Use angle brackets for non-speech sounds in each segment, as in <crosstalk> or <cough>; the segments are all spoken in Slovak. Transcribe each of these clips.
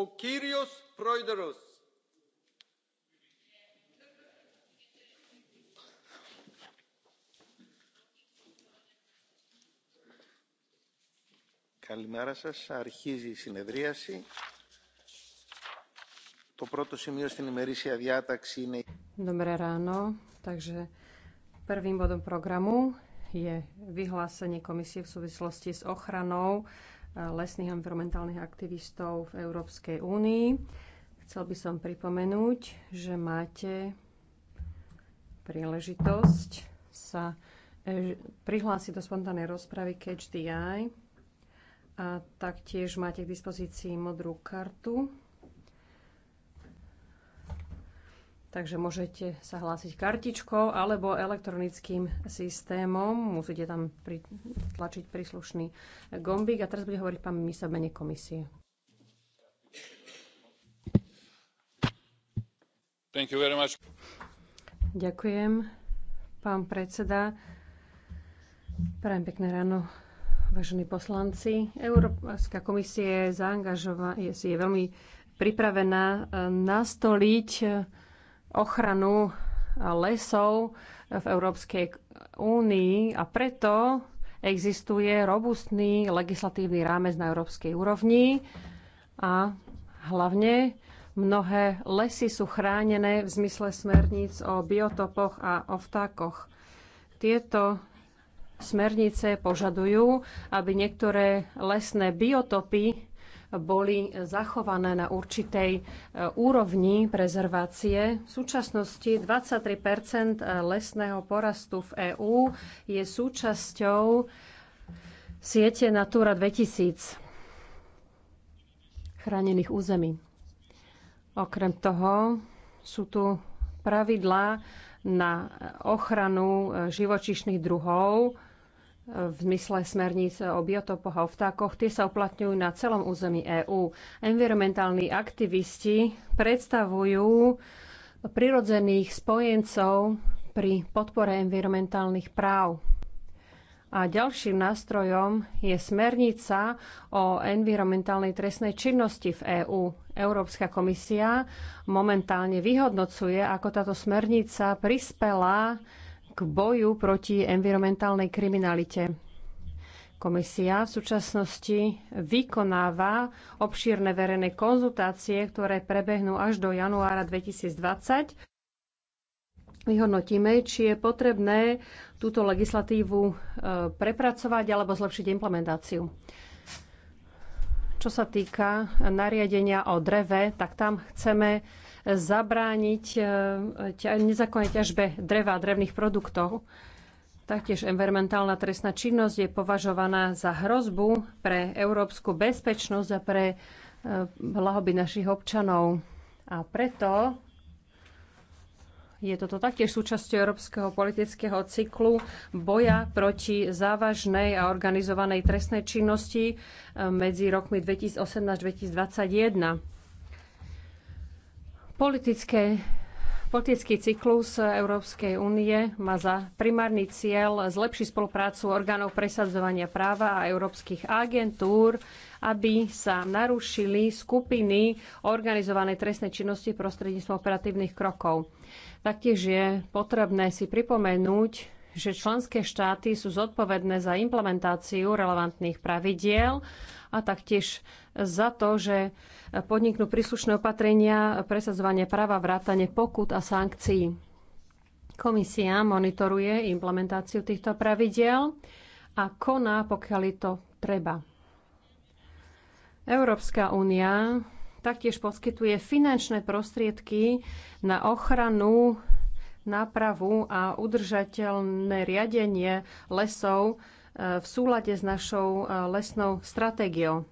o kyrios proideros Καλημέρα σας. Αρχίζει η συνεδρίαση. Το πρώτο σημείο στην ημερήσια διάταξη είναι... Dobré ráno. Takže prvým bodom programu je vyhlásenie komisie v súvislosti s ochranou lesných environmentálnych aktivistov v Európskej únii. Chcel by som pripomenúť, že máte príležitosť sa e, prihlásiť do spontánnej rozpravy Catch the Eye a taktiež máte k dispozícii modrú kartu takže môžete sa hlásiť kartičkou alebo elektronickým systémom. Musíte tam tlačiť príslušný gombík. A teraz bude hovoriť pán Misa mene komisie. Thank you very much. Ďakujem, pán predseda. Prajem pekné ráno, vážení poslanci. Európska komisie je, je veľmi pripravená eh, nastoliť eh, ochranu lesov v Európskej únii a preto existuje robustný legislatívny rámec na európskej úrovni a hlavne mnohé lesy sú chránené v zmysle smerníc o biotopoch a o vtákoch. Tieto smernice požadujú, aby niektoré lesné biotopy boli zachované na určitej e, úrovni prezervácie. V súčasnosti 23 e, lesného porastu v EÚ je súčasťou siete Natura 2000 chránených území. Okrem toho sú tu pravidlá na ochranu e, živočišných druhov, v zmysle smerníc o biotopoch a o vtákoch, tie sa uplatňujú na celom území EÚ. Environmentálni aktivisti predstavujú prirodzených spojencov pri podpore environmentálnych práv. A ďalším nástrojom je smernica o environmentálnej trestnej činnosti v EÚ. Európska komisia momentálne vyhodnocuje, ako táto smernica prispela k boju proti environmentálnej kriminalite. Komisia v súčasnosti vykonáva obšírne verejné konzultácie, ktoré prebehnú až do januára 2020. Vyhodnotíme, či je potrebné túto legislatívu e, prepracovať alebo zlepšiť implementáciu. Čo sa týka nariadenia o dreve, tak tam chceme zabrániť e, nezakonnej ťažbe dreva a drevných produktov. Taktiež environmentálna trestná činnosť je považovaná za hrozbu pre európsku bezpečnosť a pre e, blahoby našich občanov. A preto je toto taktiež súčasťou európskeho politického cyklu boja proti závažnej a organizovanej trestnej činnosti e, medzi rokmi 2018-2021. Politické Politický cyklus Európskej únie má za primárny cieľ zlepšiť spoluprácu orgánov presadzovania práva a európskych agentúr, aby sa narušili skupiny organizovanej trestnej činnosti prostredníctvom operatívnych krokov. Taktiež je potrebné si pripomenúť, že členské štáty sú zodpovedné za implementáciu relevantných pravidiel a taktiež za to, že podniknú príslušné opatrenia presadzovanie práva vrátane pokut a sankcií. Komisia monitoruje implementáciu týchto pravidiel a koná, pokiaľ to treba. Európska únia taktiež poskytuje finančné prostriedky na ochranu nápravu a udržateľné riadenie lesov v súlade s našou e, lesnou stratégiou.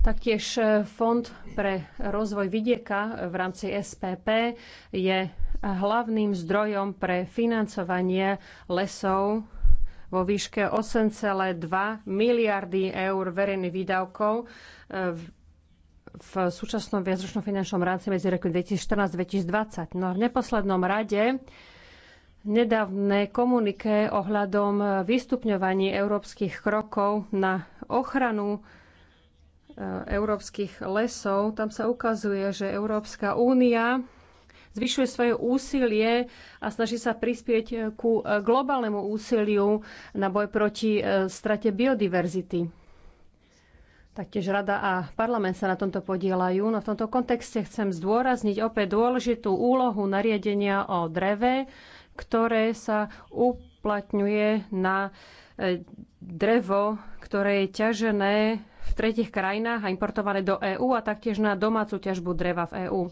Taktiež e, Fond pre rozvoj vidieka v rámci SPP je hlavným zdrojom pre financovanie lesov vo výške 8,2 miliardy eur verejných výdavkov e, v súčasnom viacročnom finančnom rámci medzi roky 2014-2020. No a v neposlednom rade nedávne komuniké ohľadom vystupňovaní európskych krokov na ochranu e, európskych lesov. Tam sa ukazuje, že Európska únia zvyšuje svoje úsilie a snaží sa prispieť e, ku e, globálnemu úsiliu na boj proti strate biodiverzity. Taktiež Rada a parlament sa na tomto podielajú. No v tomto kontexte chcem zdôrazniť opäť dôležitú úlohu nariadenia o dreve, ktoré sa uplatňuje na e, drevo, ktoré je ťažené v tretich krajinách a importované do EÚ a taktiež na domácu ťažbu dreva v EÚ.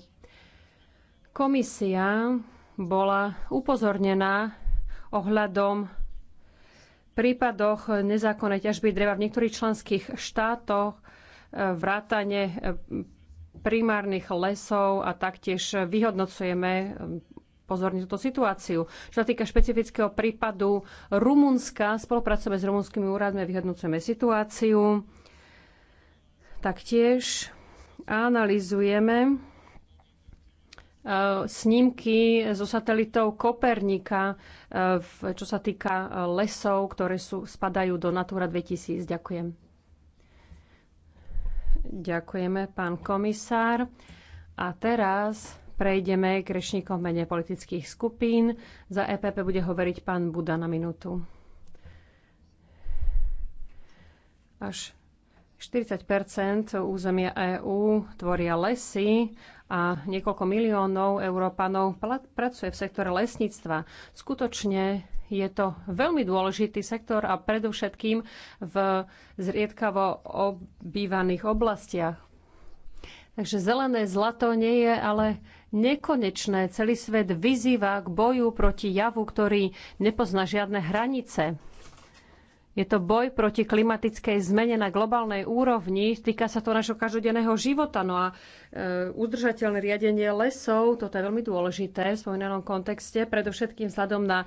Komisia bola upozornená ohľadom prípadoch nezákonnej ťažby dreva v niektorých členských štátoch, e, vrátane e, primárnych lesov a taktiež vyhodnocujeme pozorne túto situáciu. Čo sa týka špecifického prípadu Rumunska, spolupracujeme s rumunskými úradmi a vyhodnocujeme situáciu. Taktiež analizujeme e, snímky zo satelitov Kopernika, e, čo sa týka e, lesov, ktoré sú, spadajú do Natura 2000. Ďakujem. Ďakujeme, pán komisár. A teraz prejdeme k rečníkom mene politických skupín. Za EPP bude hovoriť pán Buda na minútu. Až 40 územia EÚ tvoria lesy a niekoľko miliónov Európanov pracuje v sektore lesníctva. Skutočne je to veľmi dôležitý sektor a predovšetkým v zriedkavo obývaných oblastiach. Takže zelené zlato nie je ale nekonečné. Celý svet vyzýva k boju proti javu, ktorý nepozná žiadne hranice. Je to boj proti klimatickej zmene na globálnej úrovni. Týka sa to našho každodenného života. No a e, udržateľné riadenie lesov, toto je veľmi dôležité v spomínanom kontexte, predovšetkým vzhľadom na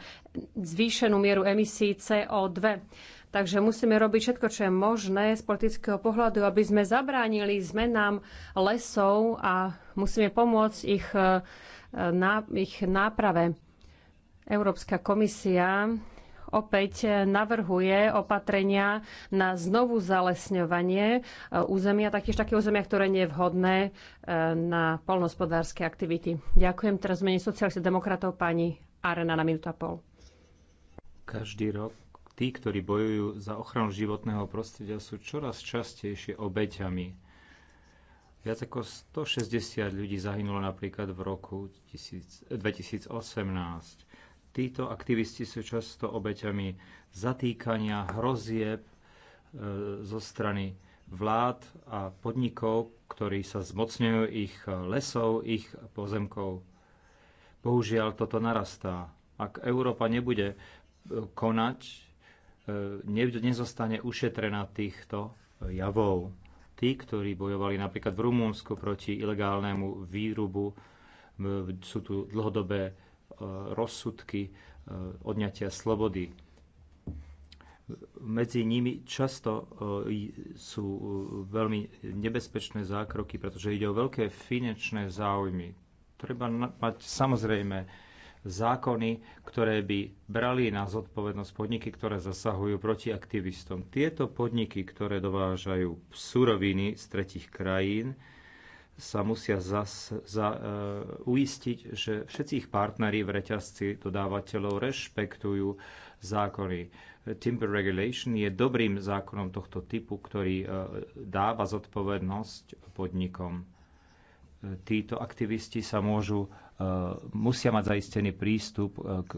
zvýšenú mieru emisí CO2. Takže musíme robiť všetko, čo je možné z politického pohľadu, aby sme zabránili zmenám lesov a musíme pomôcť ich, e, na, ich náprave. Európska komisia opäť navrhuje opatrenia na znovu zalesňovanie e, územia, taktiež také územia, ktoré nie je vhodné e, na polnospodárske aktivity. Ďakujem teraz mene sociálnych demokratov pani Arena na minúta pol. Každý rok Tí, ktorí bojujú za ochranu životného prostredia, sú čoraz častejšie obeťami. Viac ako 160 ľudí zahynulo napríklad v roku 2018. Títo aktivisti sú často obeťami zatýkania, hrozieb e, zo strany vlád a podnikov, ktorí sa zmocňujú ich lesov, ich pozemkov. Bohužiaľ, toto narastá. Ak Európa nebude konať, E, nezostane ušetrená týchto javov. Tí, ktorí bojovali napríklad v Rumúnsku proti ilegálnemu výrubu, sú tu dlhodobé e, rozsudky e, odňatia slobody. Medzi nimi často sú veľmi nebezpečné zákroky, pretože ide o veľké finančné záujmy. Treba mať samozrejme zákony, ktoré by brali na zodpovednosť podniky, ktoré zasahujú proti aktivistom. Tieto podniky, ktoré dovážajú suroviny z tretich krajín, sa musia zas, za, e, uistiť, že všetci ich partneri v reťazci dodávateľov rešpektujú zákony. Timber Regulation je dobrým zákonom tohto typu, ktorý e, dáva zodpovednosť podnikom títo aktivisti sa môžu, e, musia mať zaistený prístup e, k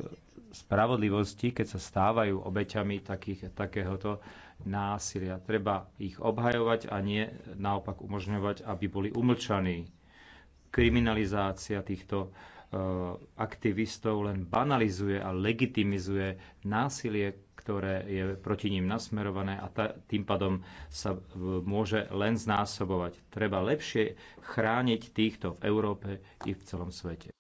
spravodlivosti, keď sa stávajú obeťami takých, takéhoto násilia. Treba ich obhajovať a nie naopak umožňovať, aby boli umlčaní. Kriminalizácia týchto e, aktivistov len banalizuje a legitimizuje násilie, ktoré je proti ním nasmerované a tým pádom sa e, môže len znásobovať. Treba lepšie chrániť týchto v Európe i v celom svete.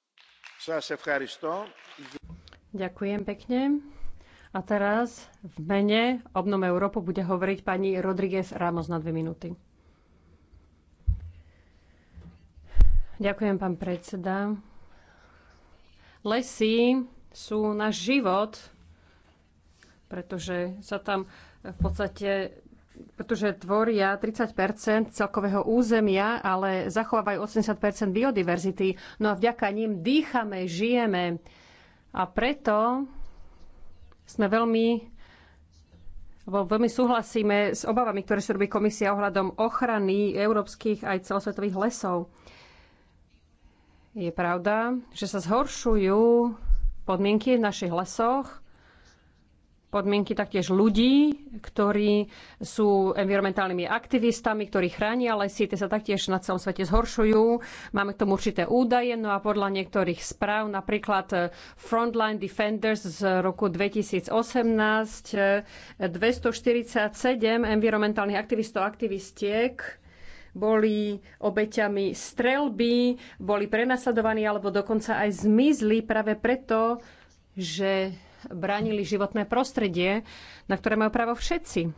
Ďakujem pekne. A teraz v mene Obnom Európu bude hovoriť pani Rodriguez Ramos na dve minúty. Ďakujem, pán predseda. Lesy sú náš život, pretože sa tam v podstate pretože tvoria 30 celkového územia, ale zachovávajú 80 biodiverzity. No a vďaka ním dýchame, žijeme. A preto sme veľmi Veľmi súhlasíme s obavami, ktoré sa robí komisia ohľadom ochrany európskych aj celosvetových lesov. Je pravda, že sa zhoršujú podmienky v našich lesoch podmienky taktiež ľudí, ktorí sú environmentálnymi aktivistami, ktorí chránia lesy, tie sa taktiež na celom svete zhoršujú. Máme k tomu určité údaje, no a podľa niektorých správ, napríklad eh, Frontline Defenders z roku 2018, 247 eh, environmentálnych aktivistov a aktivistiek boli obeťami strelby, boli prenasledovaní alebo dokonca aj zmizli práve preto, že bránili životné prostredie, na ktoré majú právo všetci.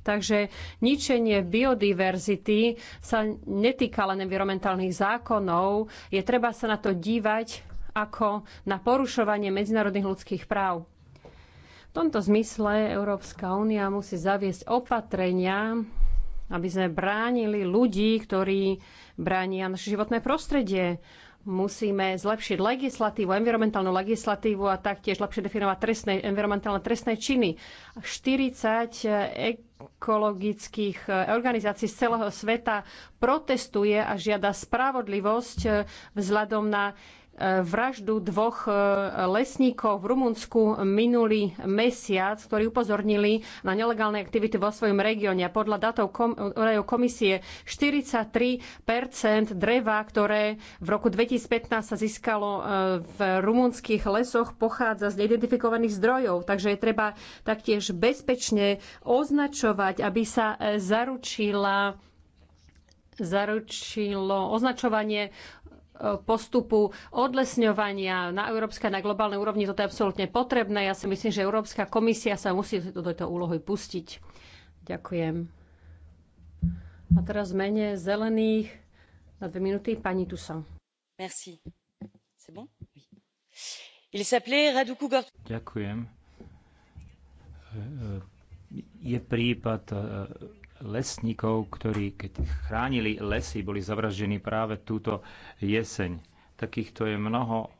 Takže ničenie biodiverzity sa netýka len environmentálnych zákonov. Je treba sa na to dívať ako na porušovanie medzinárodných ľudských práv. V tomto zmysle Európska únia musí zaviesť opatrenia, aby sme bránili ľudí, ktorí bránia naše životné prostredie musíme zlepšiť legislatívu, environmentálnu legislatívu a taktiež lepšie definovať trestné, environmentálne trestné činy. 40 ekologických organizácií z celého sveta protestuje a žiada spravodlivosť eh, vzhľadom na vraždu dvoch e, lesníkov v Rumunsku minulý mesiac, ktorí upozornili na nelegálne aktivity vo svojom regióne. Podľa datov údajov komisie 43 dreva, ktoré v roku 2015 sa získalo e, v rumunských lesoch, pochádza z neidentifikovaných zdrojov. Takže je treba taktiež bezpečne označovať, aby sa e, zaručila zaručilo označovanie postupu odlesňovania na európskej a na globálnej úrovni. Toto je absolútne potrebné. Ja si myslím, že Európska komisia sa musí do tejto úlohy pustiť. Ďakujem. A teraz mene zelených na dve minúty pani Tusa. Merci. C'est bon? Il s'appelait Ďakujem. Je prípad lesníkov, ktorí keď chránili lesy, boli zavraždení práve túto jeseň. Takýchto je mnoho eh,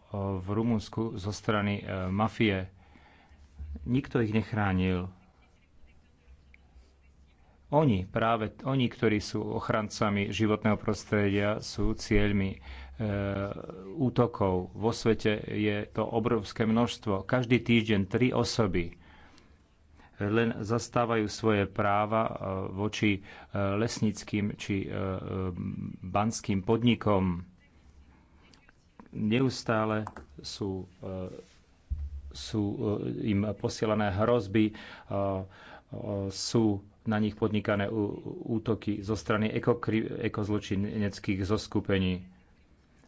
v Rumunsku zo strany eh, mafie. Nikto ich nechránil. Oni, práve oni, ktorí sú ochrancami životného prostredia, sú cieľmi e, útokov. Vo svete je to obrovské množstvo. Každý týždeň tri osoby len zastávajú svoje práva e, voči e, lesnickým či e, banským podnikom. Neustále sú, sú im posielané hrozby, sú na nich podnikané útoky zo strany ekozločineckých zoskupení.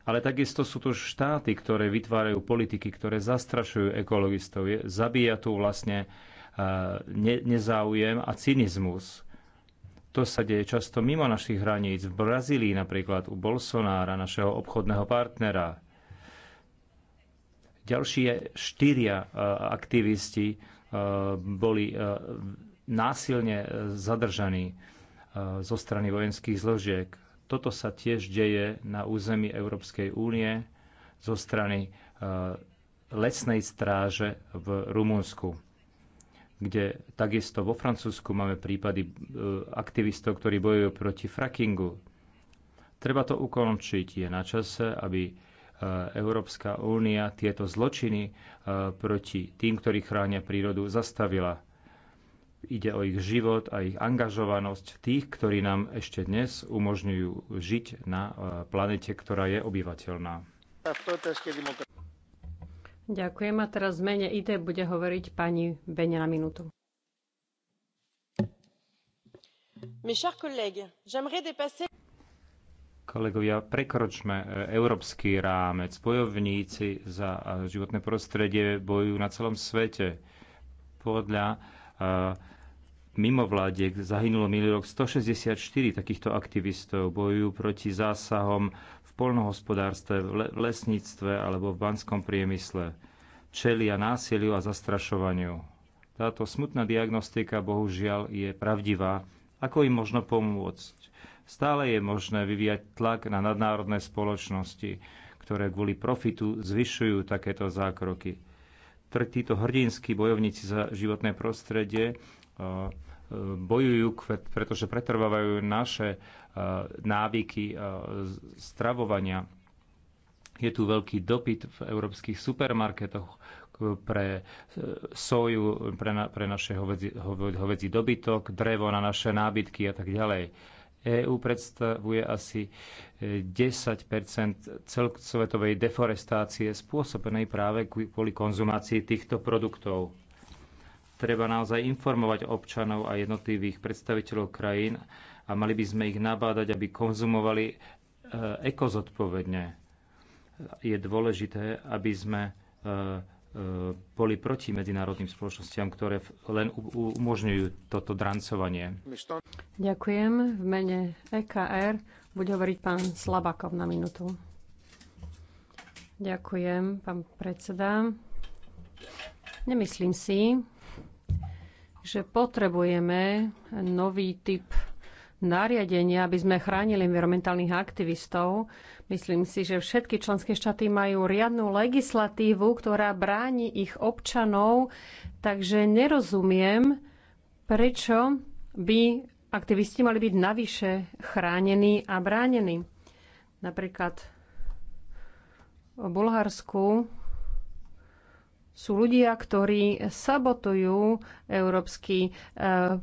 Ale takisto sú to štáty, ktoré vytvárajú politiky, ktoré zastrašujú ekologistov, zabíja tu vlastne uh, ne, nezáujem a cynizmus. To sa deje často mimo našich hraníc, v Brazílii napríklad, u Bolsonára, našeho obchodného partnera. Ďalší štyria aktivisti boli násilne zadržaní zo strany vojenských zložiek. Toto sa tiež deje na území Európskej únie zo strany lesnej stráže v Rumunsku kde takisto vo Francúzsku máme prípady e, aktivistov, ktorí bojujú proti frackingu. Treba to ukončiť. Je na čase, aby e, Európska únia tieto zločiny e, proti tým, ktorí chránia prírodu, zastavila. Ide o ich život a ich angažovanosť tých, ktorí nám ešte dnes umožňujú žiť na planete, ktorá je obyvateľná. Ďakujem a teraz v mene bude hovoriť pani Bene na minútu. Kolegovia, prekročme e, európsky rámec. Bojovníci za e, životné prostredie bojujú na celom svete. Podľa e, mimovládiek zahynulo minulý rok 164 takýchto aktivistov. Bojujú proti zásahom polnohospodárstve, v lesníctve alebo v banskom priemysle. Čelia násiliu a zastrašovaniu. Táto smutná diagnostika bohužiaľ je pravdivá. Ako im možno pomôcť? Stále je možné vyvíjať tlak na nadnárodné spoločnosti, ktoré kvôli profitu zvyšujú takéto zákroky. Títo hrdinskí bojovníci za životné prostredie e, bojujú, pretože pretrvávajú naše Eh, návyky eh, stravovania. Je tu veľký dopyt v európskych supermarketoch pre eh, soju, pre, na, pre naše hovedzi, hovedzi dobytok, drevo na naše nábytky a tak ďalej. EÚ predstavuje asi 10 celosvetovej deforestácie spôsobenej práve kvôli konzumácii týchto produktov. Treba naozaj informovať občanov a jednotlivých predstaviteľov krajín, a mali by sme ich nabádať, aby konzumovali e, ekozodpovedne. Je dôležité, aby sme e, e, boli proti medzinárodným spoločnostiam, ktoré len umožňujú toto drancovanie. Ďakujem. V mene EKR bude hovoriť pán Slabakov na minútu. Ďakujem, pán predseda. Nemyslím si, že potrebujeme nový typ nariadenie, aby sme chránili environmentálnych aktivistov. Myslím si, že všetky členské štáty majú riadnu legislatívu, ktorá bráni ich občanov, takže nerozumiem, prečo by aktivisti mali byť navyše chránení a bránení. Napríklad v Bulharsku sú ľudia, ktorí sabotujú európsky eh,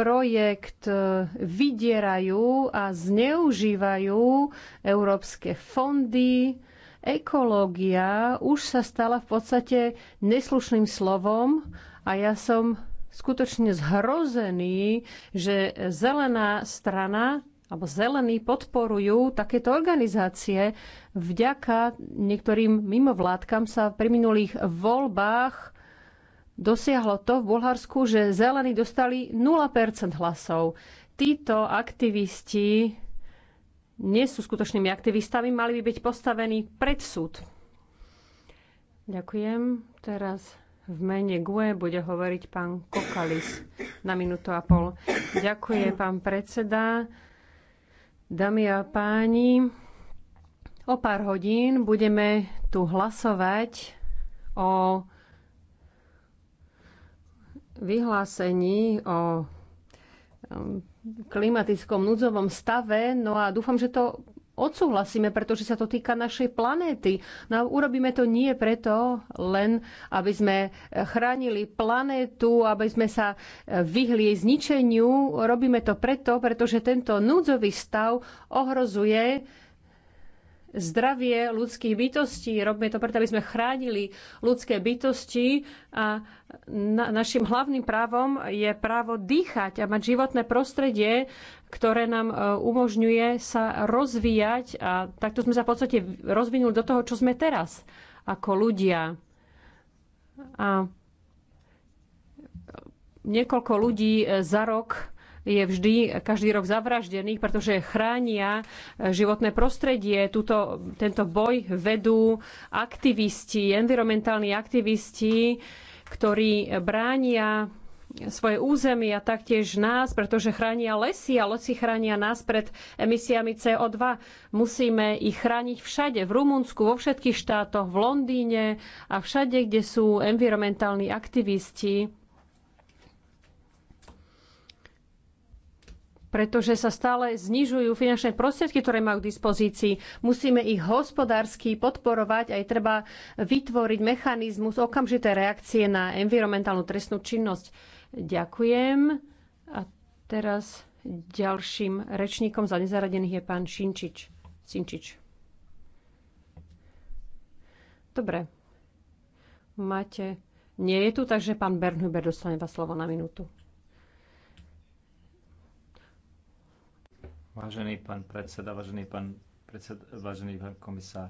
projekt e, vydierajú a zneužívajú európske fondy. Ekológia už sa stala v podstate neslušným slovom a ja som skutočne zhrozený, že zelená strana alebo zelení podporujú takéto organizácie. Vďaka niektorým mimovládkam sa pri minulých voľbách dosiahlo to v Bulharsku, že zelení dostali 0% hlasov. Títo aktivisti nie sú skutočnými aktivistami, mali by byť postavení pred súd. Ďakujem. Teraz v mene GUE bude hovoriť pán Kokalis na minútu a pol. Ďakujem, pán predseda. Dámy a páni, o pár hodín budeme tu hlasovať o vyhlásení o klimatickom núdzovom stave. No a dúfam, že to odsúhlasíme, pretože sa to týka našej planéty. No a urobíme to nie preto len, aby sme chránili planétu, aby sme sa e, vyhli jej zničeniu. Robíme to preto, pretože tento núdzový stav ohrozuje zdravie ľudských bytostí. Robíme to preto, aby sme chránili ľudské bytosti a na, našim hlavným právom je právo dýchať a mať životné prostredie, ktoré nám e, umožňuje sa rozvíjať a takto sme sa v podstate rozvinuli do toho, čo sme teraz ako ľudia. A niekoľko ľudí e, za rok je vždy každý rok zavraždených, pretože chránia eh, životné prostredie. Tuto, tento boj vedú aktivisti, environmentálni aktivisti, ktorí bránia svoje územie a taktiež nás, pretože chránia lesy a lesy chránia nás pred emisiami CO2. Musíme ich chrániť všade, v Rumunsku, vo všetkých štátoch, v Londýne a všade, kde sú environmentálni aktivisti pretože sa stále znižujú finančné prostriedky, ktoré majú k dispozícii. Musíme ich hospodársky podporovať aj treba vytvoriť mechanizmus okamžitej reakcie na environmentálnu trestnú činnosť. Ďakujem. A teraz ďalším rečníkom za nezaradených je pán Šinčič. Sinčič. Dobre. Máte. Nie je tu, takže pán Bernhuber dostane vás slovo na minútu. Vážený pán predseda, vážený pán, predseda, vážený pán komisár,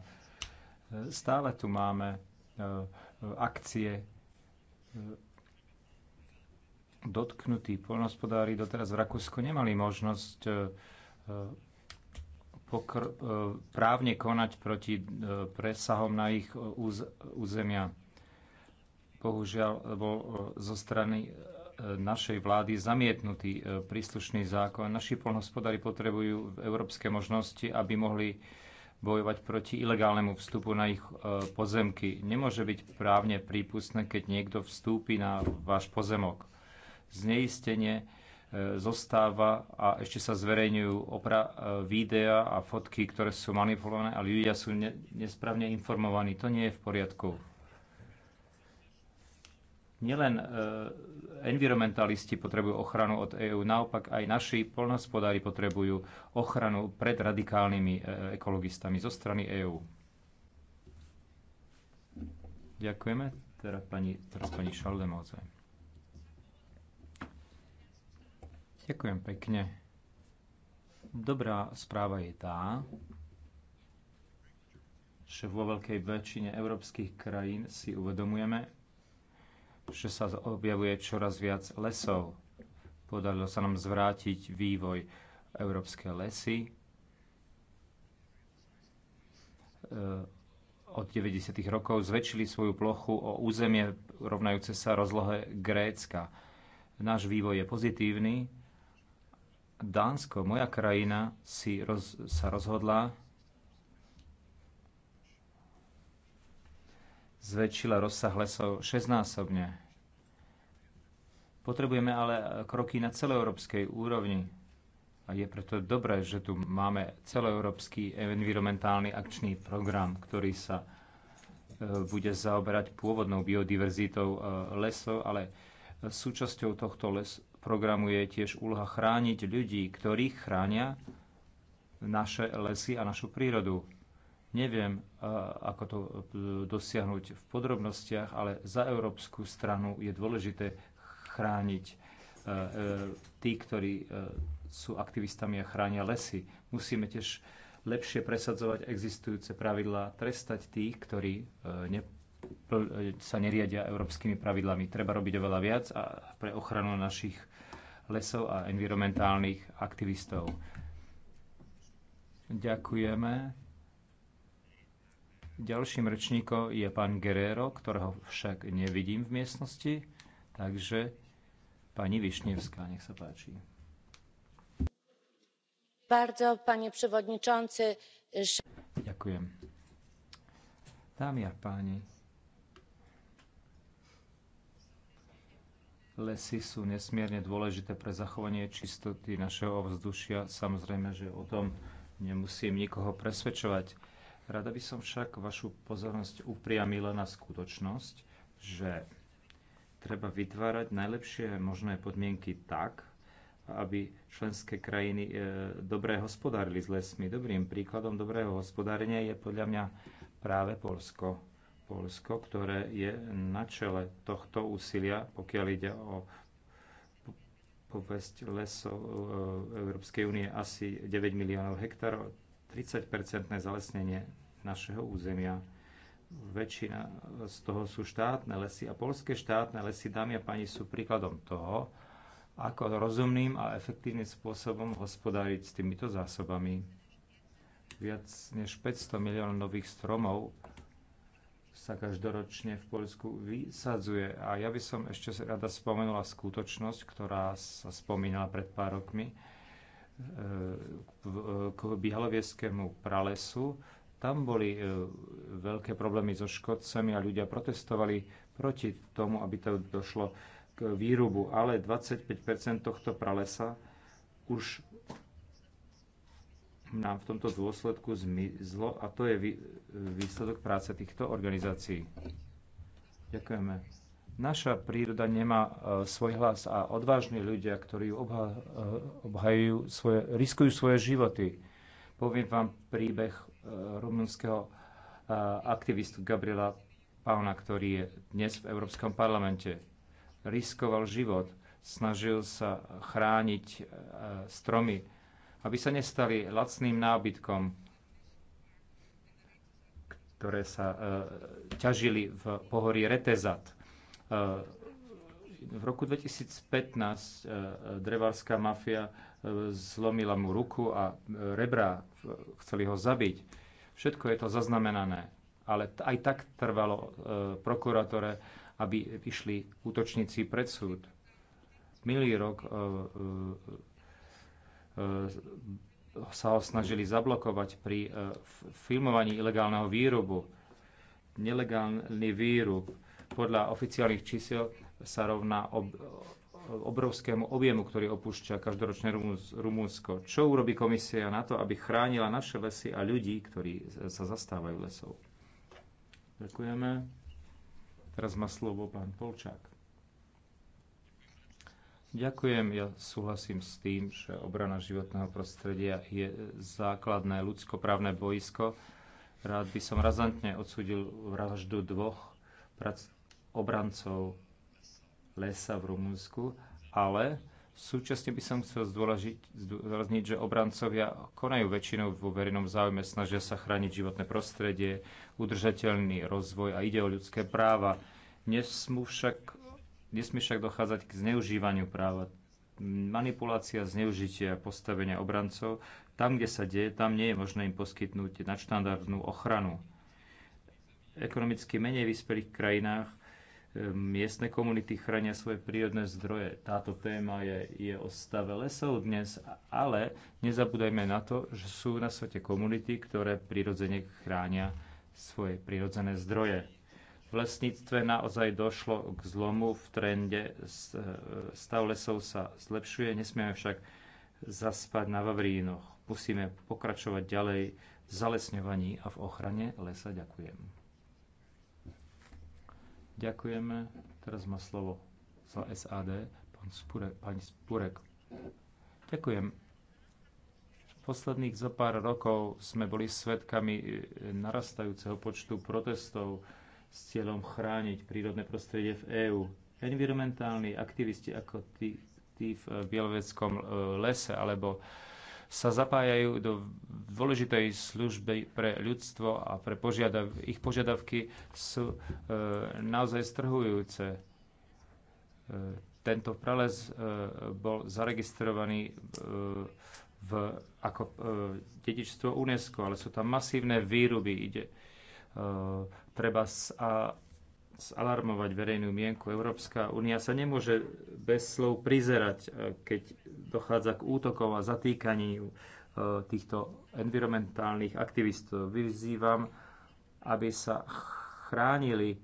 stále tu máme e, akcie e, dotknutí polnospodári doteraz v Rakúsku nemali možnosť e, pokr- právne konať proti presahom na ich územia. Bohužiaľ bol zo strany našej vlády zamietnutý e, príslušný zákon. Naši polnohospodári potrebujú európske možnosti, aby mohli bojovať proti ilegálnemu vstupu na ich e, pozemky. Nemôže byť právne prípustné, keď niekto vstúpi na váš pozemok. Zneistenie e, zostáva a ešte sa zverejňujú opra- videa a fotky, ktoré sú manipulované a ľudia sú ne- nesprávne informovaní. To nie je v poriadku. Nielen e, environmentalisti potrebujú ochranu od EÚ, naopak aj naši polnohospodári potrebujú ochranu pred radikálnymi e, ekologistami zo strany EÚ. Ďakujeme. Teraz pani, teraz pani Šaldemoze. Ďakujem pekne. Dobrá správa je tá, že vo veľkej väčšine európskych krajín si uvedomujeme, že sa objavuje čoraz viac lesov. Podarilo sa nám zvrátiť vývoj európske lesy. E, od 90. rokov zväčšili svoju plochu o územie rovnajúce sa rozlohe Grécka. Náš vývoj je pozitívny. Dánsko, moja krajina, si roz, sa rozhodla zväčšila rozsah lesov šestnásobne. Potrebujeme ale kroky na celoeurópskej úrovni. A je preto dobré, že tu máme celoeurópsky environmentálny akčný program, ktorý sa e, bude zaoberať pôvodnou biodiverzitou e, lesov, ale e, súčasťou tohto les programu je tiež úloha chrániť ľudí, ktorí chránia naše lesy a našu prírodu. Neviem, ako to e, dosiahnuť v podrobnostiach, ale za európsku stranu je dôležité chrániť e, e, tí, ktorí sú aktivistami a chránia lesy. Musíme tiež lepšie presadzovať existujúce pravidlá, trestať tých, ktorí ne, sa neriadia európskymi pravidlami. Treba robiť oveľa viac a pre ochranu našich lesov a environmentálnych aktivistov. Ďakujeme. Ďalším rečníkom je pán Guerrero, ktorého však nevidím v miestnosti, takže pani Višnevská, nech sa páči. Bardzo, panie przewodniczący. Ďakujem. Dámy a páni, lesy sú nesmierne dôležité pre zachovanie čistoty našeho ovzdušia. Samozrejme, že o tom nemusím nikoho presvedčovať Rada by som však vašu pozornosť upriamila na skutočnosť, že treba vytvárať najlepšie možné podmienky tak, aby členské krajiny e, dobre hospodárili s lesmi. Dobrým príkladom dobrého hospodárenia je podľa mňa práve Polsko. Polsko, ktoré je na čele tohto úsilia, pokiaľ ide o povesť lesov e, Európskej únie asi 9 miliónov hektárov. 30-percentné zalesnenie našeho územia. Väčšina z toho sú štátne lesy a polské štátne lesy, dámy a pani, sú príkladom toho, ako rozumným a efektívnym spôsobom hospodáriť s týmito zásobami. Viac než 500 miliónov nových stromov sa každoročne v Poľsku vysadzuje. A ja by som ešte rada spomenula skutočnosť, ktorá sa spomínala pred pár rokmi, k Bihalovieskému pralesu. Tam boli e, veľké problémy so škodcami a ľudia protestovali proti tomu, aby to došlo k výrubu, ale 25 tohto pralesa už nám v tomto dôsledku zmizlo a to je výsledok práce týchto organizácií. Ďakujeme. Naša príroda nemá e, svoj hlas a odvážni ľudia, ktorí obha, e, obhajujú svoje, riskujú svoje životy. Poviem vám príbeh e, rumunského aktivistu Gabriela Pauna, ktorý je dnes v Európskom parlamente. Riskoval život, snažil sa chrániť stromy, aby sa nestali lacným nábytkom, ktoré sa ťažili v pohorí Retezat Eh, v roku 2015 eh, drevarská mafia eh, zlomila mu ruku a rebra, chceli ho zabiť. Všetko je to zaznamenané, ale aj tak trvalo prokurátore, aby išli útočníci pred súd. Milý rok sa ho snažili zablokovať pri filmovaní ilegálneho výrobu. Nelegálny výrob podľa oficiálnych čísel sa rovná ob, obrovskému objemu, ktorý opúšťa každoročne Rumúnsko. Čo urobí komisia na to, aby chránila naše lesy a ľudí, ktorí sa zastávajú lesov? Ďakujeme. Teraz má slovo pán Polčák. Ďakujem, ja súhlasím s tým, že obrana životného prostredia je základné ľudskoprávne boisko. Rád by som razantne odsudil vraždu dvoch obrancov lesa v Rumunsku, ale súčasne by som chcel zdôrazniť, že obrancovia konajú väčšinou vo verejnom záujme, snažia sa chrániť životné prostredie, udržateľný rozvoj a ide o ľudské práva. Nesmú však, nesmie však dochádzať k zneužívaniu práva. Manipulácia, zneužitia postavenia obrancov, tam, kde sa deje, tam nie je možné im poskytnúť nadštandardnú ochranu ekonomicky menej vyspelých krajinách miestne komunity chránia svoje prírodné zdroje. Táto téma je, je o stave lesov dnes, ale nezabúdajme na to, že sú na svete komunity, ktoré prirodzene chránia svoje prírodzené zdroje. V lesníctve naozaj došlo k zlomu v trende, e, stav lesov sa zlepšuje, nesmieme však zaspať na Vavrínoch. Musíme pokračovať ďalej v zalesňovaní a v ochrane lesa. Ďakujem. Ďakujeme. Teraz má slovo za SAD pán Spurek, pani Spurek. Ďakujem. Posledných zo pár rokov sme boli svedkami e, narastajúceho počtu protestov s cieľom chrániť prírodné prostredie v EÚ. Environmentálni aktivisti ako tí, tí v bielovedskom e, lese alebo sa zapájajú do dôležitej služby pre ľudstvo a pre požiadav- ich požiadavky sú e, naozaj strhujúce. E, tento prales e, bol zaregistrovaný e, v, ako e, dedičstvo UNESCO, ale sú tam masívne výruby. Ide, e, treba s, a zalarmovať verejnú mienku. Európska únia sa nemôže bez slov prizerať, e, keď dochádza k útokom a zatýkaniu e, týchto environmentálnych aktivistov. Vyzývam, aby sa chránili e,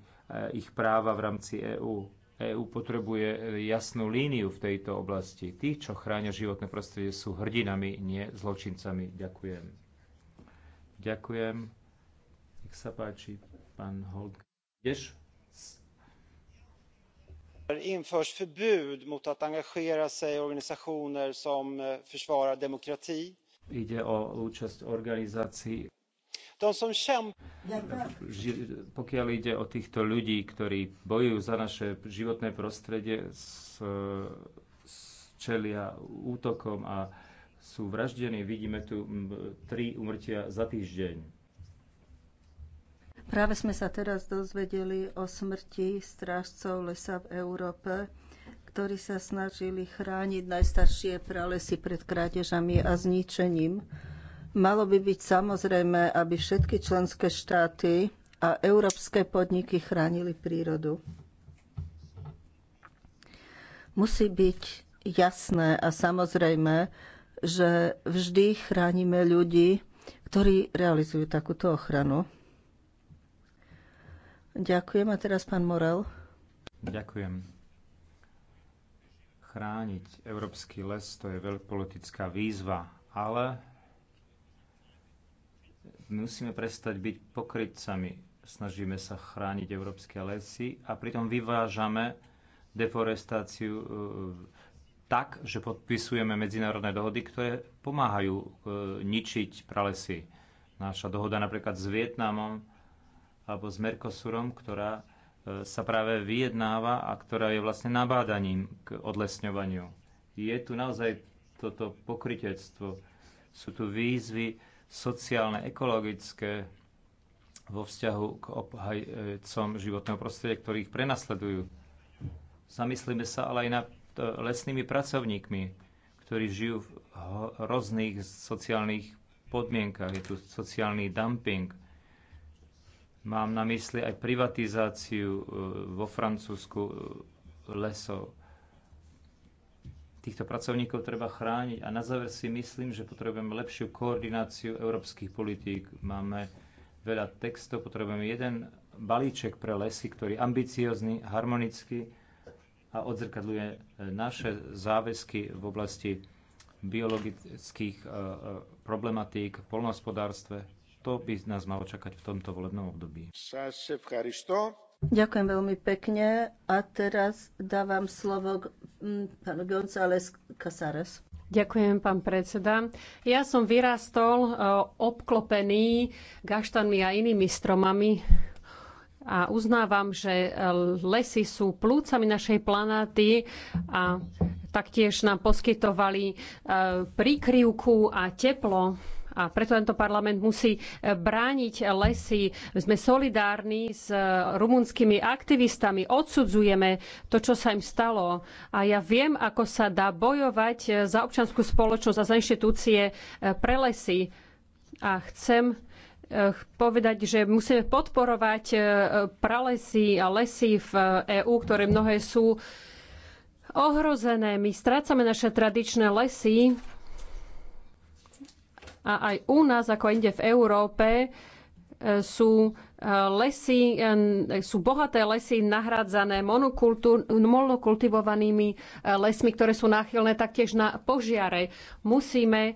ich práva v rámci EÚ. EÚ potrebuje jasnú líniu v tejto oblasti. Tí, čo chránia životné prostredie, sú hrdinami, nie zločincami. Ďakujem. Ďakujem. Nech sa páči, pán Holt. Ideš? införs förbud mot att engagera sig i organisationer som eh, försvarar demokrati. Ide o účasť organizácií, de som Pokiaľ ide o týchto ľudí, ktorí bojujú za naše životné prostredie, s, s čelia útokom a sú vraždení, vidíme tu tri umrtia za týždeň. Práve sme sa teraz dozvedeli o smrti strážcov lesa v Európe, ktorí sa snažili chrániť najstaršie pralesy pred krádežami a zničením. Malo by byť samozrejme, aby všetky členské štáty a európske podniky chránili prírodu. Musí byť jasné a samozrejme, že vždy chránime ľudí, ktorí realizujú takúto ochranu. Ďakujem. A teraz pán Morel. Ďakujem. Chrániť európsky les to je veľkopolitická výzva, ale musíme prestať byť pokrytcami. Snažíme sa chrániť európske lesy a pritom vyvážame deforestáciu e, tak, že podpisujeme medzinárodné dohody, ktoré pomáhajú e, ničiť pralesy. Naša dohoda napríklad s Vietnamom alebo s Mercosurom, ktorá e, sa práve vyjednáva a ktorá je vlastne nabádaním k odlesňovaniu. Je tu naozaj toto pokritectvo. Sú tu výzvy sociálne, ekologické vo vzťahu k obhajcom životného prostredia, ktorých prenasledujú. Zamyslíme sa ale aj nad e, lesnými pracovníkmi, ktorí žijú v rôznych sociálnych podmienkach. Je tu sociálny dumping – Mám na mysli aj privatizáciu e, vo Francúzsku e, lesov. Týchto pracovníkov treba chrániť a na záver si myslím, že potrebujeme lepšiu koordináciu európskych politík. Máme veľa textov, potrebujeme jeden balíček pre lesy, ktorý je ambiciozný, harmonický a odzrkadľuje e, naše záväzky v oblasti biologických problematík v polnohospodárstve, to by nás malo čakať v tomto volebnom období. Ďakujem veľmi pekne a teraz dávam slovo k mm, pánu González Casares. Ďakujem, pán predseda. Ja som vyrastol e, obklopený gaštanmi a inými stromami a uznávam, že e, lesy sú plúcami našej planáty a taktiež nám poskytovali e, prikryvku a teplo. A preto tento parlament musí e, brániť lesy. Sme solidárni s e, rumunskými aktivistami, odsudzujeme to, čo sa im stalo. A ja viem, ako sa dá bojovať e, za občanskú spoločnosť a za inštitúcie pre lesy. A chcem povedať, že musíme podporovať pralesy a lesy v EÚ, ktoré mnohé sú ohrozené. My strácame naše tradičné lesy a aj u nás, ako inde v Európe, e, sú e, lesy, e, sú bohaté lesy nahradzané monokultivovanými lesmi, ktoré sú náchylné taktiež na požiare. Musíme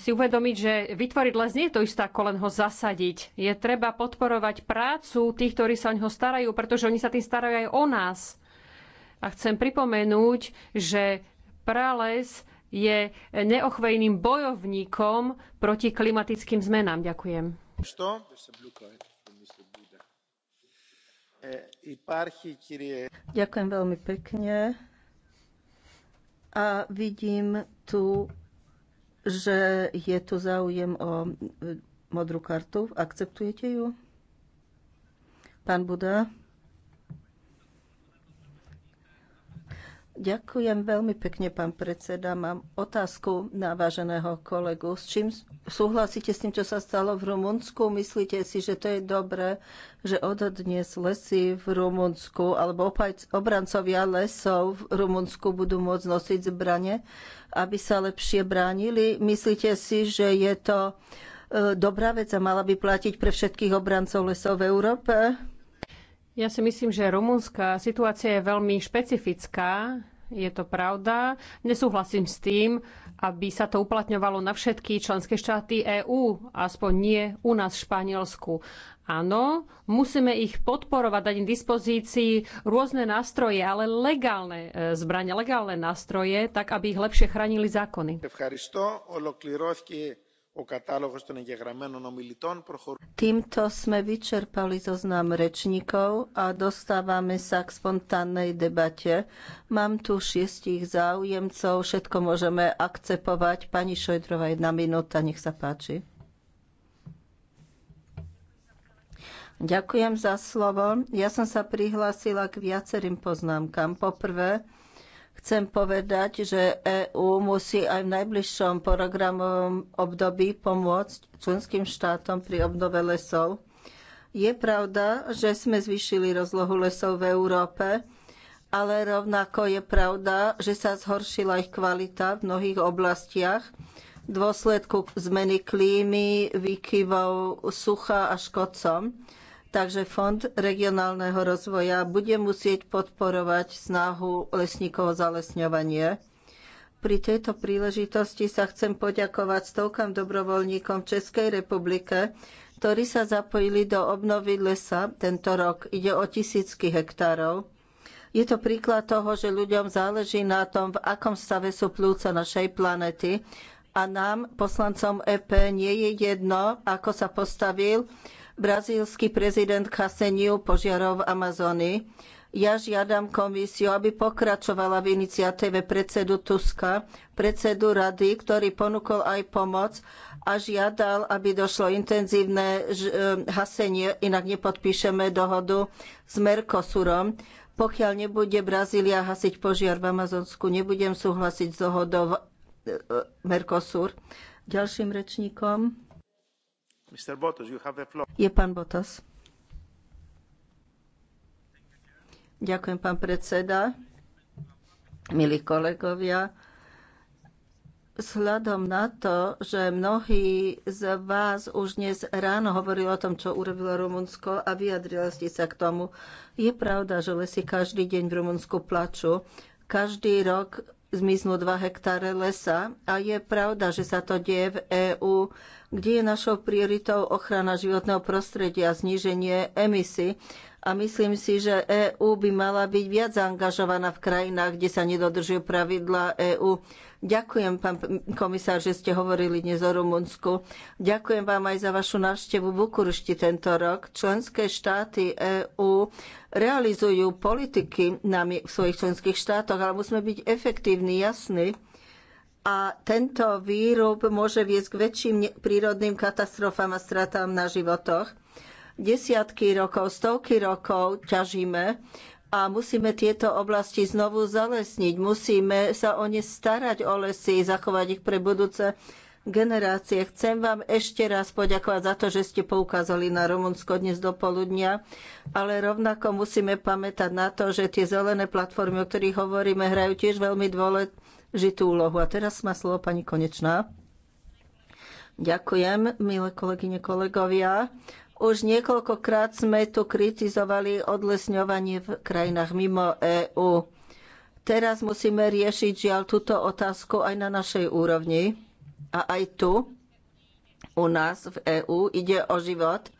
si uvedomiť, že vytvoriť les nie je to isté, ako len ho zasadiť. Je treba podporovať prácu tých, ktorí sa o neho starajú, pretože oni sa tým starajú aj o nás. A chcem pripomenúť, že prales je neochvejným bojovníkom proti klimatickým zmenám. Ďakujem. Ďakujem veľmi pekne. A vidím tu, že je tu záujem o e, modrú kartu. Akceptujete ju? Pán Buda. Ďakujem veľmi pekne, pán predseda. Mám otázku na váženého kolegu. S čím súhlasíte s tým, čo sa stalo v Rumunsku? Myslíte si, že to je dobré, že od dnes lesy v Rumunsku alebo obrancovia lesov v Rumunsku budú môcť nosiť zbranie, aby sa lepšie bránili? Myslíte si, že je to e, dobrá vec a mala by platiť pre všetkých obrancov lesov v Európe? Ja si myslím, že rumúnska situácia je veľmi špecifická. Je to pravda. Nesúhlasím s tým, aby sa to uplatňovalo na všetky členské štáty EÚ, aspoň nie u nás v Španielsku. Áno, musíme ich podporovať, dať im dispozícii rôzne nástroje, ale legálne e, zbranie, legálne nástroje, tak aby ich lepšie chránili zákony. Týmto sme vyčerpali zoznam rečníkov a dostávame sa k spontánnej debate. Mám tu šiestich záujemcov, všetko môžeme akcepovať. Pani Šojdrova, jedna minúta, nech sa páči. Ďakujem za slovo. Ja som sa prihlásila k viacerým poznámkam. Poprvé, Chcem povedať, že EÚ musí aj v najbližšom programovom období pomôcť členským štátom pri obnove lesov. Je pravda, že sme zvýšili rozlohu lesov v Európe, ale rovnako je pravda, že sa zhoršila ich kvalita v mnohých oblastiach v dôsledku zmeny klímy, výkyvov sucha a škodcom. Takže Fond regionálneho rozvoja bude musieť podporovať snahu lesníkov o zalesňovanie. Pri tejto príležitosti sa chcem poďakovať stovkám dobrovoľníkom v Českej republike, ktorí sa zapojili do obnovy lesa tento rok. Ide o tisícky hektárov. Je to príklad toho, že ľuďom záleží na tom, v akom stave sú plúca našej planety a nám, poslancom EP, nie je jedno, ako sa postavil Brazílsky prezident Kaseniu požiarov v Amazónii. Ja žiadam komisiu, aby pokračovala v iniciatíve predsedu Tuska, predsedu rady, ktorý ponúkol aj pomoc a žiadal, aby došlo intenzívne e, hasenie, inak nepodpíšeme dohodu s Mercosurom. Pokiaľ nebude Brazília hasiť požiar v Amazonsku, nebudem súhlasiť s dohodou e, e, Mercosur. Ďalším rečníkom. Botos, Je pán Botos. Ďakujem, pán predseda. Milí kolegovia, vzhľadom na to, že mnohí z vás už dnes ráno hovorili o tom, čo urobilo Rumunsko a vyjadrili ste sa k tomu, je pravda, že lesy každý deň v Rumunsku plačú. Každý rok zmiznú 2 hektáre lesa. A je pravda, že sa to deje v EÚ, kde je našou prioritou ochrana životného prostredia a zníženie emisí. A myslím si, že EÚ by mala byť viac zaangažovaná v krajinách, kde sa nedodržujú pravidlá EÚ Ďakujem, pán komisár, že ste hovorili dnes o Rumunsku. Ďakujem vám aj za vašu návštevu Bukurešti tento rok. Členské štáty EÚ realizujú politiky nami v svojich členských štátoch, ale musíme byť efektívni, jasní a tento výrub môže viesť k väčším prírodným katastrofám a stratám na životoch. Desiatky rokov, stovky rokov ťažíme a musíme tieto oblasti znovu zalesniť. Musíme sa o ne starať, o lesy, zachovať ich pre budúce generácie. Chcem vám ešte raz poďakovať za to, že ste poukázali na Rumunsko dnes do poludnia, ale rovnako musíme pamätať na to, že tie zelené platformy, o ktorých hovoríme, hrajú tiež veľmi dôležitú úlohu. A teraz má slovo pani Konečná. Ďakujem, milé kolegyne, kolegovia. Už niekoľkokrát sme tu kritizovali odlesňovanie v krajinách mimo EÚ. Teraz musíme riešiť žiaľ túto otázku aj na našej úrovni a aj tu u nás v EÚ ide o život.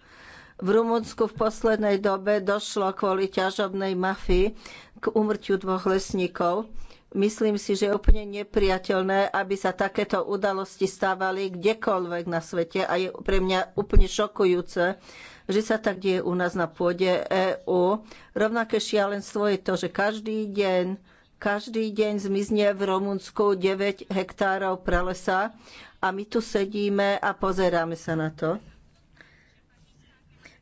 V Rumunsku v poslednej dobe došlo kvôli ťažobnej mafii k úmrtiu dvoch lesníkov Myslím si, že je úplne nepriateľné, aby sa takéto udalosti stávali kdekoľvek na svete a je pre mňa úplne šokujúce, že sa tak deje u nás na pôde EÚ. Rovnaké šialenstvo je to, že každý deň, každý deň zmizne v Rumunsku 9 hektárov pralesa a my tu sedíme a pozeráme sa na to.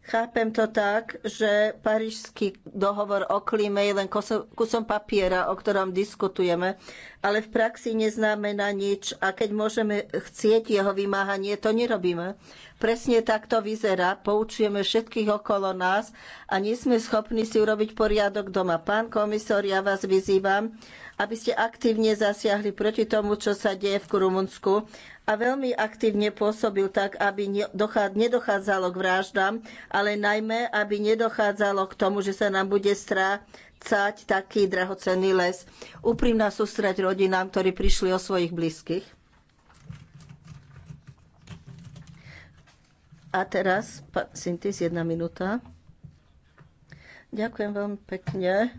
Chápem to tak, že parížský dohovor o klíme je len kusom papiera, o ktorom diskutujeme, ale v praxi neznamená nič a keď môžeme chcieť jeho vymáhanie, to nerobíme. Presne tak to vyzerá. Poučujeme všetkých okolo nás a nie sme schopní si urobiť poriadok doma. Pán komisár, ja vás vyzývam, aby ste aktívne zasiahli proti tomu, čo sa deje v Rumunsku a veľmi aktívne pôsobil tak, aby nedochádzalo k vraždám, ale najmä, aby nedochádzalo k tomu, že sa nám bude strácať taký drahocenný les. Úprimná sústrať rodinám, ktorí prišli o svojich blízkych. A teraz, pán Sintis, jedna minúta. Ďakujem veľmi pekne.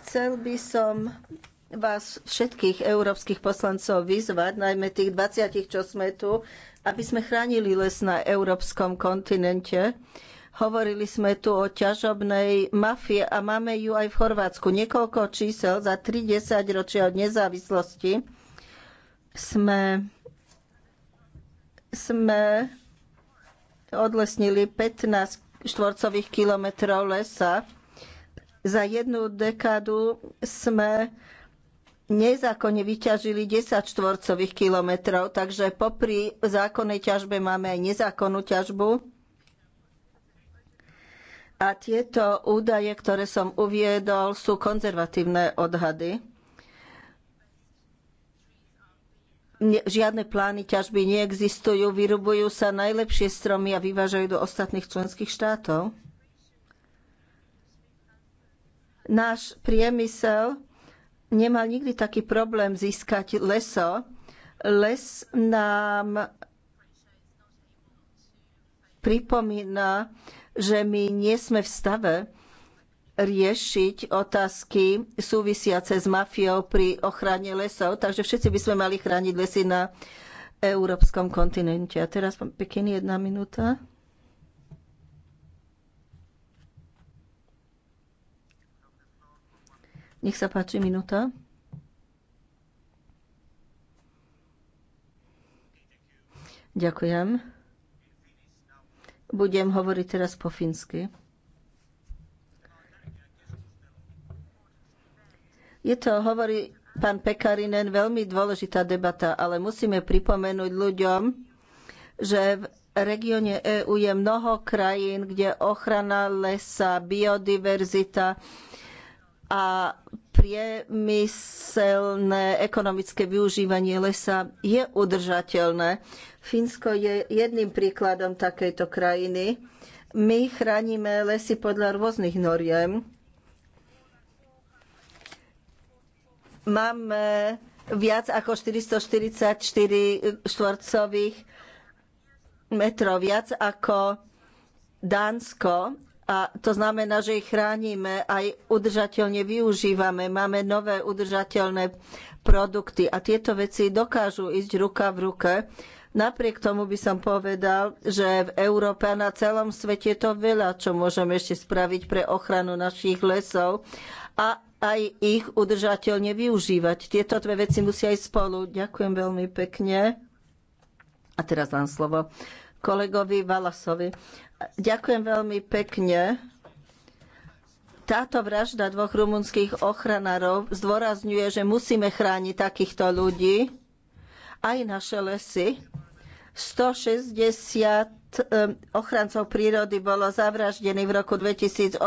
Chcel by som vás všetkých európskych poslancov vyzvať, najmä tých 20, čo sme tu, aby sme chránili les na európskom kontinente. Hovorili sme tu o ťažobnej mafie a máme ju aj v Chorvátsku. Niekoľko čísel za 30 ročia od nezávislosti sme, sme odlesnili 15 štvorcových kilometrov lesa. Za jednu dekádu sme nezákonne vyťažili 10 štvorcových kilometrov, takže popri zákonnej ťažbe máme aj nezákonnú ťažbu. A tieto údaje, ktoré som uviedol, sú konzervatívne odhady. Žiadne plány ťažby neexistujú, vyrubujú sa najlepšie stromy a vyvážajú do ostatných členských štátov. Náš priemysel nemal nikdy taký problém získať leso. Les nám pripomína, že my nie sme v stave riešiť otázky súvisiace s mafiou pri ochrane lesov, takže všetci by sme mali chrániť lesy na európskom kontinente. A teraz pekne jedna minúta. Nech sa páči, minúta. Ďakujem. Budem hovoriť teraz po fínsky. Je to, hovorí pán Pekarinen, veľmi dôležitá debata, ale musíme pripomenúť ľuďom, že v regióne EÚ je mnoho krajín, kde ochrana lesa, biodiverzita, a priemyselné ekonomické využívanie lesa je udržateľné. Fínsko je jedným príkladom takejto krajiny. My chránime lesy podľa rôznych noriem. Máme viac ako 444 štvorcových metrov, viac ako Dánsko a to znamená, že ich chránime aj udržateľne využívame. Máme nové udržateľné produkty a tieto veci dokážu ísť ruka v ruke. Napriek tomu by som povedal, že v Európe a na celom svete je to veľa, čo môžeme ešte spraviť pre ochranu našich lesov a aj ich udržateľne využívať. Tieto dve veci musia ísť spolu. Ďakujem veľmi pekne. A teraz dám slovo kolegovi Valasovi. Ďakujem veľmi pekne. Táto vražda dvoch rumunských ochranárov zdôrazňuje, že musíme chrániť takýchto ľudí, aj naše lesy. 160 ochrancov prírody bolo zavraždených v roku 2018.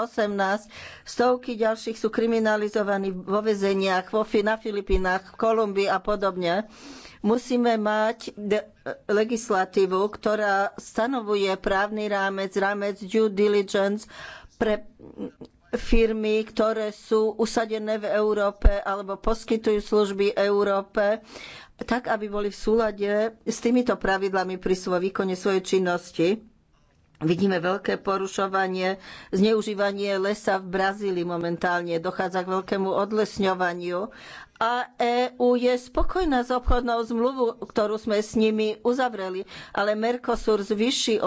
Stovky ďalších sú kriminalizovaní vo vezeniach, vo, na Filipínach, v Kolumbii a podobne. Musíme mať legislatívu, ktorá stanovuje právny rámec, rámec due diligence pre firmy, ktoré sú usadené v Európe alebo poskytujú služby Európe tak, aby boli v súlade s týmito pravidlami pri svojom výkone svojej činnosti. Vidíme veľké porušovanie, zneužívanie lesa v Brazílii momentálne. Dochádza k veľkému odlesňovaniu a EÚ je spokojná s obchodnou zmluvou, ktorú sme s nimi uzavreli, ale Mercosur zvyší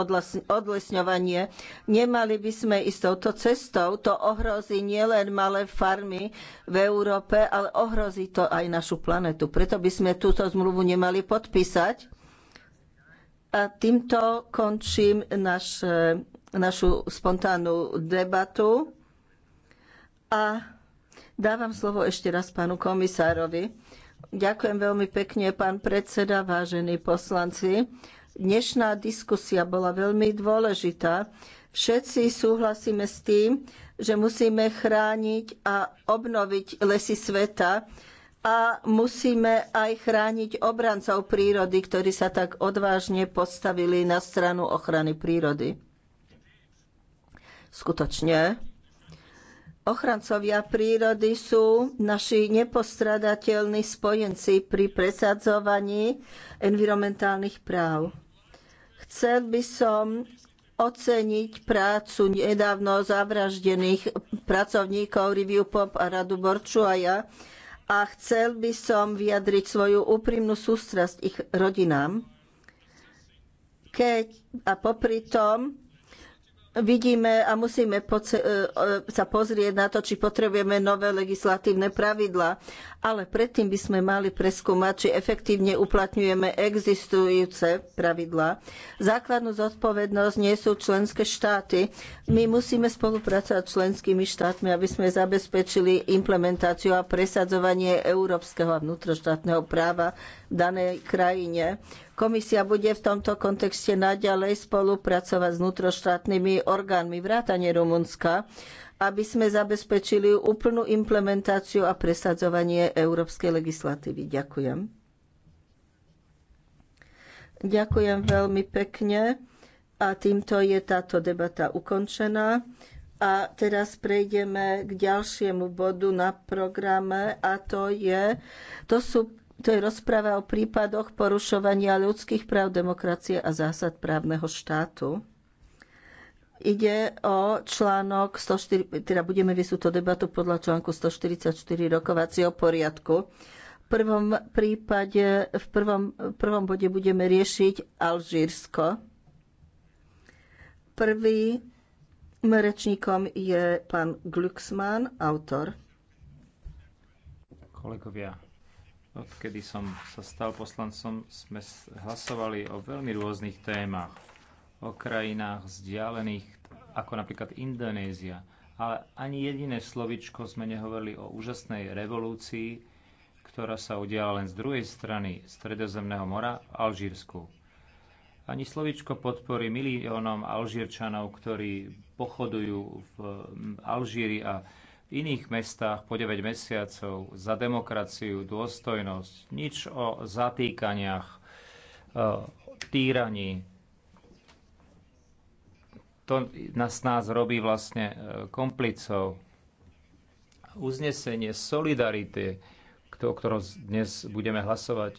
odlesňovanie. Nemali by sme ísť touto cestou, to ohrozí nielen malé farmy v Európe, ale ohrozí to aj našu planetu. Preto by sme túto zmluvu nemali podpísať. A týmto končím naš, našu spontánnu debatu. A Dávam slovo ešte raz pánu komisárovi. Ďakujem veľmi pekne, pán predseda, vážení poslanci. Dnešná diskusia bola veľmi dôležitá. Všetci súhlasíme s tým, že musíme chrániť a obnoviť lesy sveta a musíme aj chrániť obrancov prírody, ktorí sa tak odvážne postavili na stranu ochrany prírody. Skutočne Ochrancovia prírody sú naši nepostradateľní spojenci pri presadzovaní environmentálnych práv. Chcel by som oceniť prácu nedávno zavraždených pracovníkov Review Pop a Radu Borčuaja a chcel by som vyjadriť svoju úprimnú sústrasť ich rodinám. Keď a popri tom vidíme a musíme e, e, sa pozrieť na to, či potrebujeme nové legislatívne pravidlá. Ale predtým by sme mali preskúmať, či efektívne uplatňujeme existujúce pravidlá. Základnú zodpovednosť nie sú členské štáty. My musíme spolupracovať s členskými štátmi, aby sme zabezpečili implementáciu a presadzovanie európskeho a vnútroštátneho práva v danej krajine Komisia bude v tomto kontexte naďalej spolupracovať s vnútroštátnymi orgánmi vrátane Rumunska, aby sme zabezpečili úplnú implementáciu a presadzovanie európskej legislatívy. Ďakujem. Ďakujem veľmi pekne a týmto je táto debata ukončená. A teraz prejdeme k ďalšiemu bodu na programe a to je, to sú to je rozpráva o prípadoch porušovania ľudských práv, demokracie a zásad právneho štátu. Ide o článok 104, teda budeme viesť túto debatu podľa článku 144 rokovacieho poriadku. V prvom prípade, v prvom, v prvom bode budeme riešiť Alžírsko. Prvý rečníkom je pán Glucksmann, autor. Kolegovia, odkedy som sa stal poslancom, sme hlasovali o veľmi rôznych témach. O krajinách vzdialených, ako napríklad Indonézia. Ale ani jediné slovičko sme nehovorili o úžasnej revolúcii, ktorá sa udiala len z druhej strany Stredozemného mora v Alžírsku. Ani slovičko podpory miliónom Alžírčanov, ktorí pochodujú v Alžíri a iných mestách po 9 mesiacov za demokraciu, dôstojnosť, nič o zatýkaniach, e, týraní. To nás nás robí vlastne e, komplicov. Uznesenie solidarity, o ktorom dnes budeme hlasovať,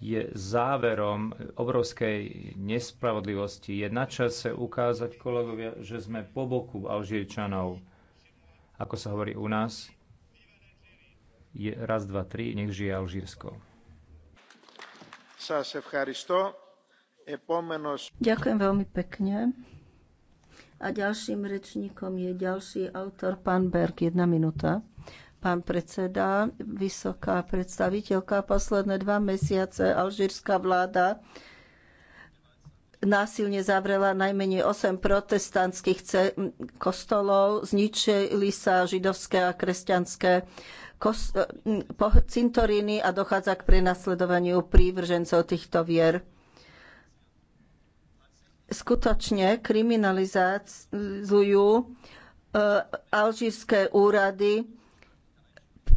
je záverom obrovskej nespravodlivosti. Je na čase ukázať, kolegovia, že sme po boku Alžírčanov ako sa hovorí u nás, je raz, dva, tri, nech žije Alžírsko. Ďakujem veľmi pekne. A ďalším rečníkom je ďalší autor, pán Berg, jedna minúta. Pán predseda, vysoká predstaviteľka, posledné dva mesiace alžírska vláda násilne zavrela najmenej 8 protestantských kostolov, zničili sa židovské a kresťanské cintoríny a dochádza k prenasledovaniu prívržencov týchto vier. Skutočne kriminalizujú eh, alžírske úrady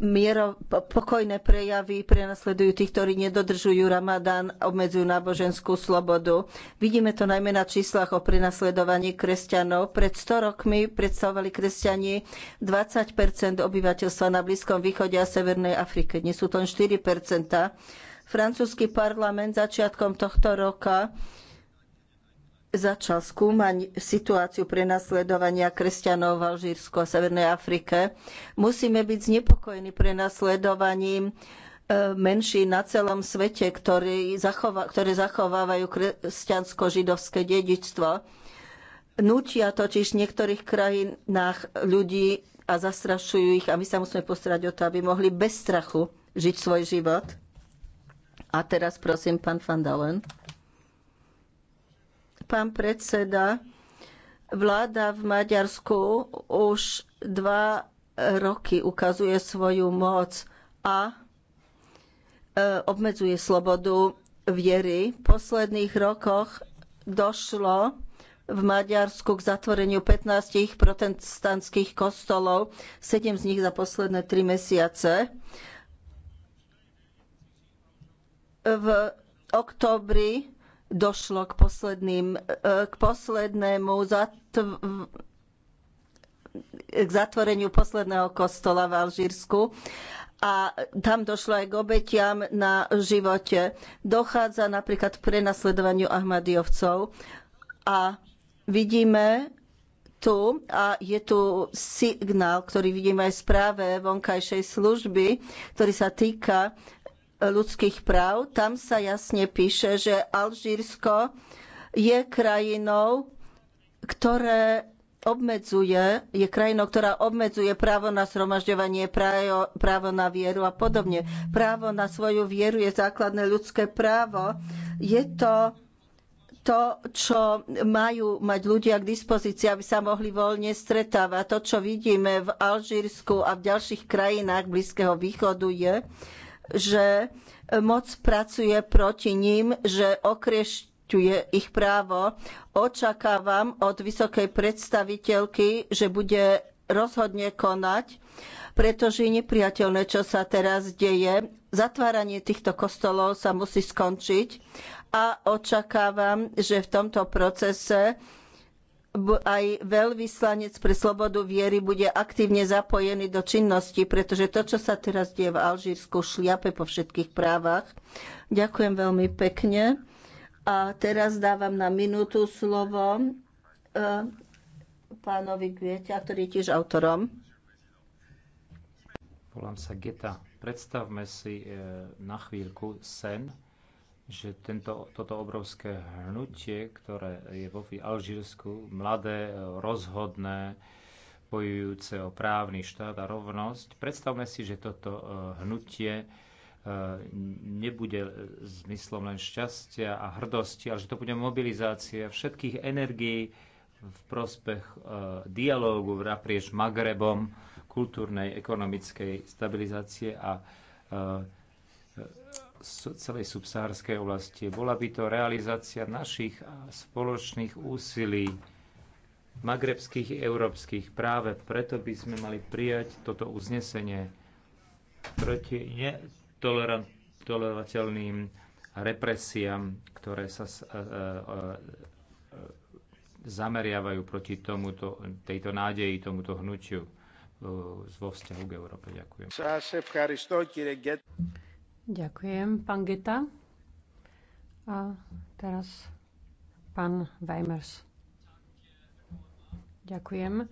miero, pokojné prejavy prenasledujú tých, ktorí nedodržujú ramadán, obmedzujú náboženskú slobodu. Vidíme to najmä na číslach o prenasledovaní kresťanov. Pred 100 rokmi predstavovali kresťani 20 obyvateľstva na Blízkom východe a Severnej Afrike. Dnes sú to len 4 Francúzsky parlament začiatkom tohto roka začal skúmať situáciu prenasledovania kresťanov v Alžírsku a Severnej Afrike. Musíme byť znepokojení prenasledovaním e, menší na celom svete, ktoré, zachová, ktoré zachovávajú kresťansko-židovské dedičstvo. Nutia totiž v niektorých krajinách ľudí a zastrašujú ich a my sa musíme postarať o to, aby mohli bez strachu žiť svoj život. A teraz prosím, pán Van Dalen. Pán predseda, vláda v Maďarsku už dva roky ukazuje svoju moc a e, obmedzuje slobodu viery. V posledných rokoch došlo v Maďarsku k zatvoreniu 15 protestantských kostolov, 7 z nich za posledné 3 mesiace. V októbri došlo k, posledným, e, k poslednému k zatvoreniu posledného kostola v Alžírsku a tam došlo aj k obetiam na živote. Dochádza napríklad k prenasledovaniu Ahmadiovcov a vidíme tu, a je tu signál, ktorý vidíme aj v správe vonkajšej služby, ktorý sa týka ľudských práv. Tam sa jasne píše, že Alžírsko je krajinou, ktoré obmedzuje, je krajinou, ktorá obmedzuje právo na zhromažďovanie, právo, právo na vieru a podobne. Právo na svoju vieru je základné ľudské právo. Je to to, čo majú mať ľudia k dispozícii, aby sa mohli voľne stretávať. To, čo vidíme v Alžírsku a v ďalších krajinách Blízkeho východu, je, že e, moc pracuje proti ním, že okriešťuje ich právo. Očakávam od vysokej predstaviteľky, že bude rozhodne konať, pretože je nepriateľné, čo sa teraz deje. Zatváranie týchto kostolov sa musí skončiť a očakávam, že v tomto procese aj veľvyslanec pre slobodu viery bude aktívne zapojený do činnosti, pretože to, čo sa teraz deje v Alžírsku, šliape po všetkých právach. Ďakujem veľmi pekne. A teraz dávam na minútu slovo e, pánovi Gvieťa, ktorý je tiež autorom. Volám sa Geta. Predstavme si e, na chvíľku sen, že tento, toto obrovské hnutie, ktoré je vo Alžírsku, mladé, rozhodné, bojujúce o právny štát a rovnosť, predstavme si, že toto e, hnutie e, nebude zmyslom len šťastia a hrdosti, ale že to bude mobilizácia všetkých energií v prospech e, dialógu naprieč Magrebom, kultúrnej, ekonomickej stabilizácie a celej subsárskej oblasti. Bola by to realizácia našich spoločných úsilí magrebských i európskych. Práve preto by sme mali prijať toto uznesenie proti netolerovateľným represiám, ktoré sa e- e- e- zameriavajú proti tomuto, tejto nádeji, tomuto hnutiu vo vzťahu k Európe. Ďakujem. Ďakujem, pán Geta. A teraz pán Weimers. Ďakujem,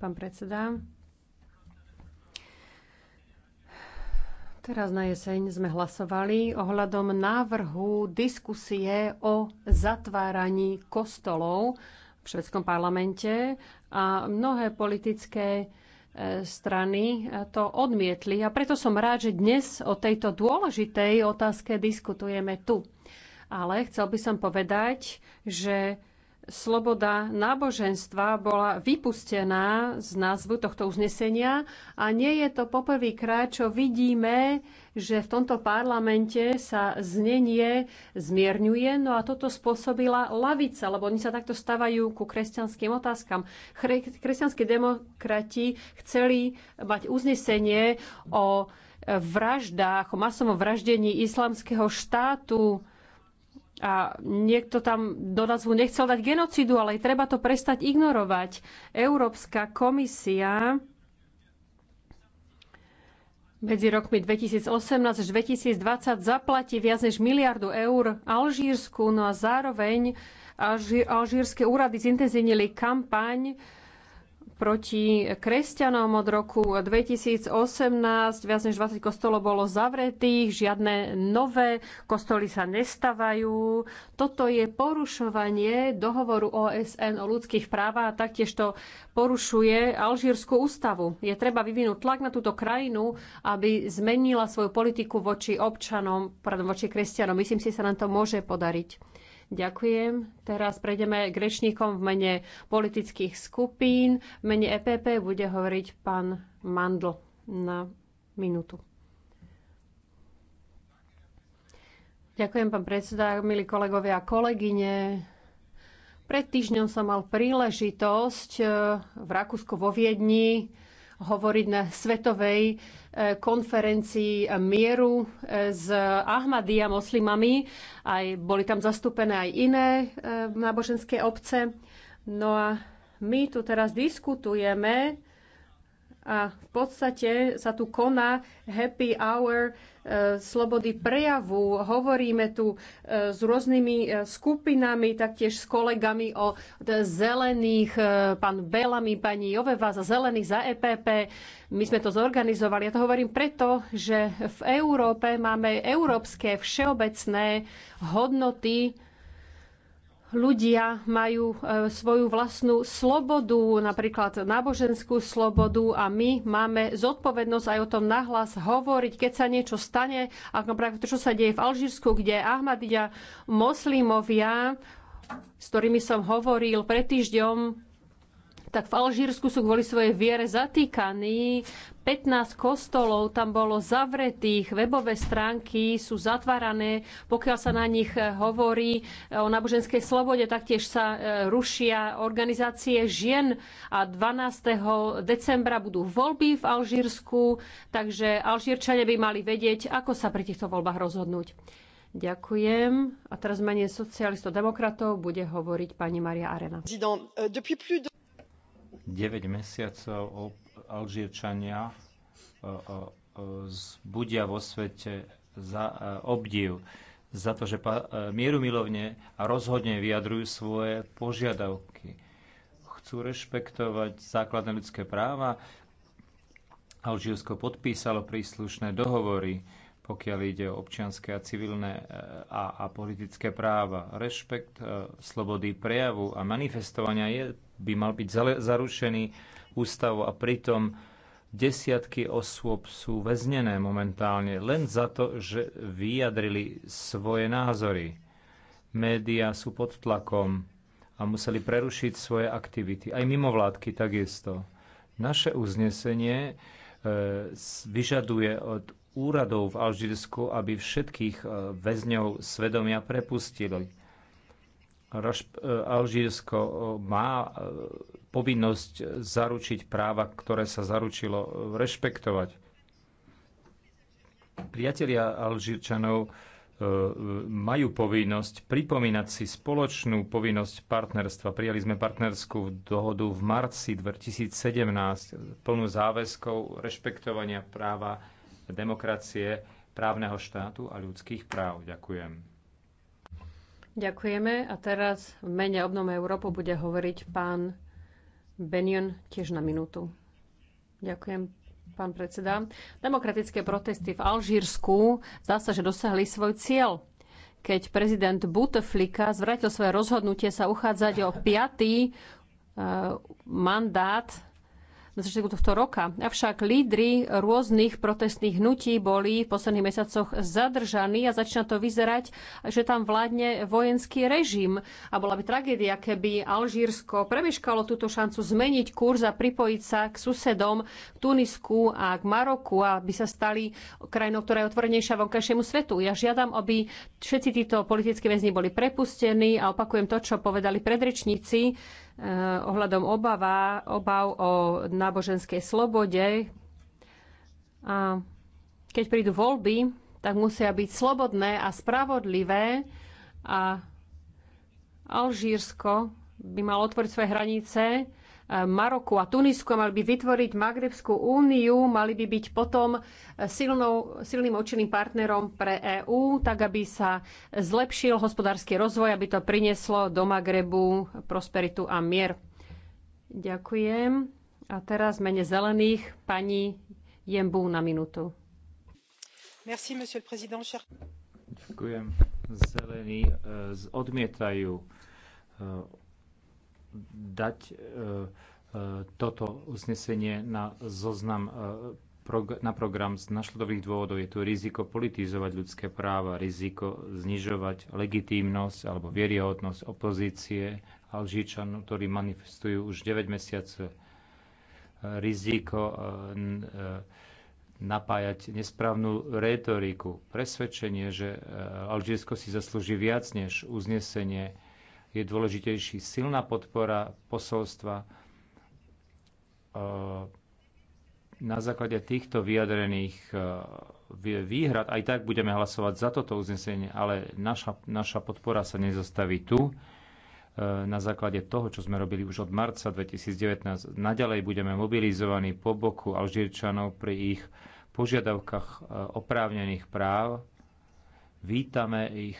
pán predseda. Teraz na jeseň sme hlasovali ohľadom návrhu diskusie o zatváraní kostolov v švedskom parlamente a mnohé politické E, strany to odmietli. A preto som rád, že dnes o tejto dôležitej otázke diskutujeme tu. Ale chcel by som povedať, že sloboda náboženstva bola vypustená z názvu tohto uznesenia a nie je to poprvýkrát, čo vidíme že v tomto parlamente sa znenie zmierňuje, no a toto spôsobila lavica, lebo oni sa takto stavajú ku kresťanským otázkam. Kresťanskí demokrati chceli mať uznesenie o vraždách, o masovom vraždení islamského štátu, a niekto tam do názvu nechcel dať genocidu, ale treba to prestať ignorovať. Európska komisia medzi rokmi 2018 až 2020 zaplatí viac než miliardu eur Alžírsku, no a zároveň alžírske úrady zintenzívnili kampaň proti kresťanom od roku 2018. Viac než 20 kostolov bolo zavretých, žiadne nové kostoly sa nestavajú. Toto je porušovanie dohovoru OSN o ľudských právach a taktiež to porušuje Alžírsku ústavu. Je treba vyvinúť tlak na túto krajinu, aby zmenila svoju politiku voči občanom, voči kresťanom. Myslím si, sa nám to môže podariť. Ďakujem. Teraz prejdeme k rečníkom v mene politických skupín. V mene EPP bude hovoriť pán Mandl na minútu. Ďakujem, pán predseda, milí kolegovia a kolegyne. Pred týždňom som mal príležitosť eh, v Rakúsku vo Viedni hovoriť na svetovej konferencii mieru e, s Ahmadia moslimami. Aj, boli tam zastúpené aj iné e, náboženské obce. No a my tu teraz diskutujeme a v podstate sa tu koná happy hour E, slobody prejavu. Hovoríme tu e, s rôznymi e, skupinami, taktiež s kolegami o zelených, pán Belami, pani Joveva za zelených, za EPP. My sme to zorganizovali. Ja to hovorím preto, že v Európe máme európske všeobecné hodnoty, ľudia majú e, svoju vlastnú slobodu, napríklad náboženskú slobodu a my máme zodpovednosť aj o tom nahlas hovoriť, keď sa niečo stane, ako napríklad to, čo sa deje v Alžírsku, kde Ahmadidia moslimovia, s ktorými som hovoril pred týždňom, tak v Alžírsku sú kvôli svojej viere zatýkaní. 15 kostolov tam bolo zavretých, webové stránky sú zatvárané, pokiaľ sa na nich eh, hovorí eh, o náboženskej slobode, taktiež sa eh, rušia organizácie žien a 12. decembra budú voľby v Alžírsku, takže Alžírčania by mali vedieť, ako sa pri týchto voľbách rozhodnúť. Ďakujem. A teraz menej socialistov demokratov bude hovoriť pani Maria Arena. 9 mesiacov Alžírčania e, e, e, zbudia vo svete za obdiv za to, že mierumilovne a rozhodne vyjadrujú svoje požiadavky. Chcú rešpektovať základné ľudské práva. Alžírsko podpísalo príslušné dohovory pokiaľ ide o občianské a civilné e, a, a politické práva. Rešpekt e, slobody prejavu a manifestovania je, by mal byť zarušený ústavou a pritom desiatky osôb sú väznené momentálne len za to, že vyjadrili svoje názory. Média sú pod tlakom a museli prerušiť svoje aktivity. Aj mimovládky takisto. Naše uznesenie e, vyžaduje od úradov v Alžírsku, aby všetkých e, väzňov svedomia prepustili. E, Alžírsko e, má povinnosť zaručiť práva, ktoré sa zaručilo rešpektovať. Priatelia Alžírčanov majú povinnosť pripomínať si spoločnú povinnosť partnerstva. Prijali sme partnerskú dohodu v marci 2017 plnú záväzkov rešpektovania práva demokracie, právneho štátu a ľudských práv. Ďakujem. Ďakujeme a teraz v mene obnome Európu bude hovoriť pán Benion tiež na minútu. Ďakujem, pán predseda. Demokratické protesty v Alžírsku zdá sa, že dosiahli svoj cieľ keď prezident Bouteflika zvrátil svoje rozhodnutie sa uchádzať o piatý eh, mandát na začiatku tohto roka. Avšak lídry rôznych protestných hnutí boli v posledných mesiacoch zadržaní a začína to vyzerať, že tam vládne vojenský režim. A bola by tragédia, keby Alžírsko premeškalo túto šancu zmeniť kurz a pripojiť sa k susedom k Tunisku a k Maroku, aby sa stali krajinou, ktorá je otvorenejšia vonkajšiemu svetu. Ja žiadam, aby všetci títo politickí väzni boli prepustení a opakujem to, čo povedali predrečníci Eh, ohľadom obava, obav o náboženskej slobode. A keď prídu voľby, tak musia byť slobodné a spravodlivé a Alžírsko by malo otvoriť svoje hranice Maroku a Tunisku a mali by vytvoriť Magrebskú úniu, mali by byť potom silnou, silným očinným partnerom pre EÚ, tak aby sa zlepšil hospodársky rozvoj, aby to prinieslo do Magrebu prosperitu a mier. Ďakujem. A teraz mene zelených pani Jembu na minútu. Merci, monsieur le président. Cher... Ďakujem. Zelení eh, odmietajú eh, dať e, e, toto uznesenie na zoznam e, na program z našledových dôvodov. Je tu riziko politizovať ľudské práva, riziko znižovať legitímnosť alebo vieriehodnosť opozície Alžíčanov, ktorí manifestujú už 9 mesiacov. Riziko napájať nesprávnu rétoriku, presvedčenie, že Alžírsko si zaslúži viac než uznesenie je dôležitejší silná podpora posolstva. E, na základe týchto vyjadrených e, výhrad aj tak budeme hlasovať za toto uznesenie, ale naša, naša podpora sa nezastaví tu. E, na základe toho, čo sme robili už od marca 2019, naďalej budeme mobilizovaní po boku Alžírčanov pri ich požiadavkách oprávnených práv. Vítame ich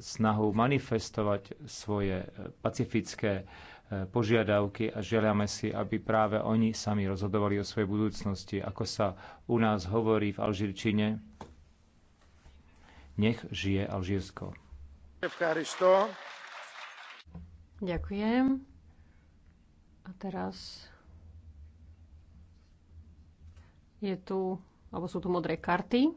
snahu manifestovať svoje e, pacifické e, požiadavky a želáme si, aby práve oni sami rozhodovali o svojej budúcnosti. Ako sa u nás hovorí v Alžírčine, nech žije Alžírsko. Ďakujem. A teraz je tu, alebo sú tu modré karty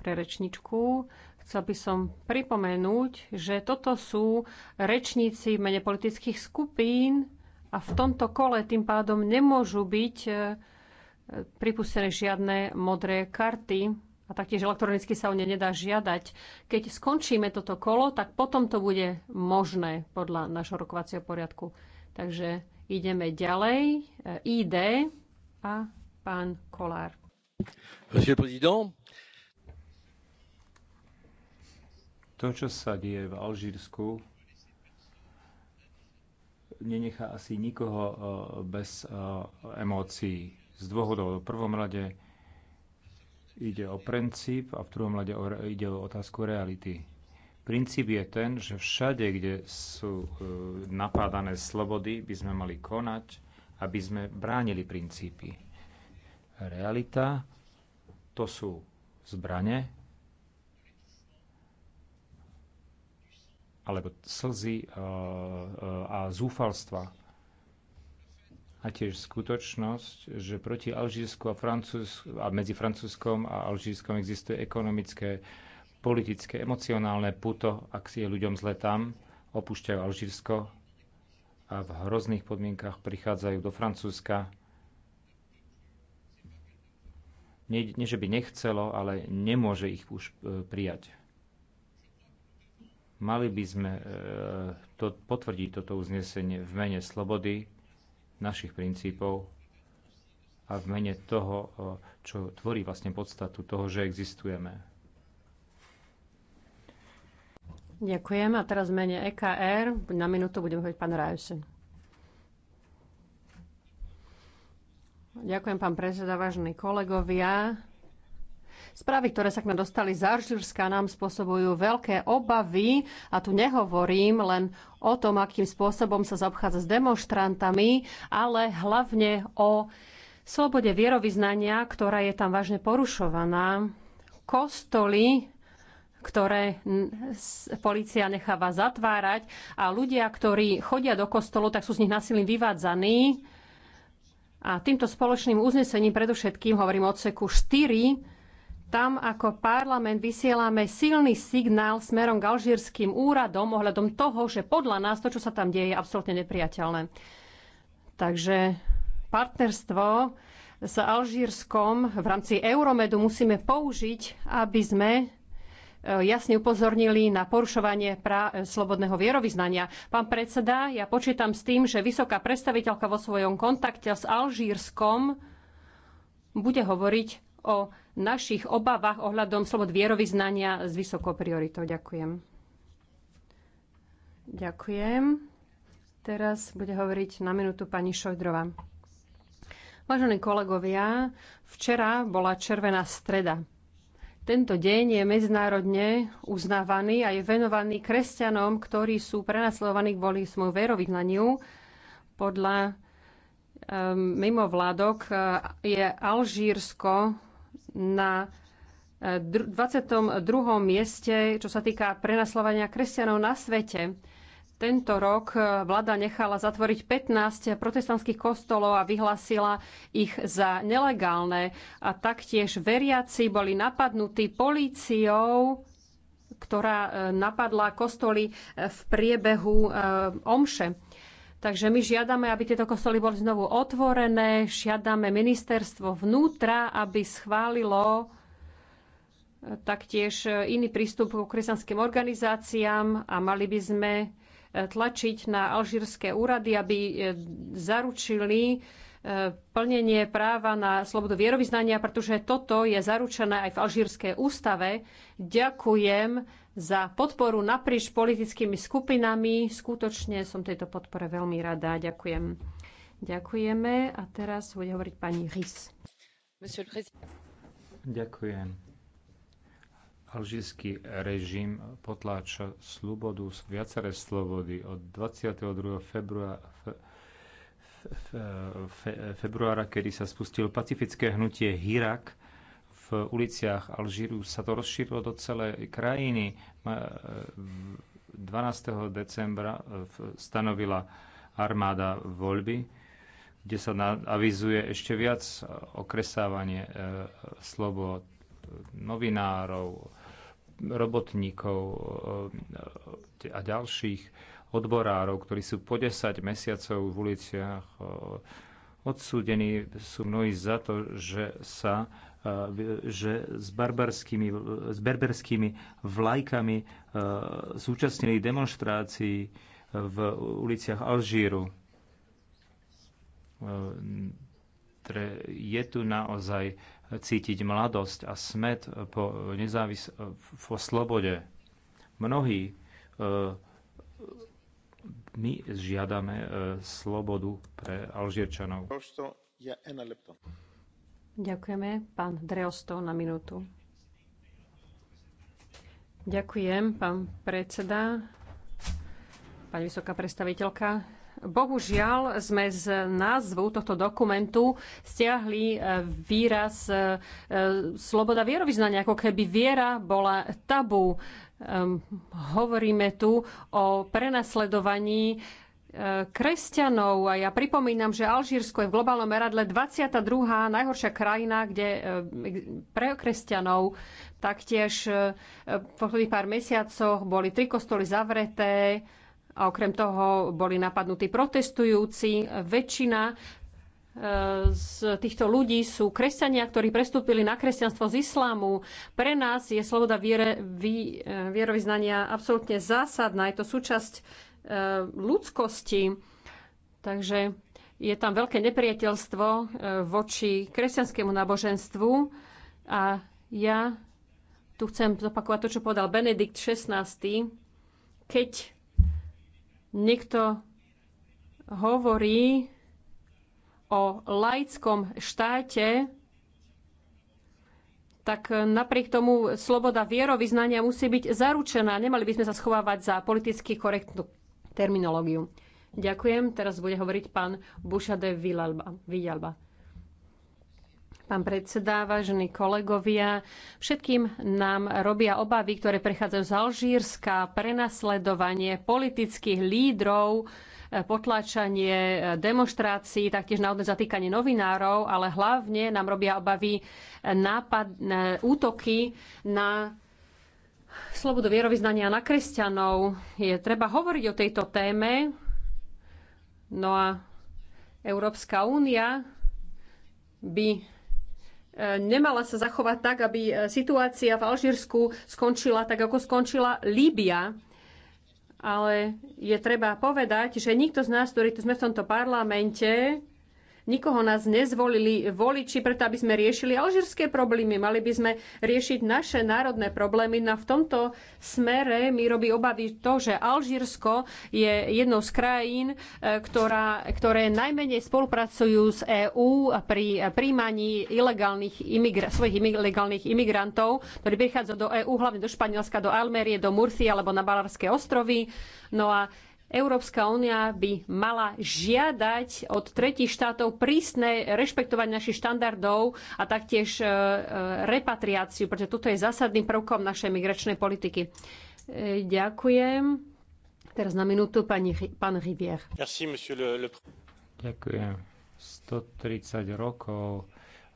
pre rečničku. Chcel by som pripomenúť, že toto sú rečníci v mene politických skupín a v tomto kole tým pádom nemôžu byť e, pripustené žiadne modré karty a taktiež elektronicky sa o ne nedá žiadať. Keď skončíme toto kolo, tak potom to bude možné podľa našho rokovacieho poriadku. Takže ideme ďalej. E, ID a pán Kolár. Monsieur le Président, To, čo sa deje v Alžírsku, nenechá asi nikoho eh, bez eh, emócií. Z dôvodov. V prvom rade ide o princíp a v druhom rade ide o otázku reality. Princíp je ten, že všade, kde sú eh, napádané slobody, by sme mali konať, aby sme bránili princípy. Realita to sú zbrane, alebo slzy eh, eh, a zúfalstva. A tiež skutočnosť, že proti Alžírsku a, Francúz, a medzi Francúzskom a Alžírskom existuje ekonomické, politické, emocionálne puto, ak si je ľuďom zle tam, opúšťajú Alžírsko a v hrozných podmienkach prichádzajú do Francúzska. Nie, nie, že by nechcelo, ale nemôže ich už eh, prijať. Mali by sme e, to, potvrdiť toto uznesenie v mene slobody, našich princípov a v mene toho, e, čo tvorí vlastne podstatu toho, že existujeme. Ďakujem. A teraz mene EKR. Na minútu budem hovoriť pán Rajse. Ďakujem, pán predseda, vážení kolegovia. Správy, ktoré sa k nám dostali z Alžírska, nám spôsobujú veľké obavy a tu nehovorím len o tom, akým spôsobom sa zaobchádza s demonstrantami, ale hlavne o slobode vierovýznania, ktorá je tam vážne porušovaná. Kostoly ktoré policia necháva zatvárať a ľudia, ktorí chodia do kostolu, tak sú z nich nasilím vyvádzaní. A týmto spoločným uznesením predovšetkým, hovorím o odseku 4, tam ako parlament vysielame silný signál smerom k alžírským úradom ohľadom toho, že podľa nás to, čo sa tam deje, je absolútne nepriateľné. Takže partnerstvo s Alžírskom v rámci Euromedu musíme použiť, aby sme e, jasne upozornili na porušovanie pra- e, slobodného vierovýznania. Pán predseda, ja počítam s tým, že vysoká predstaviteľka vo svojom kontakte s Alžírskom bude hovoriť o našich obavách ohľadom slobod vierovýznania s vysokou prioritou. Ďakujem. Ďakujem. Teraz bude hovoriť na minútu pani Šojdrova. Vážení kolegovia, včera bola červená streda. Tento deň je medzinárodne uznávaný a je venovaný kresťanom, ktorí sú prenasledovaní kvôli svojmu verovýznaniu. Podľa um, mimovládok eh, je Alžírsko na 22. E, mieste, čo sa týka prenaslovania kresťanov na svete. Tento rok e, vláda nechala zatvoriť 15 protestantských kostolov a vyhlásila ich za nelegálne. A taktiež veriaci boli napadnutí políciou, ktorá e, napadla kostoly v priebehu omše. Takže my žiadame, aby tieto kostoly boli znovu otvorené, žiadame ministerstvo vnútra, aby schválilo e, taktiež e, iný prístup k kresťanským organizáciám a mali by sme e, tlačiť na alžírske úrady, aby zaručili plnenie práva na slobodu vierovýznania, pretože toto je zaručené aj v Alžírskej ústave. Ďakujem za podporu naprieč politickými skupinami. Skutočne som tejto podpore veľmi rada. Ďakujem. Ďakujeme. A teraz bude hovoriť pani Rys. Ďakujem. Alžírsky režim potláča slobodu, viaceré slobody od 22. februára februára, kedy sa spustilo pacifické hnutie Hirak. V uliciach Alžíru sa to rozšírilo do celej krajiny. 12. decembra eh, stanovila armáda voľby, kde sa avizuje ešte viac okresávanie eh, slobod novinárov, robotníkov eh, a ďalších odborárov, ktorí sú po 10 mesiacov v uliciach. Odsúdení sú mnohí za to, že sa e, že s, barbarskými, s berberskými vlajkami e, zúčastnili demonstrácií v uliciach Alžíru. E, je tu naozaj cítiť mladosť a smet po, nezávis- po slobode. Mnohí my žiadame e, slobodu pre Alžierčanov. Ďakujeme. Pán Dreosto na minútu. Ďakujem, pán predseda, pani vysoká predstaviteľka. Bohužiaľ sme z názvu tohto dokumentu stiahli e, výraz e, sloboda vierovýznania, ako keby viera bola tabu um, hovoríme tu o prenasledovaní e, kresťanov. A ja pripomínam, že Alžírsko je v globálnom meradle 22. najhoršia krajina, kde e, pre kresťanov taktiež e, v posledných pár mesiacoch boli tri kostoly zavreté, a okrem toho boli napadnutí protestujúci. Väčšina E, z týchto ľudí sú kresťania, ktorí prestúpili na kresťanstvo z islámu. Pre nás je sloboda viere, vý, e, vierovýznania absolútne zásadná. Je to súčasť e, ľudskosti. Takže je tam veľké nepriateľstvo voči kresťanskému náboženstvu. A ja tu chcem zopakovať to, čo povedal Benedikt XVI. Keď niekto hovorí, o laickom štáte, tak napriek tomu sloboda vierovýznania musí byť zaručená. Nemali by sme sa schovávať za politicky korektnú terminológiu. Ďakujem. Teraz bude hovoriť pán Bušade Villalba. Pán predseda, vážení kolegovia, všetkým nám robia obavy, ktoré prechádzajú z Alžírska, prenasledovanie politických lídrov, potláčanie eh, demonstrácií, taktiež naozaj zatýkanie novinárov, ale hlavne nám robia obavy nápad, eh, útoky na slobodu vierovýznania na kresťanov. Je treba hovoriť o tejto téme. No a Európska únia by eh, nemala sa zachovať tak, aby situácia v Alžírsku skončila tak, ako skončila Líbia ale je treba povedať, že nikto z nás, ktorí tu sme v tomto parlamente, Nikoho nás nezvolili voliči, preto aby sme riešili alžírske problémy. Mali by sme riešiť naše národné problémy. Na no v tomto smere mi robí obavy to, že Alžírsko je jednou z krajín, e, ktorá, ktoré najmenej spolupracujú s EÚ pri príjmaní ilegálnych imigr- svojich ilegálnych imigrantov, ktorí prichádzajú do EÚ, hlavne do Španielska, do Almerie, do Murcie alebo na Balárske ostrovy. No a Európska únia by mala žiadať od tretich štátov prísne rešpektovanie našich štandardov a taktiež e, e, repatriáciu, pretože toto je zásadným prvkom našej migračnej politiky. E, ďakujem. Teraz na minútu pani, pán Rivier. Ďakujem. 130 rokov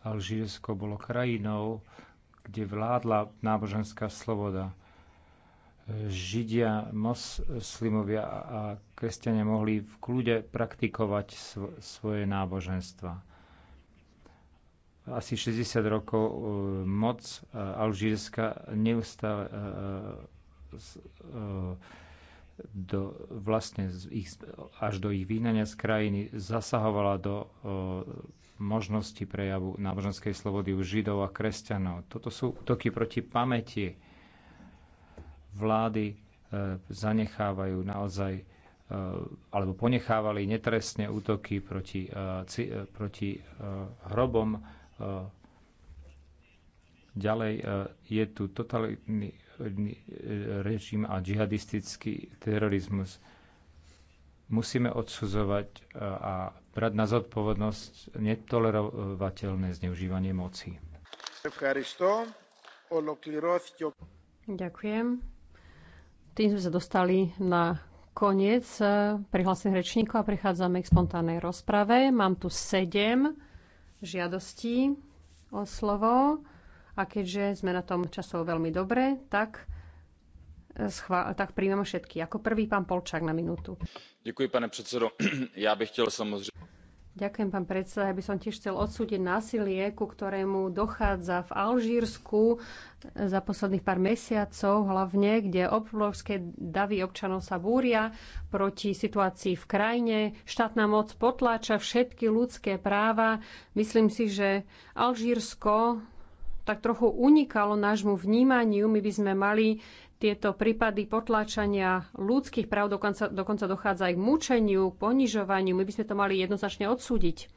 Alžírsko bolo krajinou, kde vládla náboženská sloboda Židia, moslimovia a kresťania mohli v kľude praktikovať svoje náboženstva. Asi 60 rokov e, moc e, Alžírska neustále e, do, vlastne ich, až do ich výnania z krajiny zasahovala do možnosti prejavu náboženskej slobody u Židov a kresťanov. Toto sú útoky proti pamäti vlády e, zanechávajú naozaj e, alebo ponechávali netrestné útoky proti, e, proti hrobom. Ďalej je tu totalitný režim a džihadistický terorizmus. Musíme odsudzovať a brať na zodpovednosť netolerovateľné zneužívanie moci. Ďakujem. Tým sme sa dostali na koniec eh, prihlásených rečníkov a prechádzame k spontánnej rozprave. Mám tu sedem žiadostí o slovo a keďže sme na tom časov veľmi dobre, tak eh, tak príjmeme všetky. Ako prvý pán Polčák na minútu. Ďakujem, pane předsedo. <clears throat> Ja bych chtěl samozřejmě... Ďakujem, pán predseda. Ja by som tiež chcel odsúdiť násilie, ku ktorému dochádza v Alžírsku za posledných pár mesiacov, hlavne, kde obrovské davy občanov sa búria proti situácii v krajine. Štátna moc potláča všetky ľudské práva. Myslím si, že Alžírsko tak trochu unikalo nášmu vnímaniu. My by sme mali tieto prípady potláčania ľudských práv, dokonca, dokonca dochádza aj k mučeniu, k ponižovaniu. My by sme to mali jednoznačne odsúdiť.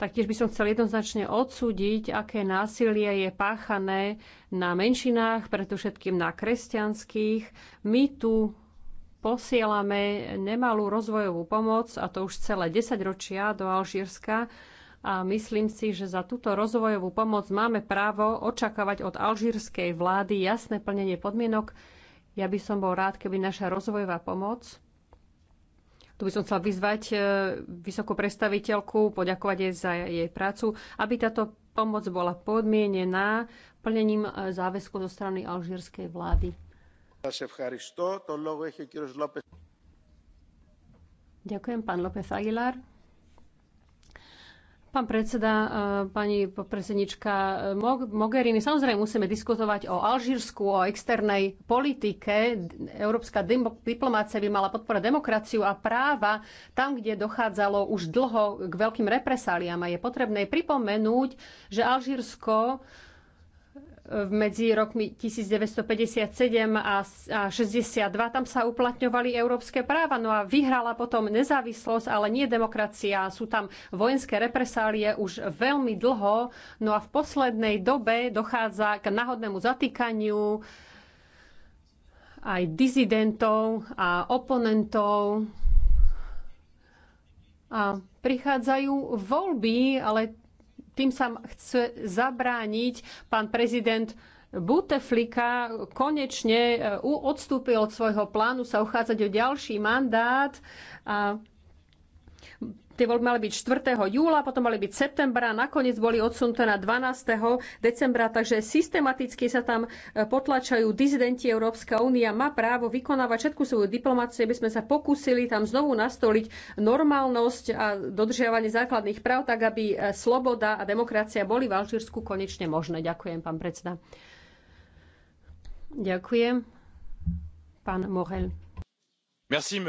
Taktiež by som chcel jednoznačne odsúdiť, aké násilie je páchané na menšinách, predovšetkým na kresťanských. My tu posielame nemalú rozvojovú pomoc, a to už celé 10 ročia do Alžírska, a myslím si, že za túto rozvojovú pomoc máme právo očakávať od alžírskej vlády jasné plnenie podmienok. Ja by som bol rád, keby naša rozvojová pomoc tu by som chcel vyzvať e, vysokú predstaviteľku, poďakovať jej za jej prácu, aby táto pomoc bola podmienená plnením e, záväzku zo strany alžírskej vlády. Ďakujem, pán López Aguilar. Pán predseda, e, pani predsednička e, Mogherini, samozrejme musíme diskutovať o Alžírsku, o externej politike. Európska diplomácia by mala podporať demokraciu a práva tam, kde dochádzalo už dlho k veľkým represáliám. A je potrebné pripomenúť, že Alžírsko medzi rokmi 1957 a 62. Tam sa uplatňovali európske práva, no a vyhrala potom nezávislosť, ale nie demokracia. Sú tam vojenské represálie už veľmi dlho, no a v poslednej dobe dochádza k náhodnému zatýkaniu aj dizidentov a oponentov. A prichádzajú voľby, ale tým sa chce zabrániť pán prezident Buteflika konečne e, odstúpil od svojho plánu sa uchádzať o ďalší mandát a Tie voľby mali byť 4. júla, potom mali byť septembra, nakoniec boli odsunuté na 12. decembra, takže systematicky sa tam e, potlačajú dizidenti. Európska únia má právo vykonávať všetku svoju diplomáciu, aby sme sa pokúsili tam znovu nastoliť normálnosť a dodržiavanie základných práv, tak aby e, sloboda a demokracia boli v Alžírsku konečne možné. Ďakujem, pán predseda. Ďakujem. Pán Morel. Merci,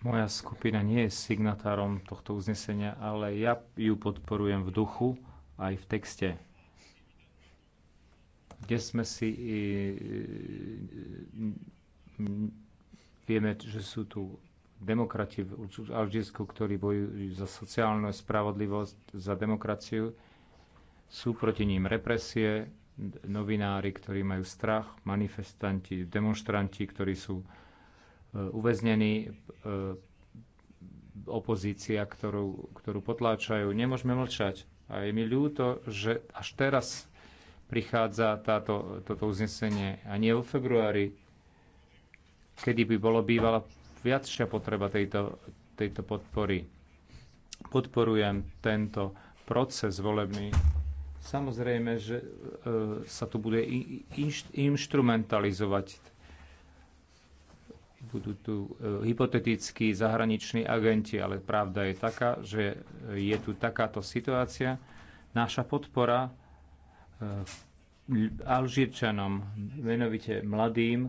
moja skupina nie je signatárom tohto uznesenia, ale ja ju podporujem v duchu aj v texte, kde sme si i, e, e, vieme, že sú tu demokrati v Alžírsku, ktorí bojujú za sociálnu spravodlivosť, za demokraciu. Sú proti ním represie, novinári, ktorí majú strach, manifestanti, demonstranti, ktorí sú E, uväznení e, opozícia, ktorú, ktorú potláčajú. Nemôžeme mlčať. A je mi ľúto, že až teraz prichádza táto, toto uznesenie a nie vo februári, kedy by bolo bývala viacšia potreba tejto, tejto podpory. Podporujem tento proces volebný. Samozrejme, že e, sa tu bude inš, inštrumentalizovať budú tu e, hypotetickí zahraniční agenti, ale pravda je taká, že je tu takáto situácia. Naša podpora e, Alžírčanom, menovite mladým,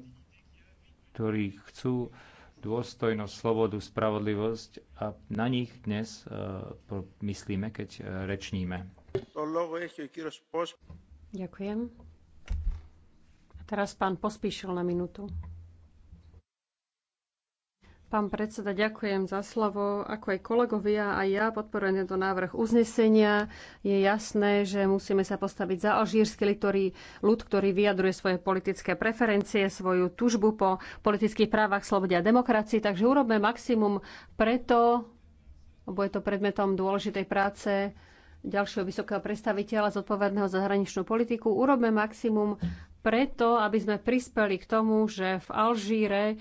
ktorí chcú dôstojnosť, slobodu, spravodlivosť a na nich dnes e, myslíme, keď rečníme. Ďakujem. A teraz pán pospíšil na minútu. Pán predseda, ďakujem za slovo. Ako aj kolegovia, aj ja podporujem tento návrh uznesenia. Je jasné, že musíme sa postaviť za alžírsky ktorý, ľud, ktorý vyjadruje svoje politické preferencie, svoju tužbu po politických právach, slobode a demokracii. Takže urobme maximum preto, lebo je to predmetom dôležitej práce ďalšieho vysokého predstaviteľa zodpovedného za zahraničnú politiku. Urobme maximum preto, aby sme prispeli k tomu, že v Alžíre e,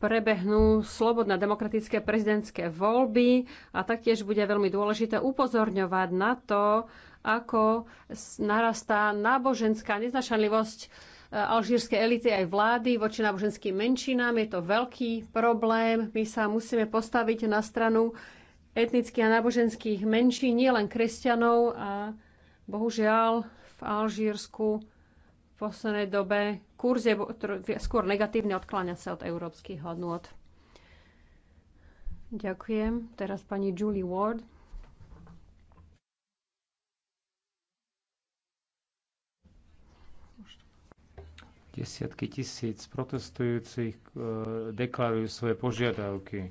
prebehnú slobodné demokratické prezidentské voľby a taktiež bude veľmi dôležité upozorňovať na to, ako narastá náboženská neznašanlivosť e, alžírskej elity aj vlády voči náboženským menšinám. Je to veľký problém. My sa musíme postaviť na stranu etnických a náboženských menší, nielen kresťanov a bohužiaľ v Alžírsku poslednej dobe. Kurz je skôr negatívny, odkláňa sa od európskych hodnôt. Ďakujem. Teraz pani Julie Ward. Desiatky tisíc protestujúcich eh, deklarujú svoje požiadavky, eh,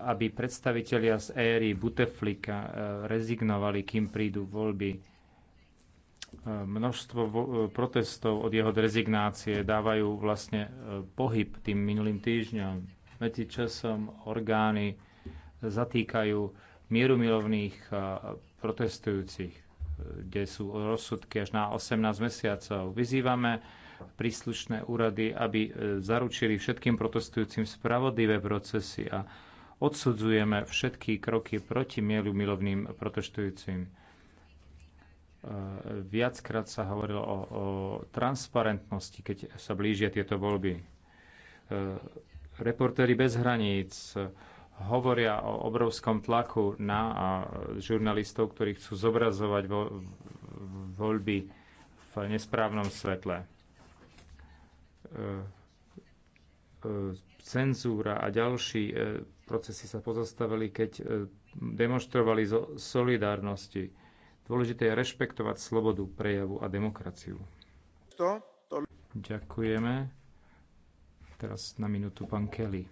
aby predstavitelia z éry Buteflika eh, rezignovali, kým prídu voľby množstvo protestov od jeho rezignácie dávajú vlastne e, pohyb tým minulým týždňom. Medzi časom orgány zatýkajú mierumilovných e, protestujúcich, e, kde sú rozsudky až na 18 mesiacov. Vyzývame príslušné úrady, aby zaručili všetkým protestujúcim spravodlivé procesy a odsudzujeme všetky kroky proti mierumilovným protestujúcim Eh, viackrát sa hovorilo o, o transparentnosti, keď sa blížia tieto voľby. Eh, Reportéry bez hraníc eh, hovoria o obrovskom tlaku na žurnalistov, ktorí chcú zobrazovať vo, voľby v nesprávnom svetle. Cenzúra a ďalší procesy sa pozastavili, keď demonstrovali zo solidárnosti Dôležité je rešpektovať slobodu prejavu a demokraciu. To, to... Ďakujeme. Teraz na minútu pán Kelly.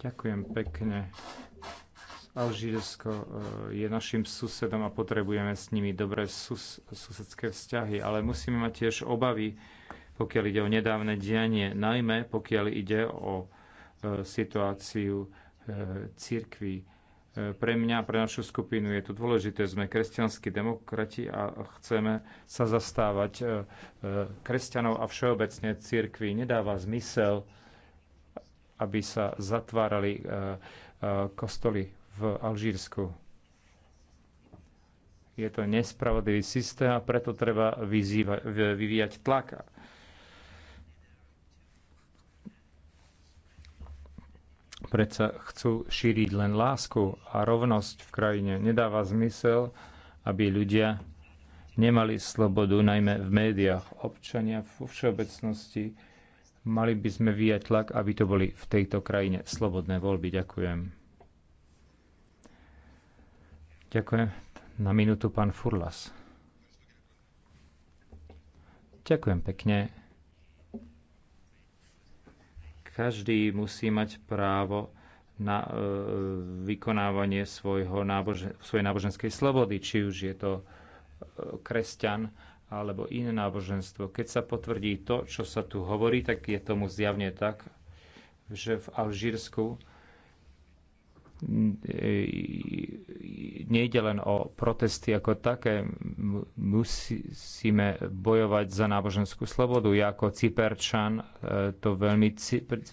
Ďakujem pekne. Alžírsko e, je našim susedom a potrebujeme s nimi dobré sus- susedské vzťahy, ale musíme mať tiež obavy, pokiaľ ide o nedávne dianie, najmä pokiaľ ide o situáciu e, církvy. E, pre mňa, pre našu skupinu je to dôležité, sme kresťanskí demokrati a chceme sa zastávať e, kresťanov a všeobecne církvy. Nedáva zmysel, aby sa zatvárali kostoly v Alžírsku. Je to nespravodlivý systém a preto treba vyzývať, vyvíjať tlak Predsa chcú šíriť len lásku a rovnosť v krajine. Nedáva zmysel, aby ľudia nemali slobodu, najmä v médiách. Občania vo všeobecnosti mali by sme vyjať tlak, aby to boli v tejto krajine slobodné voľby. Ďakujem. Ďakujem. Na minútu pán Furlas. Ďakujem pekne. Každý musí mať právo na e, vykonávanie svojho nábože, svojej náboženskej slobody, či už je to e, kresťan alebo iné náboženstvo. Keď sa potvrdí to, čo sa tu hovorí, tak je tomu zjavne tak, že v Alžírsku E, nejde len o protesty ako také. Musíme bojovať za náboženskú slobodu. Ja ako Cyperčan e, to veľmi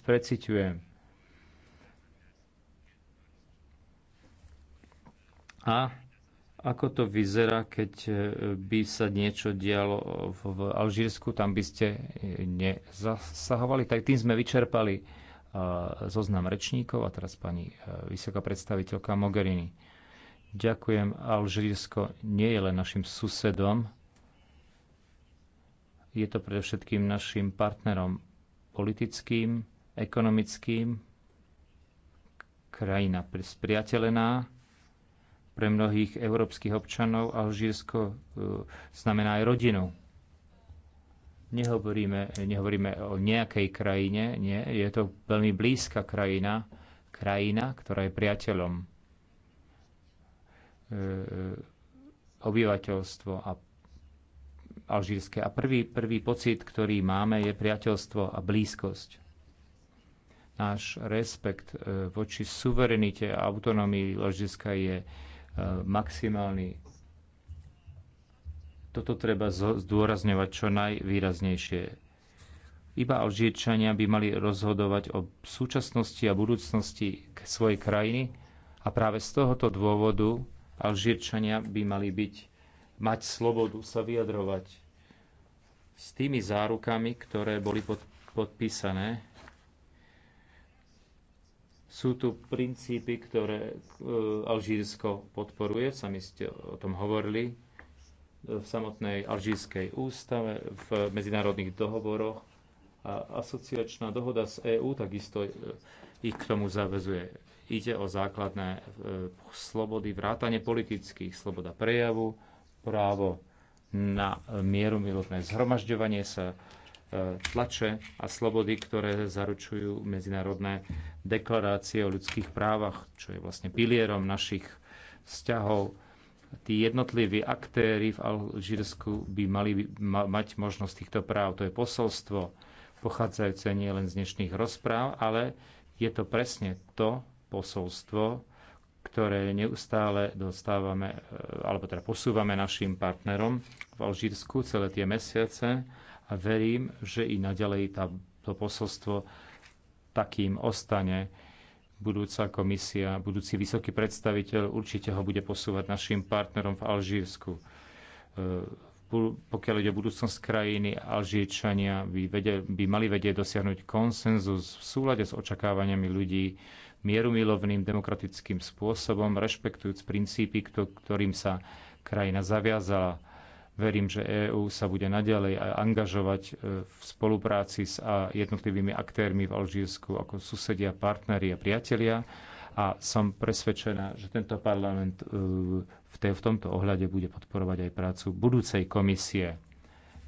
preciťujem. A ako to vyzerá, keď e, by sa niečo dialo v Alžírsku, tam by ste nezasahovali? Tak tým sme vyčerpali Eh, zoznam rečníkov a teraz pani eh, vysoká predstaviteľka Mogherini. Ďakujem, Alžírsko nie je len našim susedom, je to predovšetkým našim partnerom politickým, ekonomickým, krajina spriateľená. Pre mnohých európskych občanov Alžírsko eh, znamená aj rodinu. Nehovoríme, nehovoríme o nejakej krajine, nie, je to veľmi blízka krajina, krajina, ktorá je priateľom e, e obyvateľstvo a alžírske. A prvý, prvý pocit, ktorý máme, je priateľstvo a blízkosť. Náš respekt e, voči suverenite a autonómii Alžírska je e, maximálny toto treba zdôrazňovať čo najvýraznejšie. Iba Alžírčania by mali rozhodovať o súčasnosti a budúcnosti svojej krajiny a práve z tohoto dôvodu Alžírčania by mali byť, mať slobodu sa vyjadrovať s tými zárukami, ktoré boli pod, podpísané. Sú tu princípy, ktoré e, Alžírsko podporuje, sami ste o tom hovorili, v samotnej alžírskej ústave, v medzinárodných dohovoroch a asociačná dohoda z EÚ takisto e, ich k tomu zavezuje. Ide o základné e, slobody, vrátanie politických, sloboda prejavu, právo na mieru milotné zhromažďovanie sa, e, tlače a slobody, ktoré zaručujú medzinárodné deklarácie o ľudských právach, čo je vlastne pilierom našich vzťahov tí jednotliví aktéry v Alžírsku by mali mať možnosť týchto práv. To je posolstvo pochádzajúce nie len z dnešných rozpráv, ale je to presne to posolstvo, ktoré neustále dostávame, e, alebo teda posúvame našim partnerom v Alžírsku celé tie mesiace a verím, že i naďalej tá, to posolstvo takým ostane budúca komisia, budúci vysoký predstaviteľ určite ho bude posúvať našim partnerom v Alžírsku. E, pokiaľ ide o budúcnosť krajiny, Alžírčania by, vede, by mali vedieť dosiahnuť konsenzus v súlade s očakávaniami ľudí, mierumilovným demokratickým spôsobom, rešpektujúc princípy, ktorým sa krajina zaviazala Verím, že EÚ sa bude naďalej angažovať e, v spolupráci s jednotlivými aktérmi v Alžírsku ako susedia, partneri a priatelia a som presvedčená, že tento parlament e, v, tej, v tomto ohľade bude podporovať aj prácu budúcej komisie.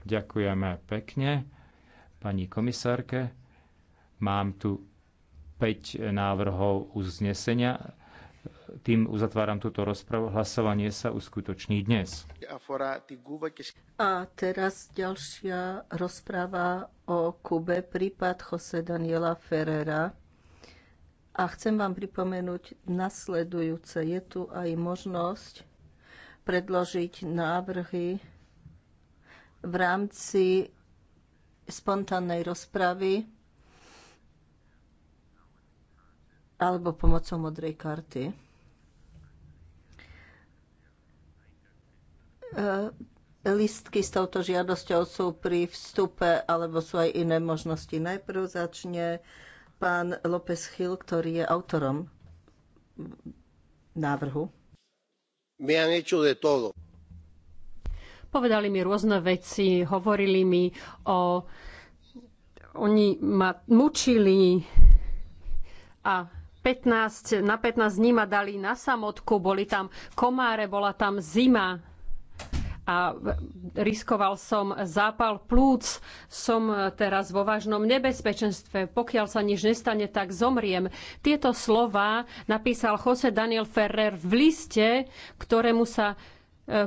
Ďakujeme pekne pani komisárke. Mám tu 5 návrhov uznesenia tým uzatváram túto rozpravu. Hlasovanie sa uskutoční dnes. A teraz ďalšia rozpráva o Kube, prípad Jose Daniela Ferrera. A chcem vám pripomenúť nasledujúce. Je tu aj možnosť predložiť návrhy v rámci spontánnej rozpravy alebo pomocou modrej karty. E, listky s touto žiadosťou sú pri vstupe, alebo sú aj iné možnosti. Najprv začne pán López Chil, ktorý je autorom návrhu. Me han hecho de todo. Povedali mi rôzne veci, hovorili mi o... Oni ma mučili a 15, na 15 dní ma dali na samotku, boli tam komáre, bola tam zima, a riskoval som zápal plúc. Som teraz vo vážnom nebezpečenstve. Pokiaľ sa nič nestane, tak zomriem. Tieto slova napísal Jose Daniel Ferrer v liste, ktorému sa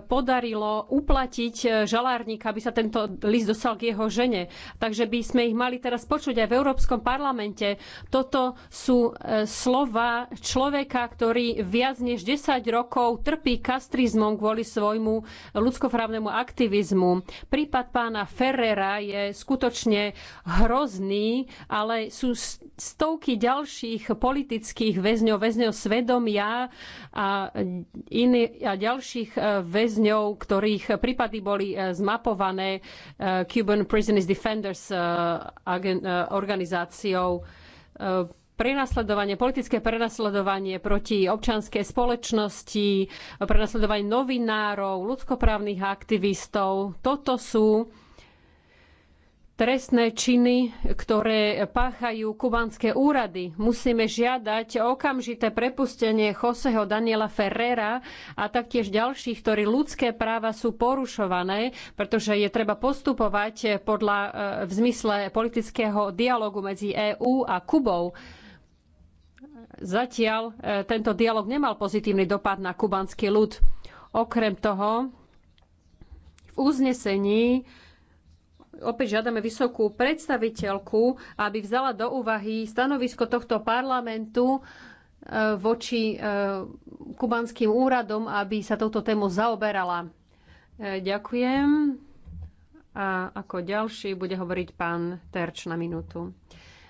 podarilo uplatiť e, žalárnika, aby sa tento list dostal k jeho žene. Takže by sme ich mali teraz počuť aj v Európskom parlamente. Toto sú e, slova človeka, ktorý viac než 10 rokov trpí kastrizmom kvôli svojmu ľudskoprávnemu aktivizmu. Prípad pána Ferrera je skutočne hrozný, ale sú stovky ďalších politických väzňov, väzňov svedomia a, iný, a ďalších e, väzňov, ktorých prípady boli e, zmapované e, Cuban Prisoners Defenders e, organizáciou. Prenasledovanie, politické prenasledovanie proti občanskej spoločnosti, prenasledovanie novinárov, ľudskoprávnych aktivistov. Toto sú trestné činy, ktoré páchajú kubanské úrady. Musíme žiadať okamžité prepustenie Joseho Daniela Ferrera a taktiež ďalších, ktorí ľudské práva sú porušované, pretože je treba postupovať podľa, e, v zmysle politického dialogu medzi EÚ a Kubou. Zatiaľ e, tento dialog nemal pozitívny dopad na kubanský ľud. Okrem toho, v uznesení opäť žiadame vysokú predstaviteľku, aby vzala do úvahy stanovisko tohto parlamentu e, voči e, kubanským úradom, aby sa touto tému zaoberala. E, ďakujem. A ako ďalší bude hovoriť pán Terč na minútu.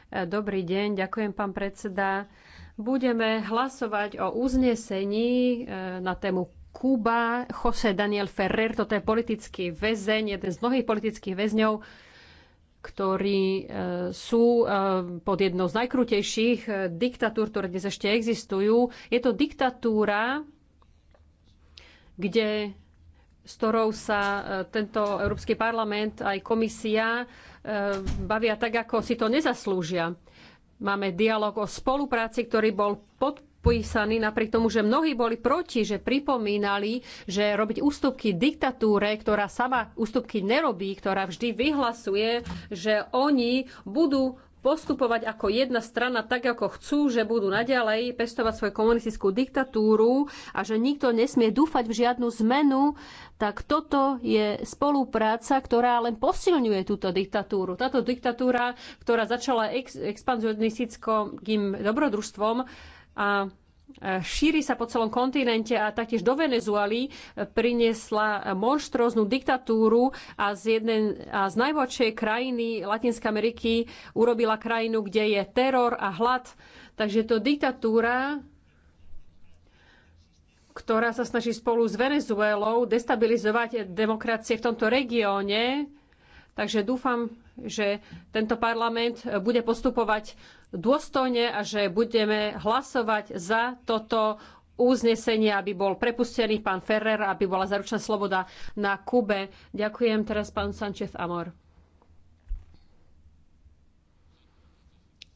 Dobrý deň, ďakujem pán predseda. Budeme hlasovať o uznesení na tému Kuba, Jose Daniel Ferrer, toto je politický väzeň, jeden z mnohých politických väzňov, ktorí e, sú e, pod jednou z najkrutejších e, diktatúr, ktoré dnes ešte existujú. Je to diktatúra, kde s ktorou sa tento Európsky parlament aj komisia bavia tak, ako si to nezaslúžia. Máme dialog o spolupráci, ktorý bol pod, podpísaní, napriek tomu, že mnohí boli proti, že pripomínali, že robiť ústupky diktatúre, ktorá sama ústupky nerobí, ktorá vždy vyhlasuje, že oni budú postupovať ako jedna strana tak, ako chcú, že budú naďalej pestovať svoju komunistickú diktatúru a že nikto nesmie dúfať v žiadnu zmenu, tak toto je spolupráca, ktorá len posilňuje túto diktatúru. Táto diktatúra, ktorá začala ex- expanzionistickým dobrodružstvom, a e, šíri sa po celom kontinente a taktiež do Venezuely e, priniesla monštróznu diktatúru a z, jednej, a z najbohatšej krajiny Latinskej Ameriky urobila krajinu, kde je teror a hlad. Takže to diktatúra, ktorá sa snaží spolu s Venezuelou destabilizovať demokracie v tomto regióne. Takže dúfam, že tento parlament bude postupovať dôstojne a že budeme hlasovať za toto uznesenie, aby bol prepustený pán Ferrer, aby bola zaručená sloboda na Kube. Ďakujem teraz pán Sanchez Amor.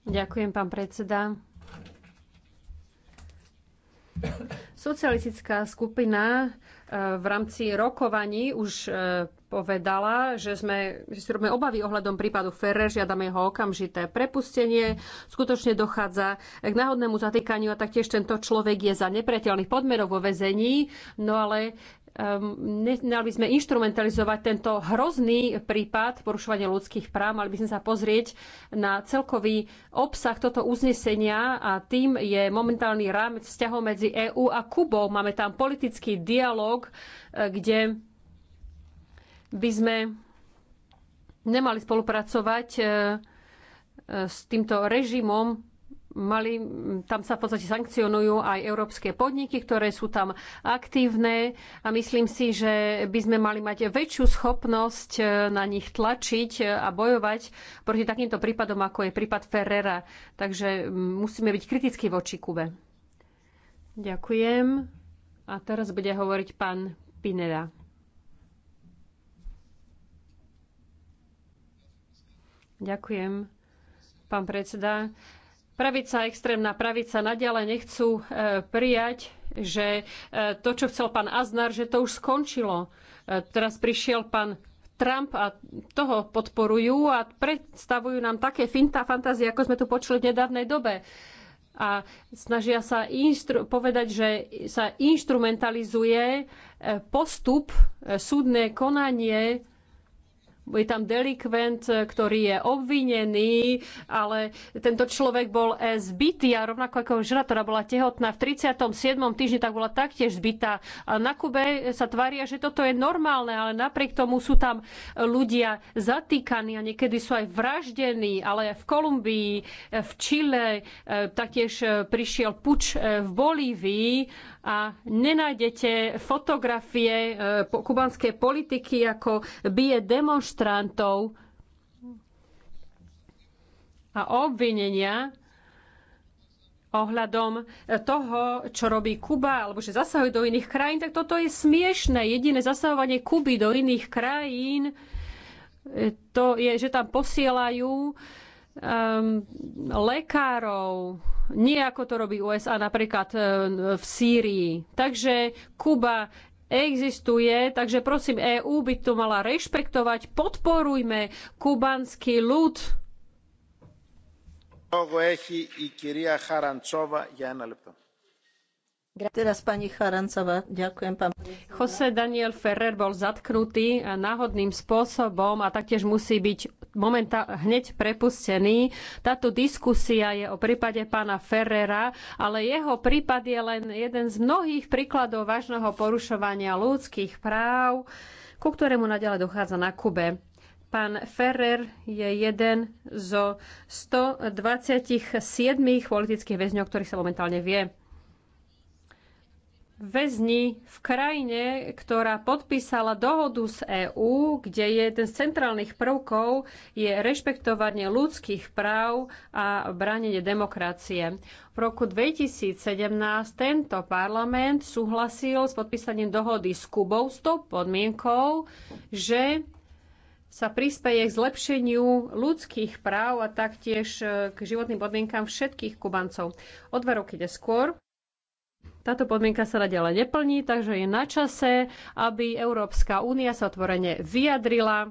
Ďakujem, pán predseda. Socialistická skupina E, v rámci rokovaní už e, povedala, že, sme, že si robíme obavy ohľadom prípadu Ferrer, žiadame jeho okamžité prepustenie. Skutočne dochádza k náhodnému zatýkaniu a taktiež tento človek je za nepriateľných podmerov vo väzení, no ale Ehm, nemali by sme instrumentalizovať tento hrozný prípad porušovania ľudských práv, mali by sme sa pozrieť na celkový obsah toto uznesenia a tým je momentálny rámec vzťahov medzi EÚ a Kubou. Máme tam politický dialog, e, kde by sme nemali spolupracovať e, e, s týmto režimom mali, tam sa v podstate sankcionujú aj európske podniky, ktoré sú tam aktívne a myslím si, že by sme mali mať väčšiu schopnosť e, na nich tlačiť e, a bojovať proti takýmto prípadom, ako je prípad Ferrera. Takže musíme byť kritickí voči Kube. Ďakujem. A teraz bude hovoriť pán Pineda. Ďakujem, pán predseda pravica, extrémna pravica naďalej nechcú e, prijať, že e, to, čo chcel pán Aznar, že to už skončilo. E, teraz prišiel pán Trump a toho podporujú a predstavujú nám také finta fantázie, ako sme tu počuli v nedávnej dobe. A snažia sa povedať, že sa instrumentalizuje postup, súdne konanie je tam delikvent, ktorý je obvinený, ale tento človek bol e, zbytý a rovnako ako žena, ktorá bola tehotná v 37. týždni, tak bola taktiež zbytá. A na Kube sa tvária, že toto je normálne, ale napriek tomu sú tam ľudia zatýkaní a niekedy sú aj vraždení, ale v Kolumbii, v Čile, e, taktiež e, prišiel puč v Bolívii a nenájdete fotografie e, kubanskej politiky, ako bije demonstrantov a obvinenia ohľadom e, toho, čo robí Kuba, alebo že zasahuje do iných krajín, tak toto je smiešné. Jediné zasahovanie Kuby do iných krajín, e, to je, že tam posielajú um, lekárov, nie ako to robí USA napríklad e, v Sýrii. Takže Kuba existuje, takže prosím, EÚ by to mala rešpektovať. Podporujme kubanský ľud. Logo Teraz pani Charancová, ďakujem pán. Jose Daniel Ferrer bol zatknutý náhodným spôsobom a taktiež musí byť momentál hneď prepustený. Táto diskusia je o prípade pána Ferrera, ale jeho prípad je len jeden z mnohých príkladov vážneho porušovania ľudských práv, ku ktorému naďalej dochádza na Kube. Pán Ferrer je jeden zo 127 politických väzňov, ktorých sa momentálne vie väzni v krajine, ktorá podpísala dohodu z EÚ, kde jeden z centrálnych prvkov je rešpektovanie ľudských práv a bránenie demokracie. V roku 2017 tento parlament súhlasil s podpísaním dohody s Kubou s tou podmienkou, že sa prispieje k zlepšeniu ľudských práv a taktiež eh, k životným podmienkám všetkých Kubancov. O dva roky neskôr táto podmienka sa ďalej neplní, takže je na čase, aby Európska únia sa otvorene vyjadrila.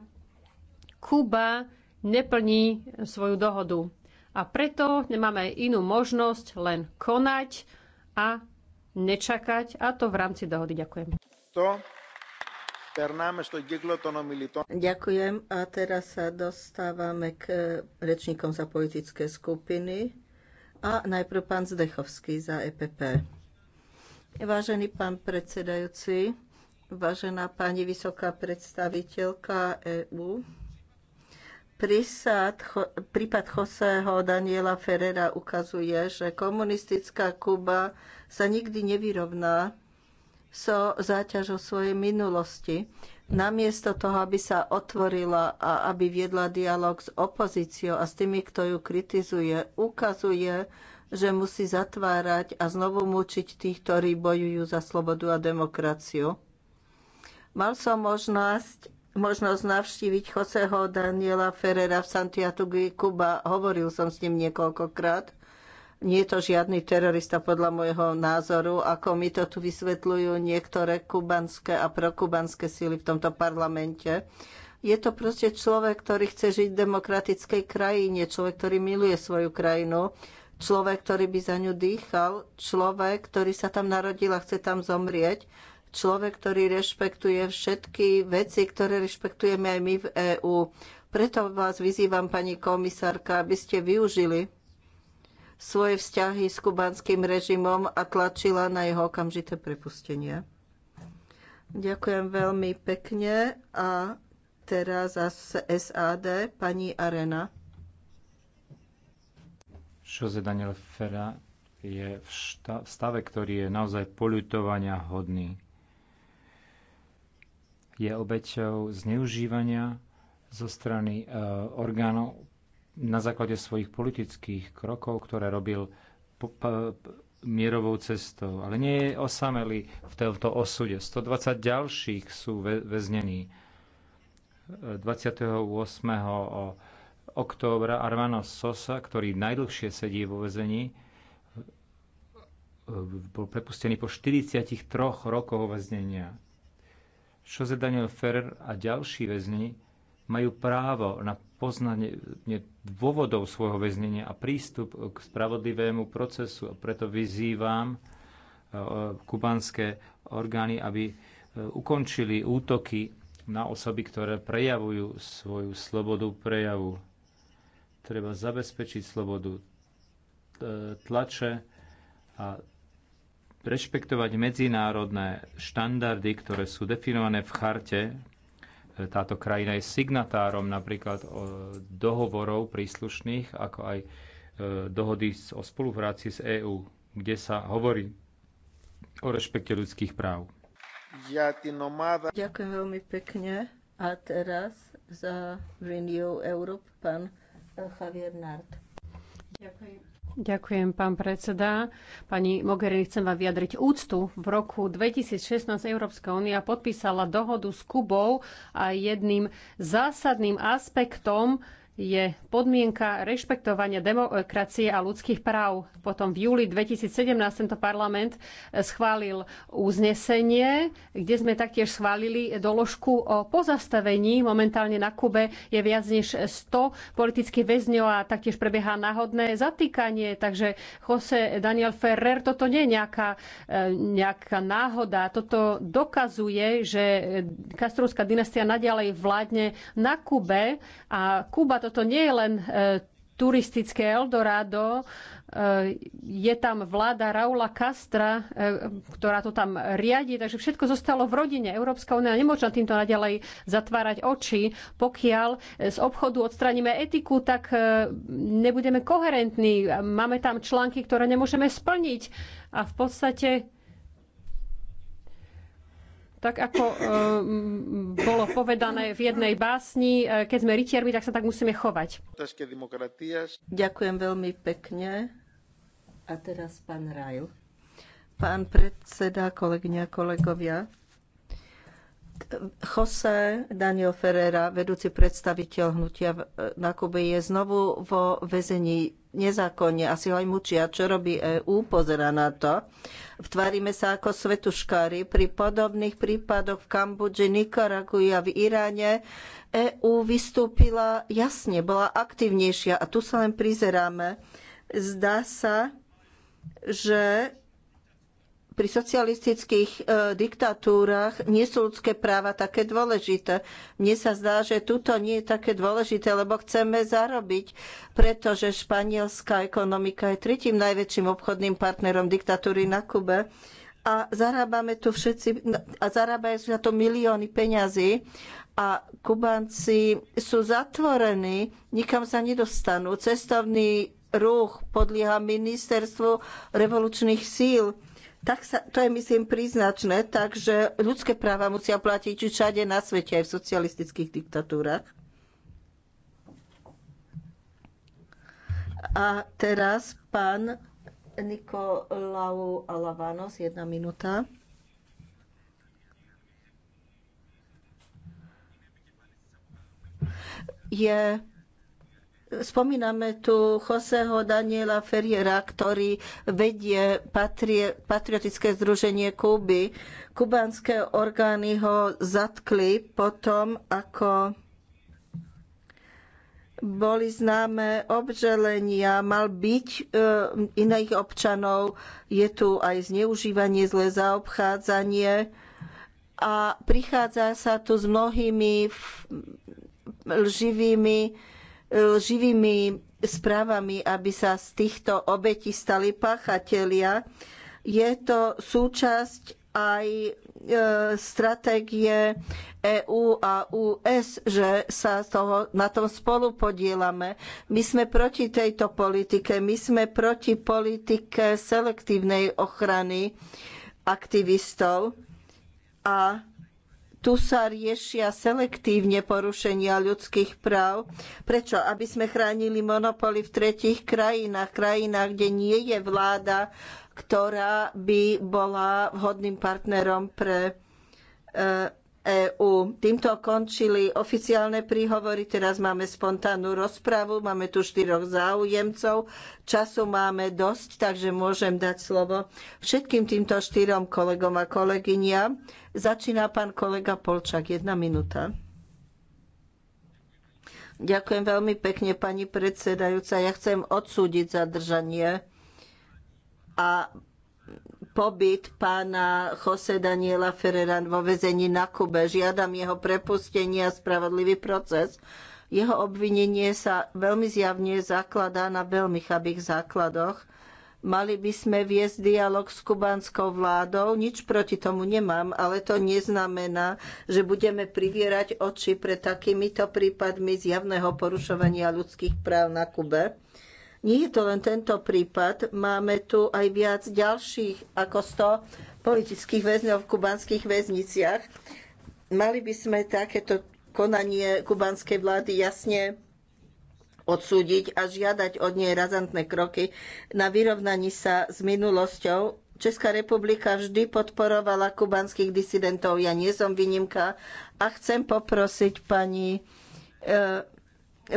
Kuba neplní svoju dohodu. A preto nemáme inú možnosť len konať a nečakať, a to v rámci dohody. Ďakujem. To. No Ďakujem a teraz sa dostávame k e, rečníkom za politické skupiny. A najprv pán Zdechovský za EPP. Vážený pán predsedajúci, vážená pani vysoká predstaviteľka EÚ, prípad Joseho Daniela Ferrera ukazuje, že komunistická Kuba sa nikdy nevyrovná so záťažou svojej minulosti. Namiesto toho, aby sa otvorila a aby viedla dialog s opozíciou a s tými, kto ju kritizuje, ukazuje že musí zatvárať a znovu mučiť tých, ktorí bojujú za slobodu a demokraciu. Mal som možnosť, možnosť navštíviť Joseho Daniela Ferrera v Santiago Cuba. Hovoril som s ním niekoľkokrát. Nie je to žiadny terorista podľa môjho názoru, ako mi to tu vysvetľujú niektoré kubanské a prokubanské síly v tomto parlamente. Je to proste človek, ktorý chce žiť v demokratickej krajine, človek, ktorý miluje svoju krajinu človek, ktorý by za ňu dýchal, človek, ktorý sa tam narodil a chce tam zomrieť, človek, ktorý rešpektuje všetky veci, ktoré rešpektujeme aj my v EÚ. Preto vás vyzývam, pani komisárka, aby ste využili svoje vzťahy s kubanským režimom a tlačila na jeho okamžité prepustenie. Ďakujem veľmi pekne a teraz za SAD pani Arena. Jose Daniel Fera je v stave, ktorý je naozaj poľutovania hodný. Je obeťou zneužívania zo strany e, orgánov na základe svojich politických krokov, ktoré robil mierovou cestou. Ale nie je osamelý v tomto osude. 120 ďalších sú ve- väznení. 28. E, o, októbra Armana Sosa, ktorý najdlhšie sedí vo vezení, bol prepustený po 43 rokoch väznenia. Jose Daniel Ferrer a ďalší väzni majú právo na poznanie dôvodov svojho väznenia a prístup k spravodlivému procesu. A preto vyzývam e, kubanské orgány, aby e, ukončili útoky na osoby, ktoré prejavujú svoju slobodu prejavu. Treba zabezpečiť slobodu e, tlače a rešpektovať medzinárodné štandardy, ktoré sú definované v charte. E, táto krajina je signatárom napríklad e, dohovorov príslušných, ako aj dohody o spolupráci s EÚ, kde sa hovorí o rešpekte ľudských práv. Ďakujem veľmi pekne. A teraz za Renew Europe pán Javier Nard. Ďakujem. Ďakujem, pán predseda. Pani Mogherini, chcem vám vyjadriť úctu. V roku 2016 Európska únia podpísala dohodu s Kubou a jedným zásadným aspektom je podmienka rešpektovania demokracie a ľudských práv. Potom v júli 2017 tento parlament eh, schválil uznesenie, kde sme taktiež schválili doložku o pozastavení. Momentálne na Kube je viac než 100 politických väzňov a taktiež prebieha náhodné zatýkanie. Takže Jose Daniel Ferrer, toto nie je nejaká, eh, nejaká náhoda. Toto dokazuje, že kastrovská dynastia nadalej vládne na Kube a Kuba toto nie je len e, turistické Eldorado. E, je tam vláda Raula Castra, e, ktorá to tam riadi, takže všetko zostalo v rodine. Európska únia nemôže týmto naďalej zatvárať oči. Pokiaľ z obchodu odstraníme etiku, tak nebudeme koherentní. Máme tam články, ktoré nemôžeme splniť. A v podstate tak ako e, bolo povedané v jednej básni, e, keď sme rytiermi, tak sa tak musíme chovať. Ďakujem veľmi pekne. A teraz pán Rajl. Pán predseda, kolegyňa, kolegovia. Jose Daniel Ferrera, vedúci predstaviteľ hnutia na Kube, je znovu vo väzení nezákonne a si ho aj mučia. Čo robí EÚ? Pozera na to. Vtvárime sa ako svetuškári. Pri podobných prípadoch v Kambodži, Nikaraguji a v Iráne EÚ vystúpila jasne, bola aktívnejšia a tu sa len prizeráme. Zdá sa, že pri socialistických e, diktatúrach nie sú ľudské práva také dôležité. Mne sa zdá, že tuto nie je také dôležité, lebo chceme zarobiť, pretože španielská ekonomika je tretím najväčším obchodným partnerom diktatúry na Kube a zarábame tu všetci, a zarábajú sa to milióny peňazí a Kubanci sú zatvorení, nikam sa nedostanú. Cestovný ruch podlieha ministerstvu revolučných síl tak sa, to je, myslím, príznačné, takže ľudské práva musia platiť všade na svete, aj v socialistických diktatúrach. A teraz pán Nikolau Alavanos, jedna minúta. Je Spomíname tu Joseho Daniela Ferriera, ktorý vedie patrie, patriotické združenie Kuby. Kubánske orgány ho zatkli potom, ako boli známe obželenia, mal byť e, iných občanov, je tu aj zneužívanie, zlé zaobchádzanie a prichádza sa tu s mnohými lživými živými správami, aby sa z týchto obetí stali páchatelia. Je to súčasť aj e, stratégie EÚ a US, že sa toho, na tom spolu podielame. My sme proti tejto politike, my sme proti politike selektívnej ochrany aktivistov a tu sa riešia selektívne porušenia ľudských práv. Prečo? Aby sme chránili monopoly v tretích krajinách, krajinách, kde nie je vláda, ktorá by bola vhodným partnerom pre eh, EÚ. Týmto končili oficiálne príhovory, teraz máme spontánnu rozpravu, máme tu štyroch záujemcov, času máme dosť, takže môžem dať slovo všetkým týmto štyrom kolegom a kolegyniam. Začína pán kolega Polčak, jedna minúta. Ďakujem veľmi pekne, pani predsedajúca. Ja chcem odsúdiť zadržanie a pobyt pána Jose Daniela Ferrera vo vezení na Kube. Žiadam jeho prepustenie a spravodlivý proces. Jeho obvinenie sa veľmi zjavne zakladá na veľmi chabých základoch. Mali by sme viesť dialog s kubánskou vládou, nič proti tomu nemám, ale to neznamená, že budeme privierať oči pred takýmito prípadmi zjavného porušovania ľudských práv na Kube nie je to len tento prípad, máme tu aj viac ďalších ako 100 politických väzňov v kubanských väzniciach. Mali by sme takéto konanie kubanskej vlády jasne odsúdiť a žiadať od nej razantné kroky na vyrovnaní sa s minulosťou. Česká republika vždy podporovala kubanských disidentov, ja nie som výnimka a chcem poprosiť pani eh,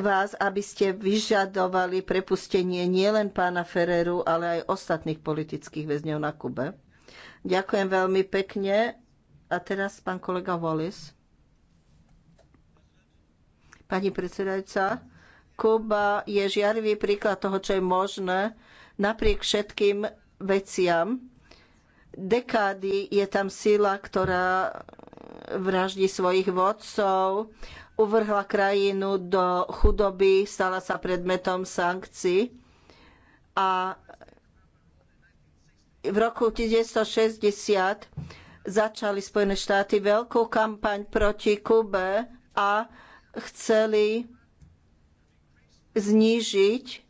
vás, aby ste vyžadovali prepustenie nielen pána Ferreru, ale aj ostatných politických väzňov na Kube. Ďakujem veľmi pekne. A teraz pán kolega Wallis. Pani predsedajúca, Kuba je žiarivý príklad toho, čo je možné napriek všetkým veciam. Dekády je tam sila, ktorá vraždí svojich vodcov, uvrhla krajinu do chudoby, stala sa predmetom sankcií a v roku 1960 začali Spojené štáty veľkú kampaň proti Kube a chceli znížiť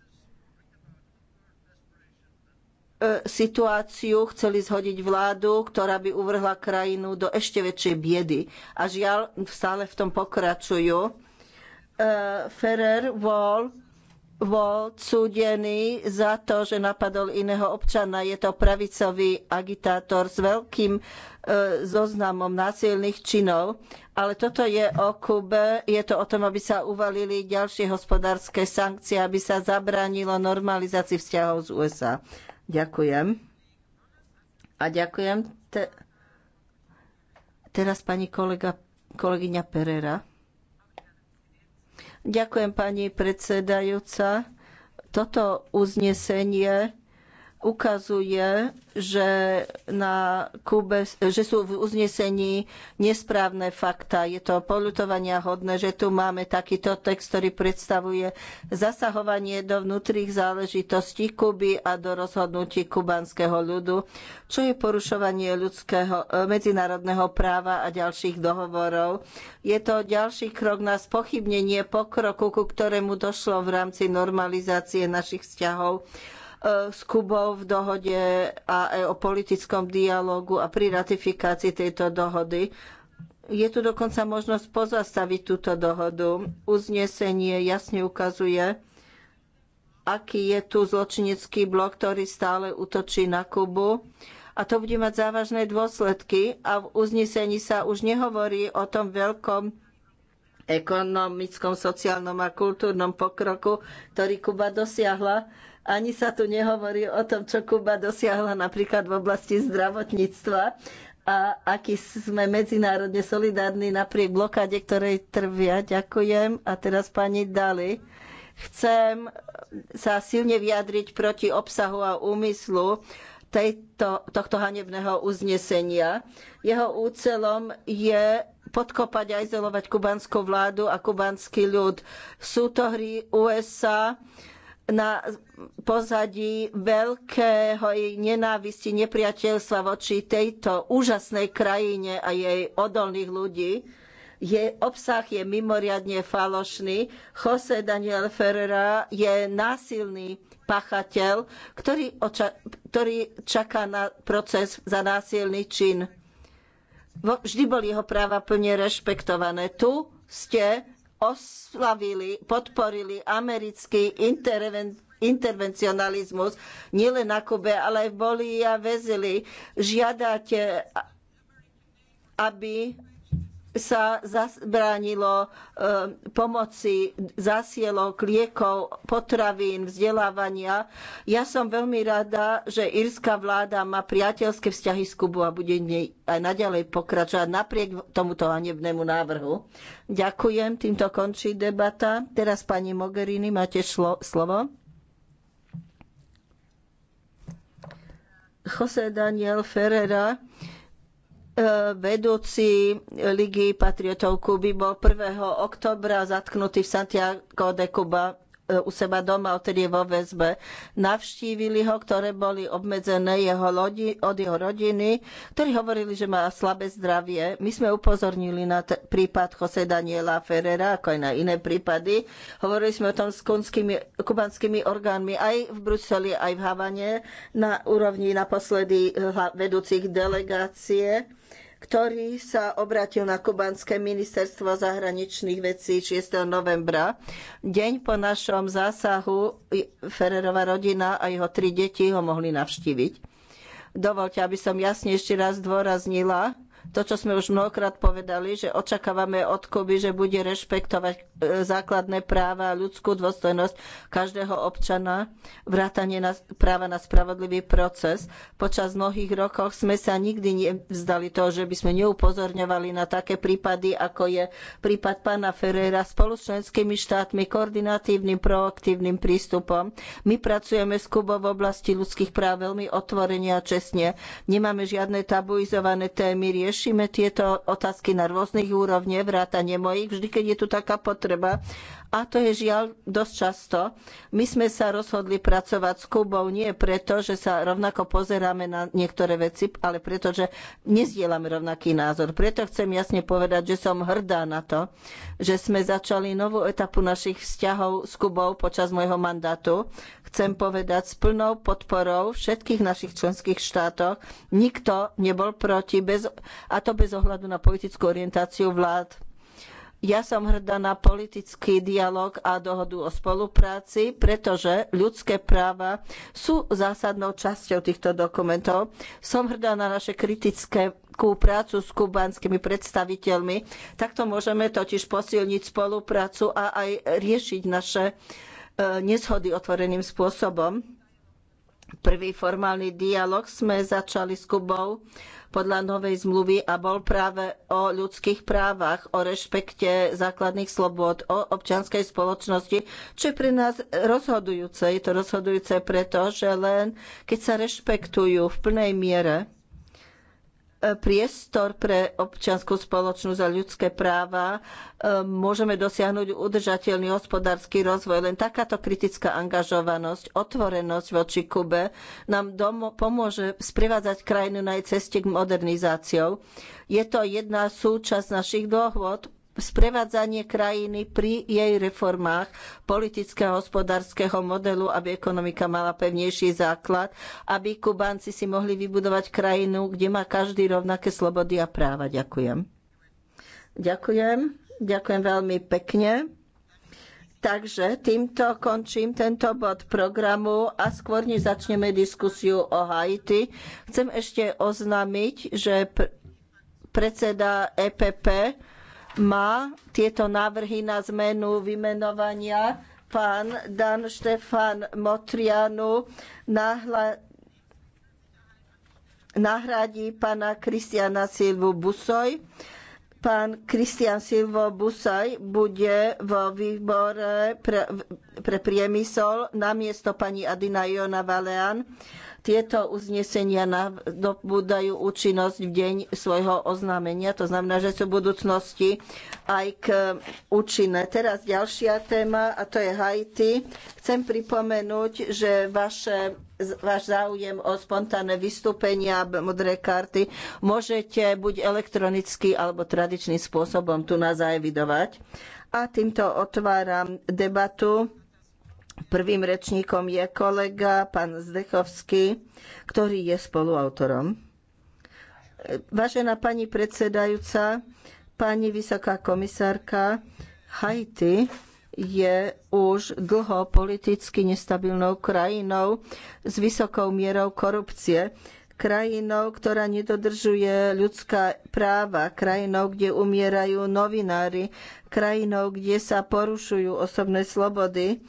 E, situáciu, chceli zhodiť vládu, ktorá by uvrhla krajinu do ešte väčšej biedy. A žiaľ, stále v tom pokračujú. E, Ferrer bol, bol súdený za to, že napadol iného občana. Je to pravicový agitátor s veľkým e, zoznamom násilných činov. Ale toto je o Kube, je to o tom, aby sa uvalili ďalšie hospodárske sankcie, aby sa zabránilo normalizácii vzťahov z USA. Ďakujem. A ďakujem. Te... Teraz pani kolega, kolegyňa Perera. Ďakujem pani predsedajúca. Toto uznesenie ukazuje, že, na Kube, že sú v uznesení nesprávne fakta. Je to polutovania hodné, že tu máme takýto text, ktorý predstavuje zasahovanie do vnútrých záležitostí Kuby a do rozhodnutí kubanského ľudu, čo je porušovanie ľudského, medzinárodného práva a ďalších dohovorov. Je to ďalší krok na spochybnenie pokroku, ku ktorému došlo v rámci normalizácie našich vzťahov E, s Kubou v dohode a aj e, o politickom dialogu a pri ratifikácii tejto dohody. Je tu dokonca možnosť pozastaviť túto dohodu. Uznesenie jasne ukazuje, aký je tu zločinecký blok, ktorý stále útočí na Kubu a to bude mať závažné dôsledky a v uznesení sa už nehovorí o tom veľkom ekonomickom, sociálnom a kultúrnom pokroku, ktorý Kuba dosiahla. Ani sa tu nehovorí o tom, čo Kuba dosiahla napríklad v oblasti zdravotníctva a aký sme medzinárodne solidárni napriek blokáde, ktorej trvia. Ďakujem. A teraz pani Dali. Chcem sa silne vyjadriť proti obsahu a úmyslu tejto, tohto hanebného uznesenia. Jeho úcelom je podkopať a izolovať kubanskú vládu a kubanský ľud. Sú to hry USA, na pozadí veľkého nenávisti, nepriateľstva voči tejto úžasnej krajine a jej odolných ľudí. Je, obsah je mimoriadne falošný. Jose Daniel Ferrera je násilný pachateľ, ktorý, oča- ktorý čaká na proces za násilný čin. Vždy boli jeho práva plne rešpektované. Tu ste oslavili, podporili americký intervencionalizmus nielen na Kube, ale aj v Bolívii a Vezili. Žiadate, aby sa zabránilo e, pomoci zásielok, liekov, potravín, vzdelávania. Ja som veľmi rada, že írska vláda má priateľské vzťahy s Kubou a bude nej aj naďalej pokračovať napriek tomuto hanebnému návrhu. Ďakujem, týmto končí debata. Teraz pani Mogherini, máte šlo, slovo. José Daniel Ferrera E, vedúci Ligy patriotov Kuby bol 1. oktobra zatknutý v Santiago de Cuba e, u seba doma, odtedy je vo väzbe. Navštívili ho, ktoré boli obmedzené jeho lodi, od jeho rodiny, ktorí hovorili, že má slabé zdravie. My sme upozornili na prípad Jose Daniela Ferrera, ako aj na iné prípady. Hovorili sme o tom s kunskými, kubanskými orgánmi aj v Bruseli, aj v Havane, na úrovni naposledy vedúcich delegácie ktorý sa obratil na Kubanské ministerstvo zahraničných vecí 6. novembra. Deň po našom zásahu Ferrerova rodina a jeho tri deti ho mohli navštíviť. Dovolte, aby som jasne ešte raz dôraznila, to, čo sme už mnohokrát povedali, že očakávame od Kuby, že bude rešpektovať e, základné práva a ľudskú dôstojnosť každého občana, vrátanie na, práva na spravodlivý proces. Počas mnohých rokov sme sa nikdy nevzdali toho, že by sme neupozorňovali na také prípady, ako je prípad pána Ferreira spolu s členskými štátmi, koordinatívnym, proaktívnym prístupom. My pracujeme s Kubou v oblasti ľudských práv veľmi otvorene a čestne. Nemáme žiadne tabuizované témy, riešime tieto otázky na rôznych úrovniach, vrátane mojich, vždy, keď je tu taká potreba. A to je žiaľ dosť často. My sme sa rozhodli pracovať s Kubou nie preto, že sa rovnako pozeráme na niektoré veci, ale preto, že nezdielame rovnaký názor. Preto chcem jasne povedať, že som hrdá na to, že sme začali novú etapu našich vzťahov s Kubou počas môjho mandátu. Chcem povedať s plnou podporou všetkých našich členských štátov. Nikto nebol proti, bez, a to bez ohľadu na politickú orientáciu vlád ja som hrdá na politický dialog a dohodu o spolupráci, pretože ľudské práva sú zásadnou časťou týchto dokumentov. Som hrdá na naše kritické prácu s kubánskymi predstaviteľmi. Takto môžeme totiž posilniť spoluprácu a aj riešiť naše e, neshody otvoreným spôsobom. Prvý formálny dialog sme začali s Kubou podľa novej zmluvy a bol práve o ľudských právach, o rešpekte základných slobôd, o občianskej spoločnosti, čo je pre nás rozhodujúce. Je to rozhodujúce preto, že len keď sa rešpektujú v plnej miere priestor pre občiansku spoločnosť a ľudské práva, e, môžeme dosiahnuť udržateľný hospodársky rozvoj. Len takáto kritická angažovanosť, otvorenosť voči Kube nám pomôže sprivádzať krajinu na jej ceste k modernizáciou. Je to jedna súčasť našich dôvod sprevádzanie krajiny pri jej reformách politického a hospodárskeho modelu, aby ekonomika mala pevnejší základ, aby Kubánci si mohli vybudovať krajinu, kde má každý rovnaké slobody a práva. Ďakujem. Ďakujem. Ďakujem veľmi pekne. Takže týmto končím tento bod programu a skôr než začneme diskusiu o Haiti, chcem ešte oznámiť, že predseda EPP má tieto návrhy na zmenu vymenovania pán Dan Štefan Motrianu nahla, nahradí pána Kristiana Silvu Busoj. Pán Kristian Silvo Busaj bude vo výbore pre, pre priemysel na miesto pani Adina Jona Valean. Tieto uznesenia nabúdajú účinnosť v deň svojho oznámenia, to znamená, že sú v budúcnosti aj k účinné. Teraz ďalšia téma, a to je Haiti. Chcem pripomenúť, že vaše váš záujem o spontánne vystúpenia modré karty môžete buď elektronicky alebo tradičným spôsobom tu nás zaevidovať. A týmto otváram debatu. Prvým rečníkom je kolega pán Zdechovský, ktorý je spoluautorom. Vážená pani predsedajúca, pani vysoká komisárka, Haiti je už dlho politicky nestabilnou krajinou s vysokou mierou korupcie, krajinou, ktorá nedodržuje ľudská práva, krajinou, kde umierajú novinári, krajinou, kde sa porušujú osobné slobody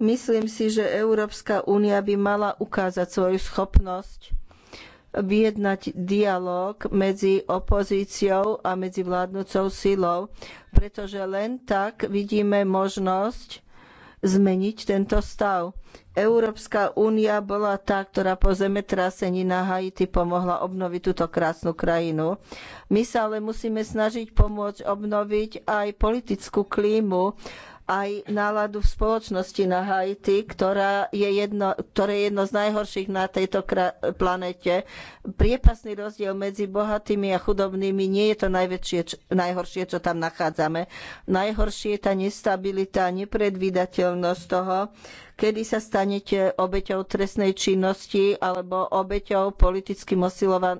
Myslím si, že Európska únia by mala ukázať svoju schopnosť vyjednať dialóg medzi opozíciou a medzi vládnúcou silou, pretože len tak vidíme možnosť zmeniť tento stav. Európska únia bola tá, ktorá po zemetrasení na Haiti pomohla obnoviť túto krásnu krajinu. My sa ale musíme snažiť pomôcť obnoviť aj politickú klímu aj náladu v spoločnosti na Haiti, ktorá je jedno, ktoré je jedno z najhorších na tejto planete. Priepasný rozdiel medzi bohatými a chudobnými nie je to najväčšie, najhoršie, čo tam nachádzame. Najhoršie je tá nestabilita, nepredvídateľnosť toho, kedy sa stanete obeťou trestnej činnosti alebo obeťou politicky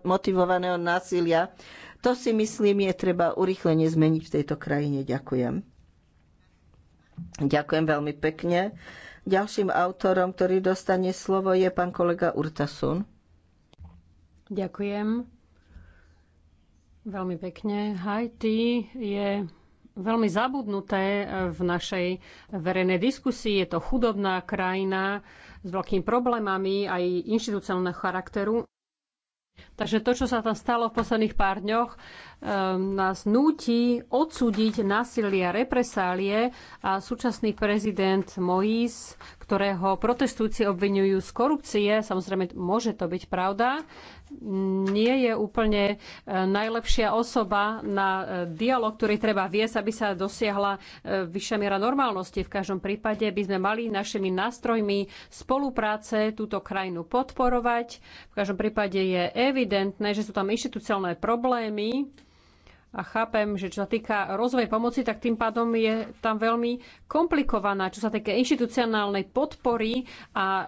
motivovaného násilia. To si myslím je treba urýchlene zmeniť v tejto krajine. Ďakujem. Ďakujem veľmi pekne. Ďalším autorom, ktorý dostane slovo, je pán kolega Urtasun. Ďakujem. Veľmi pekne. Haiti je veľmi zabudnuté v našej verejnej diskusii. Je to chudobná krajina s veľkými problémami aj inštitúciálneho charakteru. Takže to, čo sa tam stalo v posledných pár dňoch, Ehm, nás núti odsúdiť násilie a represálie a súčasný prezident Mois, ktorého protestujúci obvinujú z korupcie, samozrejme môže to byť pravda, nie je úplne e, najlepšia osoba na e, dialog, ktorý treba viesť, aby sa dosiahla e, vyššia miera normálnosti. V každom prípade by sme mali našimi nástrojmi spolupráce túto krajinu podporovať. V každom prípade je evidentné, že sú tam inštitúciálne problémy, a chápem, že čo sa týka rozvoj pomoci, tak tým pádom je tam veľmi komplikovaná. Čo sa týka inštitucionálnej podpory a e,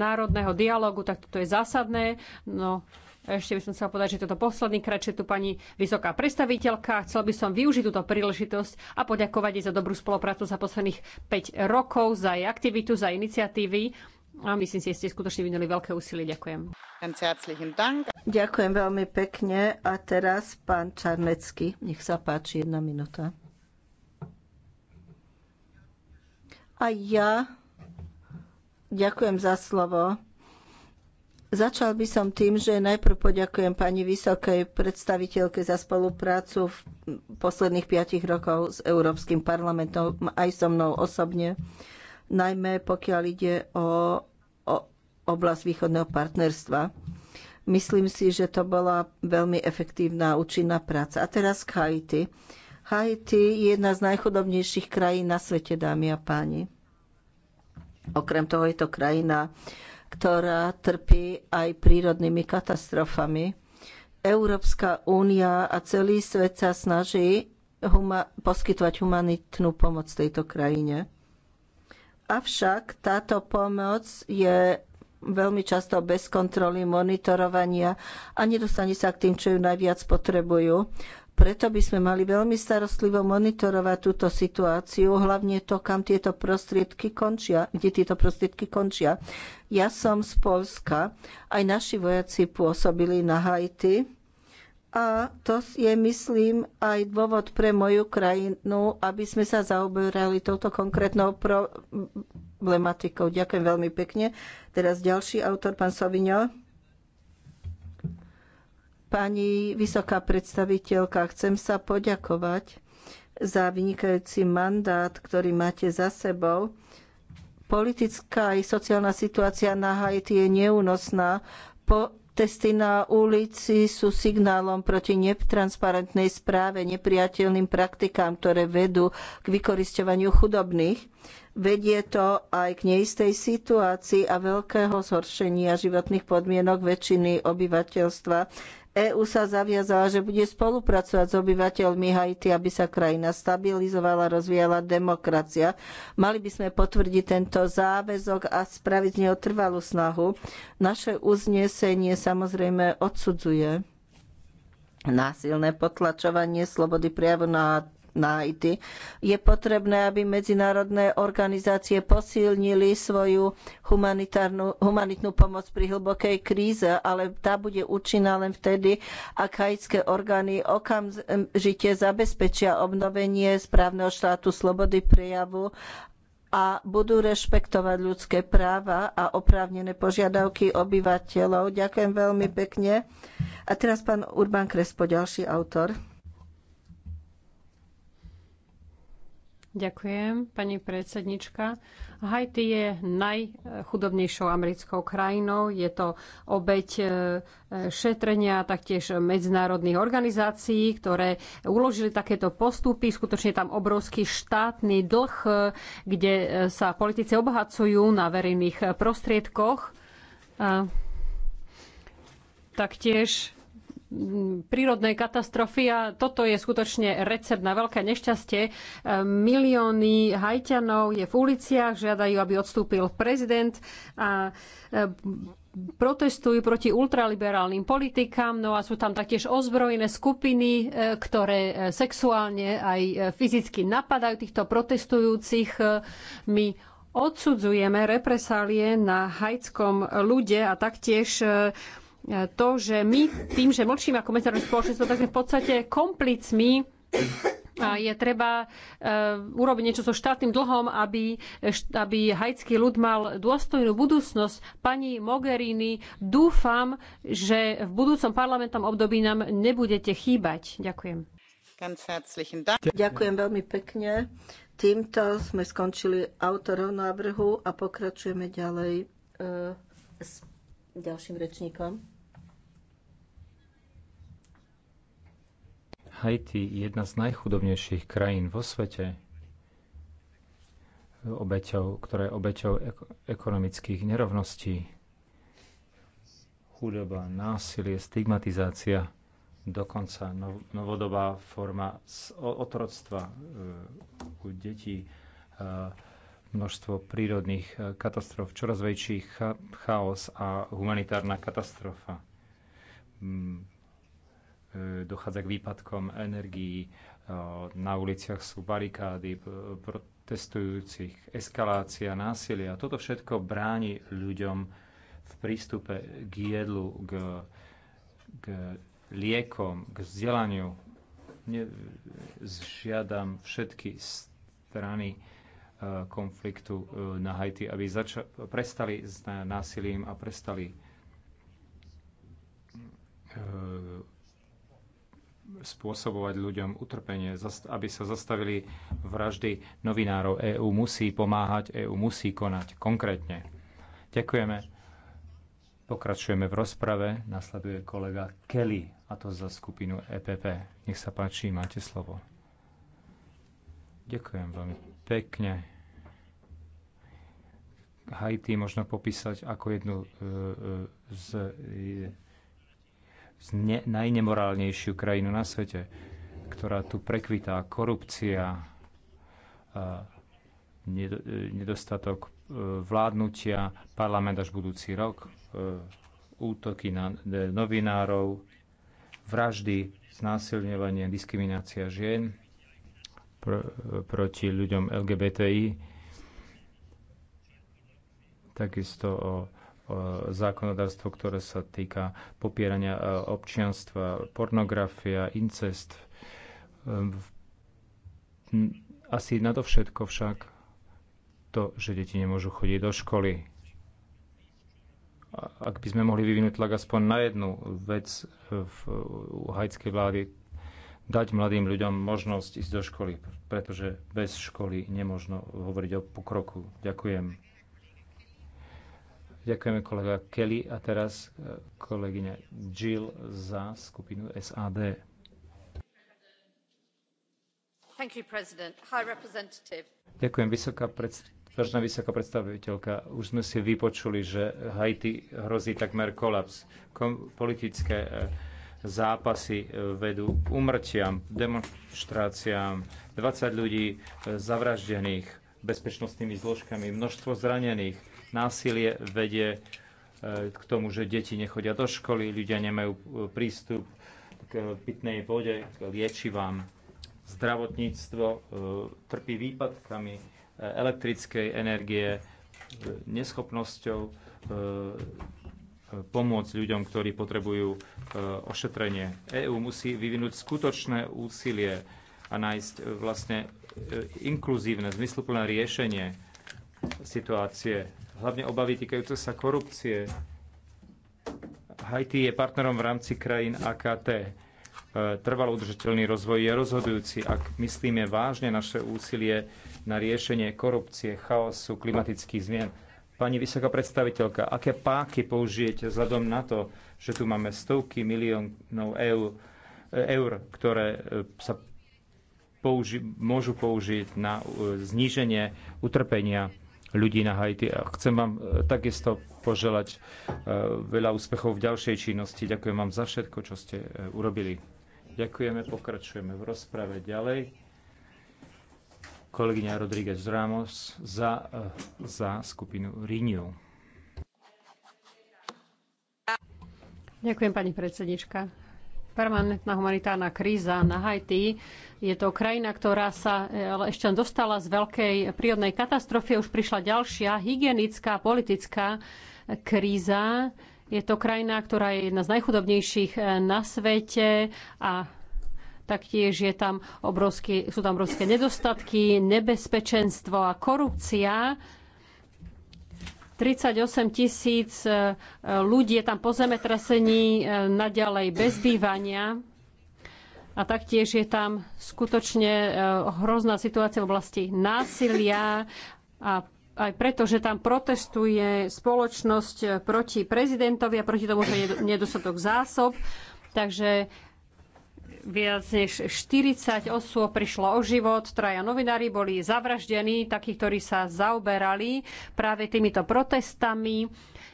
národného dialogu, tak toto je zásadné. No, ešte by som chcela povedať, že toto posledný krát, že tu pani vysoká predstaviteľka. Chcel by som využiť túto príležitosť a poďakovať jej za dobrú spoluprácu za posledných 5 rokov, za jej aktivitu, za iniciatívy a myslím si, že ste skutočne vynuli veľké úsilie. Ďakujem. Ďakujem veľmi pekne. A teraz pán Čarnecký. Nech sa páči, jedna minúta. A ja ďakujem za slovo. Začal by som tým, že najprv poďakujem pani vysokej predstaviteľke za spoluprácu v posledných piatich rokov s Európskym parlamentom aj so mnou osobne najmä pokiaľ ide o, o oblasť východného partnerstva. Myslím si, že to bola veľmi efektívna účinná práca. A teraz k Haiti. Haiti je jedna z najchudobnejších krajín na svete, dámy a páni. Okrem toho je to krajina, ktorá trpí aj prírodnými katastrofami. Európska únia a celý svet sa snaží huma- poskytovať humanitnú pomoc tejto krajine. Avšak táto pomoc je veľmi často bez kontroly, monitorovania a nedostane sa k tým, čo ju najviac potrebujú. Preto by sme mali veľmi starostlivo monitorovať túto situáciu, hlavne to, kam tieto prostriedky končia, kde tieto prostriedky končia. Ja som z Polska, aj naši vojaci pôsobili na Haiti a to je, myslím, aj dôvod pre moju krajinu, aby sme sa zaoberali touto konkrétnou problematikou. Ďakujem veľmi pekne. Teraz ďalší autor, pán Sovinio. Pani vysoká predstaviteľka, chcem sa poďakovať za vynikajúci mandát, ktorý máte za sebou. Politická i sociálna situácia na Haiti je neúnosná. Po Testy na ulici sú signálom proti netransparentnej správe, nepriateľným praktikám, ktoré vedú k vykorisťovaniu chudobných. Vedie to aj k neistej situácii a veľkého zhoršenia životných podmienok väčšiny obyvateľstva EÚ sa zaviazala, že bude spolupracovať s obyvateľmi Haiti, aby sa krajina stabilizovala, rozvíjala demokracia. Mali by sme potvrdiť tento záväzok a spraviť z neho trvalú snahu. Naše uznesenie samozrejme odsudzuje násilné potlačovanie slobody prejavu na na Haiti. Je potrebné, aby medzinárodné organizácie posilnili svoju humanitnú pomoc pri hlbokej kríze, ale tá bude účinná len vtedy, ak haitské orgány okamžite zabezpečia obnovenie správneho štátu slobody prejavu a budú rešpektovať ľudské práva a oprávnené požiadavky obyvateľov. Ďakujem veľmi pekne. A teraz pán Urban Krespo, ďalší autor. Ďakujem, pani predsednička. Haiti je najchudobnejšou americkou krajinou. Je to obeď e, šetrenia taktiež medzinárodných organizácií, ktoré uložili takéto postupy. Skutočne tam obrovský štátny dlh, e, kde e, sa politici obohacujú na verejných prostriedkoch. taktiež prírodnej katastrofy a toto je skutočne recept na veľké nešťastie. E, milióny hajťanov je v uliciach, žiadajú, aby odstúpil prezident a e, protestujú proti ultraliberálnym politikám, no a sú tam taktiež ozbrojené skupiny, e, ktoré sexuálne aj fyzicky napadajú týchto protestujúcich. My odsudzujeme represálie na hajckom ľude a taktiež E, to, že my tým, že mlčíme ako medzinárodné spoločenstvo, tak sme v podstate komplicmi a je treba e, urobiť niečo so štátnym dlhom, aby, aby haitský ľud mal dôstojnú budúcnosť. Pani Mogherini, dúfam, že v budúcom parlamentnom období nám nebudete chýbať. Ďakujem. Ďakujem veľmi pekne. Týmto sme skončili autorov návrhu a pokračujeme ďalej e, s ďalším rečníkom. Haiti je jedna z najchudobnejších krajín vo svete, obeťou, ktorá je obeťou ekonomických nerovností. Chudoba, násilie, stigmatizácia, dokonca novodobá forma otroctva e, u detí, e, množstvo prírodných e, katastrof, čoraz väčší chaos a humanitárna katastrofa mm, E, dochádza k výpadkom energií, e, na uliciach sú barikády e, protestujúcich, eskalácia násilia. Toto všetko bráni ľuďom v prístupe k jedlu, k, k liekom, k vzdelaniu. Žiadam všetky strany konfliktu na Haiti, aby zača- prestali s násilím a prestali spôsobovať ľuďom utrpenie, aby sa zastavili vraždy novinárov. EÚ musí pomáhať, EÚ musí konať konkrétne. Ďakujeme. Pokračujeme v rozprave. Nasleduje kolega Kelly, a to za skupinu EPP. Nech sa páči, máte slovo. Ďakujem veľmi pekne. Haiti možno popísať ako jednu e, e, z ne, najnemorálnejšiu krajinu na svete, ktorá tu prekvitá korupcia, e, nedostatok e, vládnutia, parlament až budúci rok, e, útoky na novinárov, vraždy, znásilňovanie, diskriminácia žien pr- proti ľuďom LGBTI, takisto o E, zákonodárstvo, ktoré sa týka popierania e, občianstva, pornografia, incest. E, asi nadovšetko však to, že deti nemôžu chodiť do školy. Ak by sme mohli vyvinúť tlak aspoň na jednu vec v hajckej vlády, dať mladým ľuďom možnosť ísť do školy, pretože bez školy nemôžno hovoriť o pokroku. Ďakujem. Ďakujeme kolega Kelly a teraz e, kolegyňa Jill za skupinu SAD. Ďakujem, vysoká predstaviteľka. vysoká predstaviteľka, už sme si vypočuli, že Haiti hrozí takmer kolaps. politické e, zápasy e, vedú k umrtiam, demonstráciám, 20 ľudí zavraždených bezpečnostnými zložkami, množstvo zranených Násilie vedie e, k tomu, že deti nechodia do školy, ľudia nemajú e, prístup k pitnej vode, k liečivám. Zdravotníctvo e, trpí výpadkami elektrickej energie, neschopnosťou pomôcť ľuďom, ktorí potrebujú ošetrenie. EÚ musí vyvinúť skutočné úsilie a nájsť vlastne inkluzívne, zmysluplné riešenie situácie, hlavne obavy týkajúce sa korupcie. Haiti je partnerom v rámci krajín AKT. E, trvalo udržateľný rozvoj je rozhodujúci, ak myslíme vážne naše úsilie na riešenie korupcie, chaosu, klimatických zmien. Pani vysoká predstaviteľka, aké páky použijete vzhľadom na to, že tu máme stovky miliónov eur, eur ktoré e, sa použi- môžu použiť na e, zníženie utrpenia ľudí na Haiti. A chcem vám e, takisto poželať e, veľa úspechov v ďalšej činnosti. Ďakujem vám za všetko, čo ste e, urobili. Ďakujeme, pokračujeme v rozprave ďalej. Kolegyňa Rodríguez Ramos za, za skupinu Renew. Ďakujem, pani predsednička permanentná humanitárna kríza na Haiti. Je to krajina, ktorá sa ešte dostala z veľkej prírodnej katastrofy. Už prišla ďalšia hygienická, politická kríza. Je to krajina, ktorá je jedna z najchudobnejších eh, na svete a taktiež je tam obrovské, sú tam obrovské nedostatky, nebezpečenstvo a korupcia. 38 tisíc e, e, ľudí je tam po zemetrasení e, naďalej bez bývania a taktiež je tam skutočne hrozná situácia v oblasti násilia a aj preto, že tam protestuje spoločnosť proti prezidentovi a proti tomu, že je nedostatok zásob. Takže viac než 40 osôb prišlo o život, traja novinári boli zavraždení, takí, ktorí sa zaoberali práve týmito protestami.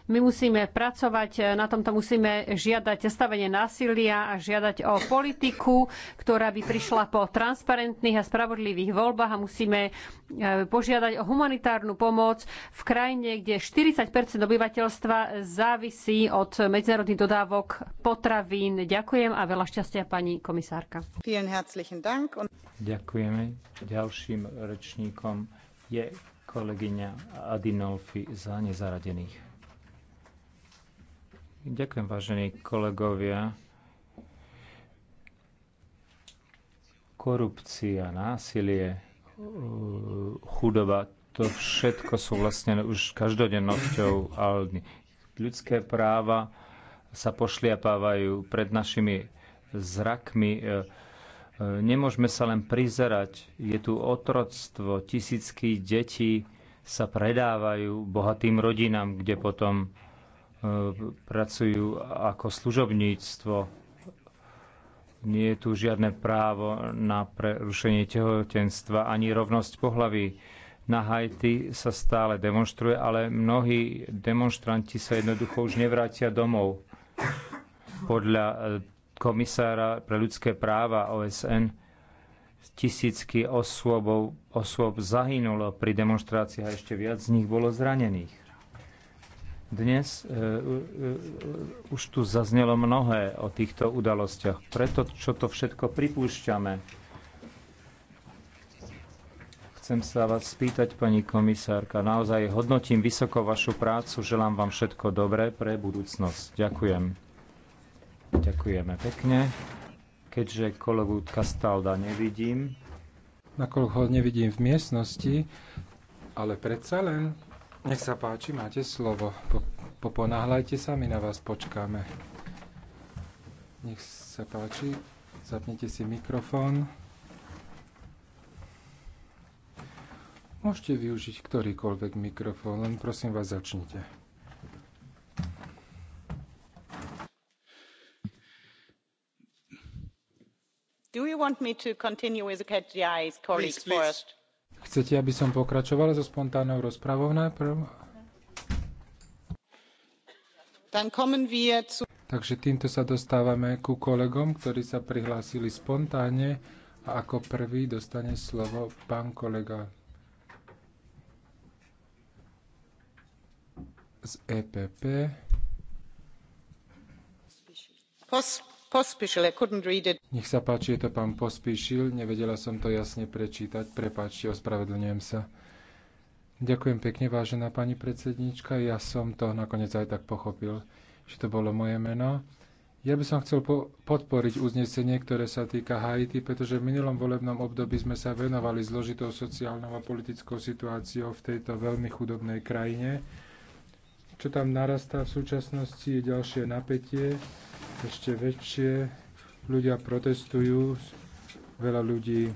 My musíme pracovať, na tomto musíme žiadať stavenie násilia a žiadať o politiku, ktorá by prišla po transparentných a spravodlivých voľbách a musíme e, požiadať o humanitárnu pomoc v krajine, kde 40 obyvateľstva závisí od medzinárodných dodávok potravín. Ďakujem a veľa šťastia pani komisárka. Ďakujeme. Ďalším rečníkom je kolegyňa Adinolfi za nezaradených. Ďakujem, vážení kolegovia. Korupcia, násilie, chudoba, to všetko sú vlastne už každodennosťou Aldy. Ľudské práva sa pošliapávajú pred našimi zrakmi. E, e, nemôžeme sa len prizerať. Je tu otroctvo, tisícky detí sa predávajú bohatým rodinám, kde potom E, pracujú ako služobníctvo. Nie je tu žiadne právo na prerušenie tehotenstva ani rovnosť pohlaví. Na Haiti sa stále demonstruje, ale mnohí demonstranti sa jednoducho už nevrátia domov. Podľa e, komisára pre ľudské práva OSN tisícky osôb zahynulo pri demonstráciách a ešte viac z nich bolo zranených. Dnes e, e, e, už tu zaznelo mnohé o týchto udalostiach. Preto, čo to všetko pripúšťame, chcem sa vás spýtať, pani komisárka. Naozaj hodnotím vysoko vašu prácu, želám vám všetko dobré pre budúcnosť. Ďakujem. Ďakujeme pekne. Keďže kolegu Kastalda nevidím. Nakoľko ho nevidím v miestnosti, ale predsa len nech sa páči, máte slovo. Poponáhľajte sa, my na vás počkáme. Nech sa páči, zapnite si mikrofón. Môžete využiť ktorýkoľvek mikrofón, len prosím vás začnite. Do you want me to continue with the KGI's colleagues please, please. first? Chcete, aby som pokračovala so spontánnou rozpravou najprv? Takže týmto sa dostávame ku kolegom, ktorí sa prihlásili spontánne a ako prvý dostane slovo pán kolega z EPP. Nech sa páči, je to pán Pospíšil. Nevedela som to jasne prečítať. Prepáčte, ospravedlňujem sa. Ďakujem pekne, vážená pani predsednička. Ja som to nakoniec aj tak pochopil, že to bolo moje meno. Ja by som chcel po- podporiť uznesenie, ktoré sa týka Haiti, pretože v minulom volebnom období sme sa venovali zložitou sociálnou a politickou situáciou v tejto veľmi chudobnej krajine čo tam narastá v súčasnosti je ďalšie napätie, ešte väčšie. Ľudia protestujú, veľa ľudí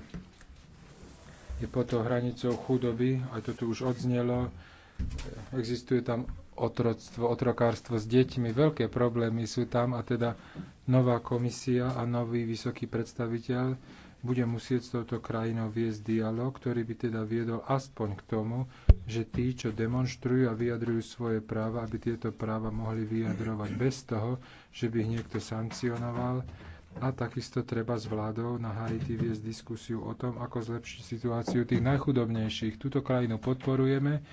je pod tou hranicou chudoby, aj to tu už odznelo. Existuje tam otroctvo, otrokárstvo s deťmi, veľké problémy sú tam a teda nová komisia a nový vysoký predstaviteľ bude musieť s touto krajinou viesť dialog, ktorý by teda viedol aspoň k tomu, že tí, čo demonštrujú a vyjadrujú svoje práva, aby tieto práva mohli vyjadrovať bez toho, že by ich niekto sankcionoval. A takisto treba s vládou na Haiti viesť diskusiu o tom, ako zlepšiť situáciu tých najchudobnejších. Túto krajinu podporujeme.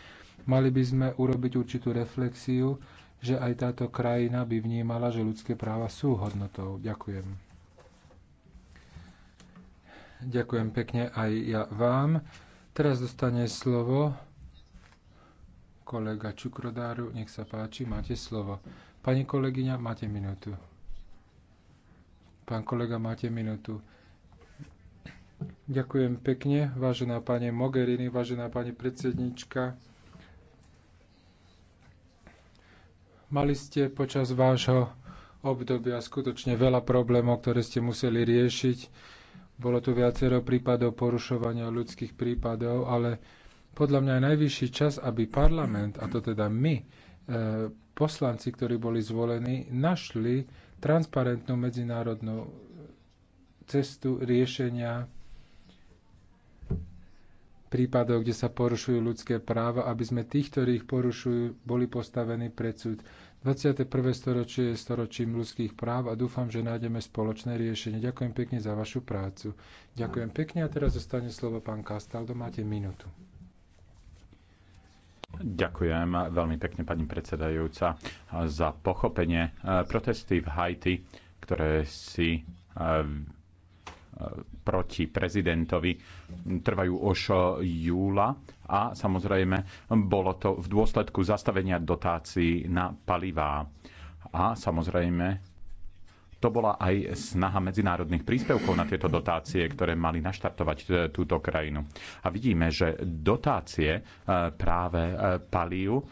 Mali by sme urobiť určitú reflexiu, že aj táto krajina by vnímala, že ľudské práva sú hodnotou. Ďakujem. Ďakujem pekne aj ja vám. Teraz dostane slovo kolega Čukrodáru. Nech sa páči, máte slovo. Pani kolegyňa, máte minútu. Pán kolega, máte minútu. Ďakujem pekne, vážená pani Mogherini, vážená pani predsednička. Mali ste počas vášho obdobia skutočne veľa problémov, ktoré ste museli riešiť bolo tu viacero prípadov porušovania ľudských prípadov, ale podľa mňa je najvyšší čas, aby parlament, a to teda my, e, poslanci, ktorí boli zvolení, našli transparentnú medzinárodnú cestu riešenia prípadov, kde sa porušujú ľudské práva, aby sme tých, ktorí ich porušujú, boli postavení pred súd. 21. storočie je storočím ľudských práv a dúfam, že nájdeme spoločné riešenie. Ďakujem pekne za vašu prácu. Ďakujem pekne a teraz zostane slovo pán Kastaldo. Máte minútu. Ďakujem veľmi pekne, pani predsedajúca, za pochopenie. Eh, protesty v Haiti, ktoré si eh, proti prezidentovi trvajú už júla a samozrejme bolo to v dôsledku zastavenia dotácií na palivá. A samozrejme to bola aj snaha medzinárodných príspevkov na tieto dotácie, ktoré mali naštartovať túto krajinu. A vidíme, že dotácie e, práve e, palív e,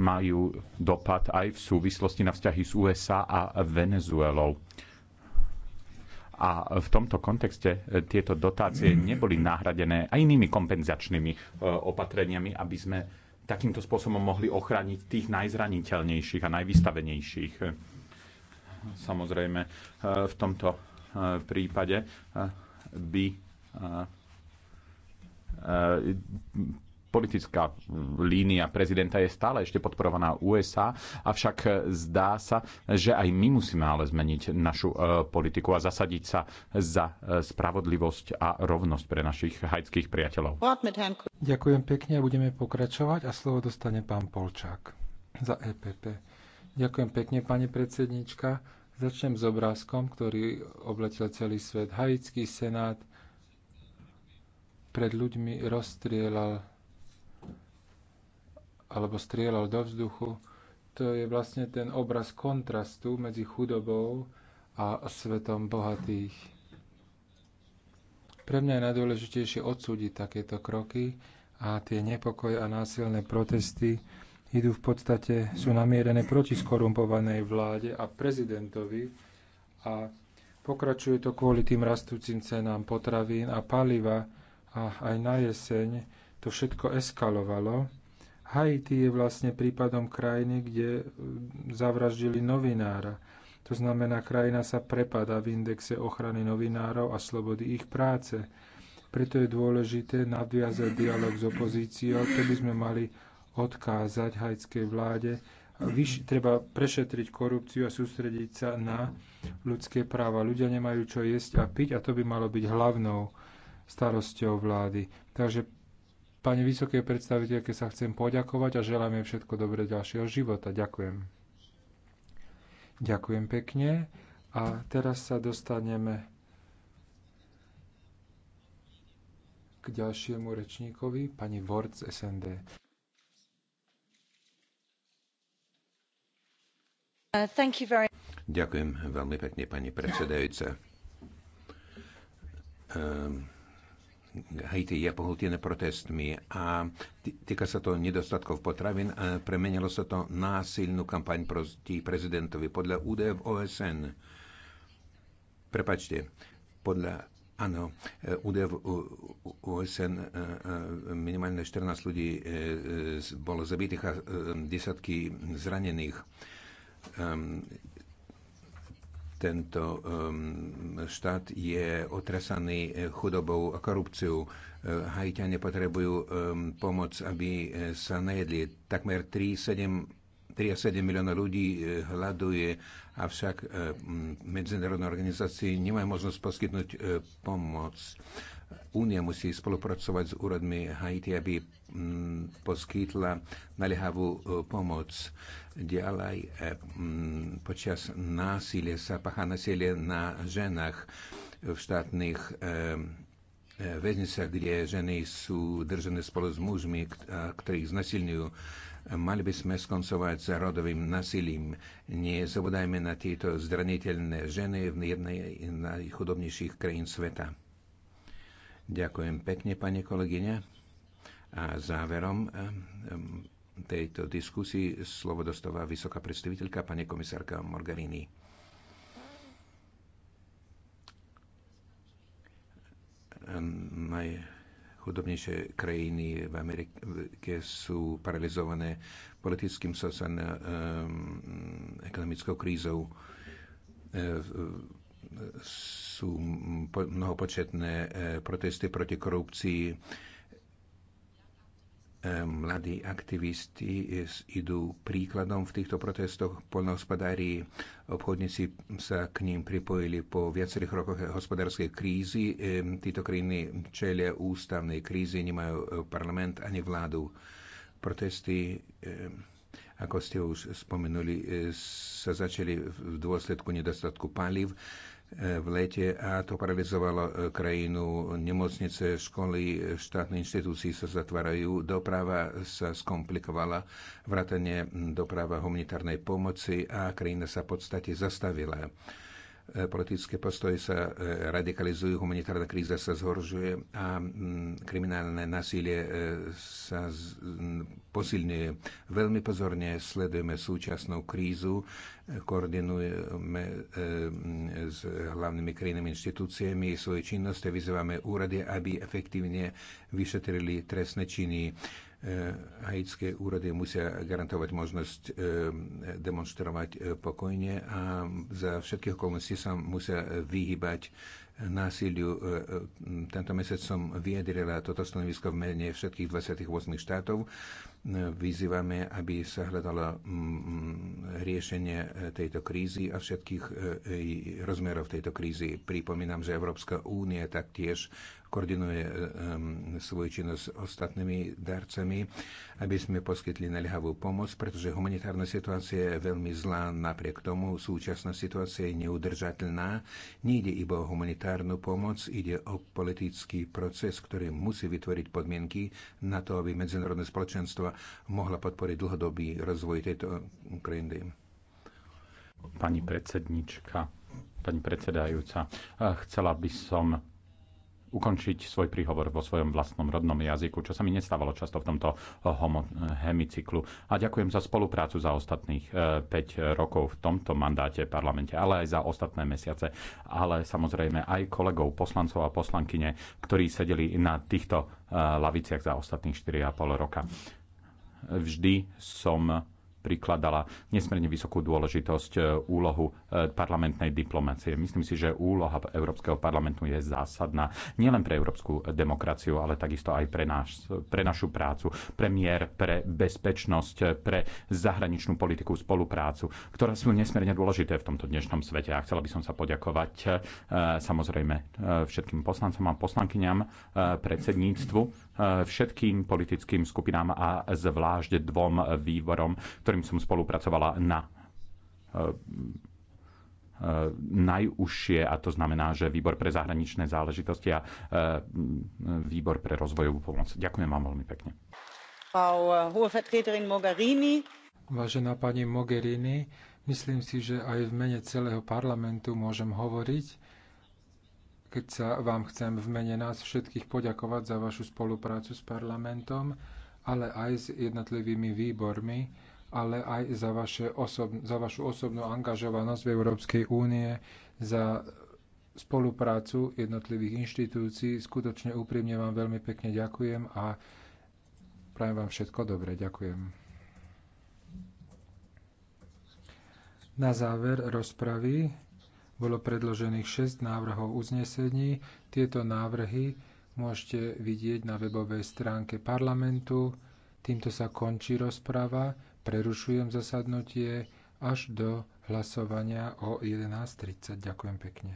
majú dopad aj v súvislosti na vzťahy s USA a Venezuelou. A v tomto kontexte e, tieto dotácie neboli nahradené aj inými kompenzačnými e, opatreniami, aby sme takýmto spôsobom mohli ochrániť tých najzraniteľnejších a najvystavenejších. E, samozrejme, v tomto prípade by politická mm, línia prezidenta je stále ešte podporovaná USA, avšak zdá sa, že aj my musíme ale zmeniť našu e, politiku a zasadiť sa za e, spravodlivosť a rovnosť pre našich hajckých priateľov. Ďakujem pekne a budeme pokračovať a slovo dostane pán Polčák za EPP. Ďakujem pekne, pani predsednička. Začnem s obrázkom, ktorý obletel celý svet. Haitský senát pred ľuďmi rozstrieľal alebo strieľal do vzduchu, to je vlastne ten obraz kontrastu medzi chudobou a svetom bohatých. Pre mňa je najdôležitejšie odsúdiť takéto kroky a tie nepokoje a násilné protesty idú v podstate, sú namierené proti skorumpovanej vláde a prezidentovi a pokračuje to kvôli tým rastúcim cenám potravín a paliva a aj na jeseň to všetko eskalovalo Haiti je vlastne prípadom krajiny, kde e, zavraždili novinára. To znamená, krajina sa prepadá v indexe ochrany novinárov a slobody ich práce. Preto je dôležité nadviazať dialog s opozíciou, to by sme mali odkázať haitskej vláde. Vyš, treba prešetriť korupciu a sústrediť sa na ľudské práva. Ľudia nemajú čo jesť a piť a to by malo byť hlavnou starosťou vlády. Takže Pani vysokej predstaviteľke sa chcem poďakovať a želám jej všetko dobré ďalšieho života. Ďakujem. Ďakujem pekne. A teraz sa dostaneme k ďalšiemu rečníkovi, pani Word z SND. Very... Ďakujem veľmi pekne, pani predsedajúca. Um Haiti je pohltené protestmi a týka sa to nedostatkov potravín a premenilo sa to násilnú kampaň proti prezidentovi podľa údajov OSN. Prepačte, podľa Áno, e, údajov OSN e, e, minimálne 14 ľudí bolo zabitých a desiatky zranených ehm, tento ehm, štát je otrasaný eh, chudobou a korupciou. Eh, Haitiania potrebujú ehm, pomoc, aby eh, sa najedli. Takmer 3,7 3,7 milióna ľudí hľaduje, avšak medzinárodné organizácie nemajú možnosť poskytnúť pomoc. Únia musí spolupracovať s úradmi Haiti, aby mm, poskytla naliehavú pomoc ďalej eh, mm, počas násilia sa pachá násilie na ženách v štátnych eh, eh, väzniciach, kde ženy sú držené spolu s mužmi, ktorých znasilňujú. Mali by sme skoncovať s rodovým násilím. Nezabudajme na tieto zraniteľné ženy v jednej z najchudobnejších krajín sveta. Ďakujem pekne, pani kolegyne. A záverom tejto diskusii slovo dostáva vysoká predstaviteľka pani komisárka Morgarini. Najchudobnejšie krajiny v Amerike sú paralizované politickým, sociálno-ekonomickou krízou. Sú mnohopočetné protesty proti korupcii, Mladí aktivisti e, idú príkladom v týchto protestoch. Polnohospodári, obchodníci sa k ním pripojili po viacerých rokoch hospodárskej krízy. Títo krajiny čelia ústavnej krízy, nemajú e, parlament ani vládu. Protesty ako ste už spomenuli, e, sa začali v dôsledku nedostatku paliv. E, v lete a to paralizovalo e, krajinu. Nemocnice, školy, štátne inštitúcie sa zatvárajú, doprava sa skomplikovala, vrátanie doprava humanitárnej pomoci a krajina sa v podstate zastavila. E, politické postoje sa e, radikalizujú, humanitárna kríza sa zhoršuje a kriminálne násilie e, sa posilňuje. Veľmi pozorne sledujeme súčasnú krízu, koordinujeme s hlavnými krajinami inštitúciami svoje činnosti a vyzývame úrady, aby efektívne vyšetrili trestné činy E, haitské úrady musia garantovať možnosť e, demonstrovať e, pokojne a za všetkých okolností sa musia vyhybať násiliu. Tento mesiac som vyjadrila toto stanovisko v mene všetkých 28 štátov. Vyzývame, aby sa hľadalo riešenie tejto krízy a všetkých rozmerov tejto krízy. Pripomínam, že Európska únia taktiež koordinuje e, e, svoju činnosť s ostatnými darcami, aby sme poskytli naliehavú pomoc, pretože humanitárna situácia je veľmi zlá. Napriek tomu súčasná situácia je neudržateľná. Nejde iba o humanitárnu pomoc, ide o politický proces, ktorý musí vytvoriť podmienky na to, aby medzinárodné spoločenstvo mohla podporiť dlhodobý rozvoj tejto krajiny. Pani predsednička, pani predsedajúca, e, chcela by som ukončiť svoj príhovor vo svojom vlastnom rodnom jazyku, čo sa mi nestávalo často v tomto eh, homo- hemicyklu. A ďakujem za spoluprácu za ostatných 5 eh, rokov v tomto mandáte v parlamente, ale aj za ostatné mesiace, ale samozrejme aj kolegov, poslancov a poslankyne, ktorí sedeli na týchto eh, laviciach za ostatných 4,5 roka. Vždy som prikladala nesmierne vysokú dôležitosť e, úlohu e, parlamentnej diplomácie. Myslím si, že úloha Európskeho parlamentu je zásadná nielen pre európsku demokraciu, ale takisto aj pre, náš, pre našu prácu, premiér pre bezpečnosť, pre zahraničnú politiku spoluprácu, ktoré sú nesmierne dôležité v tomto dnešnom svete. A chcela by som sa poďakovať e, samozrejme všetkým poslancom a poslankyňam predsedníctvu všetkým politickým skupinám a zvlášť dvom výborom, ktorým som spolupracovala na eh, najúžšie, a to znamená, že výbor pre zahraničné záležitosti a eh, výbor pre rozvojovú pomoc. Ďakujem vám veľmi pekne. Eh, Vážená pani Mogherini, myslím si, že aj v mene celého parlamentu môžem hovoriť, keď sa vám chcem v mene nás všetkých poďakovať za vašu spoluprácu s parlamentom, ale aj s jednotlivými výbormi, ale aj za, vaše osob- za vašu osobnú angažovanosť v Európskej únie, za spoluprácu jednotlivých inštitúcií. Skutočne úprimne vám veľmi pekne ďakujem a prajem vám všetko dobré. Ďakujem. Na záver rozpravy bolo predložených 6 návrhov uznesení. Tieto návrhy môžete vidieť na webovej stránke parlamentu. Týmto sa končí rozprava. Prerušujem zasadnutie až do hlasovania o 11.30. Ďakujem pekne.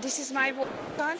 this is my voice on?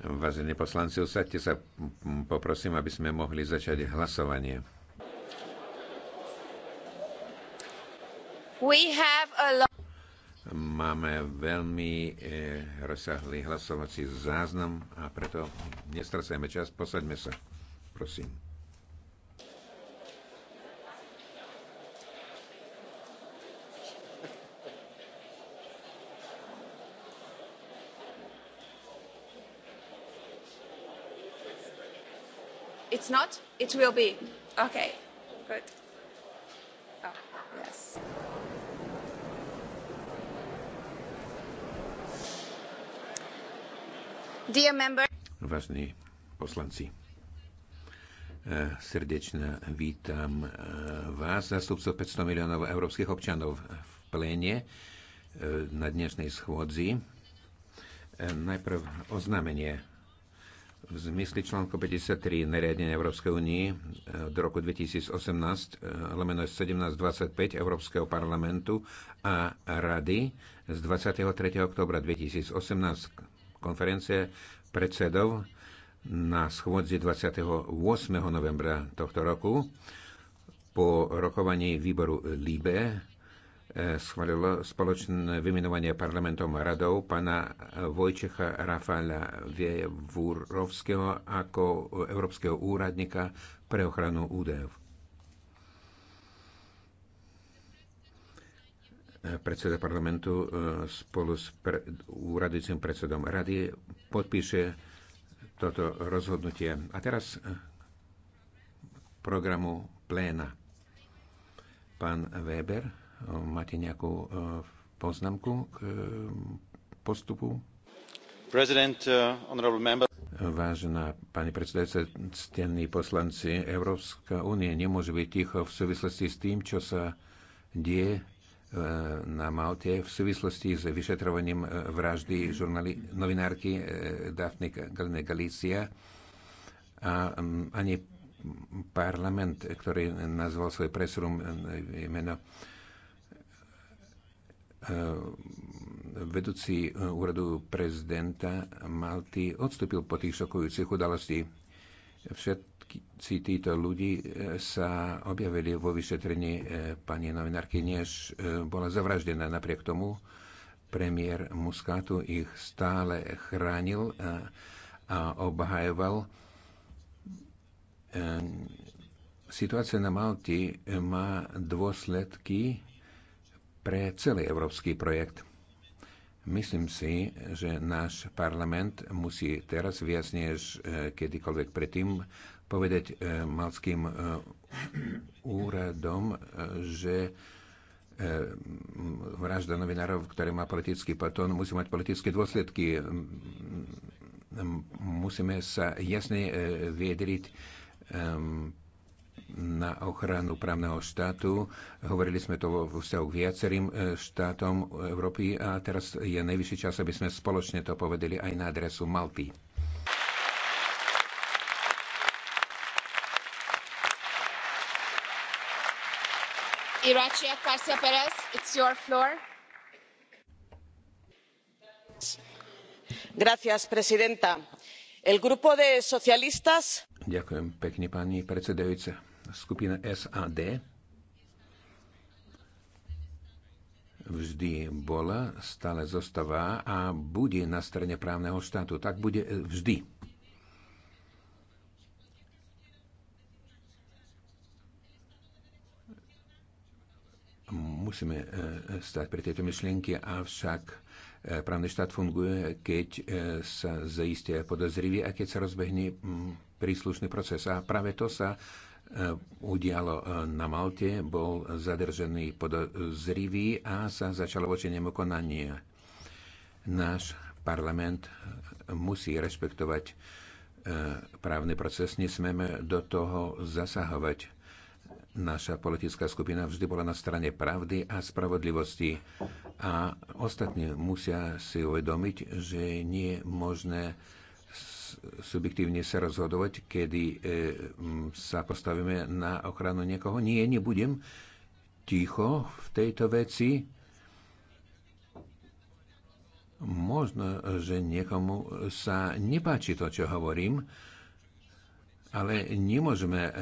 Vážení poslanci, usadte sa, poprosím, aby sme mohli začať hlasovanie. Máme veľmi eh, rozsahlý hlasovací záznam a preto nestracajme čas, posaďme sa, prosím. it will be okay good oh, vážení poslanci eh, srdečne vítam eh, vás, zastupcov 500 miliónov európskych občanov v pléne eh, na dnešnej schôdzi. Najprv oznámenie v zmysle článku 53 nariadenia Európskej únie eh, do roku 2018 eh, lomeno 1725 Európskeho parlamentu a Rady z 23. oktobra 2018 konferencie predsedov na schôdzi 28. novembra tohto roku po rokovaní výboru LIBE E, schválilo spoločné vymenovanie parlamentom a radov pána Vojčecha Rafaela Vievúrovského ako európskeho úradníka pre ochranu údajov. E, predseda parlamentu e, spolu s pre, úradujúcim predsedom rady podpíše toto rozhodnutie. A teraz programu pléna. Pán Weber. Eh, máte nejakú eh, poznámku k eh, postupu? Vážená pani predsedajúca, ctení poslanci, Európska únie nemôže byť ticho v súvislosti s tým, čo sa die na Malte v súvislosti s vyšetrovaním vraždy žurnali- novinárky Daphne Galina Galícia a mm, ani parlament, ktorý nazval svoj presrum meno Eh, vedúci eh, úradu prezidenta Malty odstúpil po tých šokujúcich udalostí. Všetci títo ľudí eh, sa objavili vo vyšetrení pani novinárky, než bola zavraždená. Napriek tomu premiér Muscatu ich stále chránil a, a obhajoval. Situácia na Malti má dôsledky pre celý európsky projekt. Myslím si, že náš parlament musí teraz viac než e, kedykoľvek predtým povedať e, malským e, úradom, že vražda novinárov, ktorý má politický patón, musí mať politické dôsledky. Musíme sa jasne vyjadriť na ochranu právneho štátu. Hovorili sme to vo vzťahu k viacerým e, štátom Európy a teraz je najvyšší čas, aby sme spoločne to povedali aj na adresu Malty. Iracia Garcia Perez, it's your floor. Gracias, presidenta. El grupo de socialistas... Ďakujem pekne, pani predsedajúca Skupina SAD vždy bola, stále zostáva a bude na strane právneho štátu. Tak bude vždy. Musíme e, stať pri tejto myšlienke, avšak e, právny štát funguje, keď e, sa zaistia podozriví a keď sa rozbehne príslušný proces. A práve to sa Eh, udialo eh, na Malte, bol zadržený podozrivý a sa začalo voči nemu konanie. Náš parlament eh, musí rešpektovať právny proces, nesmieme do toho zasahovať. Naša politická skupina vždy bola na strane pravdy a spravodlivosti a ostatní musia si uvedomiť, že nie je možné subjektívne sa rozhodovať, kedy e, sa postavíme na ochranu niekoho. Nie, nebudem ticho v tejto veci. Možno, že niekomu sa nepáči to, čo hovorím, ale nemôžeme e, e,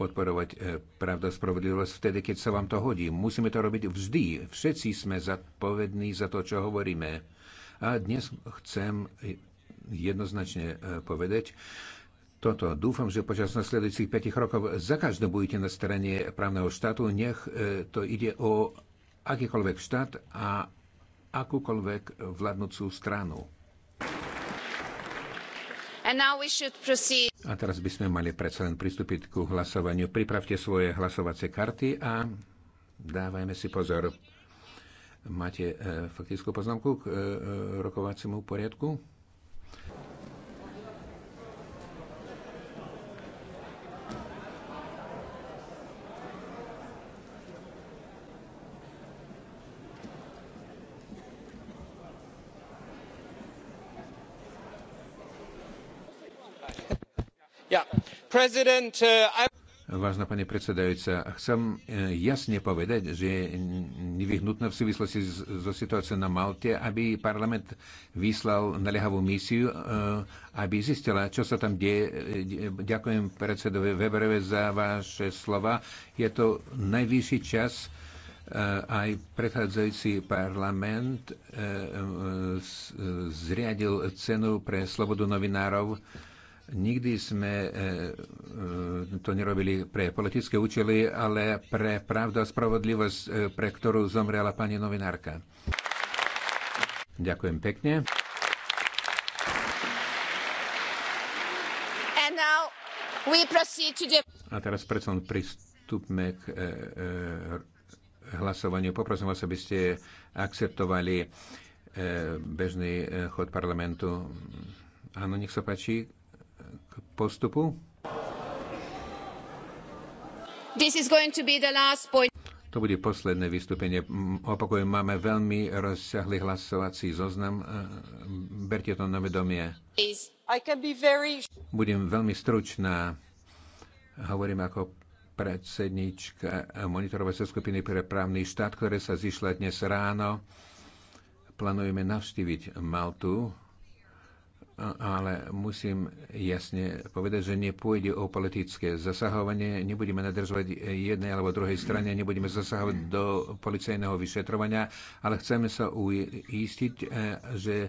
podporovať pravda spravodlivosť vtedy, keď sa vám to hodí. Musíme to robiť vždy. Všetci sme zodpovední za to, čo hovoríme. A dnes chcem jednoznačne e, povedať. Toto dúfam, že počas nasledujúcich 5 rokov za každé budete na strane právneho štátu, nech e, to ide o akýkoľvek štát a akúkoľvek vládnúcu stranu. A teraz by sme mali predsa len pristúpiť ku hlasovaniu. Pripravte svoje hlasovacie karty a dávajme si pozor. Máte e, faktickú poznámku k e, e rokovaciemu poriadku? Uh, Vážna pani predsedajúca, chcem eh, jasne povedať, že je nevyhnutné v súvislosti so situáciou na Malte, aby parlament vyslal naliehavú misiu, eh, aby zistila, čo sa tam deje. Eh, ďakujem predsedovi Weberovi za vaše slova. Je to najvyšší čas, aj predchádzajúci parlament zriadil cenu pre slobodu novinárov Nikdy sme e, e, to nerobili pre politické účely, ale pre pravdu a spravodlivosť, e, pre ktorú zomrela pani novinárka. Ďakujem pekne. A teraz predsa len pristúpme k hlasovaniu. Poprosím vás, aby ste akceptovali bežný chod parlamentu. Áno, nech sa páči k postupu. This is going to be the last point. To bude posledné vystúpenie. Opakujem, máme veľmi rozsiahly hlasovací zoznam. E, berte to na vedomie. Very... Budem veľmi stručná. Hovorím ako predsednička monitorovacej skupiny pre právny štát, ktoré sa zišla dnes ráno. Plánujeme navštíviť Maltu ale musím jasne povedať, že nepôjde o politické zasahovanie, nebudeme nadržovať jednej alebo druhej strane, nebudeme zasahovať do policajného vyšetrovania, ale chceme sa uistiť, e, že e,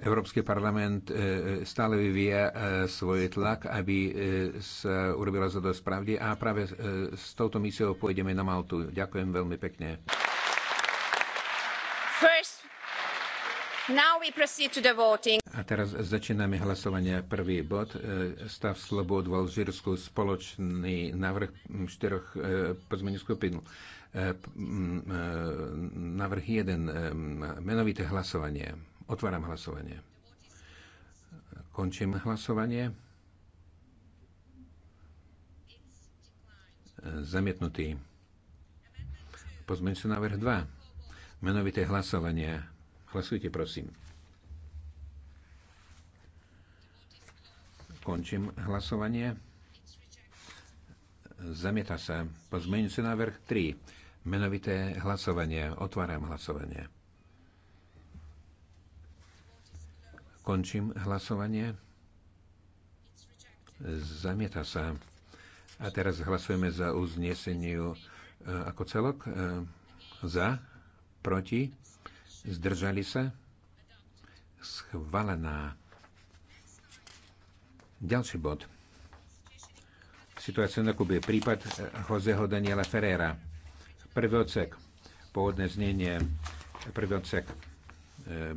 Európsky parlament e, stále vyvíja svoj tlak, aby sa urobila za dosť pravdy a práve s touto misiou pôjdeme na Maltu. Ďakujem veľmi pekne. A teraz začíname hlasovanie. Prvý bod, e, stav slobod v Alžírsku, spoločný návrh štyroch e, pozmení skupín. E, návrh jeden. menovité hlasovanie. Otváram hlasovanie. Končím hlasovanie. Zamietnutý. Pozmeňujúci návrh 2. Menovité hlasovanie. Hlasujte, prosím. Končím hlasovanie. Zamieta sa. sa návrh 3. Menovité hlasovanie. Otváram hlasovanie. Končím hlasovanie. Zamieta sa. A teraz hlasujeme za uzneseniu e, ako celok. E, za, proti, Zdržali sa? Schválená. Ďalší bod. Situácia na Kube. Prípad Joseho Daniela Ferrera. Prvý odsek. Pôvodné znenie. Prvý odsek. E,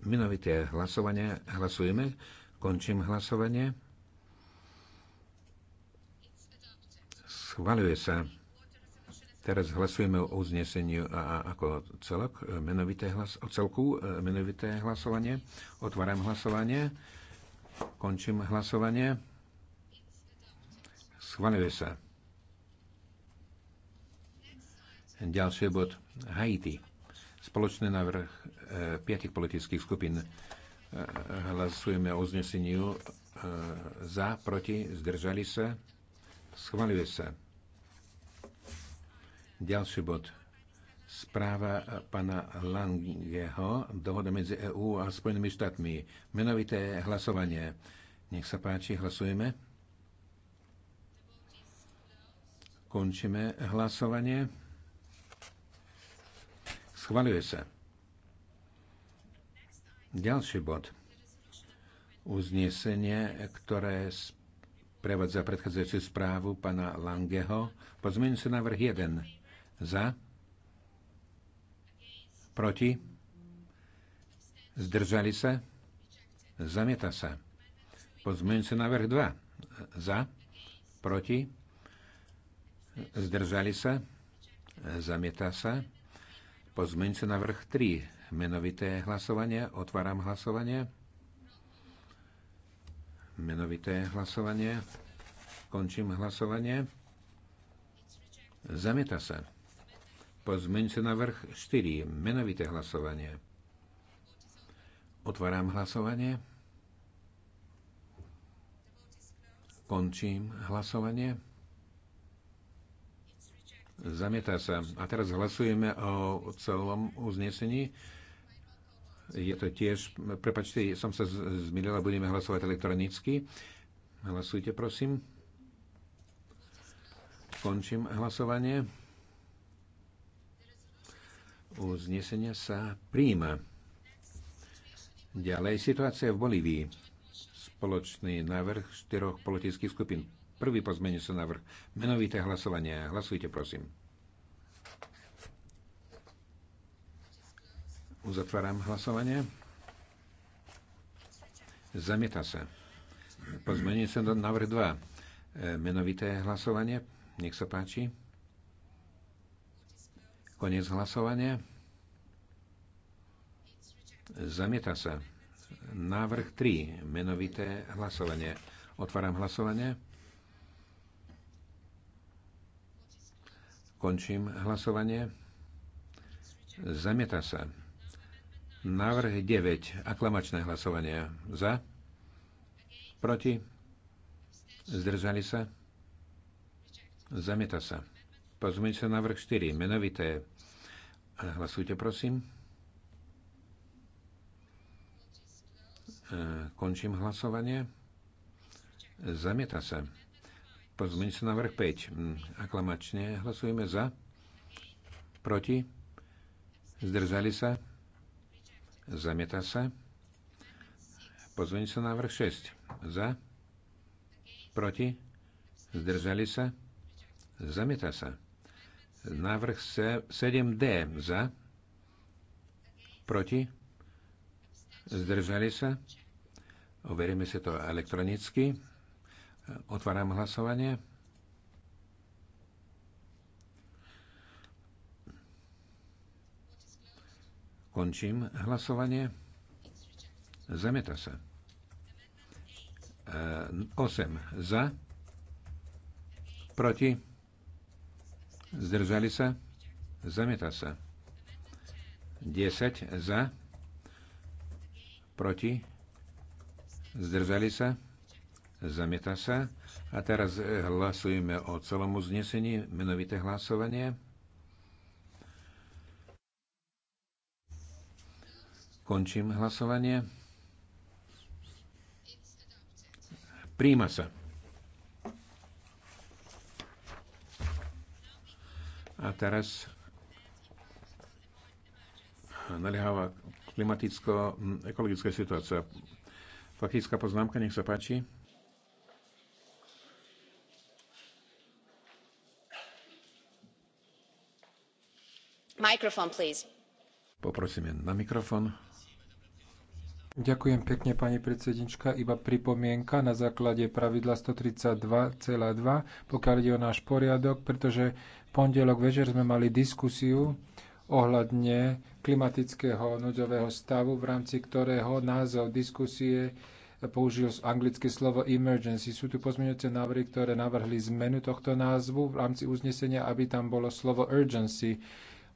minovité hlasovanie. Hlasujeme. Končím hlasovanie. Schvaluje sa. Teraz hlasujeme o uznesení a ako celok, e, menovité hlas, o celku, e, menovité hlasovanie. Otváram hlasovanie. Končím hlasovanie. Schvaľuje sa. Ďalší bod. Haiti. Spoločný návrh e, piatich politických skupín. Hlasujeme o uzneseniu za, proti, zdržali sa. Schvaľuje sa. Ďalší bod. Správa pana Langeho, dohoda medzi EU a Spojenými štátmi. Menovité hlasovanie. Nech sa páči, hlasujeme. Končíme hlasovanie. Schvaľuje sa. Ďalší bod. Uznesenie, ktoré prevádza predchádzajúcu správu pana Langeho. Pozmeňujú sa návrh 1. Za? Proti? Zdržali sa? Zamieta sa. na vrch 2. Za? Proti? Zdržali sa? Zamieta sa. na vrch 3. Menovité hlasovanie. Otváram hlasovanie. Menovité hlasovanie. Končím hlasovanie. Zamieta sa. Pozmeň sa vrch 4. Menovité hlasovanie. Otváram hlasovanie. Končím hlasovanie. Zamieta sa. A teraz hlasujeme o celom uznesení. Je to tiež, prepačte, som sa zmýlila, budeme hlasovať elektronicky. Hlasujte, prosím. Končím hlasovanie uznesenia sa príjma. Ďalej situácia v Bolívii. Spoločný návrh štyroch politických skupín. Prvý sa návrh. Menovité hlasovanie. Hlasujte, prosím. Uzatváram hlasovanie. Zamieta sa. sa návrh 2. E, menovité hlasovanie. Nech sa páči. Koniec hlasovania. Zamieta sa. Návrh 3. Menovité hlasovanie. Otváram hlasovanie. Končím hlasovanie. Zamieta sa. Návrh 9. Aklamačné hlasovanie. Za. Proti. Zdržali sa. Zamieta sa. Pozmeň sa návrh 4, menovité. Hlasujte, prosím. E, končím hlasovanie. Zamieta sa. Pozmeň sa návrh 5. Mm, aklamačne hlasujeme za. Proti. Zdržali sa. Zamieta sa. Pozmeň sa návrh 6. Za. Proti. Zdržali sa. Zamieta sa. Návrh 7D za. Proti. Zdržali sa. Overíme si to elektronicky. Otváram hlasovanie. Končím hlasovanie. Zameta sa. 8 za. Proti. Zdržali sa? Zamieta sa. 10 za. Proti? Zdržali sa? Zamieta sa. A teraz eh, hlasujeme o celom uznesení, menovité hlasovanie. Končím hlasovanie. Príjma sa. A teraz naliháva klimaticko-ekologická situácia. Faktická poznámka, nech sa páči. Mikrofón, please. jen na mikrofón. Ďakujem pekne, pani predsednička. Iba pripomienka na základe pravidla 132,2, pokiaľ ide o náš poriadok, pretože pondelok večer sme mali diskusiu ohľadne klimatického núdzového stavu, v rámci ktorého názov diskusie použil anglické slovo emergency. Sú tu pozmeňujúce návrhy, ktoré navrhli zmenu tohto názvu v rámci uznesenia, aby tam bolo slovo urgency.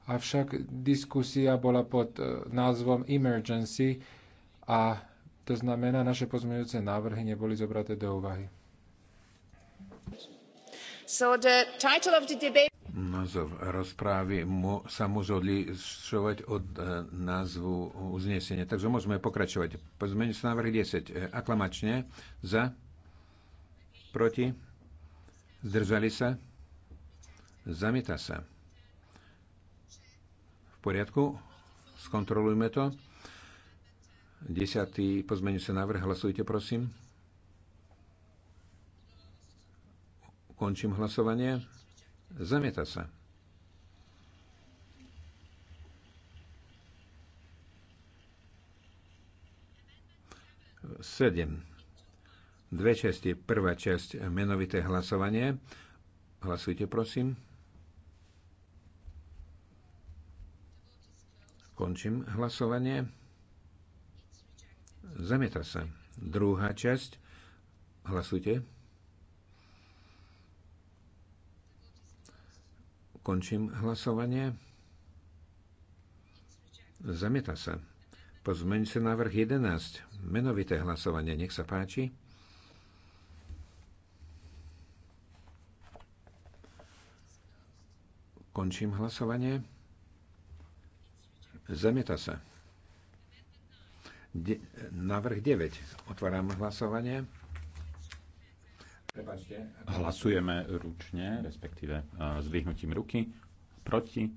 Avšak diskusia bola pod e, názvom emergency a to znamená, naše pozmeňujúce návrhy neboli zobraté do úvahy. So the title of the debate názov rozprávy mo, sa môže odlišovať od e, názvu uznesenia. Takže môžeme pokračovať. Pozmeniť sa návrh 10. E, aklamačne za, proti, zdržali sa, zamieta sa. V poriadku, skontrolujme to. Desiatý pozmeňujúci návrh, hlasujte prosím. Končím hlasovanie. Zamieta sa. Sedem. Dve časti. Prvá časť menovité hlasovanie. Hlasujte, prosím. Končím hlasovanie. Zamieta sa. Druhá časť. Hlasujte. Končím hlasovanie. Zamieta sa. Pozmeň sa návrh 11. Menovité hlasovanie. Nech sa páči. Končím hlasovanie. Zamieta sa. De- návrh 9. Otváram hlasovanie. Hlasujeme ručne, respektíve zdvihnutím e, ruky. Proti?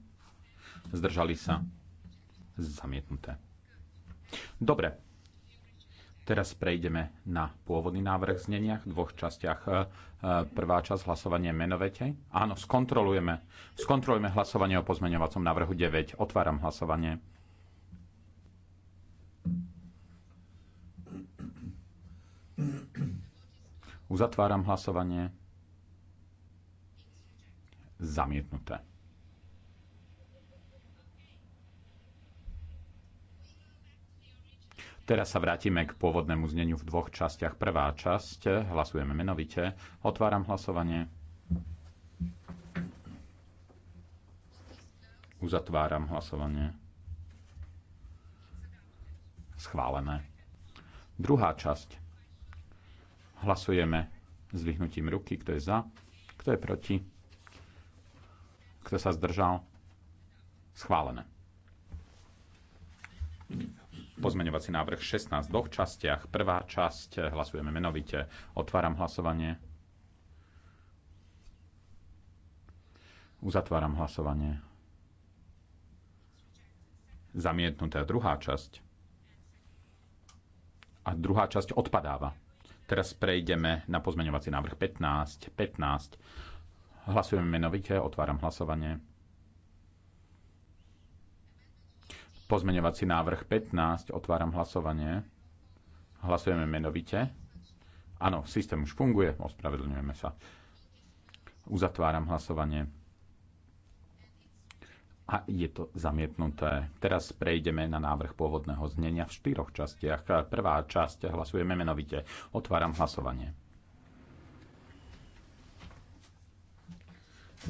Zdržali sa? Zamietnuté. Dobre. Teraz prejdeme na pôvodný návrh zneniach v dvoch častiach. E, e, prvá časť hlasovanie menovete. Áno, skontrolujeme. Skontrolujeme hlasovanie o pozmeňovacom návrhu 9. Otváram hlasovanie. Uzatváram hlasovanie. Zamietnuté. Teraz sa vrátime k pôvodnému zneniu v dvoch častiach. Prvá časť, hlasujeme menovite. Otváram hlasovanie. Uzatváram hlasovanie. Schválené. Druhá časť. Hlasujeme vyhnutím ruky, kto je za, kto je proti, kto sa zdržal. Schválené. Pozmeňovací návrh 16 v dvoch častiach. Prvá časť, hlasujeme menovite. Otváram hlasovanie. Uzatváram hlasovanie. Zamietnutá druhá časť. A druhá časť odpadáva. Teraz prejdeme na pozmeňovací návrh 15. 15. Hlasujeme menovite, otváram hlasovanie. Pozmeňovací návrh 15, otváram hlasovanie. Hlasujeme menovite. Áno, systém už funguje, ospravedlňujeme sa. Uzatváram hlasovanie a je to zamietnuté. Teraz prejdeme na návrh pôvodného znenia v štyroch častiach. Prvá časť hlasujeme menovite. Otváram hlasovanie.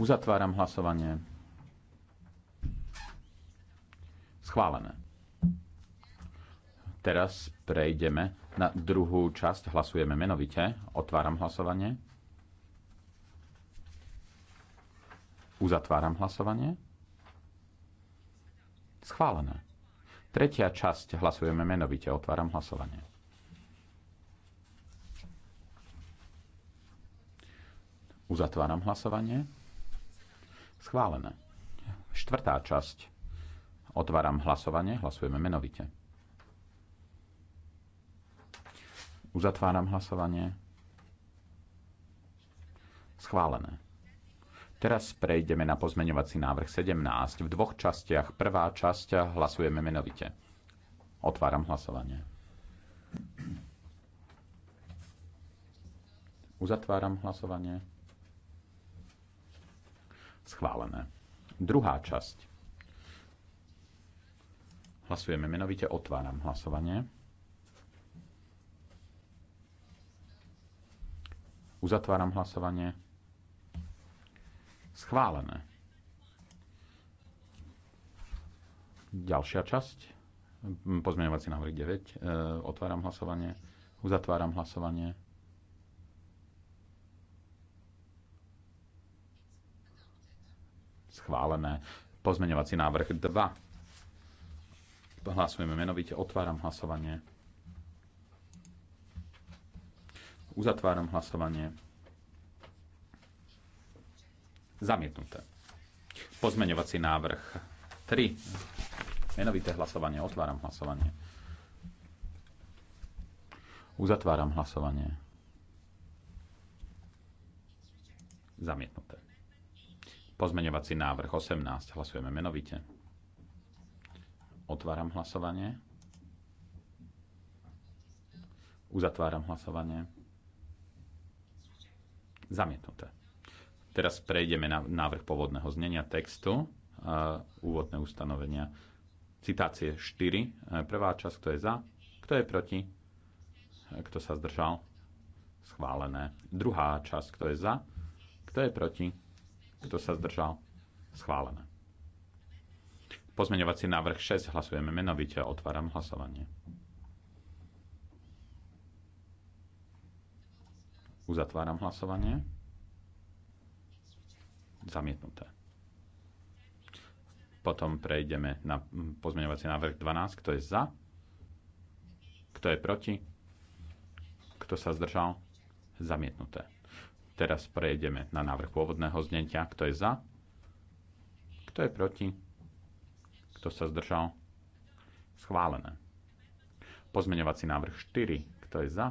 Uzatváram hlasovanie. Schválené. Teraz prejdeme na druhú časť. Hlasujeme menovite. Otváram hlasovanie. Uzatváram hlasovanie. Schválené. Tretia časť. Hlasujeme menovite. Otváram hlasovanie. Uzatváram hlasovanie. Schválené. Štvrtá časť. Otváram hlasovanie. Hlasujeme menovite. Uzatváram hlasovanie. Schválené. Teraz prejdeme na pozmeňovací návrh 17. V dvoch častiach. Prvá časť hlasujeme menovite. Otváram hlasovanie. Uzatváram hlasovanie. Schválené. Druhá časť. Hlasujeme menovite. Otváram hlasovanie. Uzatváram hlasovanie. Schválené. Ďalšia časť. Pozmeňovací návrh 9. E, otváram hlasovanie. Uzatváram hlasovanie. Schválené. Pozmeňovací návrh 2. Hlasujeme menovite. Otváram hlasovanie. Uzatváram hlasovanie. Zamietnuté. Pozmeňovací návrh 3. Menovité hlasovanie. Otváram hlasovanie. Uzatváram hlasovanie. Zamietnuté. Pozmeňovací návrh 18. Hlasujeme menovite. Otváram hlasovanie. Uzatváram hlasovanie. Zamietnuté Teraz prejdeme na návrh pôvodného znenia textu, úvodné ustanovenia. Citácie 4. E, prvá časť, kto je za, kto je proti, e, kto sa zdržal, schválené. Druhá časť, kto je za, kto je proti, kto sa zdržal, schválené. Pozmeňovací návrh 6 hlasujeme menovite. Otváram hlasovanie. Uzatváram hlasovanie. Zamietnuté. Potom prejdeme na pozmeňovací návrh 12. Kto je za? Kto je proti? Kto sa zdržal? Zamietnuté. Teraz prejdeme na návrh pôvodného znenia. Kto je za? Kto je proti? Kto sa zdržal? Schválené. Pozmeňovací návrh 4. Kto je za?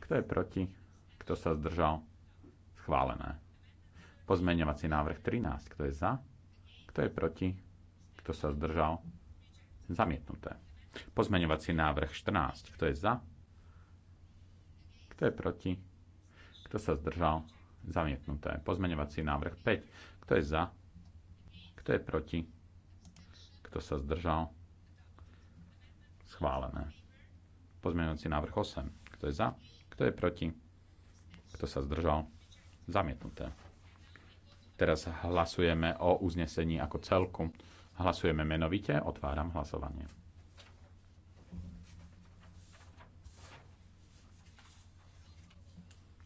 Kto je proti? Kto sa zdržal? Schválené. Pozmeňovací návrh 13. Kto je za? Kto je proti? Kto sa zdržal? Zamietnuté. Pozmeňovací návrh 14. Kto je za? Kto je proti? Kto sa zdržal? Zamietnuté. Pozmeňovací návrh 5. Kto je za? Kto je proti? Kto sa zdržal? Schválené. Pozmeňovací návrh 8. Kto je za? Kto je proti? Kto sa zdržal? Zamietnuté. Teraz hlasujeme o uznesení ako celku. Hlasujeme menovite. Otváram hlasovanie.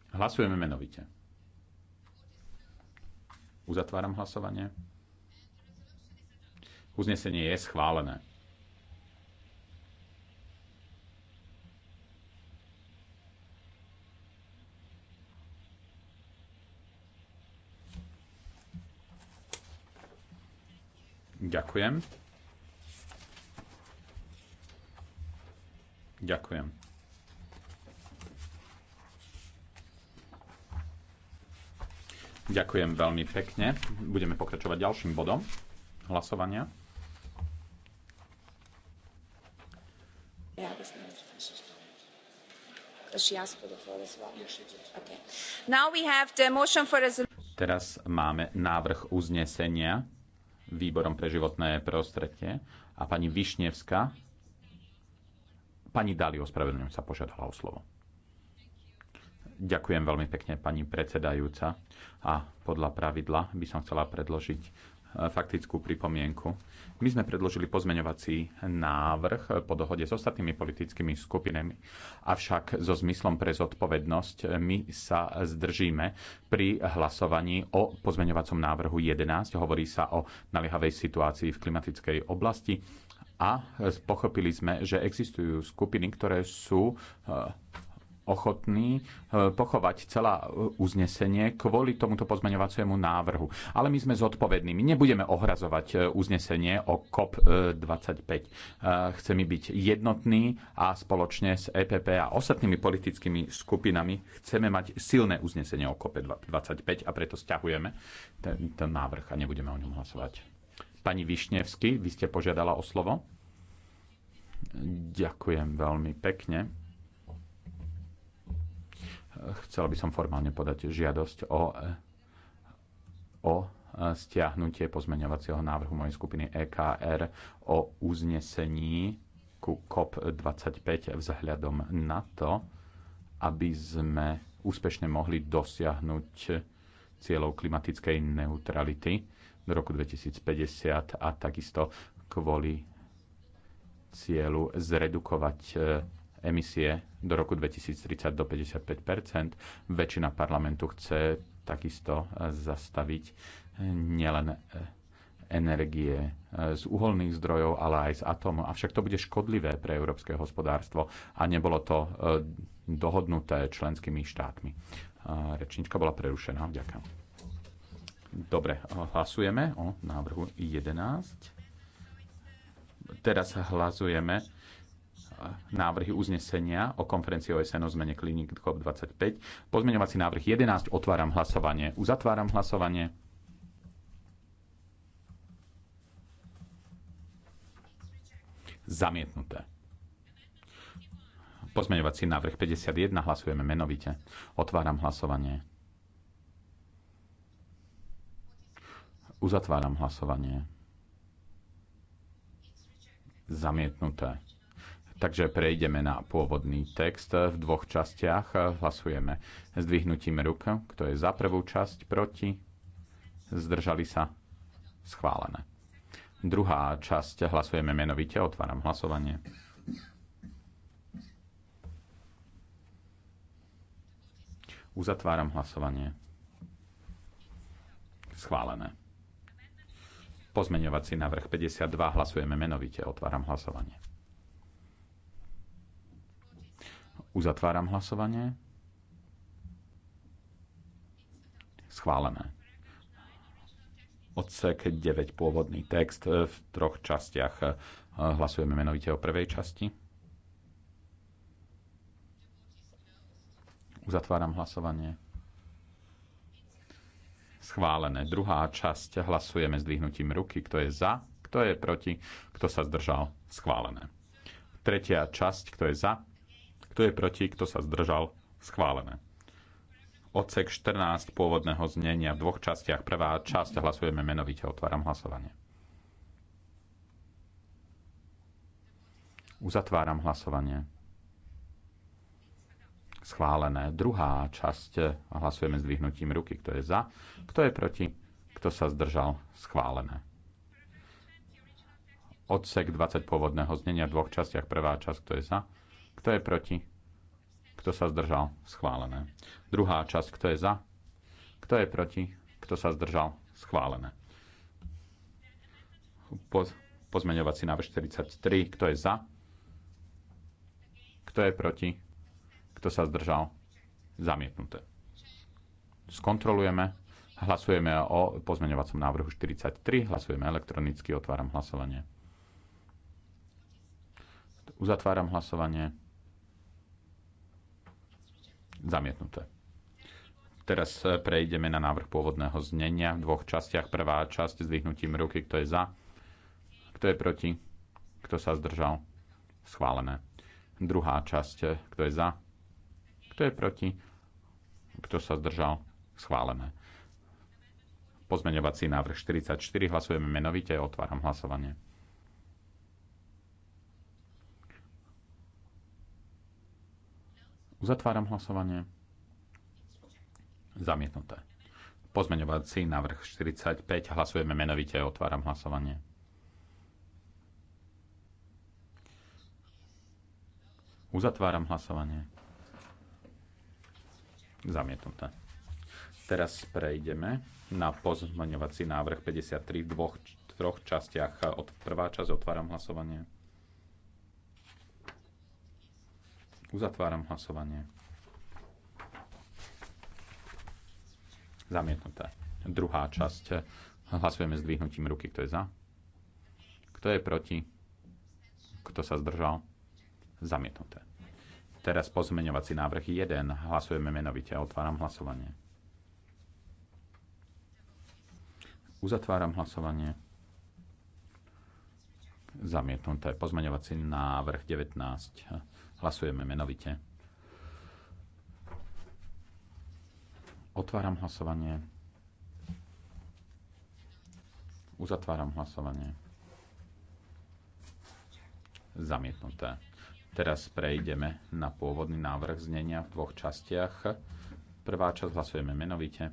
Hlasujeme menovite. Uzatváram hlasovanie. Uznesenie je schválené. Ďakujem. Ďakujem. Ďakujem veľmi pekne. Budeme pokračovať ďalším bodom hlasovania. Teraz máme návrh uznesenia výborom pre životné prostredie a pani Višnevská, pani Dali, ospravedlňujem sa, požiadala o slovo. Ďakujem veľmi pekne, pani predsedajúca. A podľa pravidla by som chcela predložiť E, faktickú pripomienku. My sme predložili pozmeňovací návrh po dohode s ostatnými politickými skupinami, avšak so zmyslom pre zodpovednosť my sa zdržíme pri hlasovaní o pozmeňovacom návrhu 11. Hovorí sa o naliehavej situácii v klimatickej oblasti a pochopili sme, že existujú skupiny, ktoré sú e, ochotní e, pochovať celá uznesenie kvôli tomuto pozmeňovaciemu návrhu. Ale my sme zodpovední. My nebudeme ohrazovať e, uznesenie o COP25. E, chceme byť jednotní a spoločne s EPP a ostatnými politickými skupinami chceme mať silné uznesenie o COP25 a preto stiahujeme ten, ten návrh a nebudeme o ňom hlasovať. Pani Višnevsky, vy ste požiadala o slovo. Ďakujem veľmi pekne Chcel by som formálne podať žiadosť o, o stiahnutie pozmeňovacieho návrhu mojej skupiny EKR o uznesení ku COP25 vzhľadom na to, aby sme úspešne mohli dosiahnuť cieľov klimatickej neutrality do roku 2050 a takisto kvôli cieľu zredukovať eh, emisie do roku 2030 do 55 Väčšina parlamentu chce takisto e, zastaviť e, nielen e, energie z uholných zdrojov, ale aj z atomu. Avšak to bude škodlivé pre európske hospodárstvo a nebolo to dohodnuté členskými štátmi. Rečnička bola prerušená. Ďakujem. Dobre, hlasujeme o návrhu 11. Teraz hlasujeme návrhy uznesenia o konferencii OSN o zmene kliník COP25. Pozmeňovací návrh 11. Otváram hlasovanie. Uzatváram hlasovanie. Zamietnuté. Pozmeňovací návrh 51. Hlasujeme menovite. Otváram hlasovanie. Uzatváram hlasovanie. Zamietnuté Takže prejdeme na pôvodný text v dvoch častiach. Hlasujeme zdvihnutím ruk, kto je za prvú časť, proti, zdržali sa, schválené. Druhá časť hlasujeme menovite, otváram hlasovanie. Uzatváram hlasovanie. Schválené. Pozmeňovací návrh 52 hlasujeme menovite. Otváram hlasovanie. Uzatváram hlasovanie. Schválené. Odsek 9, pôvodný text v troch častiach. Hlasujeme menovite o prvej časti. Uzatváram hlasovanie. Schválené. Druhá časť. Hlasujeme zdvihnutím ruky. Kto je za, kto je proti, kto sa zdržal. Schválené. Tretia časť. Kto je za, kto je proti? Kto sa zdržal? Schválené. Odsek 14 pôvodného znenia v dvoch častiach. Prvá časť hlasujeme menovite. Otváram hlasovanie. Uzatváram hlasovanie. Schválené. Druhá časť hlasujeme zdvihnutím ruky. Kto je za? Kto je proti? Kto sa zdržal? Schválené. Odsek 20 pôvodného znenia v dvoch častiach. Prvá časť, kto je za? Kto je proti? Kto sa zdržal? Schválené. Druhá časť. Kto je za? Kto je proti? Kto sa zdržal? Schválené. Po, pozmeňovací návrh 43. Kto je za? Kto je proti? Kto sa zdržal? Zamietnuté. Skontrolujeme. Hlasujeme o pozmeňovacom návrhu 43. Hlasujeme elektronicky. Otváram hlasovanie. Uzatváram hlasovanie. Zamietnuté. Teraz e, prejdeme na návrh pôvodného znenia v dvoch častiach. Prvá časť s vyhnutím ruky, kto je za, kto je proti, kto sa zdržal. Schválené. Druhá časť, e, kto je za, kto je proti, kto sa zdržal. Schválené. Pozmeňovací návrh 44. Hlasujeme menovite. Otváram hlasovanie. Uzatváram hlasovanie. Zamietnuté. Pozmeňovací návrh 45. Hlasujeme menovite. Otváram hlasovanie. Uzatváram hlasovanie. Zamietnuté. Teraz prejdeme na pozmeňovací návrh 53 v dvoch, troch častiach. Od prvá časť otváram hlasovanie. Uzatváram hlasovanie. Zamietnuté. Druhá časť. Hlasujeme s dvihnutím ruky. Kto je za? Kto je proti? Kto sa zdržal? Zamietnuté. Teraz pozmeňovací návrh 1. Hlasujeme menovite. Otváram hlasovanie. Uzatváram hlasovanie. Zamietnuté. Pozmeňovací návrh 19 Hlasujeme menovite. Otváram hlasovanie. Uzatváram hlasovanie. Zamietnuté. Teraz prejdeme na pôvodný návrh znenia v dvoch častiach. Prvá časť hlasujeme menovite.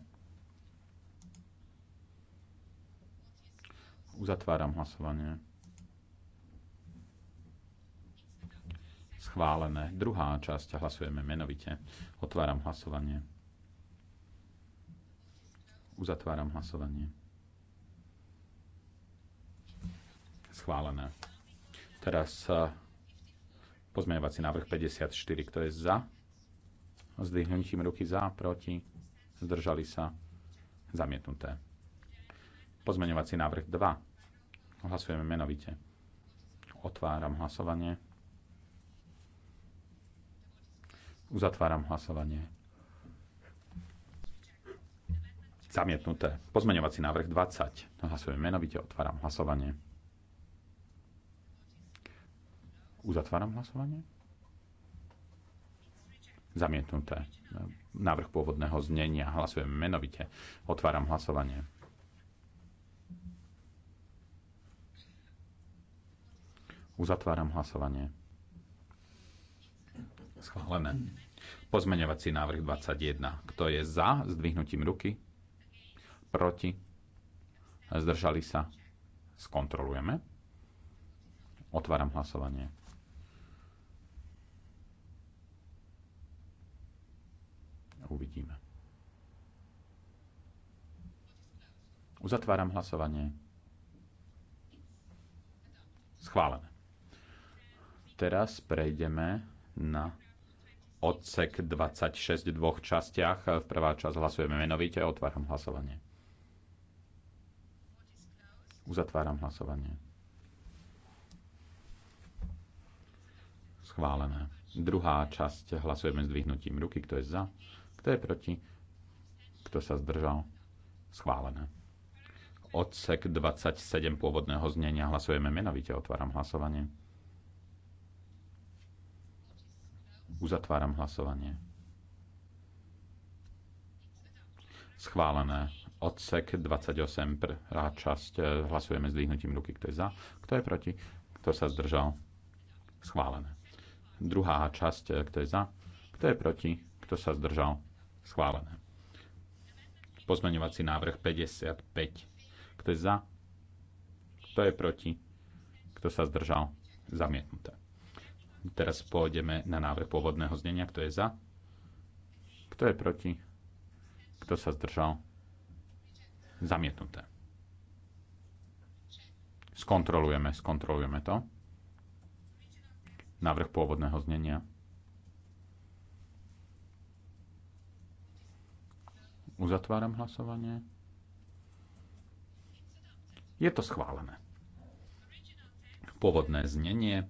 Uzatváram hlasovanie. Schválené. Druhá časť. Hlasujeme menovite. Otváram hlasovanie. Uzatváram hlasovanie. Schválené. Teraz eh, pozmeňovací návrh 54. Kto je za? Zdvihnutím ruky za, proti. Zdržali sa. Zamietnuté. Pozmeňovací návrh 2. Hlasujeme menovite. Otváram hlasovanie. Uzatváram hlasovanie. Zamietnuté. Pozmeňovací návrh 20. Hlasujem menovite, otváram hlasovanie. Uzatváram hlasovanie. Zamietnuté. Návrh pôvodného znenia. Hlasujem menovite. Otváram hlasovanie. Uzatváram hlasovanie. Schválené. Pozmeňovací návrh 21. Kto je za zdvihnutím ruky? Proti? Zdržali sa? Skontrolujeme. Otváram hlasovanie. Uvidíme. Uzatváram hlasovanie. Schválené. Teraz prejdeme na odsek 26 v dvoch častiach. V prvá časť hlasujeme menovite. Otváram hlasovanie. Uzatváram hlasovanie. Schválené. Druhá časť hlasujeme s ruky. Kto je za? Kto je proti? Kto sa zdržal? Schválené. Odsek 27 pôvodného znenia hlasujeme menovite. Otváram hlasovanie. Uzatváram hlasovanie. Schválené. Odsek 28, prvá časť. E, hlasujeme s dýchnutím ruky, kto je za, kto je proti, kto sa zdržal. Schválené. Druhá časť, e, kto je za, kto je proti, kto sa zdržal. Schválené. Pozmeňovací návrh 55. Kto je za? Kto je proti? Kto sa zdržal? Zamietnuté. Teraz pôjdeme na návrh pôvodného znenia. Kto je za? Kto je proti? Kto sa zdržal? Zamietnuté. Skontrolujeme, skontrolujeme to. Návrh pôvodného znenia. Uzatváram hlasovanie. Je to schválené. Pôvodné znenie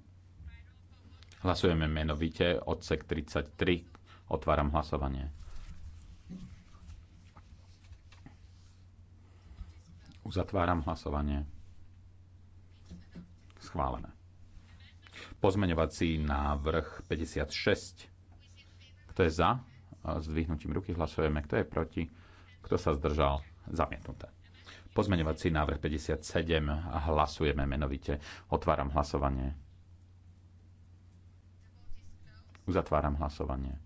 Hlasujeme menovite odsek 33. Otváram hlasovanie. Uzatváram hlasovanie. Schválené. Pozmeňovací návrh 56. Kto je za? Zdvihnutím ruky hlasujeme. Kto je proti? Kto sa zdržal? Zamietnuté. Pozmeňovací návrh 57. Hlasujeme menovite. Otváram hlasovanie. Uzatváram hlasovanie.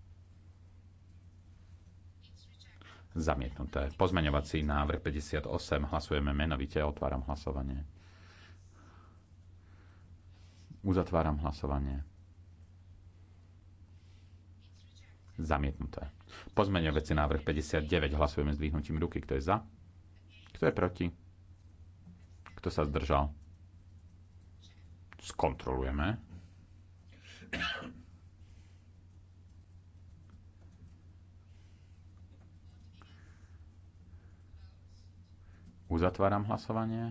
Zamietnuté. Pozmeňovací návrh 58. Hlasujeme menovite. Otváram hlasovanie. Uzatváram hlasovanie. Zamietnuté. Pozmeňovací návrh 59. Hlasujeme zdvihnutím ruky. Kto je za? Kto je proti? Kto sa zdržal? Skontrolujeme. Uzatváram hlasovanie.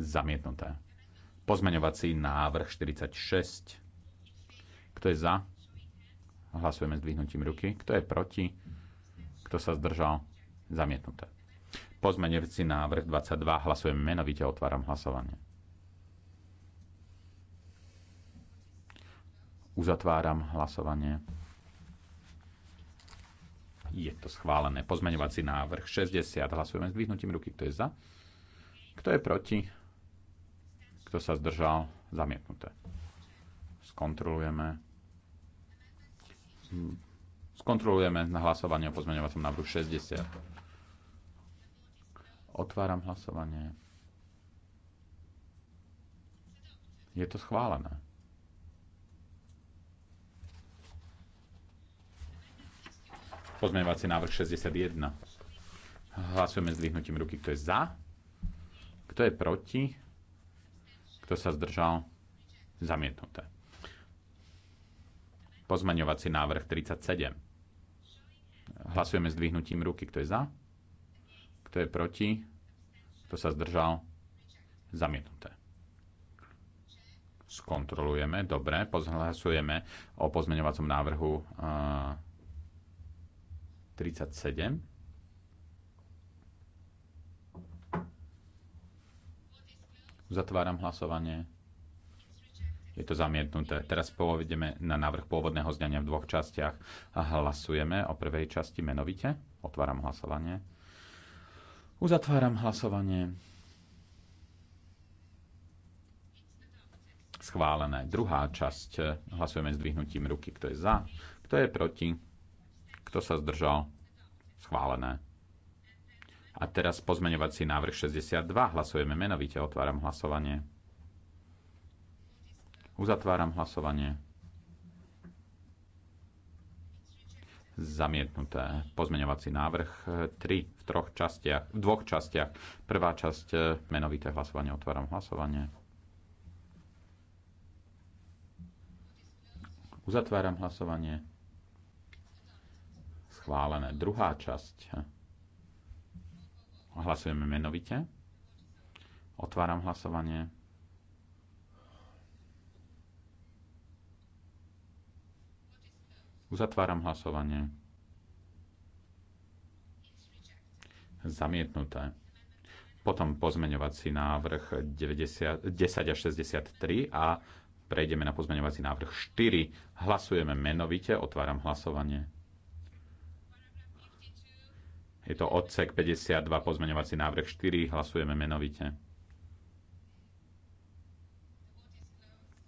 Zamietnuté. Pozmeňovací návrh 46. Kto je za? Hlasujeme s dvihnutím ruky. Kto je proti? Kto sa zdržal? Zamietnuté. Pozmeňovací návrh 22. Hlasujeme menovite. Otváram hlasovanie. Uzatváram hlasovanie. Je to schválené. Pozmeňovací návrh 60. Hlasujeme s dvihnutím ruky. Kto je za? Kto je proti? Kto sa zdržal? Zamietnuté. Skontrolujeme. Skontrolujeme na hlasovanie o pozmeňovacom návrhu 60. Otváram hlasovanie. Je to schválené. Pozmeňovací návrh 61. Hlasujeme s dvihnutím ruky, kto je za, kto je proti, kto sa zdržal, zamietnuté. Pozmeňovací návrh 37. Hlasujeme s dvihnutím ruky, kto je za, kto je proti, kto sa zdržal, zamietnuté. Skontrolujeme, dobre, hlasujeme o pozmeňovacom návrhu eh, 37. Zatváram hlasovanie. Je to zamietnuté. Teraz povedeme na návrh pôvodného zňania v dvoch častiach a hlasujeme o prvej časti menovite. Otváram hlasovanie. Uzatváram hlasovanie. Schválené. Druhá časť. Hlasujeme s dvihnutím ruky. Kto je za? Kto je proti? Kto sa zdržal? Schválené. A teraz pozmeňovací návrh 62. Hlasujeme menovite. Otváram hlasovanie. Uzatváram hlasovanie. Zamietnuté. Pozmeňovací návrh 3 eh, v troch častiach, v dvoch častiach. Prvá časť eh, menovité hlasovanie. Otváram hlasovanie. Uzatváram hlasovanie schválené. Druhá časť. Hlasujeme menovite. Otváram hlasovanie. Uzatváram hlasovanie. Zamietnuté. Potom pozmeňovací návrh 90, 10 až 63 a prejdeme na pozmeňovací návrh 4. Hlasujeme menovite, otváram hlasovanie. Je to odsek 52, pozmeňovací návrh 4. Hlasujeme menovite.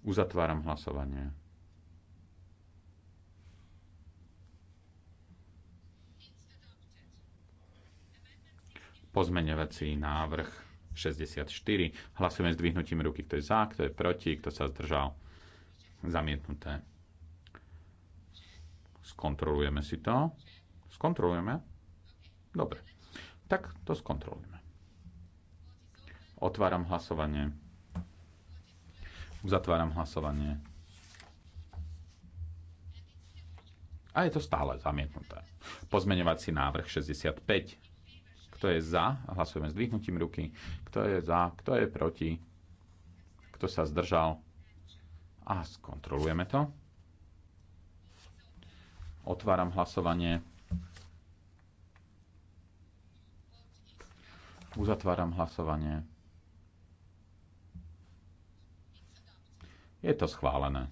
Uzatváram hlasovanie. Pozmeňovací návrh 64. Hlasujeme s dvihnutím ruky, kto je za, kto je proti, kto sa zdržal. Zamietnuté. Skontrolujeme si to. Skontrolujeme. Dobre, tak to skontrolujeme. Otváram hlasovanie. Uzatváram hlasovanie. A je to stále zamietnuté. Pozmeňovací návrh 65. Kto je za? Hlasujeme s dvihnutím ruky. Kto je za? Kto je proti? Kto sa zdržal? A skontrolujeme to. Otváram hlasovanie. Uzatváram hlasovanie. Je to schválené.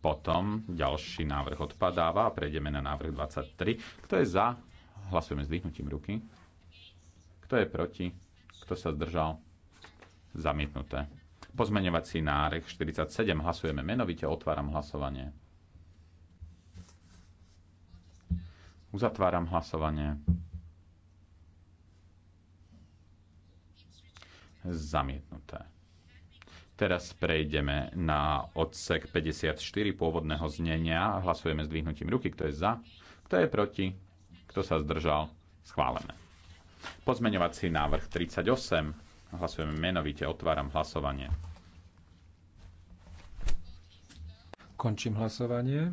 Potom ďalší návrh odpadáva a prejdeme na návrh 23. Kto je za? Hlasujeme s dýchnutím ruky. Kto je proti? Kto sa zdržal? Zamietnuté. Pozmeňovací návrh 47. Hlasujeme menovite. Otváram hlasovanie. Uzatváram hlasovanie. zamietnuté. Teraz prejdeme na odsek 54 pôvodného znenia. Hlasujeme s dvihnutím ruky, kto je za, kto je proti, kto sa zdržal, schválené. Pozmeňovací návrh 38. Hlasujeme menovite, otváram hlasovanie. Končím hlasovanie.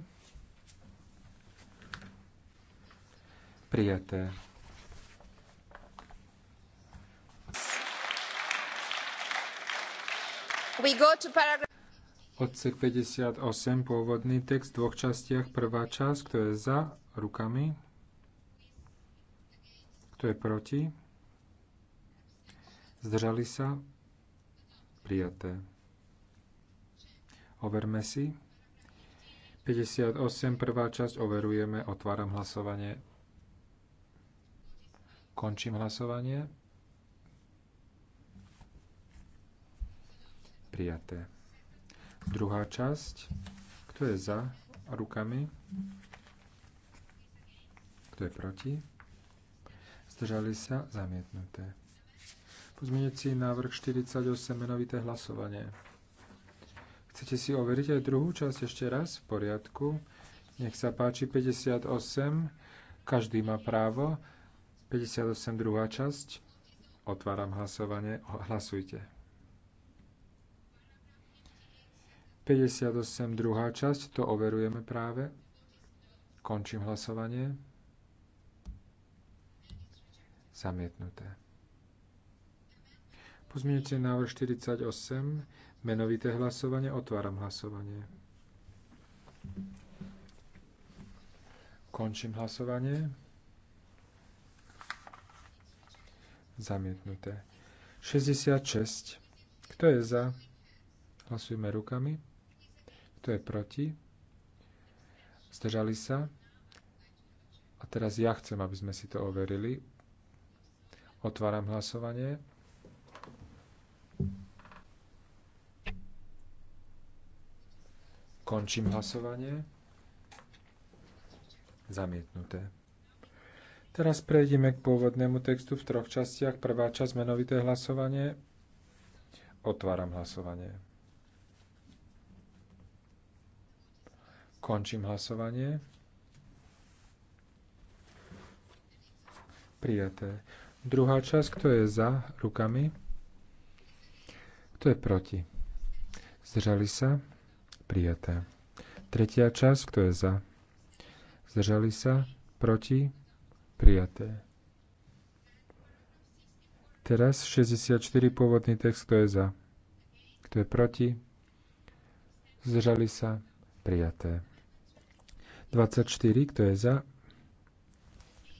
Prijaté. Odsek 58, pôvodný text v dvoch častiach. Prvá časť, kto je za, rukami. Kto je proti? Zdržali sa? Prijaté. Overme si. 58, prvá časť, overujeme, otváram hlasovanie. Končím hlasovanie. prijaté. Druhá časť, kto je za rukami, kto je proti, zdržali sa, zamietnuté. Pozmeňujúci návrh 48, menovité hlasovanie. Chcete si overiť aj druhú časť ešte raz? V poriadku. Nech sa páči 58. Každý má právo. 58. druhá časť. Otváram hlasovanie. Hlasujte. 58 druhá časť, to overujeme práve. Končím hlasovanie. Zamietnuté. Pozmienite návrh 48, menovité hlasovanie, otváram hlasovanie. Končím hlasovanie. Zamietnuté. 66. Kto je za? Hlasujme rukami. Kto je proti? Zdržali sa? A teraz ja chcem, aby sme si to overili. Otváram hlasovanie. Končím hlasovanie. Zamietnuté. Teraz prejdeme k pôvodnému textu v troch častiach. Prvá časť menovité hlasovanie. Otváram hlasovanie. Končím hlasovanie. Prijaté. Druhá časť, kto je za rukami? Kto je proti? Zdržali sa? Prijaté. Tretia časť, kto je za? Zdržali sa? Proti? Prijaté. Teraz 64 pôvodný text, kto je za? Kto je proti? Zdržali sa? Prijaté. 24, kto je za,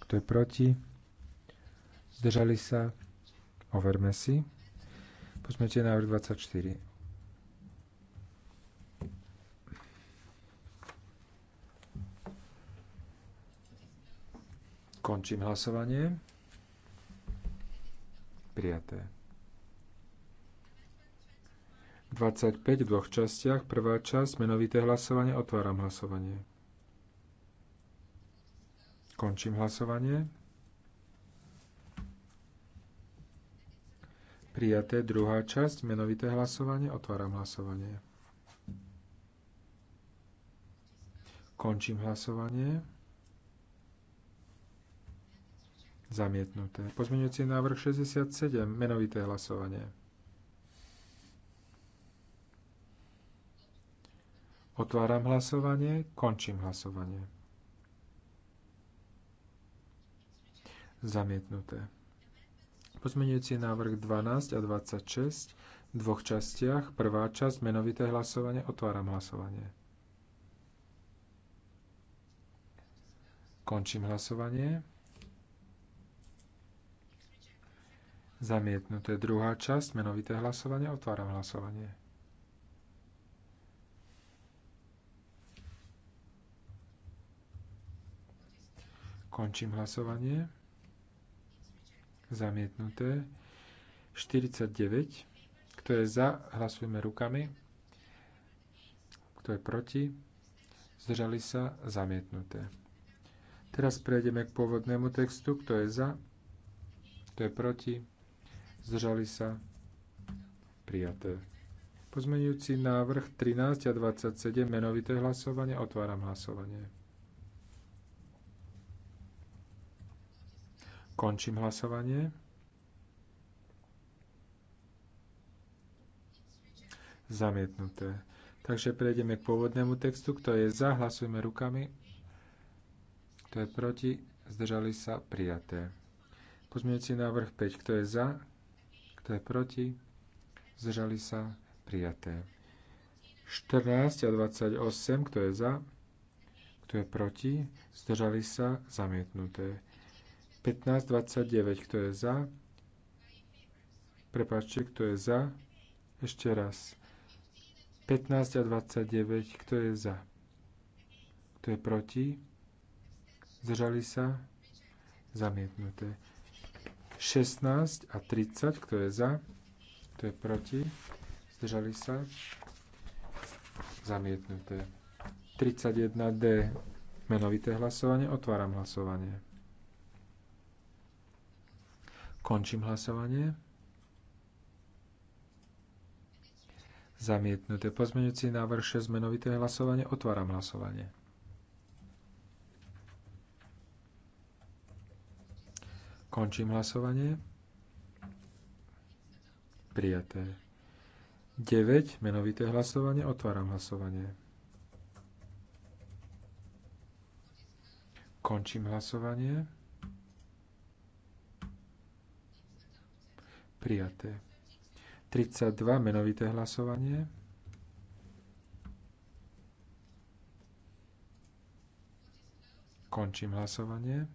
kto je proti, zdržali sa, overme si. Pozmete návrh 24. Končím hlasovanie. Prijaté. 25 v dvoch častiach. Prvá časť, menovité hlasovanie. Otváram hlasovanie. Končím hlasovanie. Prijaté druhá časť, menovité hlasovanie. Otváram hlasovanie. Končím hlasovanie. Zamietnuté. Pozmeňujúci návrh 67, menovité hlasovanie. Otváram hlasovanie, končím hlasovanie. zamietnuté. Pozmeňujúci návrh 12 a 26 v dvoch častiach. Prvá časť, menovité hlasovanie, otváram hlasovanie. Končím hlasovanie. Zamietnuté druhá časť, menovité hlasovanie, otváram hlasovanie. Končím hlasovanie zamietnuté. 49, kto je za, hlasujme rukami. Kto je proti, zdržali sa, zamietnuté. Teraz prejdeme k pôvodnému textu, kto je za, kto je proti, zdržali sa, prijaté. Pozmenujúci návrh 13 a 27, menovité hlasovanie, otváram hlasovanie. Končím hlasovanie. Zamietnuté. Takže prejdeme k pôvodnému textu. Kto je za, hlasujme rukami. Kto je proti, zdržali sa, prijaté. Pozmienujúci návrh 5. Kto je za, kto je proti, zdržali sa, prijaté. 14 a 28. Kto je za, kto je proti, zdržali sa, zamietnuté. 1529, kto je za? Prepačte, kto je za? Ešte raz. 15 a 29, kto je za? Kto je proti? Zdržali sa? Zamietnuté. 16 a 30, kto je za? Kto je proti? Zdržali sa? Zamietnuté. 31D, menovité hlasovanie, otváram hlasovanie. Končím hlasovanie. Zamietnuté. Pozmeňujúci návrh 6 menovité hlasovanie. Otváram hlasovanie. Končím hlasovanie. Prijaté. 9. Menovité hlasovanie. Otváram hlasovanie. Končím hlasovanie. prijaté. 32 menovité hlasovanie. Končím hlasovanie.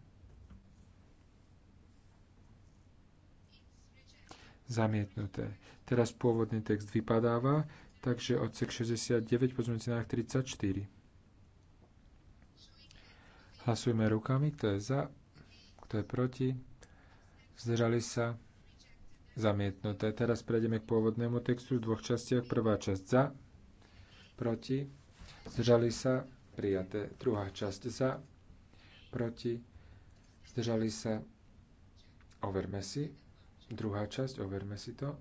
Zamietnuté. Teraz pôvodný text vypadáva, takže odsek 69 pozmeňujúci na 34. Hlasujeme rukami, kto je za, kto je proti. Zdržali sa. Zamietnuté. Teraz prejdeme k pôvodnému textu v dvoch častiach. Prvá časť za, proti, zdržali sa, prijaté. Druhá časť za, proti, zdržali sa, overme si. Druhá časť, overme si to.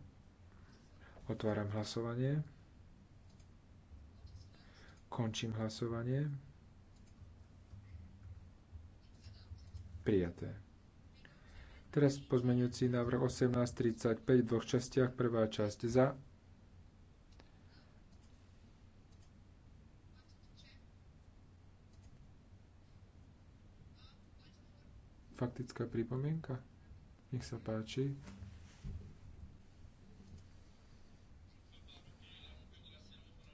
Otváram hlasovanie. Končím hlasovanie. Prijaté. Teraz pozmeňujúci návrh 1835 v dvoch častiach. Prvá časť za. Faktická pripomienka. Nech sa páči.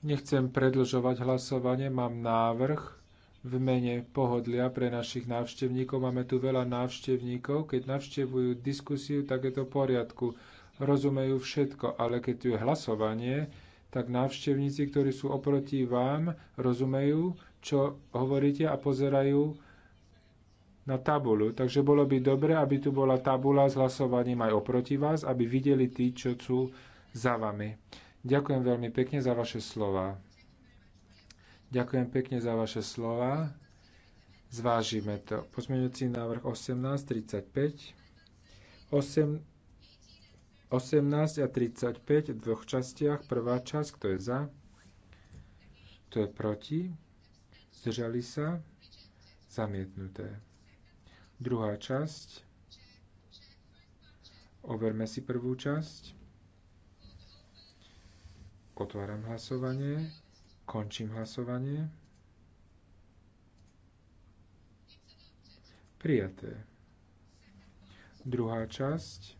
Nechcem predlžovať hlasovanie, mám návrh v mene pohodlia pre našich návštevníkov. Máme tu veľa návštevníkov. Keď navštevujú diskusiu, tak je to v poriadku. Rozumejú všetko, ale keď tu je hlasovanie, tak návštevníci, ktorí sú oproti vám, rozumejú, čo hovoríte a pozerajú na tabulu. Takže bolo by dobre, aby tu bola tabula s hlasovaním aj oproti vás, aby videli tí, čo sú za vami. Ďakujem veľmi pekne za vaše slova. Ďakujem pekne za vaše slova. Zvážime to. Pozmeňujúci návrh 1835. 8, 18 a 35 v dvoch častiach. Prvá časť, kto je za, kto je proti, zdržali sa, zamietnuté. Druhá časť. Overme si prvú časť. Otváram hlasovanie. Končím hlasovanie. Prijaté. Druhá časť.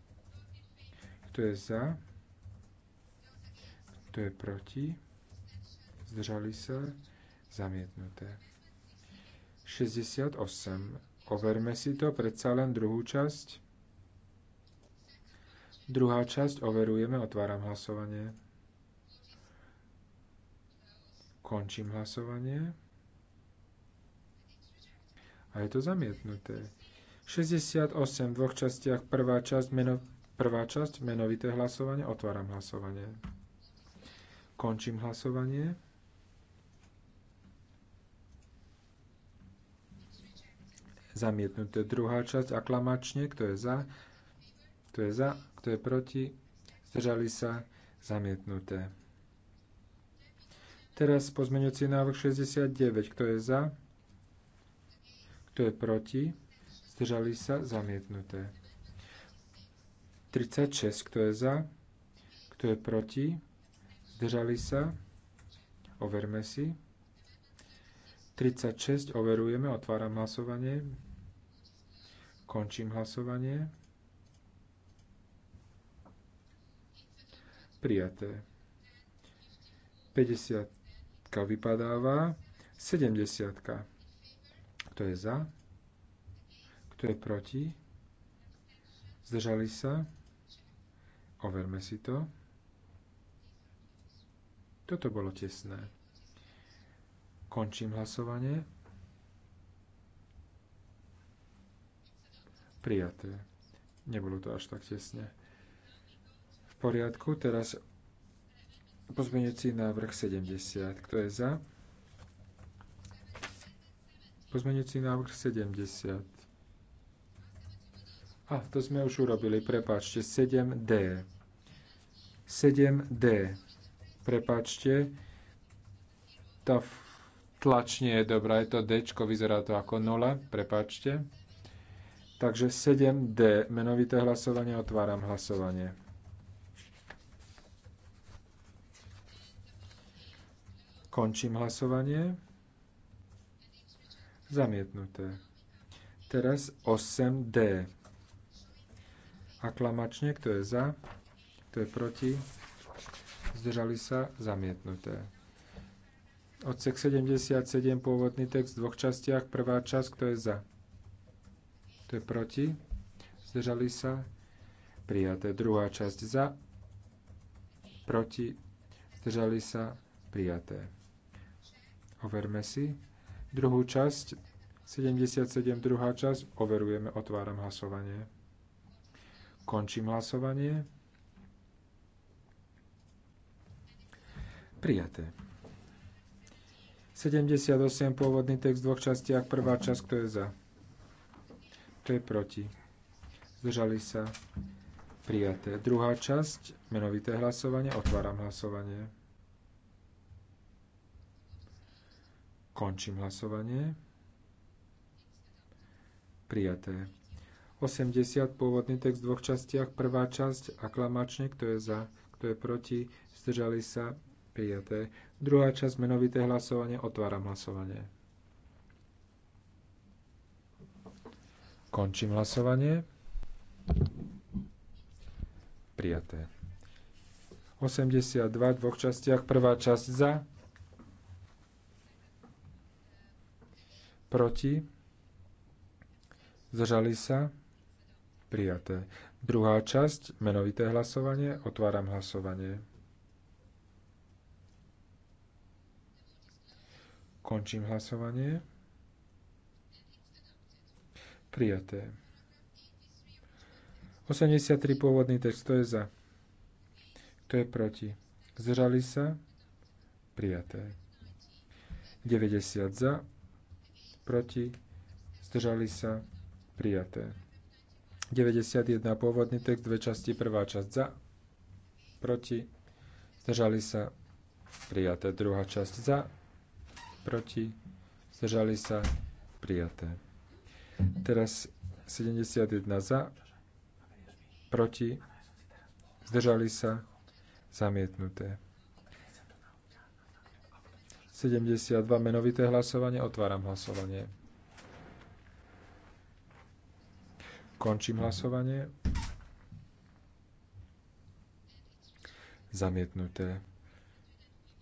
Kto je za? Kto je proti? Zdržali sa? Zamietnuté. 68. Overme si to, predsa len druhú časť. Druhá časť overujeme, otváram hlasovanie. Končím hlasovanie. A je to zamietnuté. 68 v dvoch častiach, prvá časť, meno, prvá časť, menovité hlasovanie, otváram hlasovanie. Končím hlasovanie. Zamietnuté druhá časť, aklamačne, kto je za, kto je za, kto je proti, zdržali sa, zamietnuté. Teraz pozmeňujúci návrh 69. Kto je za? Kto je proti? Zdržali sa? Zamietnuté. 36. Kto je za? Kto je proti? Zdržali sa? Overme si. 36. Overujeme. Otváram hlasovanie. Končím hlasovanie. Prijaté. 50 vypadáva. 70. Kto je za? Kto je proti? Zdržali sa? Overme si to. Toto bolo tesné. Končím hlasovanie. Prijaté. Nebolo to až tak tesne. V poriadku, teraz Pozmeňujúci návrh 70. Kto je za? Pozmeňujúci návrh 70. A to sme už urobili, prepáčte, 7D. 7D. Prepáčte, tá tlač nie je dobrá, je to D, vyzerá to ako 0, prepáčte. Takže 7D, menovité hlasovanie, otváram hlasovanie. Končím hlasovanie. Zamietnuté. Teraz 8D. Aklamačne, kto je za, kto je proti, zdržali sa, zamietnuté. Odsek 77, pôvodný text v dvoch častiach. Prvá časť, kto je za, kto je proti, zdržali sa, prijaté. Druhá časť za, proti, zdržali sa, prijaté. Overme si. Druhú časť, 77, druhá časť, overujeme, otváram hlasovanie. Končím hlasovanie. Prijaté. 78, pôvodný text v dvoch častiach, prvá časť, kto je za? Kto je proti? Zdržali sa? Prijaté. Druhá časť, menovité hlasovanie, otváram hlasovanie. Končím hlasovanie. Prijaté. 80 pôvodný text v dvoch častiach. Prvá časť aklamačne, kto je za, kto je proti, zdržali sa, prijaté. Druhá časť menovité hlasovanie, otváram hlasovanie. Končím hlasovanie. Prijaté. 82 v dvoch častiach, prvá časť za, proti, zdržali sa, prijaté. Druhá časť, menovité hlasovanie, otváram hlasovanie. Končím hlasovanie. Prijaté. 83 pôvodný text, to je za. Kto je proti? Zdržali sa? Prijaté. 90 za, proti, zdržali sa, prijaté. 91 pôvodný text, dve časti, prvá časť za, proti, zdržali sa, prijaté. Druhá časť za, proti, zdržali sa, prijaté. Teraz 71 za, proti, zdržali sa, zamietnuté. 72 menovité hlasovanie. Otváram hlasovanie. Končím hlasovanie. Zamietnuté.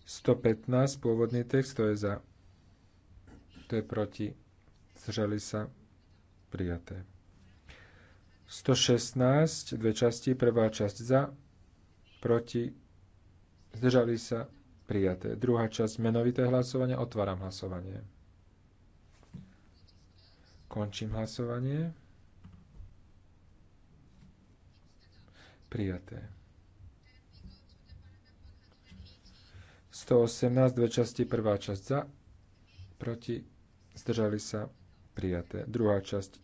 115, pôvodný text, to je za, to je proti, zdržali sa, prijaté. 116, dve časti, prvá časť za, proti, zdržali sa, Prijaté. Druhá časť menovité hlasovanie. Otváram hlasovanie. Končím hlasovanie. Prijaté. 118, dve časti, prvá časť za, proti, zdržali sa, prijaté. Druhá časť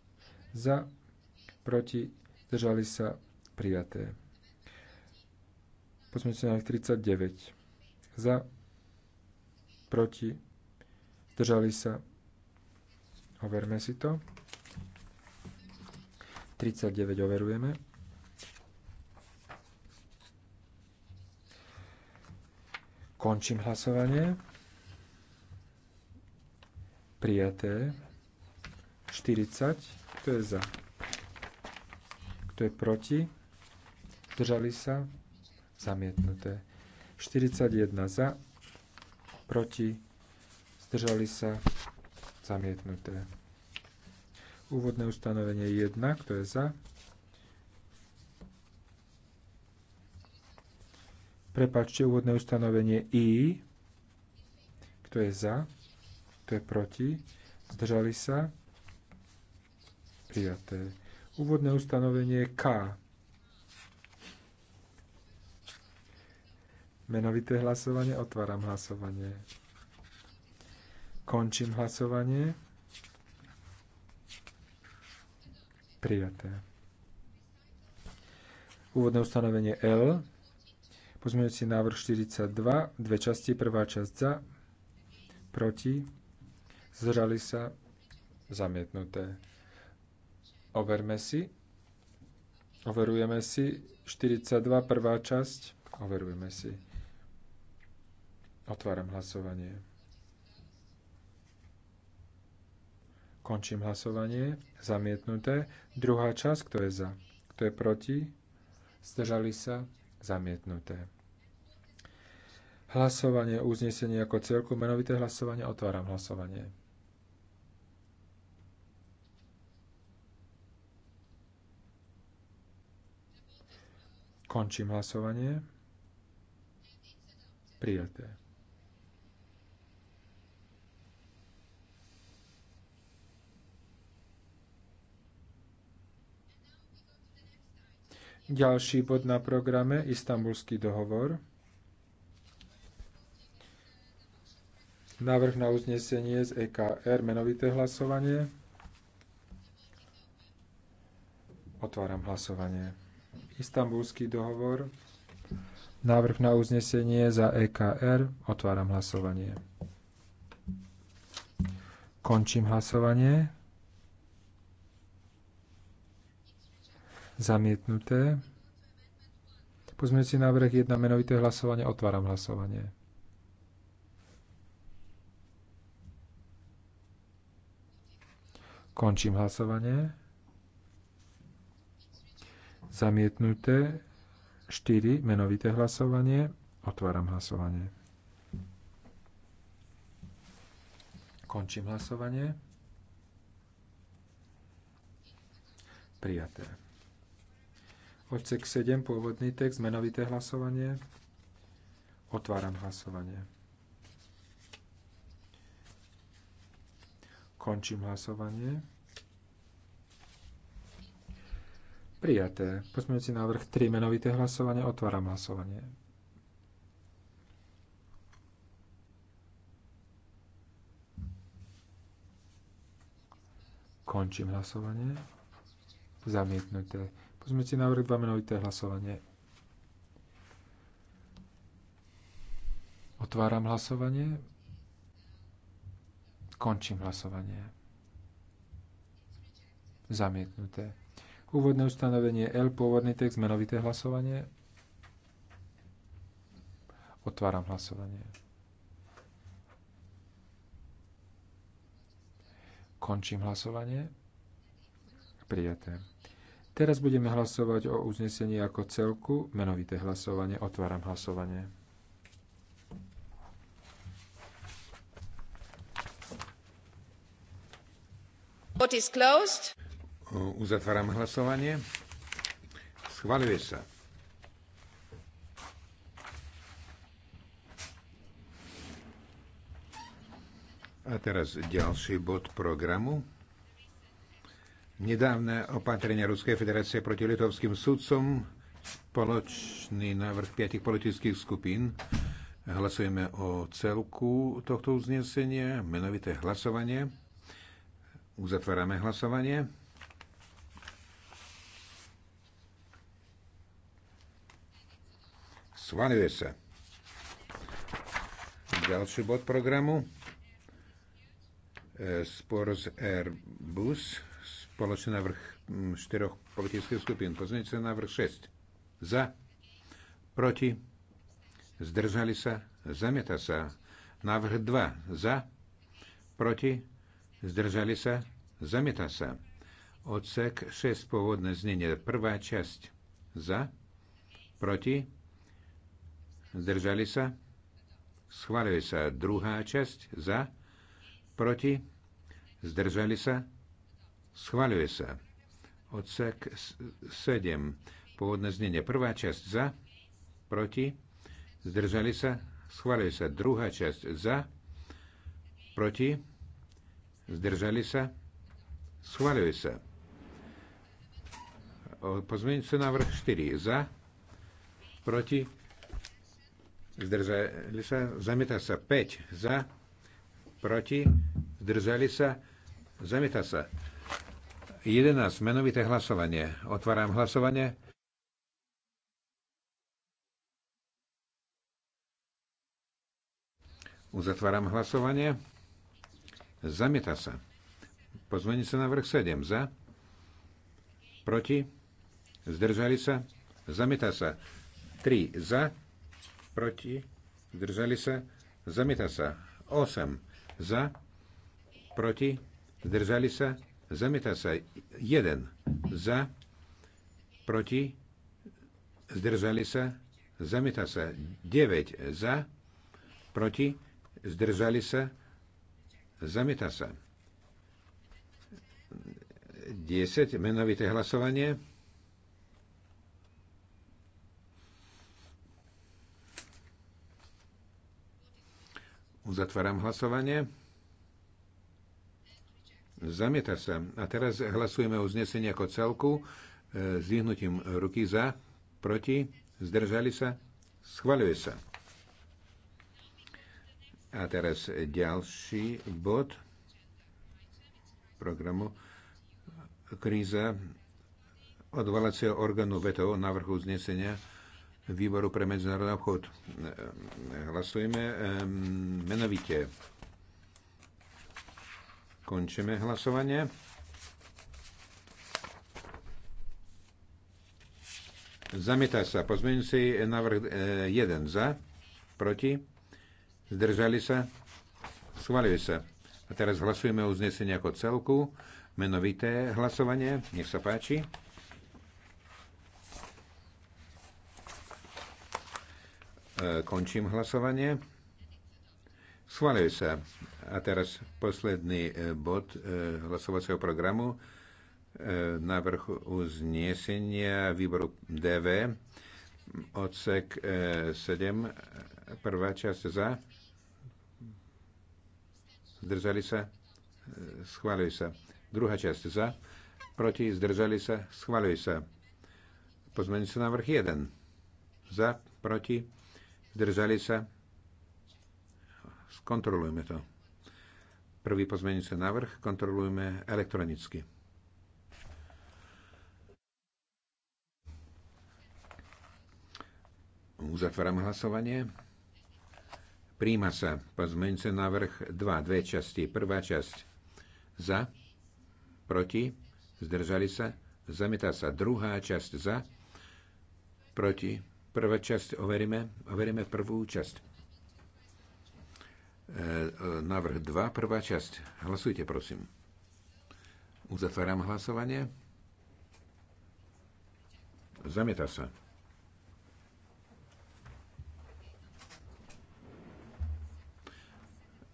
za, proti, zdržali sa, prijaté. Poďme sa na 39 za, proti, zdržali sa. Overme si to. 39 overujeme. Končím hlasovanie. Prijaté. 40. Kto je za? Kto je proti? Zdržali sa? Zamietnuté. 41 za, proti, zdržali sa, zamietnuté. Úvodné ustanovenie 1, kto je za? Prepačte, úvodné ustanovenie I, kto je za? Kto je proti? Zdržali sa? Prijaté. Úvodné ustanovenie K, Menovité hlasovanie. Otváram hlasovanie. Končím hlasovanie. Prijaté. Úvodné ustanovenie L. Pozmeňujúci návrh 42. Dve časti. Prvá časť za. Proti. Zdržali sa. Zamietnuté. Overme si. Overujeme si. 42. Prvá časť. Overujeme si. Otváram hlasovanie. Končím hlasovanie. Zamietnuté. Druhá časť, kto je za? Kto je proti? Zdržali sa? Zamietnuté. Hlasovanie o uznesení ako celku. Menovité hlasovanie. Otváram hlasovanie. Končím hlasovanie. Prijaté. Ďalší bod na programe, Istanbulský dohovor. Návrh na uznesenie z EKR, menovité hlasovanie. Otváram hlasovanie. Istanbulský dohovor. Návrh na uznesenie za EKR. Otváram hlasovanie. Končím hlasovanie. Zamietnuté. Pozmeňujúci návrh 1. Menovité hlasovanie. Otváram hlasovanie. Končím hlasovanie. Zamietnuté 4. Menovité hlasovanie. Otváram hlasovanie. Končím hlasovanie. Prijaté. Odsek 7, pôvodný text, menovité hlasovanie. Otváram hlasovanie. Končím hlasovanie. Prijaté. Pozmeňujúci návrh 3, menovité hlasovanie. Otváram hlasovanie. Končím hlasovanie. Zamietnuté si návrh 2 menovité hlasovanie. Otváram hlasovanie. Končím hlasovanie. Zamietnuté. Úvodné ustanovenie L, pôvodný text, menovité hlasovanie. Otváram hlasovanie. Končím hlasovanie. Prijaté. Teraz budeme hlasovať o uznesení ako celku. Menovité hlasovanie. Otváram hlasovanie. Uzatváram hlasovanie. Schváľuje sa. A teraz ďalší bod programu. Nedávne opatrenia Ruskej federácie proti litovským sudcom, spoločný návrh piatich politických skupín. Hlasujeme o celku tohto uznesenia, menovité hlasovanie. Uzatvárame hlasovanie. Svanuje sa. Ďalší bod programu. E, spor z Airbus spoločný návrh mm, štyroch politických skupín. Pozrite sa návrh 6. Za, proti, zdržali sa, zamieta sa. Návrh 2. Za, proti, zdržali sa, zamieta sa. Odsek 6. Pôvodné znenie. Prvá časť. Za, proti, zdržali sa, schváľuje sa. Druhá časť. Za, proti, zdržali sa, Schvaľuje sa. Odsek 7. Pôvodné znenie. Prvá časť za, proti, zdržali sa. Schvaľuje sa. Druhá časť za, proti, zdržali sa. Schvaľuje sa. Pozmeniť sa návrh 4. Za, proti, zdržali sa. Zamieta sa 5. Za, proti, zdržali sa. Zamieta sa. 11. Menovité hlasovanie. Otváram hlasovanie. Uzatváram hlasovanie. Zamieta sa. Pozvoní sa na vrch 7. Za. Proti. Zdržali sa. Zamieta sa. 3. Za. Proti. Zdržali sa. Zamieta sa. 8. Za. Proti. Zdržali sa. Zamieta sa jeden za, proti, zdržali sa, zamieta sa 9 za, proti, zdržali sa, zamieta sa. 10, menovité hlasovanie. Uzatváram hlasovanie. Zamieta sa. A teraz hlasujeme o znesení ako celku e, s vyhnutím ruky za, proti, zdržali sa, schvaľuje sa. A teraz ďalší bod programu kríza odvolacieho orgánu VTO vrchu znesenia výboru pre medzinárodný obchod. E, e, hlasujeme menovite. Končíme hlasovanie. Zamieta sa pozmeňujúci návrh 1 e, za, proti, zdržali sa, schválili sa. A teraz hlasujeme o uznesení ako celku, menovité hlasovanie, nech sa páči. E, končím hlasovanie. Schváľuje sa. A teraz posledný e, bod e, hlasovacieho programu. E, návrh uznesenia výboru DV. Odsek 7. Prvá časť za. Zdržali sa. Schváľuje sa. Druhá časť za. Proti. Zdržali sa. Schváľuje sa. Pozmeniť sa návrh 1. Za. Proti. Zdržali sa. Skontrolujme to. Prvý pozmeňujúci návrh kontrolujme elektronicky. Uzatváram hlasovanie. Príjma sa pozmeňujúci návrh 2, dve časti. Prvá časť za, proti, zdržali sa, zamietá sa. Druhá časť za, proti, prvá časť overíme, overíme prvú časť. E, e, návrh 2, prvá časť. Hlasujte, prosím. Uzatváram hlasovanie. Zamieta sa.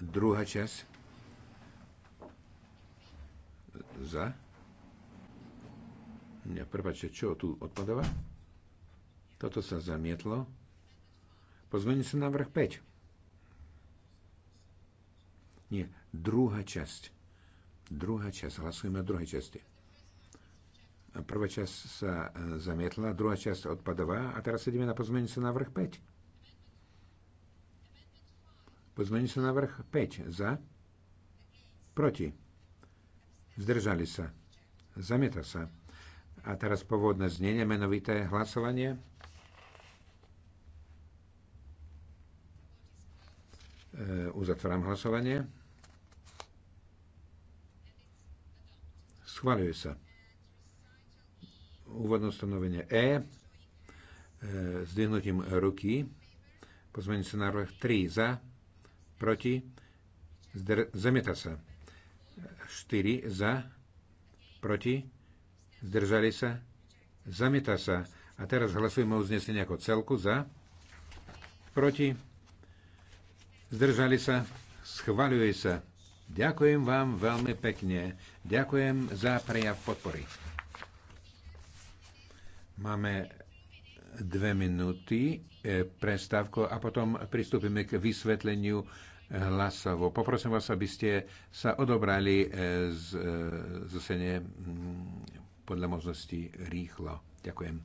Druhá časť. Za. Ne, prvá časť, čo tu odpadáva? Toto sa zamietlo. Pozmení sa návrh 5. Nie, druhá časť. Druhá časť. Hlasujeme o druhej časti. Prvá časť sa e, zamietla, druhá časť odpadová a teraz sedíme na na vrch 5. na vrch 5. Za? Proti? Zdržali sa. Zamieta sa. A teraz pôvodné znenie, menovité hlasovanie. E, uzatváram hlasovanie. Schváľuje sa. Úvodné stanovenie E s e, dvihnutím ruky. sa návrh 3 za, proti, zdr- zamieta sa. 4 za, proti, zdržali sa, zamieta sa. A teraz hlasujeme o uznesení ako celku za, proti, zdržali sa, schváľuje sa. Ďakujem vám veľmi pekne. Ďakujem za prejav podpory. Máme dve minúty e, prestávku a potom pristúpime k vysvetleniu e, hlasovo. Poprosím vás, aby ste sa odobrali e, z ne, podľa možnosti rýchlo. Ďakujem.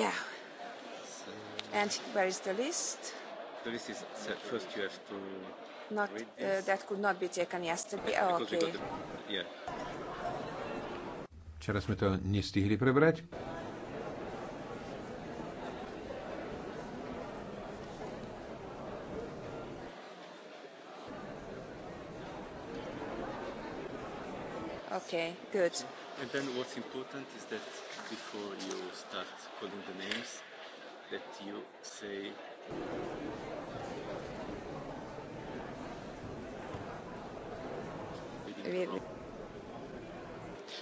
Yeah. And where is the list? The list is set first you have to. Not read Uh, that could not be taken yesterday. oh, okay. The, yeah. Včera sme to nestihli prebrať. Okay, good. And then what's important is that before you start calling the names, that you say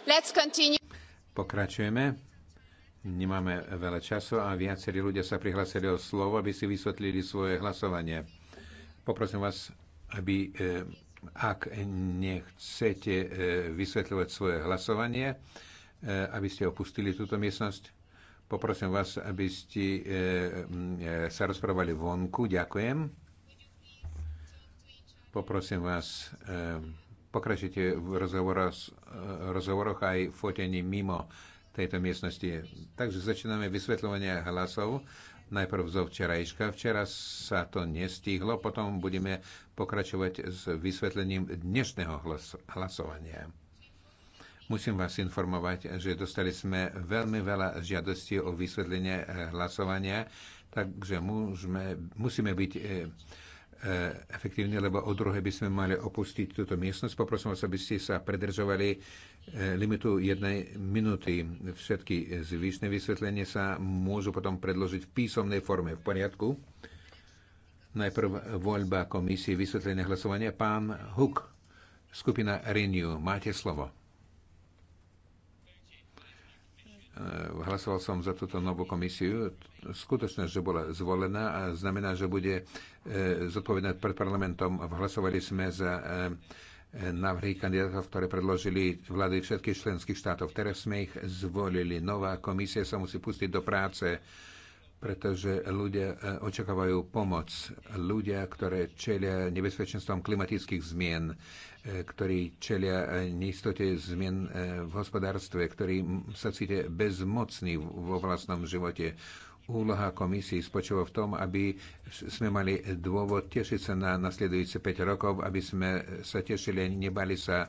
Let's continue. Pokračujeme. Nemáme veľa času a viacerí ľudia sa prihlásili o slovo, aby si vysvetlili svoje hlasovanie. Poprosím vás, aby eh, ak nechcete e, vysvetľovať svoje hlasovanie, e, aby ste opustili túto miestnosť, poprosím vás, aby ste e, sa rozprávali vonku. Ďakujem. Poprosím vás, pokračujte v rozhovoroch aj fotení mimo tejto miestnosti. Takže začíname vysvetľovanie hlasov najprv zo včerajška. Včera sa to nestihlo, potom budeme pokračovať s vysvetlením dnešného hlas- hlasovania. Musím vás informovať, že dostali sme veľmi veľa žiadostí o vysvetlenie hlasovania, takže môžeme, musíme byť eh, E, efektívne, lebo o druhé by sme mali opustiť túto miestnosť. Poprosím vás, aby ste sa predržovali e, limitu jednej minúty. Všetky zvyšné vysvetlenie sa môžu potom predložiť v písomnej forme. V poriadku? Najprv voľba komisie vysvetlenia hlasovania. Pán Huk, skupina Renew, máte slovo. E, hlasoval som za túto novú komisiu. Skutočne, že bola zvolená a znamená, že bude e, zodpovedať pred parlamentom. Hlasovali sme za e, návrhy kandidátov, ktoré predložili vlády všetkých členských štátov. Teraz sme ich zvolili. Nová komisia sa musí pustiť do práce pretože ľudia e, očakávajú pomoc. Ľudia, ktoré čelia nebezpečenstvom klimatických zmien, e, ktorí čelia e, neistote zmien v hospodárstve, ktorí sa cítia bezmocní vo vlastnom živote. Úloha komisii spočíva v tom, aby sme mali dôvod tešiť sa na nasledujúce 5 rokov, aby sme sa tešili, nebali sa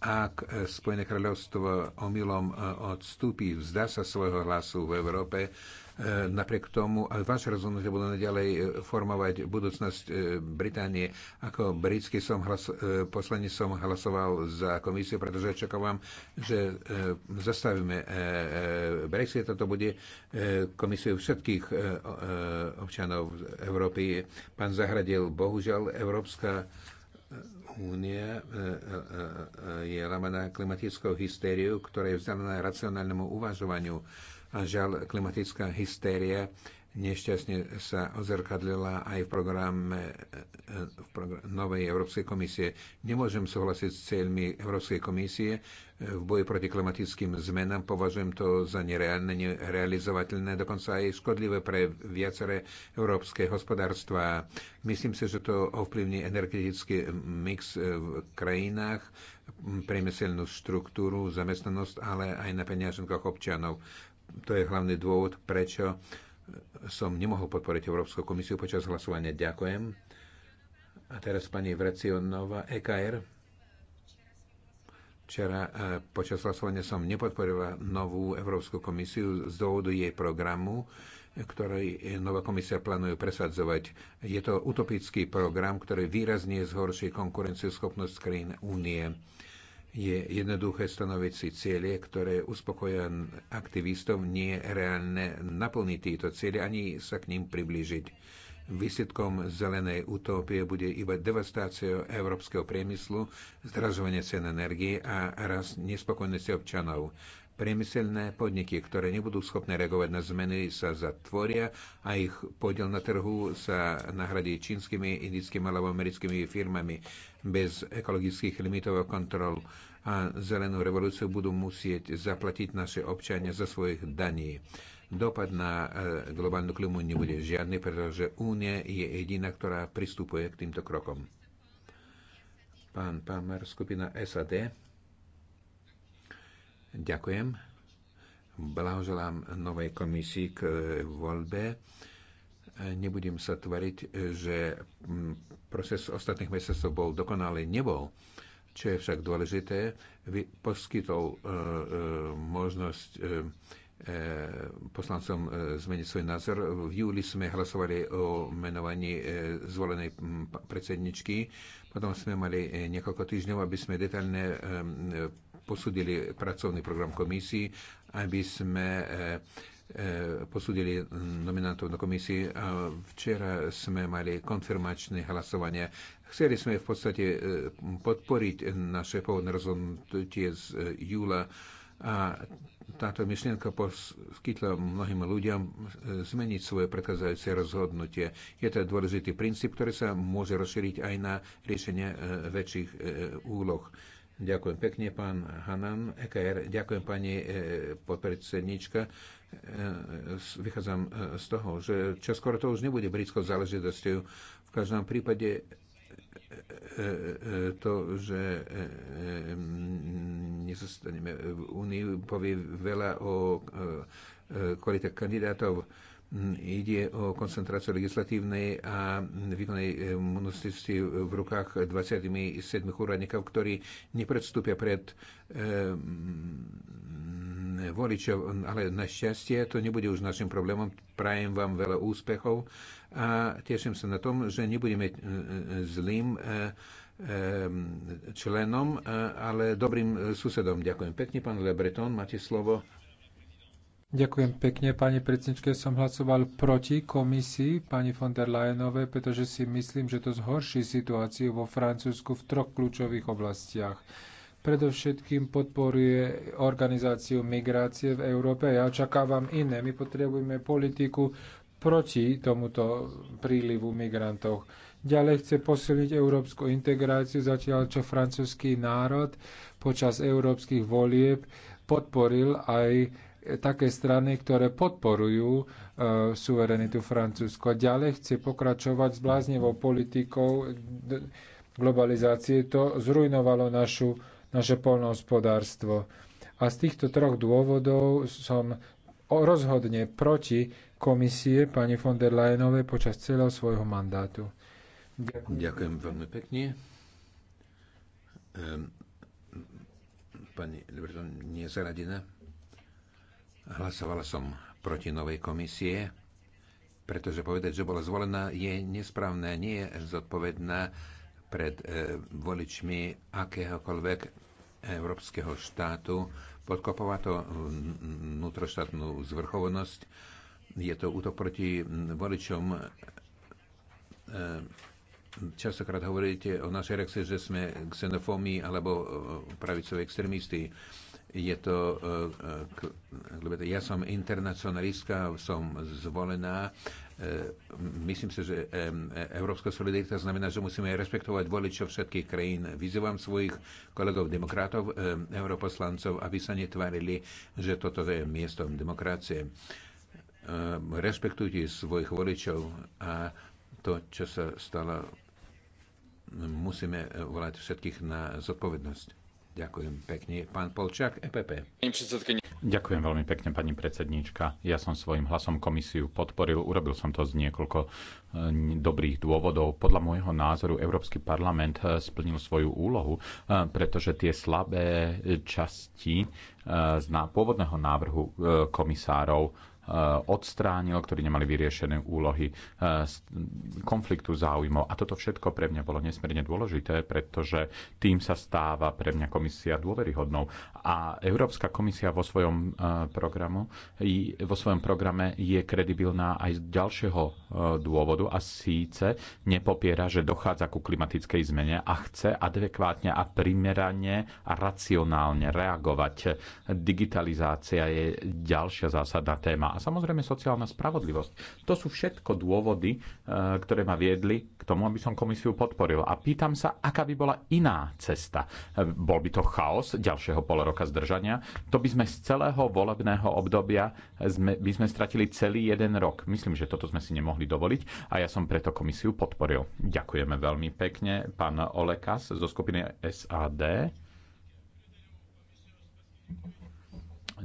ak Spojené kráľovstvo omylom odstúpi, vzdá sa svojho hlasu v Európe, E, napriek tomu aj vaše rozhodnutie bude naďalej e, formovať budúcnosť e, Británie. Ako britský som hlas, poslední som hlasoval za komisiu, pretože očakávam, že zastavíme Brexit a to bude komisiu všetkých občanov Európy. Pán Zahradil, bohužiaľ, Európska únia je lamená klimatickou hystériou, ktorá je vzdaná racionálnemu uvažovaniu a žiaľ klimatická hystéria nešťastne sa ozrkadlila aj v programe v progr- Novej Európskej komisie. Nemôžem súhlasiť s cieľmi Európskej komisie v boji proti klimatickým zmenám. Považujem to za nereálne, nerealizovateľné, dokonca aj škodlivé pre viaceré európske hospodárstva. Myslím si, že to ovplyvní energetický mix v krajinách, priemyselnú štruktúru, zamestnanosť, ale aj na peňaženkách občanov to je hlavný dôvod, prečo som nemohol podporiť Európsku komisiu počas hlasovania. Ďakujem. A teraz pani Vrecionová, EKR. Včera e, počas hlasovania som nepodporila novú Európsku komisiu z dôvodu jej programu, ktorý nová komisia plánuje presadzovať. Je to utopický program, ktorý výrazne zhorší konkurencieschopnosť krajín únie je jednoduché stanoviť si cieľe, ktoré uspokoja aktivistov, nie je reálne naplniť tieto cieľe ani sa k ním priblížiť. Výsledkom zelenej utopie bude iba devastácia európskeho priemyslu, zdražovanie cen energie a raz nespokojnosti občanov. Priemyselné podniky, ktoré nebudú schopné reagovať na zmeny, sa zatvoria a ich podiel na trhu sa nahradí čínskymi, indickými alebo americkými firmami bez ekologických limitov a kontrol a zelenú revolúciu budú musieť zaplatiť naše občania za svojich daní. Dopad na e, globálnu klimu nebude žiadny, pretože Únia je jediná, ktorá pristupuje k týmto krokom. Pán Pamer, skupina SAD. Ďakujem. Blahoželám novej komisii k e, voľbe Nebudem sa tvariť, že mm, proces ostatných mesiacov bol dokonalý. Nebol. Čo je však dôležité, poskytol e, e, možnosť e, poslancom zmeniť svoj názor. V júli sme hlasovali o menovaní zvolenej predsedničky, potom sme mali niekoľko týždňov, aby sme detaľne posúdili pracovný program komisii, aby sme Eh, posúdili nominantov na komisii. Včera sme mali konfirmačné hlasovanie. Chceli sme v podstate eh, podporiť naše pôvodné rozhodnutie z eh, júla a táto myšlienka poskytla mnohým ľuďom zmeniť svoje predchádzajúce rozhodnutie. Je to dôležitý princíp, ktorý sa môže rozšíriť aj na riešenie väčších úloh. Ďakujem pekne, pán Hanan EKR. Ďakujem, pani podpredsednička. E, e, vychádzam e, z toho, že čoskoro to už nebude britskou záležitosťou. V každom prípade to, že nezostaneme v Unii, povie veľa o kvalitách kandidátov Mm, ide o koncentráciu legislatívnej a výkonnej e, monosti v rukách 27 úradníkov, ktorí nepredstúpia pred e, mm, voličov, ale našťastie to nebude už našim problémom. Prajem vám veľa úspechov a teším sa na tom, že nebudeme e, e, zlým členom, ale dobrým susedom. Ďakujem pekne, pán Lebreton, máte slovo. Ďakujem pekne, pani predsedničke. Som hlasoval proti komisii pani von der Leyenovej, pretože si myslím, že to zhorší situáciu vo Francúzsku v troch kľúčových oblastiach. Predovšetkým podporuje organizáciu migrácie v Európe. Ja očakávam iné. My potrebujeme politiku proti tomuto prílivu migrantov. Ďalej chce posilniť európsku integráciu, zatiaľ čo francúzsky národ počas európskych volieb podporil aj také strany, ktoré podporujú e, suverenitu Francúzsko. Ďalej chce pokračovať s bláznivou politikou globalizácie. To zrujnovalo našu, naše polnohospodárstvo. A z týchto troch dôvodov som rozhodne proti komisie pani von der Leyenovej počas celého svojho mandátu. Ďakujem. Ďakujem veľmi pekne. Ehm, pani Lebrton, nezaradená. Hlasovala som proti novej komisie, pretože povedať, že bola zvolená, je nesprávne, nie je zodpovedná pred e, voličmi akéhokoľvek európskeho štátu. Podkopová to vnútroštátnu zvrchovanosť. Je to útok proti voličom. E, častokrát hovoríte o našej reakcii, že sme xenofómi alebo e, pravicoví extrémisti je to, e, e, ja som internacionalistka, som zvolená. E, myslím si, že európska solidarita znamená, že musíme respektovať voličov všetkých krajín. Vyzývam svojich kolegov demokratov, europoslancov, aby sa netvárili, že toto je miestom demokracie. Rešpektujte svojich voličov a to, čo sa stalo, musíme volať všetkých na zodpovednosť. Ďakujem pekne. Pán Polčák, EPP. Ďakujem veľmi pekne, pani predsedníčka. Ja som svojim hlasom komisiu podporil. Urobil som to z niekoľko e, dobrých dôvodov. Podľa môjho názoru Európsky parlament e, splnil svoju úlohu, e, pretože tie slabé časti z pôvodného návrhu komisárov Eh, odstránil, ktorí nemali vyriešené úlohy eh, konfliktu záujmov. A toto všetko pre mňa bolo nesmierne dôležité, pretože tým sa stáva pre mňa komisia dôveryhodnou. A Európska komisia vo svojom eh, programu, vo svojom programe je kredibilná aj z ďalšieho dôvodu a síce nepopiera, že dochádza ku klimatickej zmene a chce adekvátne a primerane a racionálne reagovať. Digitalizácia je ďalšia zásadná téma a a samozrejme sociálna spravodlivosť. To sú všetko dôvody, e, ktoré ma viedli k tomu, aby som komisiu podporil. A pýtam sa, aká by bola iná cesta. E, bol by to chaos ďalšieho pol roka zdržania. To by sme z celého volebného obdobia e, by sme stratili celý jeden rok. Myslím, že toto sme si nemohli dovoliť a ja som preto komisiu podporil. Ďakujeme veľmi pekne, pán Olekas zo skupiny SAD.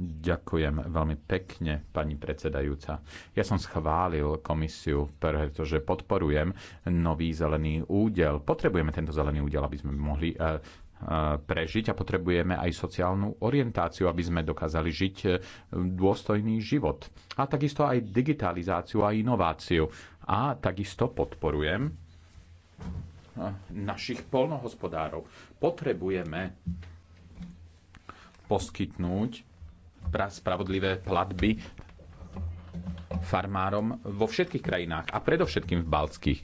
Ďakujem veľmi pekne, pani predsedajúca. Ja som schválil komisiu, pretože podporujem nový zelený údel. Potrebujeme tento zelený údel, aby sme mohli eh, eh, prežiť a potrebujeme aj sociálnu orientáciu, aby sme dokázali žiť eh, dôstojný život. A takisto aj digitalizáciu a inováciu. A takisto podporujem našich polnohospodárov. Potrebujeme poskytnúť spravodlivé platby farmárom vo všetkých krajinách a predovšetkým v baltských.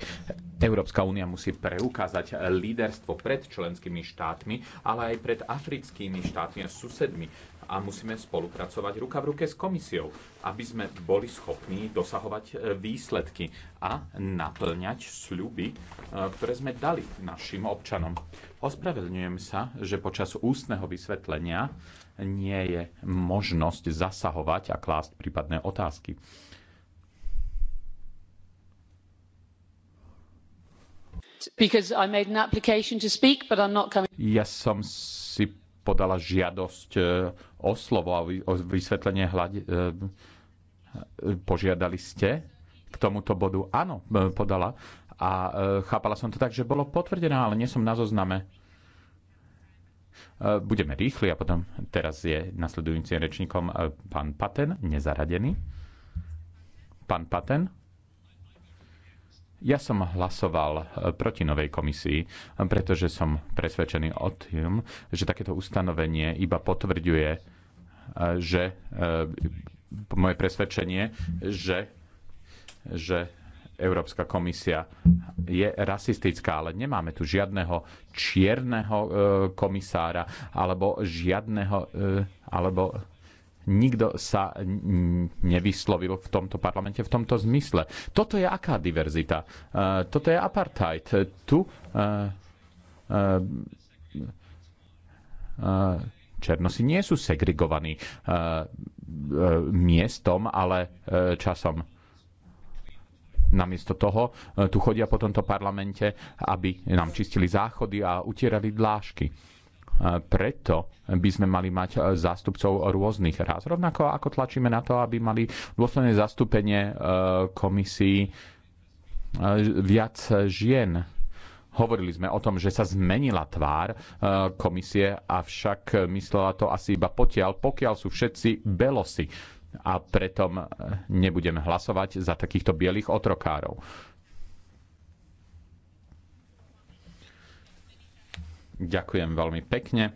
Európska únia musí preukázať líderstvo pred členskými štátmi, ale aj pred africkými štátmi a susedmi a musíme spolupracovať ruka v ruke s komisiou, aby sme boli schopní dosahovať e, výsledky a naplňať sľuby, e, ktoré sme dali našim občanom. Ospravedlňujem sa, že počas ústneho vysvetlenia nie je možnosť zasahovať a klásť prípadné otázky. Speak, ja som si podala žiadosť e, o slovo a o vysvetlenie hľade, e, požiadali ste k tomuto bodu. Áno, e, podala. A chápala som to tak, že bolo potvrdené, ale nie som na zozname. E, budeme rýchli a potom teraz je nasledujúcim rečníkom e, pán Paten, nezaradený. Pán Paten? Ja som hlasoval e, proti novej komisii, pretože som presvedčený o tým, že takéto ustanovenie iba potvrďuje, že moje presvedčenie, že že Európska komisia. Je rasistická, ale nemáme tu žiadneho čierneho e, komisára alebo žiadneho e, alebo nikto sa nevyslovil v tomto parlamente v tomto zmysle. Toto je aká diverzita? E, toto je apartheid. Tu Černosi nie sú segregovaní miestom, ale časom Namiesto toho e, tu chodia po tomto parlamente, aby nám čistili záchody a utierali dlášky. E, preto by sme mali mať e, zástupcov rôznych raz, Rovnako ako tlačíme na to, aby mali dôsledné zastúpenie komisii viac žien. Hovorili sme o tom, že sa zmenila tvár komisie, avšak myslela to asi iba potiaľ, pokiaľ sú všetci belosi a preto eh, nebudeme hlasovať za takýchto bielých otrokárov. Ďakujem veľmi pekne.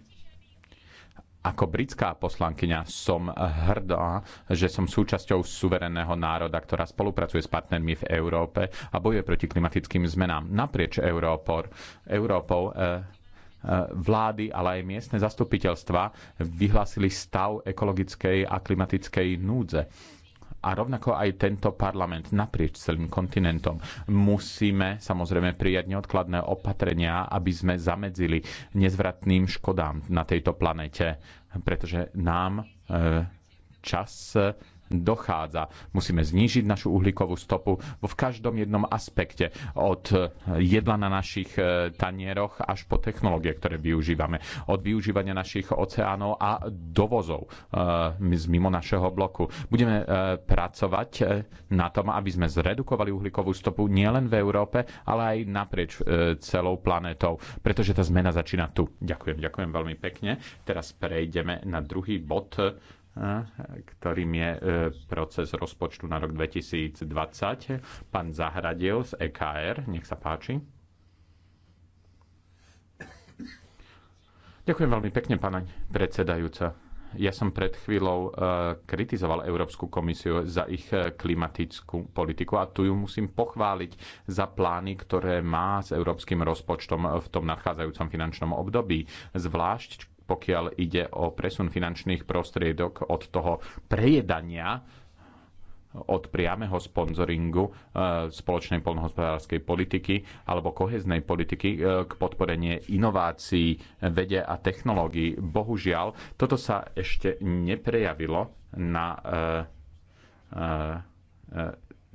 Ako britská poslankyňa som hrdá, že som súčasťou suverénneho národa, ktorá spolupracuje s partnermi v Európe a bojuje proti klimatickým zmenám. Naprieč Európor, Európou e, Eh, vlády, ale aj miestne zastupiteľstva vyhlásili stav ekologickej a klimatickej núdze. A rovnako aj tento parlament naprieč celým kontinentom musíme samozrejme prijať neodkladné opatrenia, aby sme zamedzili nezvratným škodám na tejto planete, pretože nám eh, čas eh, dochádza. Musíme znížiť našu uhlíkovú stopu v každom jednom aspekte, od e, jedla na našich e, tanieroch až po technológie, ktoré využívame, od využívania našich oceánov a dovozov e, z mimo našeho bloku. Budeme pracovať na tom, aby sme zredukovali uhlíkovú stopu nielen v Európe, ale aj naprieč celou planetou, pretože tá zmena začína tu. Ďakujem, ďakujem veľmi pekne. Teraz prejdeme na druhý bod ktorým je e, proces rozpočtu na rok 2020. Pán Zahradil z EKR, nech sa páči. Ďakujem veľmi pekne, pána predsedajúca. Ja som pred chvíľou e, kritizoval Európsku komisiu za ich e, klimatickú politiku a tu ju musím pochváliť za plány, ktoré má s európskym rozpočtom v tom nadchádzajúcom finančnom období. Zvlášť pokiaľ ide o presun finančných prostriedok od toho prejedania od priameho sponzoringu e, spoločnej polnohospodárskej politiky alebo koheznej politiky e, k podporenie inovácií, vede a technológií. Bohužiaľ, toto sa ešte neprejavilo na e,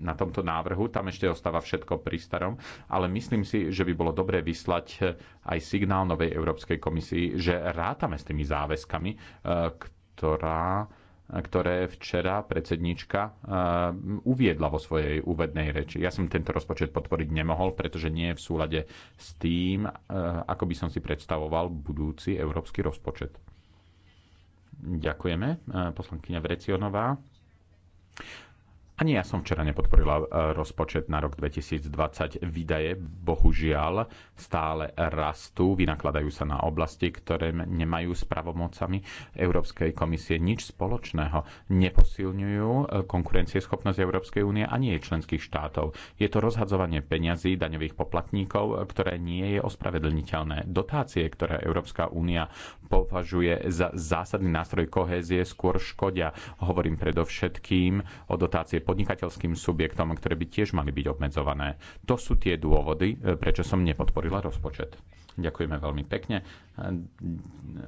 na tomto návrhu. Tam ešte ostáva všetko pri starom, ale myslím si, že by bolo dobré vyslať eh, aj signál Novej Európskej komisii, že rátame s tými záväzkami, eh, ktorá, eh, ktoré včera predsednička uviedla vo svojej úvednej reči. Ja som tento rozpočet podporiť nemohol, pretože nie je v súlade s tým, ako by som si predstavoval budúci európsky rozpočet. Ďakujeme, poslankyňa Vrecionová. Ani ja som včera nepodporila e, rozpočet na rok 2020. Výdaje bohužiaľ stále rastú, vynakladajú sa na oblasti, ktoré nemajú s pravomocami Európskej komisie nič spoločného. Neposilňujú e, konkurencieschopnosť Európskej únie ani jej členských štátov. Je to rozhadzovanie peňazí daňových poplatníkov, e, ktoré nie je ospravedlniteľné. Dotácie, ktoré Európska únia považuje za zásadný nástroj kohézie, skôr škodia. Hovorím predovšetkým o dotácie podnikateľským subjektom, ktoré by tiež mali byť obmedzované. To sú tie dôvody, e, prečo som nepodporila rozpočet. Ďakujeme veľmi pekne.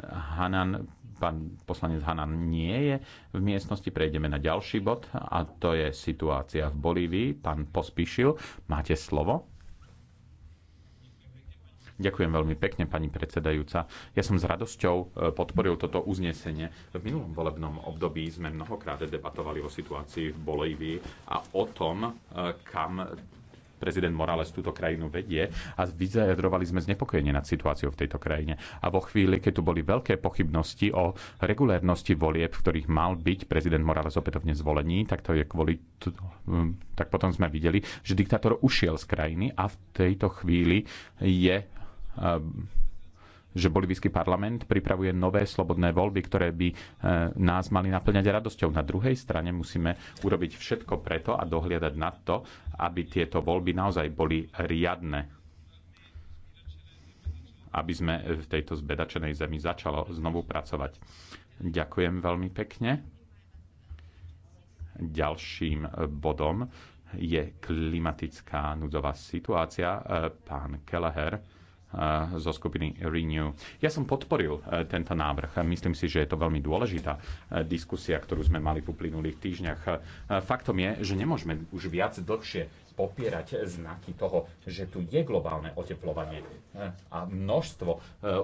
Hanan, pán poslanec Hanan nie je v miestnosti. Prejdeme na ďalší bod a to je situácia v Bolívii. Pán Pospíšil, máte slovo. Ďakujem veľmi pekne, pani predsedajúca. Ja som s radosťou e, podporil toto uznesenie. V minulom volebnom období sme mnohokrát debatovali o situácii v Bolívii a o tom, e, kam prezident Morales túto krajinu vedie a vyzajadrovali sme znepokojenie nad situáciou v tejto krajine. A vo chvíli, keď tu boli veľké pochybnosti o regulérnosti volieb, v ktorých mal byť prezident Morales opätovne zvolený, tak to je kvôli tak potom sme videli, že diktátor ušiel z krajiny a v tejto chvíli je Ehm, že bolivijský parlament pripravuje nové slobodné voľby, ktoré by e, nás mali naplňať radosťou. Na druhej strane musíme urobiť všetko preto a dohliadať na to, aby tieto voľby naozaj boli riadne. Aby sme v tejto zbedačenej zemi začalo znovu pracovať. Ďakujem veľmi pekne. Ďalším e, bodom je klimatická núdzová situácia. E, pán Keleher zo skupiny Renew. Ja som podporil e, tento návrh. Myslím si, že je to veľmi dôležitá e, diskusia, ktorú sme mali v uplynulých týždňach. E, faktom je, že nemôžeme už viac dlhšie popierať znaky toho, že tu je globálne oteplovanie a množstvo e,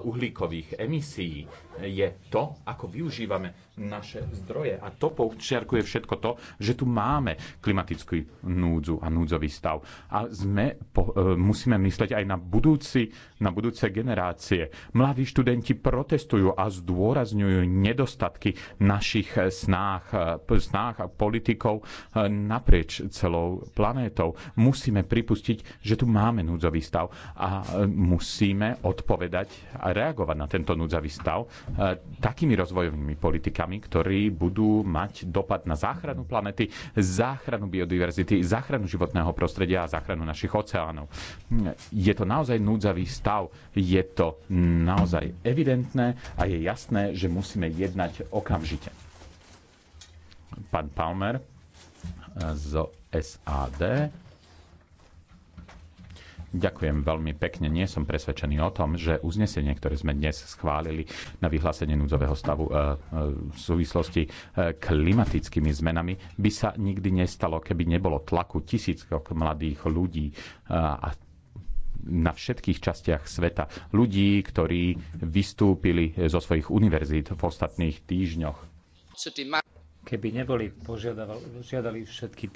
uhlíkových emisí je to, ako využívame naše zdroje. A to poučiarkuje všetko to, že tu máme klimatickú núdzu a núdzový stav. A sme, po, e, musíme myslieť aj na, budúci, na budúce generácie. Mladí študenti protestujú a zdôrazňujú nedostatky našich snách, e, snách a politikov naprieč celou planétou musíme pripustiť, že tu máme núdzový stav a e, musíme odpovedať a reagovať na tento núdzový stav e, takými rozvojovými politikami, ktorí budú mať dopad na záchranu planety, záchranu biodiverzity, záchranu životného prostredia a záchranu našich oceánov. Je to naozaj núdzový stav, je to naozaj evidentné a je jasné, že musíme jednať okamžite. Pán Palmer, e, zo SAD. Ďakujem veľmi pekne. Nie som presvedčený o tom, že uznesenie, ktoré sme dnes schválili na vyhlásenie núdzového stavu e, e, v súvislosti e, klimatickými zmenami, by sa nikdy nestalo, keby nebolo tlaku tisíckok mladých ľudí a na všetkých častiach sveta ľudí, ktorí vystúpili zo svojich univerzít v ostatných týždňoch. Keby neboli požiadali všetky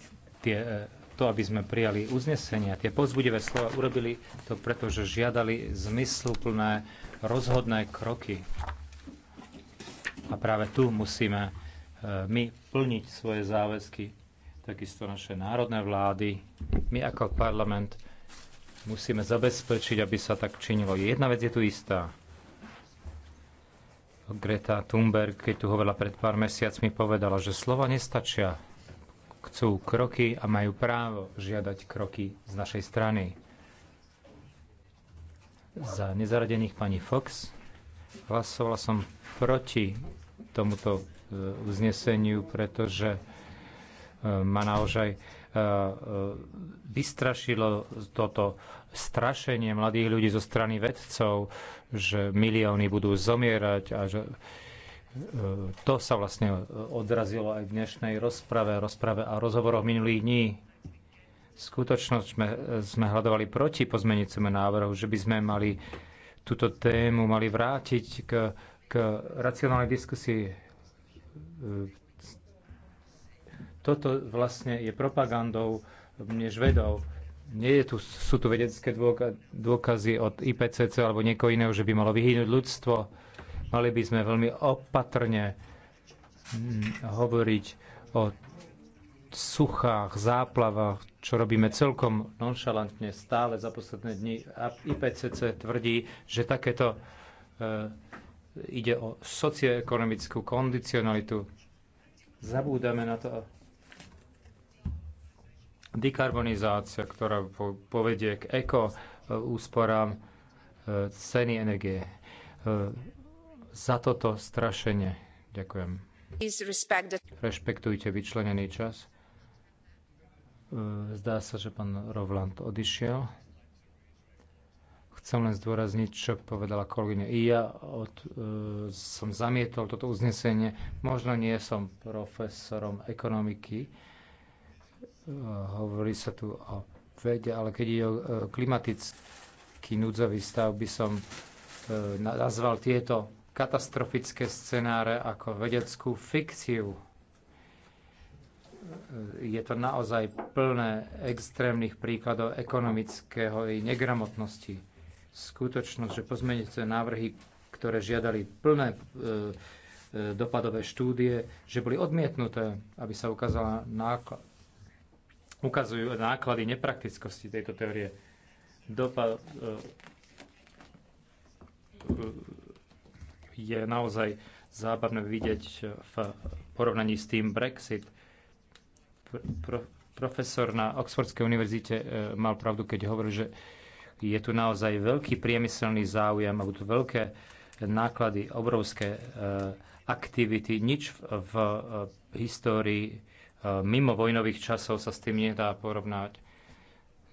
tie to, aby sme prijali uznesenia, tie pozbudivé slova urobili to, pretože žiadali zmysluplné, rozhodné kroky. A práve tu musíme e, my plniť svoje záväzky, takisto naše národné vlády, my ako parlament musíme zabezpečiť, aby sa tak činilo. Jedna vec je tu istá. Greta Thunberg, keď tu hovorila pred pár mesiacmi, povedala, že slova nestačia, chcú kroky a majú právo žiadať kroky z našej strany. Za nezaradených pani Fox hlasovala som proti tomuto e, uzneseniu, pretože e, ma naozaj e, vystrašilo toto strašenie mladých ľudí zo strany vedcov, že milióny budú zomierať a že to sa vlastne odrazilo aj v dnešnej rozprave, rozprave a rozhovoroch minulých dní. Skutočnosť sme, sme hľadovali proti pozmenicemu návrhu, že by sme mali túto tému mali vrátiť k, k racionálnej diskusii. Toto vlastne je propagandou než vedou. Nie je tu, sú tu vedecké dôkazy od IPCC alebo niekoho iného, že by malo vyhynúť ľudstvo Mali by sme veľmi opatrne mm, hovoriť o suchách, záplavách, čo robíme celkom nonšalantne stále za posledné dni. A IPCC tvrdí, že takéto e, ide o socioekonomickú kondicionalitu. Zabúdame na to. Dekarbonizácia, ktorá povedie k eko úsporám e, ceny energie. E, za toto strašenie. Ďakujem. Rešpektujte vyčlenený čas. E, zdá sa, že pán Rovland odišiel. Chcem len zdôrazniť, čo povedala kolegyňa. I ja od, e, som zamietol toto uznesenie. Možno nie som profesorom ekonomiky. E, hovorí sa tu o vede, ale keď je o e, klimatický núdzový stav, by som e, nazval tieto katastrofické scenáre ako vedeckú fikciu. Je to naozaj plné extrémnych príkladov ekonomického i negramotnosti. Skutočnosť, že pozmenujúce návrhy, ktoré žiadali plné e, e, dopadové štúdie, že boli odmietnuté, aby sa ukázala náklad, ukazujú náklady nepraktickosti tejto teórie. Dopad e, je naozaj zábavné vidieť v porovnaní s tým Brexit. Pro, profesor na Oxfordskej univerzite e, mal pravdu, keď hovoril, že je tu naozaj veľký priemyselný záujem, budú tu veľké náklady, obrovské e, aktivity. Nič v e, histórii mimo vojnových časov sa s tým nedá porovnať.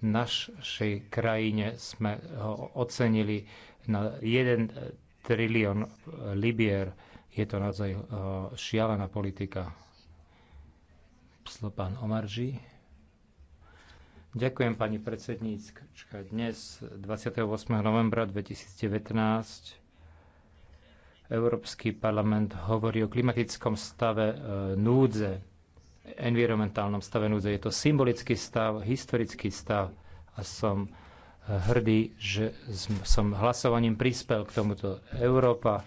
V našej krajine sme ho ocenili na jeden trilión eh, libier. Je to naozaj eh, šialená politika. Pán Omarži. Ďakujem, pani predsedníčka. Dnes, 28. novembra 2019, Európsky parlament hovorí o klimatickom stave eh, núdze, environmentálnom stave núdze. Je to symbolický stav, historický stav a som hrdý, že som hlasovaním prispel k tomuto. Európa,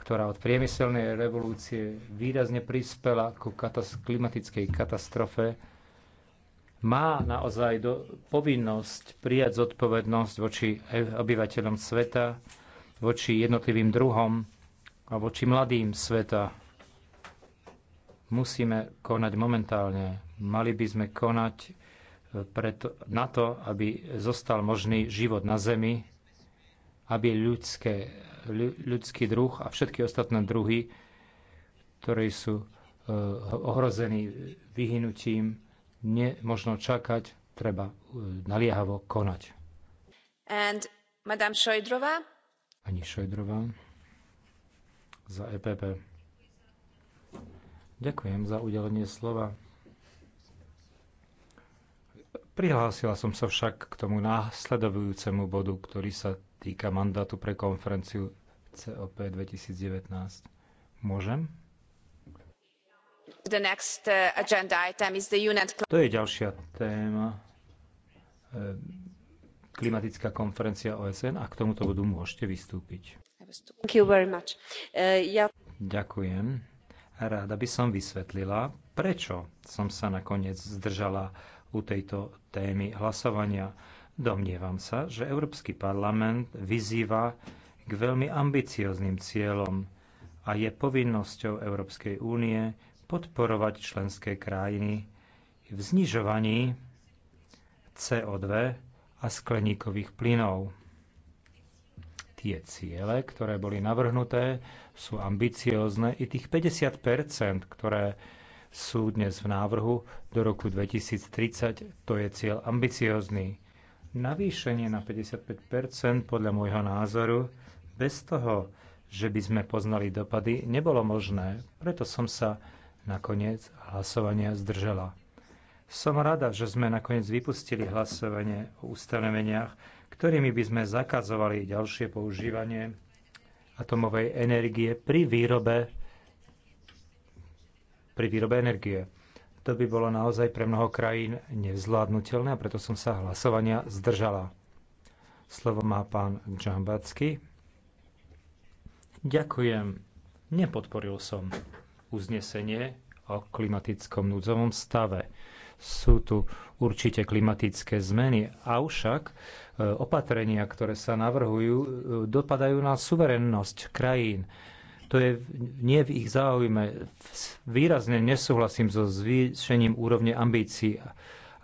ktorá od priemyselnej revolúcie výrazne prispela ku katast- klimatickej katastrofe, má naozaj do, povinnosť prijať zodpovednosť voči obyvateľom sveta, voči jednotlivým druhom a voči mladým sveta. Musíme konať momentálne. Mali by sme konať preto, na to, aby zostal možný život na Zemi, aby ľudské, ľudský druh a všetky ostatné druhy, ktoré sú e, ohrození vyhynutím, nemožno čakať, treba e, naliehavo konať. And Madame Šojdrová? Pani Šojdrová za EPP. Ďakujem za udelenie slova. Prihlásila som sa však k tomu následovujúcemu bodu, ktorý sa týka mandátu pre konferenciu COP 2019. Môžem? Next, uh, the UNED... To je ďalšia téma. Eh, klimatická konferencia OSN a k tomuto bodu môžete vystúpiť. Uh, ja... Ďakujem. Rada by som vysvetlila, prečo som sa nakoniec zdržala u tejto témy hlasovania. Domnievam sa, že Európsky parlament vyzýva k veľmi ambicióznym cieľom a je povinnosťou Európskej únie podporovať členské krajiny v znižovaní CO2 a skleníkových plynov. Tie ciele, ktoré boli navrhnuté, sú ambiciózne i tých 50 ktoré sú dnes v návrhu do roku 2030. To je cieľ ambiciózny. Navýšenie na 55 podľa môjho názoru bez toho, že by sme poznali dopady, nebolo možné, preto som sa nakoniec hlasovania zdržala. Som rada, že sme nakoniec vypustili hlasovanie o ustanoveniach, ktorými by sme zakazovali ďalšie používanie atomovej energie pri výrobe pri výrobe energie. To by bolo naozaj pre mnoho krajín nevzládnutelné a preto som sa hlasovania zdržala. Slovo má pán Džambacký. Ďakujem. Nepodporil som uznesenie o klimatickom núdzovom stave. Sú tu určite klimatické zmeny, avšak e, opatrenia, ktoré sa navrhujú, e, dopadajú na suverennosť krajín to je nie v ich záujme. Výrazne nesúhlasím so zvýšením úrovne ambícií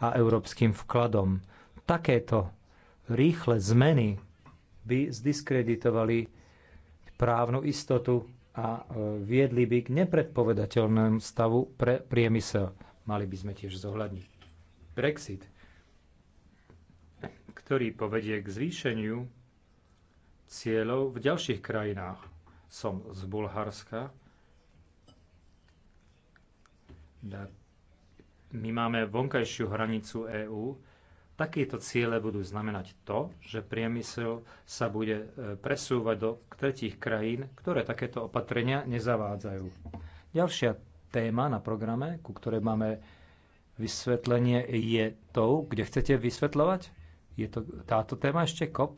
a európskym vkladom. Takéto rýchle zmeny by zdiskreditovali právnu istotu a e, viedli by k nepredpovedateľnému stavu pre priemysel. Mali by sme tiež zohľadniť Brexit, ktorý povedie k zvýšeniu cieľov v ďalších krajinách som z Bulharska. My máme vonkajšiu hranicu EÚ. Takéto ciele budú znamenať to, že priemysel sa bude e, presúvať do tretích krajín, ktoré takéto opatrenia nezavádzajú. Ďalšia téma na programe, ku ktorej máme vysvetlenie, je to, kde chcete vysvetľovať? Je to táto téma ešte COP?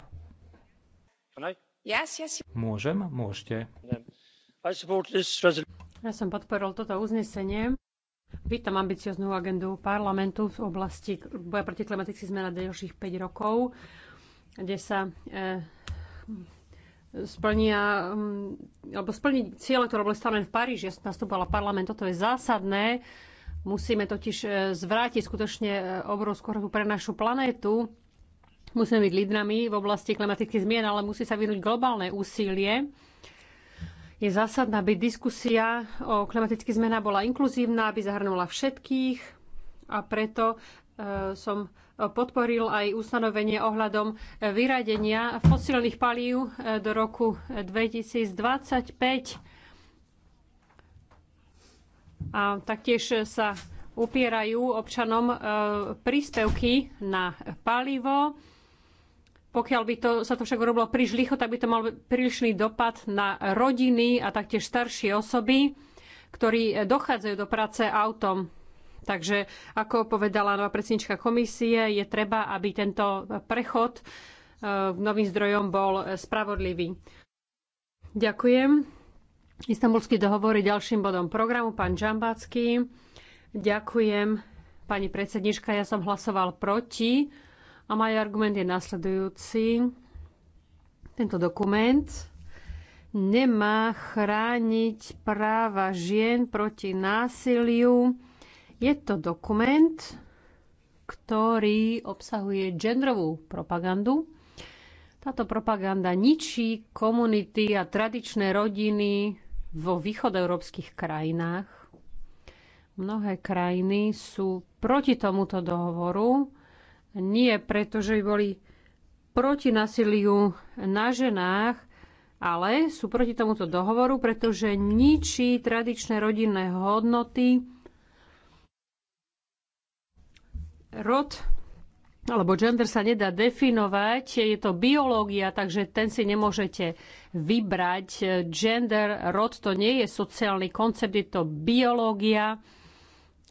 Môžem? Môžete. Ja som podporil toto uznesenie. Vítam ambicioznú agendu parlamentu v oblasti boja proti klimatických zmen na ďalších 5 rokov, kde sa eh, splnia, mm, alebo splniť ciele, ktoré boli stanovené v Paríži. Ja som nastupovala parlament, toto je zásadné. Musíme totiž eh, zvrátiť skutočne eh, obrovskú hrozbu pre našu planétu. Musíme byť lídrami v oblasti klimatických zmien, ale musí sa vyhnúť globálne úsilie. Je zásadná, aby diskusia o klimatických zmenách bola inkluzívna, aby zahrnula všetkých a preto e, som podporil aj ustanovenie ohľadom vyradenia fosílnych palív e, do roku 2025. A taktiež sa upierajú občanom e, príspevky na palivo. Pokiaľ by to, sa to však robilo príliš licho, tak by to mal prílišný dopad na rodiny a taktiež staršie osoby, ktorí dochádzajú do práce autom. Takže, ako povedala nová predsednička komisie, je treba, aby tento prechod k e, novým zdrojom bol spravodlivý. Ďakujem. Istanbulský dohovor je ďalším bodom programu. Pán Žambácky, ďakujem. Pani predsednička, ja som hlasoval proti a môj argument je nasledujúci. Tento dokument nemá chrániť práva žien proti násiliu. Je to dokument, ktorý obsahuje genderovú propagandu. Táto propaganda ničí komunity a tradičné rodiny vo východoeurópskych krajinách. Mnohé krajiny sú proti tomuto dohovoru nie preto, že by boli proti nasiliu na ženách, ale sú proti tomuto dohovoru, pretože ničí tradičné rodinné hodnoty. Rod alebo gender sa nedá definovať, je to biológia, takže ten si nemôžete vybrať. Gender, rod to nie je sociálny koncept, je to biológia.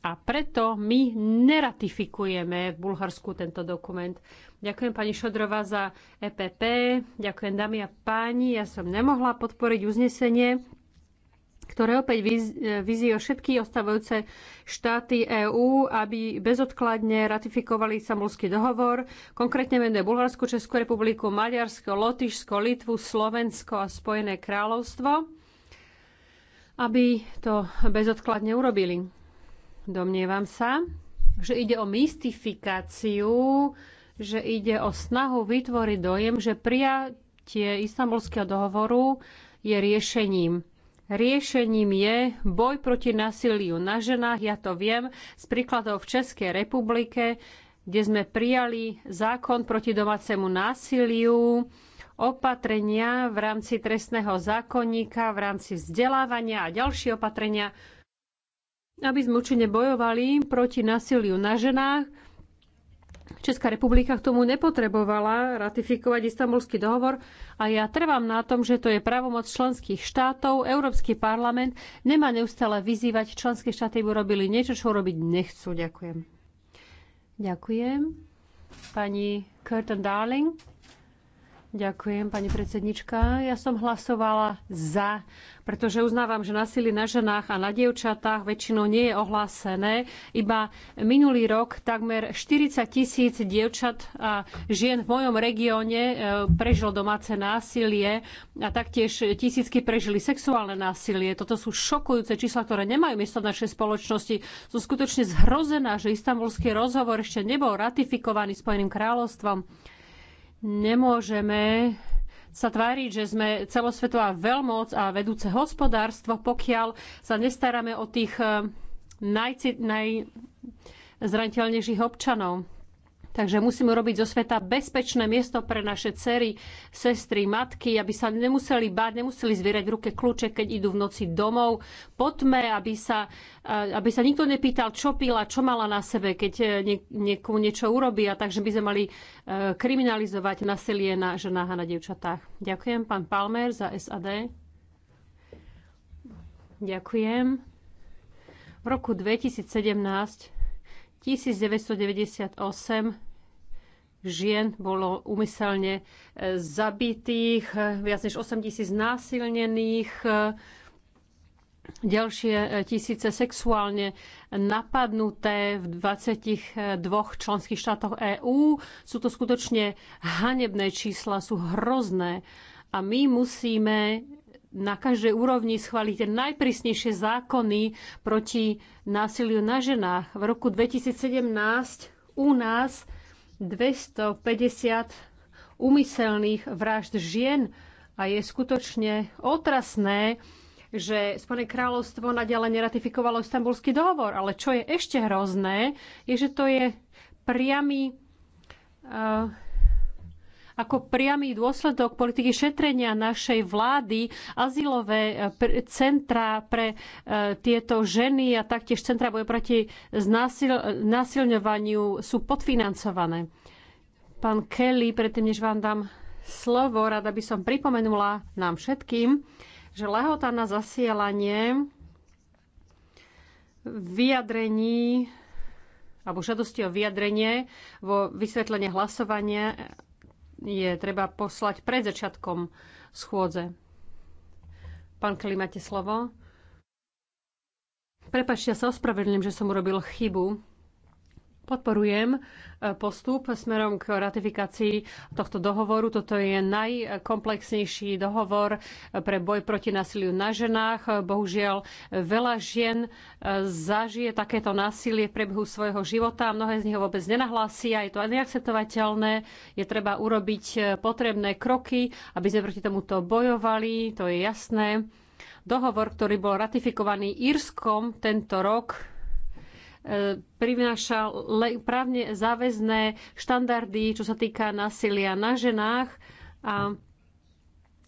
A preto my neratifikujeme v Bulharsku tento dokument. Ďakujem pani Šodrova za EPP, ďakujem dámy a páni. Ja som nemohla podporiť uznesenie, ktoré opäť vyzýva všetky ostávajúce štáty EÚ, aby bezodkladne ratifikovali samolský dohovor. Konkrétne menuje Bulharsku, Českú republiku, Maďarsko, Lotyšsko, Litvu, Slovensko a Spojené kráľovstvo aby to bezodkladne urobili. Domnievam sa, že ide o mystifikáciu, že ide o snahu vytvoriť dojem, že prijatie istambulského dohovoru je riešením. Riešením je boj proti násiliu na ženách. Ja to viem z príkladov v Českej republike, kde sme prijali zákon proti domácemu násiliu, opatrenia v rámci trestného zákonníka, v rámci vzdelávania a ďalšie opatrenia aby sme účinne bojovali proti násiliu na ženách. Česká republika k tomu nepotrebovala ratifikovať istambulský dohovor a ja trvám na tom, že to je právomoc členských štátov. Európsky parlament nemá neustále vyzývať členské štáty, aby urobili niečo, čo urobiť nechcú. Ďakujem. Ďakujem. Pani Curtin Darling. Ďakujem, pani predsednička. Ja som hlasovala za, pretože uznávam, že násilie na ženách a na dievčatách väčšinou nie je ohlásené. Iba minulý rok takmer 40 tisíc dievčat a žien v mojom regióne e, prežilo domáce násilie a taktiež tisícky prežili sexuálne násilie. Toto sú šokujúce čísla, ktoré nemajú miesto v našej spoločnosti. Sú skutočne zhrozená, že istambulský rozhovor ešte nebol ratifikovaný Spojeným kráľovstvom. Nemôžeme sa tváriť, že sme celosvetová veľmoc a vedúce hospodárstvo, pokiaľ sa nestaráme o tých eh, najzraniteľnejších občanov. Takže musíme robiť zo sveta bezpečné miesto pre naše cery, sestry, matky, aby sa nemuseli báť, nemuseli zvierať v ruke kľúče, keď idú v noci domov. Potme, aby sa, eh, aby sa nikto nepýtal, čo pila, čo mala na sebe, keď eh, niekomu niečo urobí. A takže by sme mali eh, kriminalizovať nasilie na ženách a na devčatách. Ďakujem, pán Palmer, za SAD. Ďakujem. V roku 2017 1998 žien bolo umyselne e, zabitých, viac než 8 tisíc násilnených, e, ďalšie e, tisíce sexuálne napadnuté v 22 členských štátoch EÚ. Sú to skutočne hanebné čísla, sú hrozné. A my musíme na každej úrovni schváliť najprísnejšie zákony proti násiliu na ženách. V roku 2017 u nás 250 úmyselných vražd žien a je skutočne otrasné, že Spojené kráľovstvo naďalej neratifikovalo istambulský dohovor. Ale čo je ešte hrozné, je, že to je priamy uh, ako priamy dôsledok politiky šetrenia našej vlády, azylové eh, centra pre eh, tieto ženy a taktiež centra boje proti znásil- násilňovaniu sú podfinancované. Pán Kelly, predtým než vám dám slovo, rada by som pripomenula nám všetkým, že lehota na zasielanie vyjadrení alebo žiadosti o vyjadrenie vo vysvetlenie hlasovania je treba poslať pred začiatkom schôdze. Pán Kli, máte slovo. Prepačte, ja sa ospravedlňujem, že som urobil chybu. Podporujem e, postup smerom k ratifikácii tohto dohovoru. Toto je najkomplexnejší dohovor e, pre boj proti násiliu na ženách. E, bohužiaľ, veľa žien zažije takéto násilie v priebehu svojho života. Mnohé z nich ho vôbec nenahlásia. Je to neakceptovateľné. Je treba urobiť potrebné kroky, aby sme proti tomuto bojovali. To je jasné. Dohovor, ktorý bol ratifikovaný Írskom tento rok, E, prináša právne záväzné štandardy, čo sa týka násilia na ženách a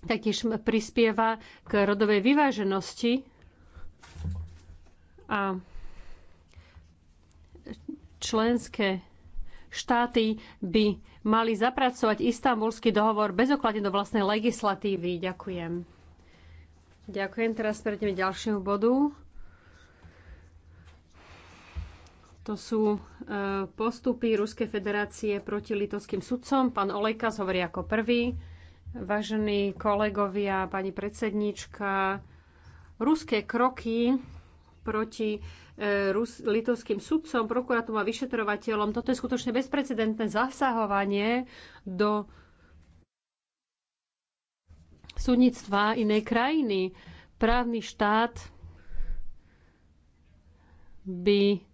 taktiež prispieva k rodovej vyváženosti. A členské štáty by mali zapracovať istambulský dohovor bezokladne do vlastnej legislatívy. Ďakujem. Ďakujem. Teraz prejdeme ďalšiemu bodu. To sú e, postupy Ruskej federácie proti litovským sudcom. Pán Olejkas hovorí ako prvý. Vážení kolegovia, pani predsedníčka, ruské kroky proti e, Rus- litovským sudcom, prokurátom a vyšetrovateľom. Toto je skutočne bezprecedentné zasahovanie do súdnictva inej krajiny. Právny štát by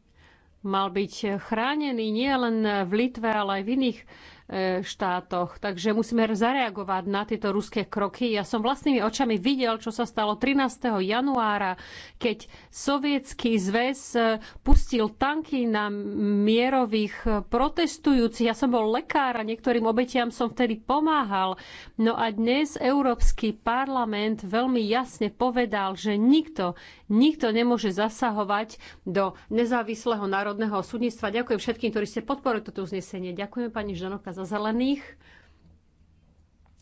mal byť chránený nielen v Litve, ale aj v iných E, štátoch. Takže musíme zareagovať na tieto ruské kroky. Ja som vlastnými očami videl, čo sa stalo 13. januára, keď sovietský zväz e, pustil tanky na mierových protestujúcich. Ja som bol lekár a niektorým obetiam som vtedy pomáhal. No a dnes Európsky parlament veľmi jasne povedal, že nikto, nikto nemôže zasahovať do nezávislého národného súdnictva. Ďakujem všetkým, ktorí ste podporili toto uznesenie. Ďakujem pani Žanoka za zelených.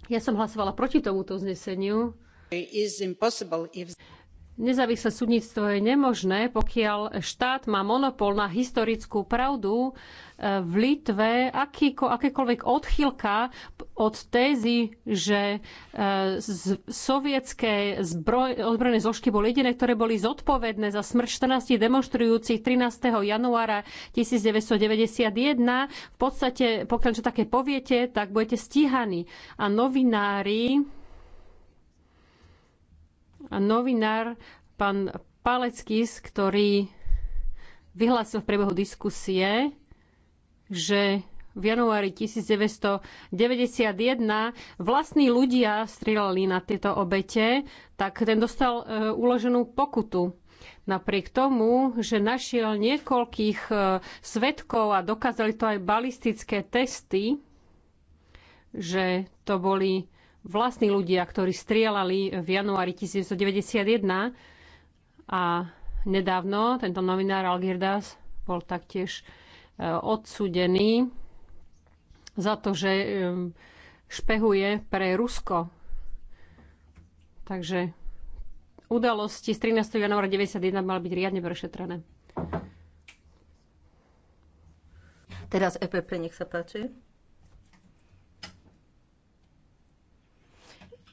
Ja som hlasovala proti tomuto uzneseniu. Nezávislé súdnictvo je nemožné, pokiaľ štát má monopol na historickú pravdu. Eh, v Litve akýko, akékoľvek odchylka od tézy, že eh, sovietské zbroj, odbrojené zložky boli jediné, ktoré boli zodpovedné za smrť 14 demonstrujúcich 13. januára 1991, v podstate, pokiaľ čo také poviete, tak budete stíhaní. A novinári novinár, pán Paleckis, ktorý vyhlásil v priebehu diskusie, že v januári 1991 vlastní ľudia strieľali na tieto obete, tak ten dostal e, uloženú pokutu. Napriek tomu, že našiel niekoľkých e, svetkov a dokázali to aj balistické testy, že to boli vlastní ľudia, ktorí strieľali v januári 1991 a nedávno tento novinár Algirdas bol taktiež e, odsudený za to, že e, špehuje pre Rusko. Takže udalosti z 13. januára 1991 mali byť riadne prešetrené. Teraz EPP, nech sa páči.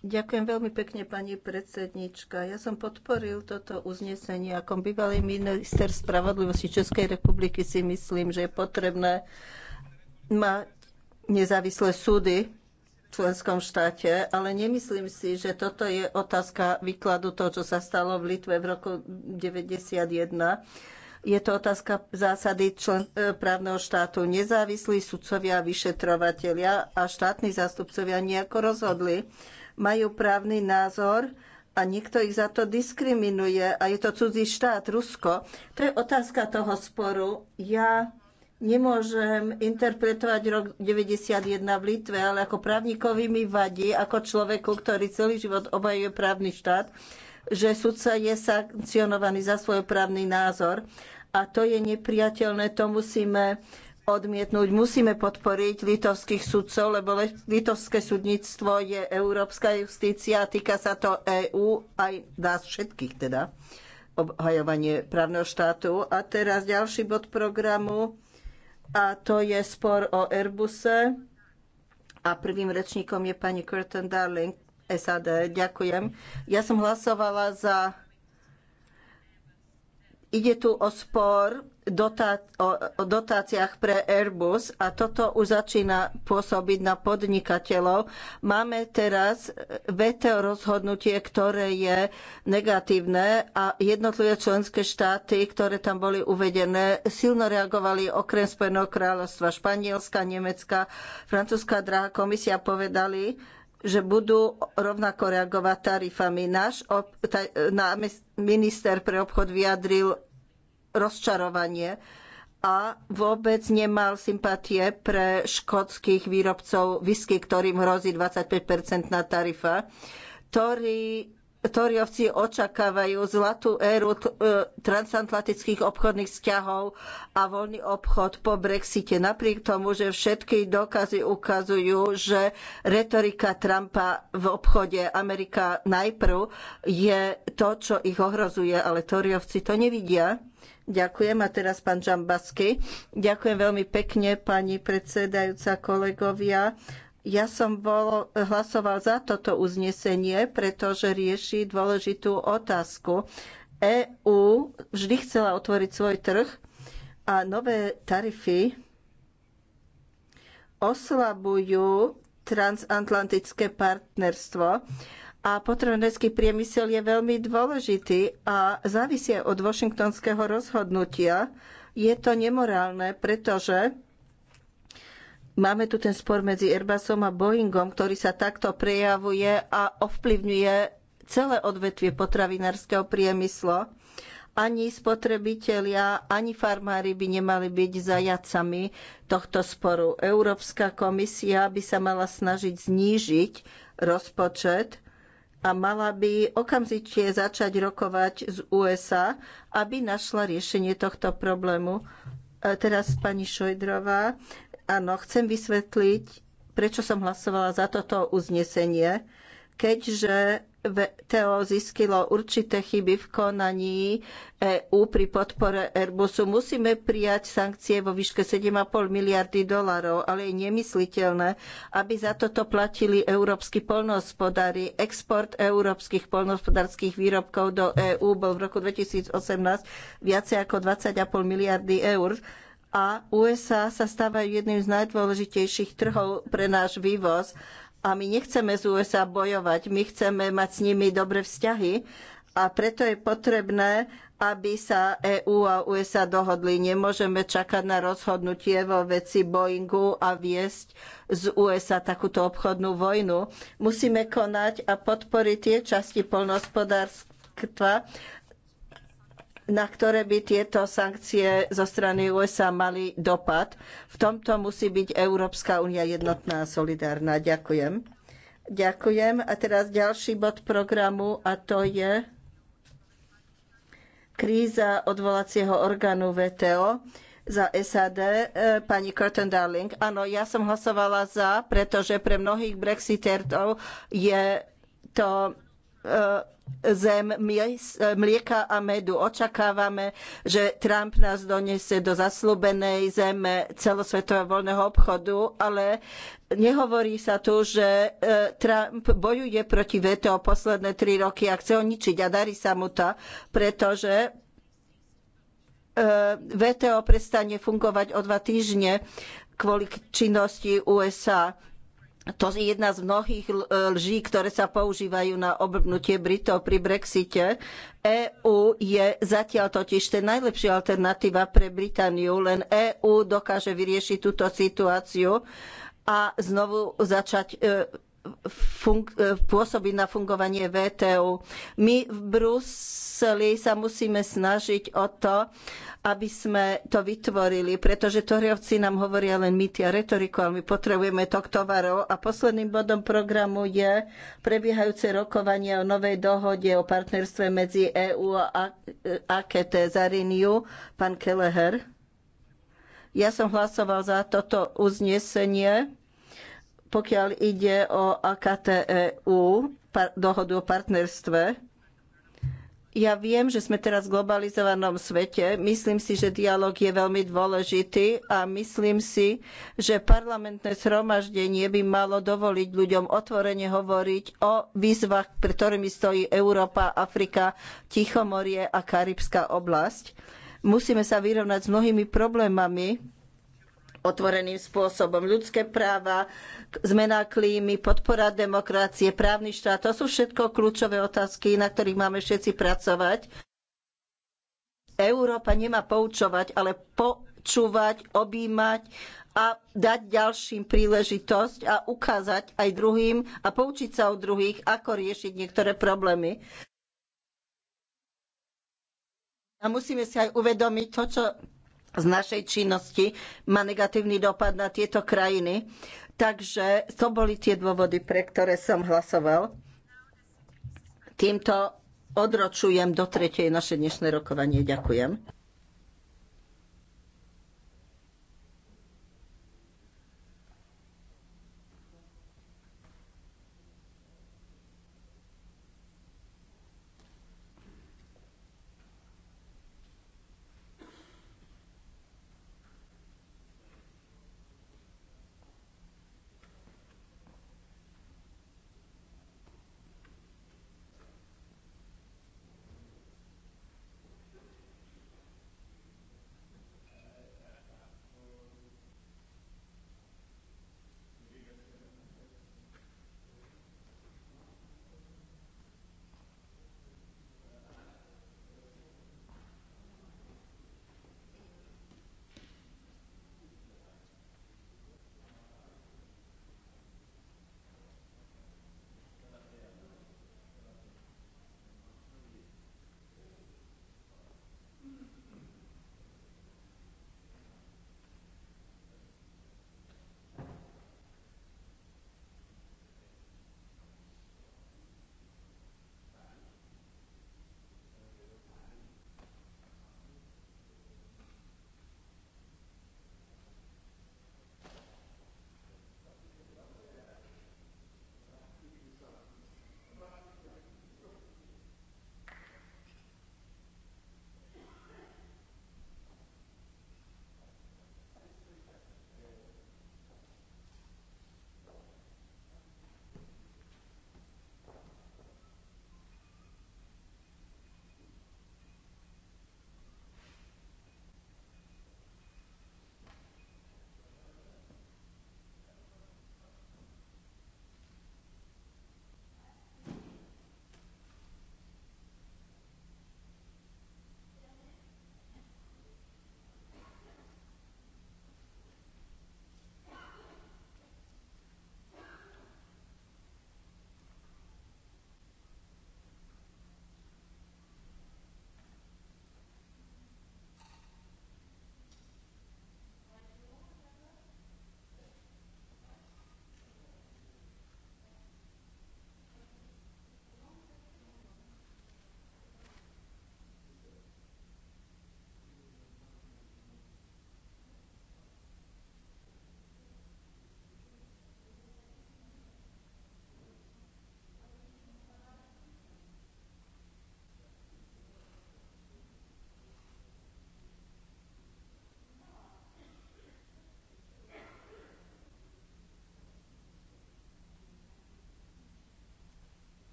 Ďakujem veľmi pekne, pani predsednička. Ja som podporil toto uznesenie. Ako bývalý minister spravodlivosti Českej republiky si myslím, že je potrebné mať nezávislé súdy v členskom štáte, ale nemyslím si, že toto je otázka výkladu toho, čo sa stalo v Litve v roku 1991. Je to otázka zásady člen, e, právneho štátu. Nezávislí sudcovia a vyšetrovatelia a štátni zástupcovia nejako rozhodli majú právny názor a niekto ich za to diskriminuje a je to cudzí štát, Rusko. To je otázka toho sporu. Ja nemôžem interpretovať rok 91 v Litve, ale ako právnikovi mi vadí, ako človeku, ktorý celý život obajuje právny štát, že sudca je sankcionovaný za svoj právny názor. A to je nepriateľné, to musíme odmietnúť. Musíme podporiť litovských sudcov, lebo litovské súdnictvo je európska justícia a týka sa to EÚ aj nás všetkých teda obhajovanie právneho štátu. A teraz ďalší bod programu a to je spor o Airbuse. A prvým rečníkom je pani Curtin Darling, SAD. Ďakujem. Ja som hlasovala za Ide tu o spor dotá- o dotáciách pre Airbus a toto už začína pôsobiť na podnikateľov. Máme teraz VTO rozhodnutie, ktoré je negatívne a jednotlivé členské štáty, ktoré tam boli uvedené, silno reagovali okrem Spojeného kráľovstva, Španielska, Nemecka, Francúzska drahá komisia povedali, že budú rovnako reagovať tarifami. Náš ob, na, minister pre obchod vyjadril rozčarovanie a vôbec nemal sympatie pre škótskych výrobcov whisky, ktorým hrozí 25-percentná tarifa. ktorí Toriovci očakávajú zlatú éru e, transatlantických obchodných vzťahov a voľný obchod po Brexite. Napriek tomu, že všetky dokazy ukazujú, že retorika Trumpa v obchode Amerika najprv je to, čo ich ohrozuje, ale Toriovci to nevidia. Ďakujem. A teraz pán Žambasky. Ďakujem veľmi pekne, pani predsedajúca, kolegovia. Ja som bol, hlasoval za toto uznesenie, pretože rieši dôležitú otázku. EÚ vždy chcela otvoriť svoj trh a nové tarify oslabujú transatlantické partnerstvo a potravinársky priemysel je veľmi dôležitý a závisie od washingtonského rozhodnutia. Je to nemorálne, pretože Máme tu ten spor medzi Airbusom a Boeingom, ktorý sa takto prejavuje a ovplyvňuje celé odvetvie potravinárskeho priemyslu. Ani spotrebitelia, ani farmári by nemali byť zajacami tohto sporu. Európska komisia by sa mala snažiť znížiť rozpočet a mala by okamžite začať rokovať z USA, aby našla riešenie tohto problému. E, teraz pani Šojdrová Áno, chcem vysvetliť, prečo som hlasovala za toto uznesenie, keďže VTO zistilo určité chyby v konaní EÚ pri podpore Airbusu. Musíme prijať sankcie vo výške 7,5 miliardy dolarov, ale je nemysliteľné, aby za toto platili európski poľnohospodári. Export európskych poľnohospodárskych výrobkov do EÚ bol v roku 2018 viacej ako 20,5 miliardy eur a USA sa stávajú jedným z najdôležitejších trhov pre náš vývoz a my nechceme z USA bojovať, my chceme mať s nimi dobré vzťahy a preto je potrebné, aby sa EÚ a USA dohodli. Nemôžeme čakať na rozhodnutie vo veci Boeingu a viesť z USA takúto obchodnú vojnu. Musíme konať a podporiť tie časti poľnohospodárstva, na ktoré by tieto sankcie zo strany USA mali dopad. V tomto musí byť Európska únia jednotná a solidárna. Ďakujem. Ďakujem. A teraz ďalší bod programu a to je kríza odvolacieho orgánu VTO za SAD, e, pani Curtin Darling. Áno, ja som hlasovala za, pretože pre mnohých brexiterov je to E, zem e, mlieka a medu. Očakávame, že Trump nás donese do zaslúbenej zeme celosvetového voľného obchodu, ale nehovorí sa tu, že e, Trump bojuje proti VTO posledné tri roky a chce ho ničiť a darí sa mu to, pretože VTO prestane fungovať o dva týždne kvôli činnosti USA to je jedna z mnohých e, lží, ktoré sa používajú na obrnutie Britov pri Brexite. EÚ je zatiaľ totiž ten najlepšia alternatíva pre Britániu, len EÚ dokáže vyriešiť túto situáciu a znovu začať e, E, pôsobiť na fungovanie VTU. My v Bruseli sa musíme snažiť o to, aby sme to vytvorili, pretože Toriovci nám hovoria len mýty a retoriku, ale my potrebujeme tok tovarov. A posledným bodom programu je prebiehajúce rokovanie o novej dohode o partnerstve medzi EÚ a AKT e, Zariniu. Pán Keleher. Ja som hlasoval za toto uznesenie pokiaľ ide o AKTEU, dohodu o partnerstve. Ja viem, že sme teraz v globalizovanom svete. Myslím si, že dialog je veľmi dôležitý a myslím si, že parlamentné zhromaždenie by malo dovoliť ľuďom otvorene hovoriť o výzvach, pre ktorými stojí Európa, Afrika, Tichomorie a Karibská oblasť. Musíme sa vyrovnať s mnohými problémami, otvoreným spôsobom. Ľudské práva, zmena klímy, podpora demokracie, právny štát, to sú všetko kľúčové otázky, na ktorých máme všetci pracovať. Európa nemá poučovať, ale počúvať, objímať a dať ďalším príležitosť a ukázať aj druhým a poučiť sa od druhých, ako riešiť niektoré problémy. A musíme si aj uvedomiť to, čo z našej činnosti má negatívny dopad na tieto krajiny. Takže to boli tie dôvody, pre ktoré som hlasoval. Týmto odročujem do tretej naše dnešné rokovanie. Ďakujem.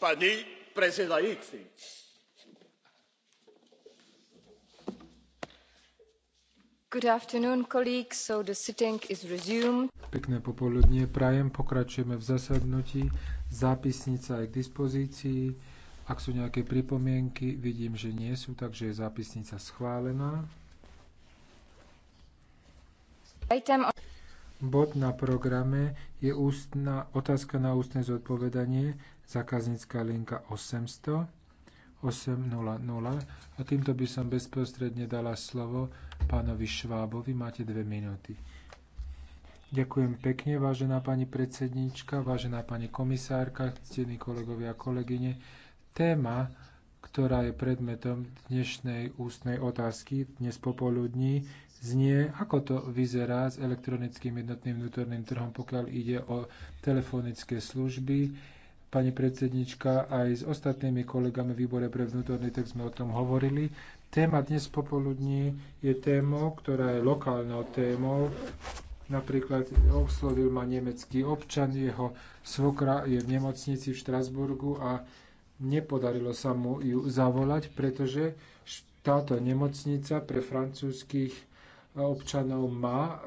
pani predsedajúca pekné popoludnie prajem pokračujeme v zasadnutí zápisnica je k dispozícii ak sú nejaké pripomienky vidím že nie sú takže je zápisnica schválená. Bod na programe je ústna, otázka na ústne zodpovedanie, zákaznícka linka 800 800. A týmto by som bezprostredne dala slovo pánovi Švábovi. Máte dve minúty. Ďakujem pekne, vážená pani predsedníčka, vážená pani komisárka, ctení kolegovia a kolegyne. Téma ktorá je predmetom dnešnej ústnej otázky dnes popoludní, znie, ako to vyzerá s elektronickým jednotným vnútorným trhom, pokiaľ ide o telefonické služby. Pani predsednička, aj s ostatnými kolegami v výbore pre vnútorný trh sme o tom hovorili. Téma dnes popoludní je témou, ktorá je lokálnou témou. Napríklad oslovil ma nemecký občan, jeho svokra je v nemocnici v Štrasburgu a Nepodarilo sa mu ju zavolať, pretože táto nemocnica pre francúzskych eh, občanov má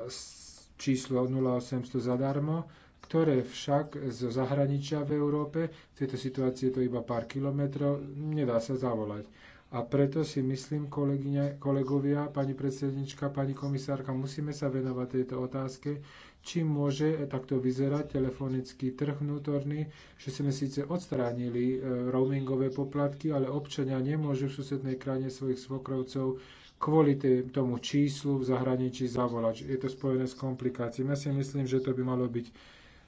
číslo 0800 zadarmo, ktoré však zo zahraničia v Európe, v tejto situácii je to iba pár kilometrov, nedá sa zavolať. A preto si myslím, kolegyne, kolegovia, pani predsednička, pani komisárka, musíme sa venovať tejto otázke, či môže e, takto vyzerať telefonický trh vnútorný, že sme síce odstránili e, roamingové poplatky, ale občania nemôžu v susednej krajine svojich svokrovcov kvôli tomu číslu v zahraničí zavolať. Je to spojené s komplikáciami. Ja si myslím, že to by malo byť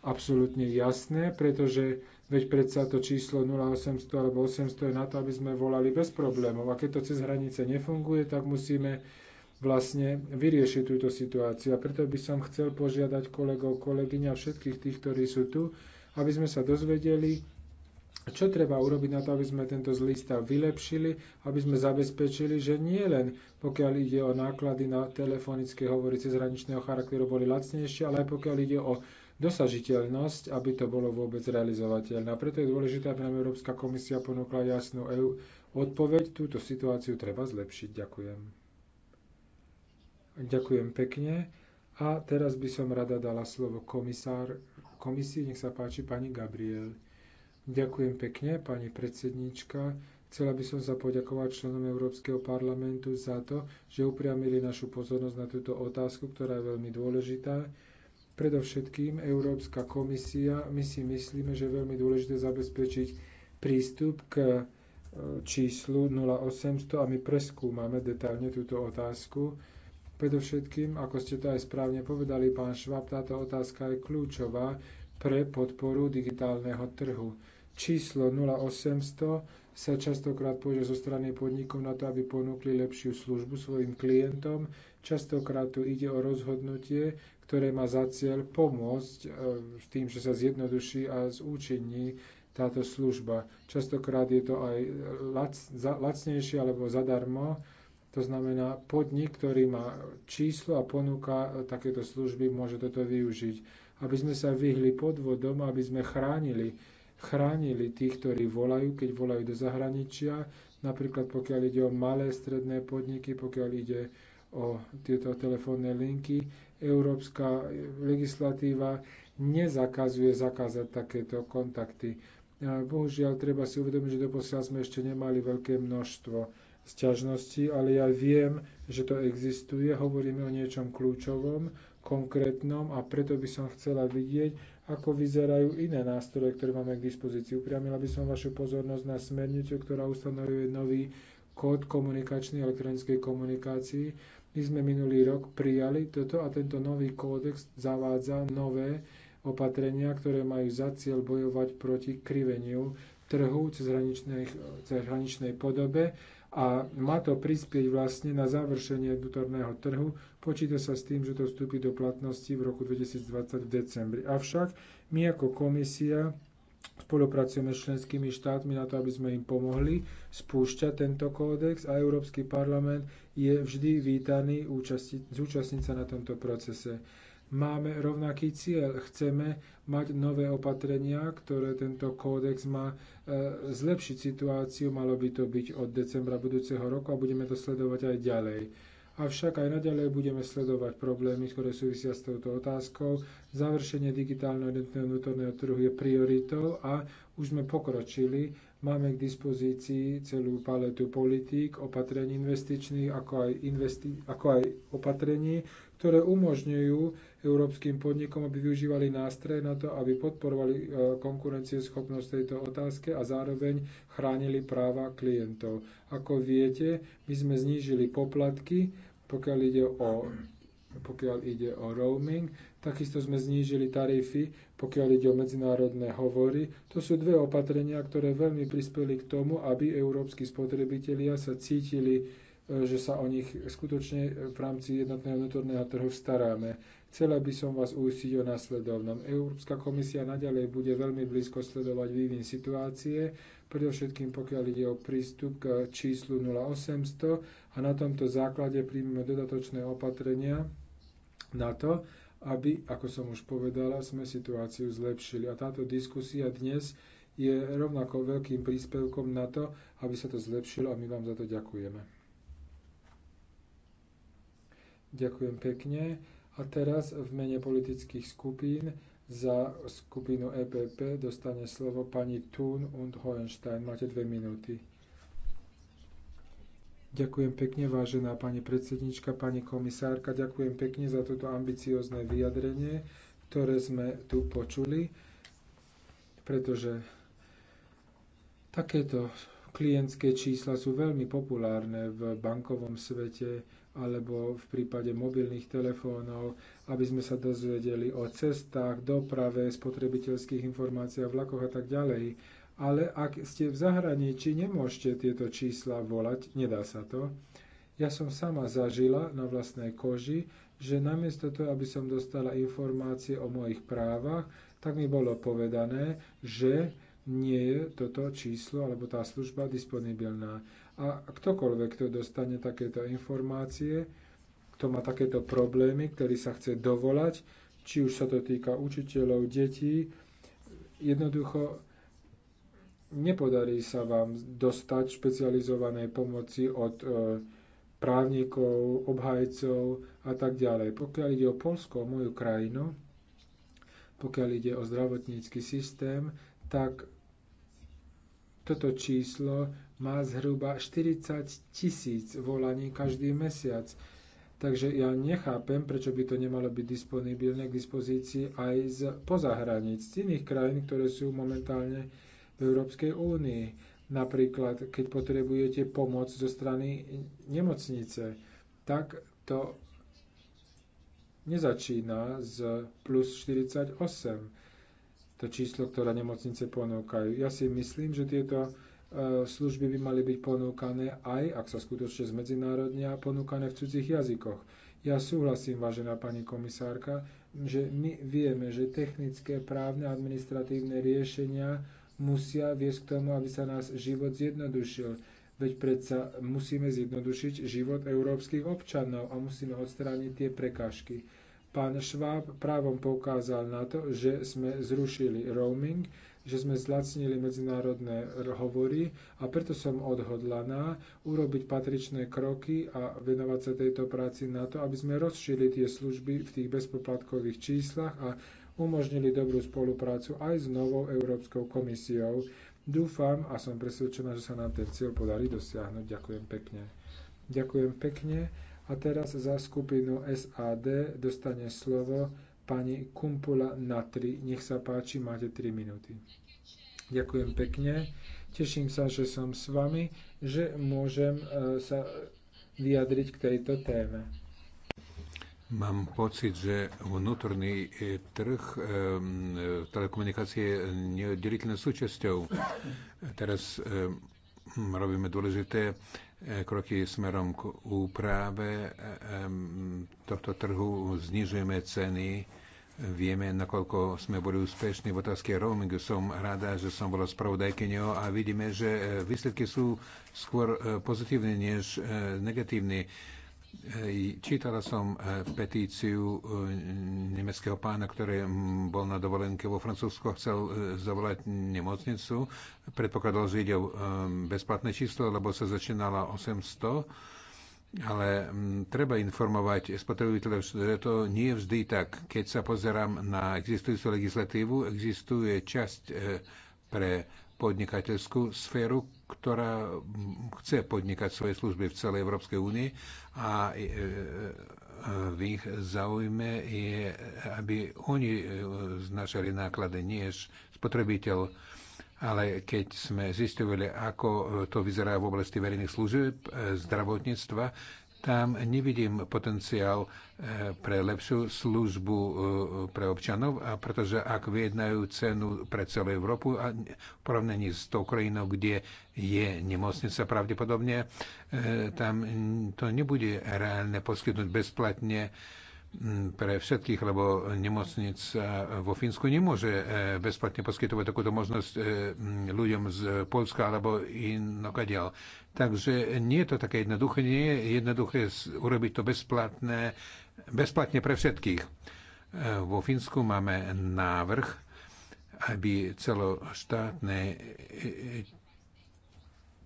absolútne jasné, pretože veď predsa to číslo 0800 alebo 800 je na to, aby sme volali bez problémov. A keď to cez hranice nefunguje, tak musíme vlastne vyrieši túto situáciu. A preto by som chcel požiadať kolegov, kolegyňa, všetkých tých, ktorí sú tu, aby sme sa dozvedeli, čo treba urobiť na to, aby sme tento zlý stav vylepšili, aby sme zabezpečili, že nie len pokiaľ ide o náklady na telefonické hovory cezhraničného charakteru boli lacnejšie, ale aj pokiaľ ide o dosažiteľnosť, aby to bolo vôbec realizovateľné. A preto je dôležité, aby nám Európska komisia ponúkla jasnú EU odpoveď. Túto situáciu treba zlepšiť. Ďakujem. Ďakujem pekne. A teraz by som rada dala slovo komisár, komisii. Nech sa páči pani Gabriel. Ďakujem pekne, pani predsednička. Chcela by som sa poďakovať členom Európskeho parlamentu za to, že upriamili našu pozornosť na túto otázku, ktorá je veľmi dôležitá. Predovšetkým Európska komisia, my si myslíme, že je veľmi dôležité zabezpečiť prístup k e, číslu 0800 a my preskúmame detálne túto otázku Predovšetkým, ako ste to aj správne povedali, pán Schwab, táto otázka je kľúčová pre podporu digitálneho trhu. Číslo 0800 sa častokrát použije zo strany podnikov na to, aby ponúkli lepšiu službu svojim klientom. Častokrát tu ide o rozhodnutie, ktoré má za cieľ pomôcť e, tým, že sa zjednoduší a zúčinní táto služba. Častokrát je to aj lac, za, lacnejšie alebo zadarmo to znamená, podnik, ktorý má číslo a ponúka e, takéto služby, môže toto využiť. Aby sme sa vyhli podvodom, aby sme chránili, chránili tých, ktorí volajú, keď volajú do zahraničia, napríklad pokiaľ ide o malé stredné podniky, pokiaľ ide o tieto telefónne linky. Európska e, legislatíva nezakazuje zakázať takéto kontakty. Bohužiaľ, treba si uvedomiť, že doposiaľ sme ešte nemali veľké množstvo sťažnosti, ale ja viem, že to existuje. Hovoríme o niečom kľúčovom, konkrétnom a preto by som chcela vidieť, ako vyzerajú iné nástroje, ktoré máme k dispozícii. Upriamila by som vašu pozornosť na smernicu, ktorá ustanovuje nový kód komunikačnej elektronickej komunikácii. My sme minulý rok prijali toto a tento nový kódex zavádza nové opatrenia, ktoré majú za cieľ bojovať proti kriveniu trhu cez hraničnej podobe a má to prispieť vlastne na završenie vnútorného trhu. Počíta sa s tým, že to vstúpi do platnosti v roku 2020 v decembri. Avšak my ako komisia spolupracujeme s členskými štátmi na to, aby sme im pomohli spúšťať tento kódex a Európsky parlament je vždy vítaný zúčastniť sa na tomto procese. Máme rovnaký cieľ. Chceme mať nové opatrenia, ktoré tento kódex má e, zlepšiť situáciu. Malo by to byť od decembra budúceho roku a budeme to sledovať aj ďalej. Avšak aj naďalej budeme sledovať problémy, ktoré súvisia s touto otázkou. Završenie digitálneho jednotného vnútorného trhu je prioritou a už sme pokročili. Máme k dispozícii celú paletu politík, opatrení investičných, ako aj, investi- ako aj opatrení, ktoré umožňujú európskym podnikom, aby využívali nástroje na to, aby podporovali e, konkurencieschopnosť tejto otázke a zároveň chránili práva klientov. Ako viete, my sme znížili poplatky, pokiaľ ide o pokiaľ ide o roaming, takisto sme znížili tarify, pokiaľ ide o medzinárodné hovory. To sú dve opatrenia, ktoré veľmi prispeli k tomu, aby európsky spotrebitelia sa cítili E, že sa o nich skutočne e, v rámci jednotného vnútorného trhu staráme. Chcela by som vás uistiť o následovnom. Európska komisia naďalej bude veľmi blízko sledovať vývin situácie, predovšetkým pokiaľ ide o prístup k číslu 0800 a na tomto základe príjmeme dodatočné opatrenia na to, aby, ako som už povedala, sme situáciu zlepšili. A táto diskusia dnes je rovnako veľkým príspevkom na to, aby sa to zlepšilo a my vám za to ďakujeme. Ďakujem pekne. A teraz v mene politických skupín za skupinu EPP dostane slovo pani Thun und Hohenstein. Máte dve minúty. Ďakujem pekne, vážená pani predsednička, pani komisárka. Ďakujem pekne za toto ambiciozne vyjadrenie, ktoré sme tu počuli, pretože takéto klientské čísla sú veľmi populárne v bankovom svete, alebo v prípade mobilných telefónov, aby sme sa dozvedeli o cestách, doprave, spotrebiteľských informáciách, vlakoch a tak ďalej. Ale ak ste v zahraničí, nemôžete tieto čísla volať, nedá sa to. Ja som sama zažila na vlastnej koži, že namiesto toho, aby som dostala informácie o mojich právach, tak mi bolo povedané, že nie je toto číslo alebo tá služba disponibilná. A ktokoľvek, kto dostane takéto informácie, kto má takéto problémy, ktorý sa chce dovolať, či už sa to týka učiteľov, detí, jednoducho nepodarí sa vám dostať špecializovanej pomoci od e, právnikov, obhajcov a tak ďalej. Pokiaľ ide o Polsko, o moju krajinu, pokiaľ ide o zdravotnícky systém, tak toto číslo má zhruba 40 tisíc volaní každý mesiac. Takže ja nechápem, prečo by to nemalo byť disponibilné k dispozícii aj z pozahraníc, z iných krajín, ktoré sú momentálne v Európskej únii. Napríklad, keď potrebujete pomoc zo strany nemocnice, tak to nezačína z plus 48, to číslo, ktoré nemocnice ponúkajú. Ja si myslím, že tieto E, služby by mali byť ponúkané aj, ak sa skutočne zmedzinárodnia, ponúkané v cudzích jazykoch. Ja súhlasím, vážená pani komisárka, že my vieme, že technické, právne, administratívne riešenia musia viesť k tomu, aby sa nás život zjednodušil. Veď predsa musíme zjednodušiť život európskych občanov a musíme odstrániť tie prekážky. Pán Schwab právom poukázal na to, že sme zrušili roaming, že sme zlacnili medzinárodné hovory a preto som odhodlaná urobiť patričné kroky a venovať sa tejto práci na to, aby sme rozšili tie služby v tých bezpoplatkových číslach a umožnili dobrú spoluprácu aj s novou Európskou komisiou. Dúfam a som presvedčená, že sa nám ten cieľ podarí dosiahnuť. Ďakujem pekne. Ďakujem pekne. A teraz za skupinu SAD dostane slovo Pani Kumpula Natri, nech sa páči, máte 3 minúty. Ďakujem pekne. Teším sa, že som s vami, že môžem e, sa vyjadriť k tejto téme. Mám pocit, že vnútorný e, trh e, telekomunikácie je neoddeliteľnou súčasťou. Teraz robíme dôležité E, kroky smerom k úprave e, tohto trhu, znižujeme ceny, vieme, nakoľko sme boli úspešní v otázke roamingu. Som rada, že som bola spravodajkyňou a vidíme, že e, výsledky sú skôr pozitívne než negatívne. Čítala som e, petíciu e, nemeckého pána, ktorý bol na dovolenke vo Francúzsku a chcel e, zavolať nemocnicu. Predpokladal, že ide o bezplatné číslo, lebo sa začínala 800. Ale treba informovať spotrebiteľov, že to nie je vždy tak. Keď sa pozerám na existujúcu legislatívu, existuje časť pre podnikateľskú sféru, ktorá chce podnikať svoje služby v celej Európskej únii a e, e, v ich záujme je, aby oni e, znašali náklady, nie spotrebiteľ. Ale keď sme zistili, ako to vyzerá v oblasti verejných služieb, zdravotníctva, tam nevidím potenciál eh, pre lepšiu službu eh, pre občanov, a pretože ak vyjednajú cenu pre celú Európu a v porovnaní s tou krajinou, kde je nemocnica pravdepodobne, eh, tam to nebude reálne poskytnúť bezplatne hm, pre všetkých, lebo nemocnic vo Fínsku nemôže bezplatne poskytovať takúto možnosť hm, ľuďom z Polska alebo inokadiaľ. Takže nie je to také jednoduché, nie je jednoduché urobiť to bezplatné, bezplatne pre všetkých. E, vo Fínsku máme návrh, aby celoštátne e, e,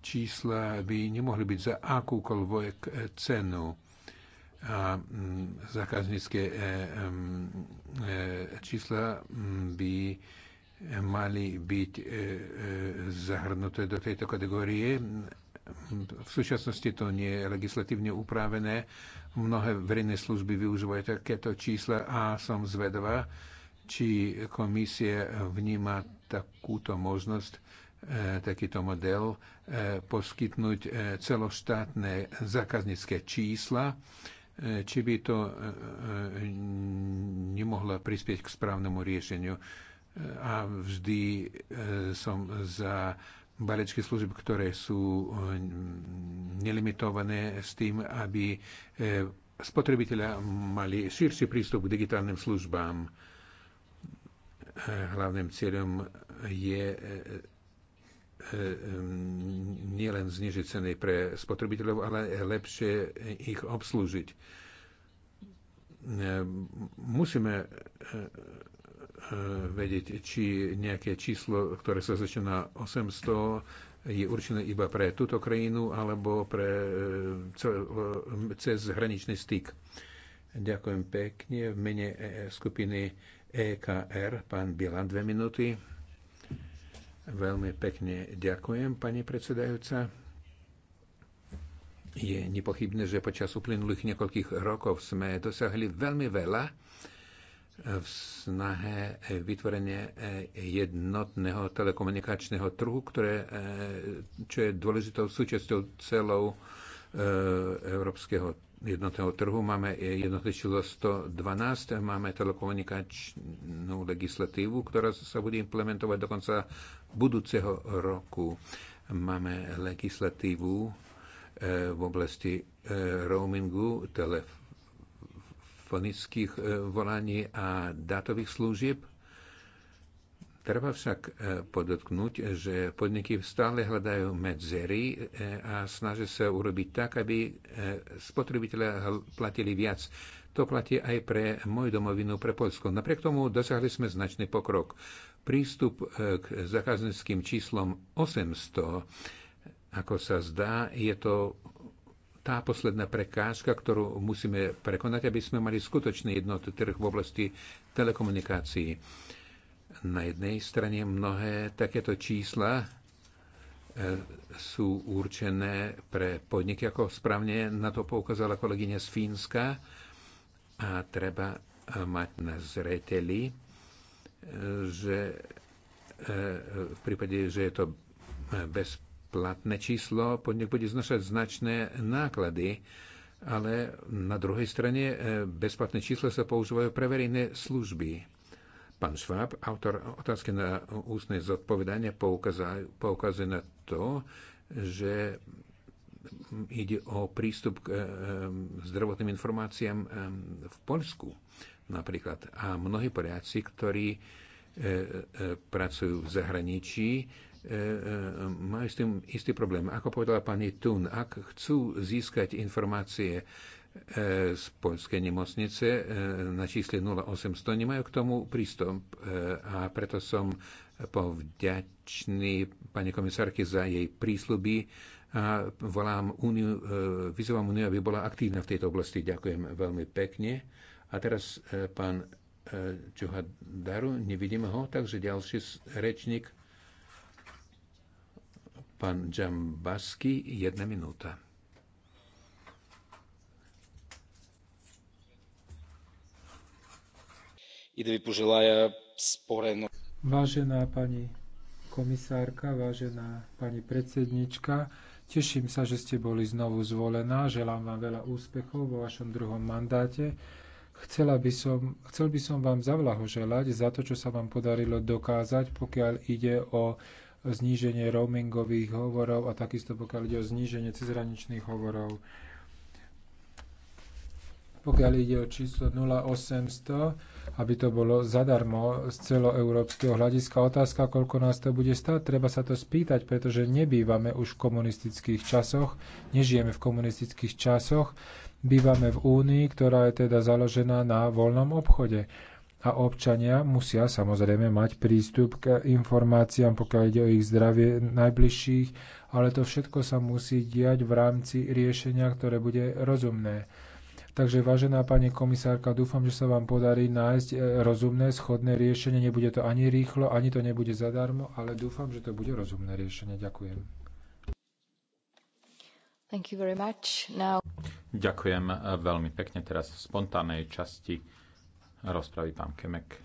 čísla by nemohli byť za akúkoľvek cenu. A mm, zákaznícke mm, čísla mm, by mali byť zahrnuté do tejto kategórie v súčasnosti to nie je legislatívne upravené. Mnohé verejné služby využívajú takéto čísla a som zvedavá, či komisie vníma takúto možnosť, e, takýto model, e, poskytnúť e, celoštátne zákaznícke čísla, či by to nemohlo prispieť k správnemu riešeniu. A vždy som za balíčky služieb, ktoré sú eh, nelimitované s tým, aby eh, spotrebitelia mali širší prístup k digitálnym službám. Eh, hlavným cieľom je nielen znižiť ceny pre spotrebiteľov, ale lepšie ich obslúžiť. Musíme E, vedieť, či nejaké číslo, ktoré sa začína na 800, je určené iba pre túto krajinu alebo pre e, cez hraničný styk. Ďakujem pekne. V mene e, skupiny EKR pán Bilan dve minúty. Veľmi pekne ďakujem, pani predsedajúca. Je nepochybné, že počas uplynulých niekoľkých rokov sme dosiahli veľmi veľa v snahe eh, vytvorenie eh, jednotného telekomunikačného trhu, ktoré, eh, čo je dôležitou súčasťou celou európskeho jednotného trhu. Máme jednotné číslo 112, máme telekomunikačnú legislatívu, ktorá sa bude implementovať do konca budúceho roku. Máme legislatívu v oblasti roamingu, telefónu telefonických e, volaní a dátových služieb. Treba však e, podotknúť, že podniky stále hľadajú medzery e, a snažia sa urobiť tak, aby spotrebitelia platili viac. To platí aj pre moju domovinu, pre Polsko. Napriek tomu dosiahli sme značný pokrok. Prístup k zákazníckým číslom 800, ako sa zdá, je to tá posledná prekážka, ktorú musíme prekonať, aby sme mali skutočný jednotný trh v oblasti telekomunikácií. Na jednej strane mnohé takéto čísla e, sú určené pre podniky, ako správne na to poukázala kolegyňa z Fínska. A treba e, mať na zreteli, e, že v prípade, že je to bez platné číslo, podnik bude znašať značné náklady, ale na druhej strane e, bezplatné číslo sa používajú pre verejné služby. Pán Šváb, autor otázky na ústne zodpovedanie, poukazuje na to, že ide o prístup k e, e, zdravotným informáciám v Polsku napríklad. A mnohí Poliaci, ktorí pracujú v zahraničí, E, e, majú s tým istý problém. Ako povedala pani Tun, ak chcú získať informácie e, z poľskej nemocnice na čísle 0800, nemajú k tomu prístup. A preto som povďačný pani komisárke za jej prísľuby a volám Uniu, vyzývam Uniu, aby bola aktívna v tejto oblasti. Ďakujem veľmi pekne. A teraz pán daru, nevidíme ho, takže ďalší rečník Pán Džambasky, jedna minúta. Eh, vážená pani komisárka, vážená pani predsednička, teším sa, že ste boli znovu zvolená. Želám vám veľa úspechov vo vašom druhom mandáte. Chcela by som, chcel by som vám zavlahoželať za to, čo sa vám podarilo dokázať, pokiaľ ide o zníženie roamingových hovorov a takisto pokiaľ ide o zníženie cezhraničných hovorov. Pokiaľ ide o číslo 0800, aby to bolo zadarmo z celoeurópskeho hľadiska, otázka, koľko nás to bude stať, treba sa to spýtať, pretože nebývame už v komunistických časoch, nežijeme v komunistických časoch, bývame v Únii, ktorá je teda založená na voľnom obchode a občania musia samozrejme mať prístup k informáciám, pokiaľ ide o ich zdravie najbližších, ale to všetko sa musí diať v rámci riešenia, ktoré bude rozumné. Takže vážená pani komisárka, dúfam, že sa vám podarí nájsť e, rozumné, schodné riešenie. Nebude to ani rýchlo, ani to nebude zadarmo, ale dúfam, že to bude rozumné riešenie. Ďakujem. Now... Ďakujem e, veľmi pekne teraz v spontánnej časti rozpravy pán Kemek.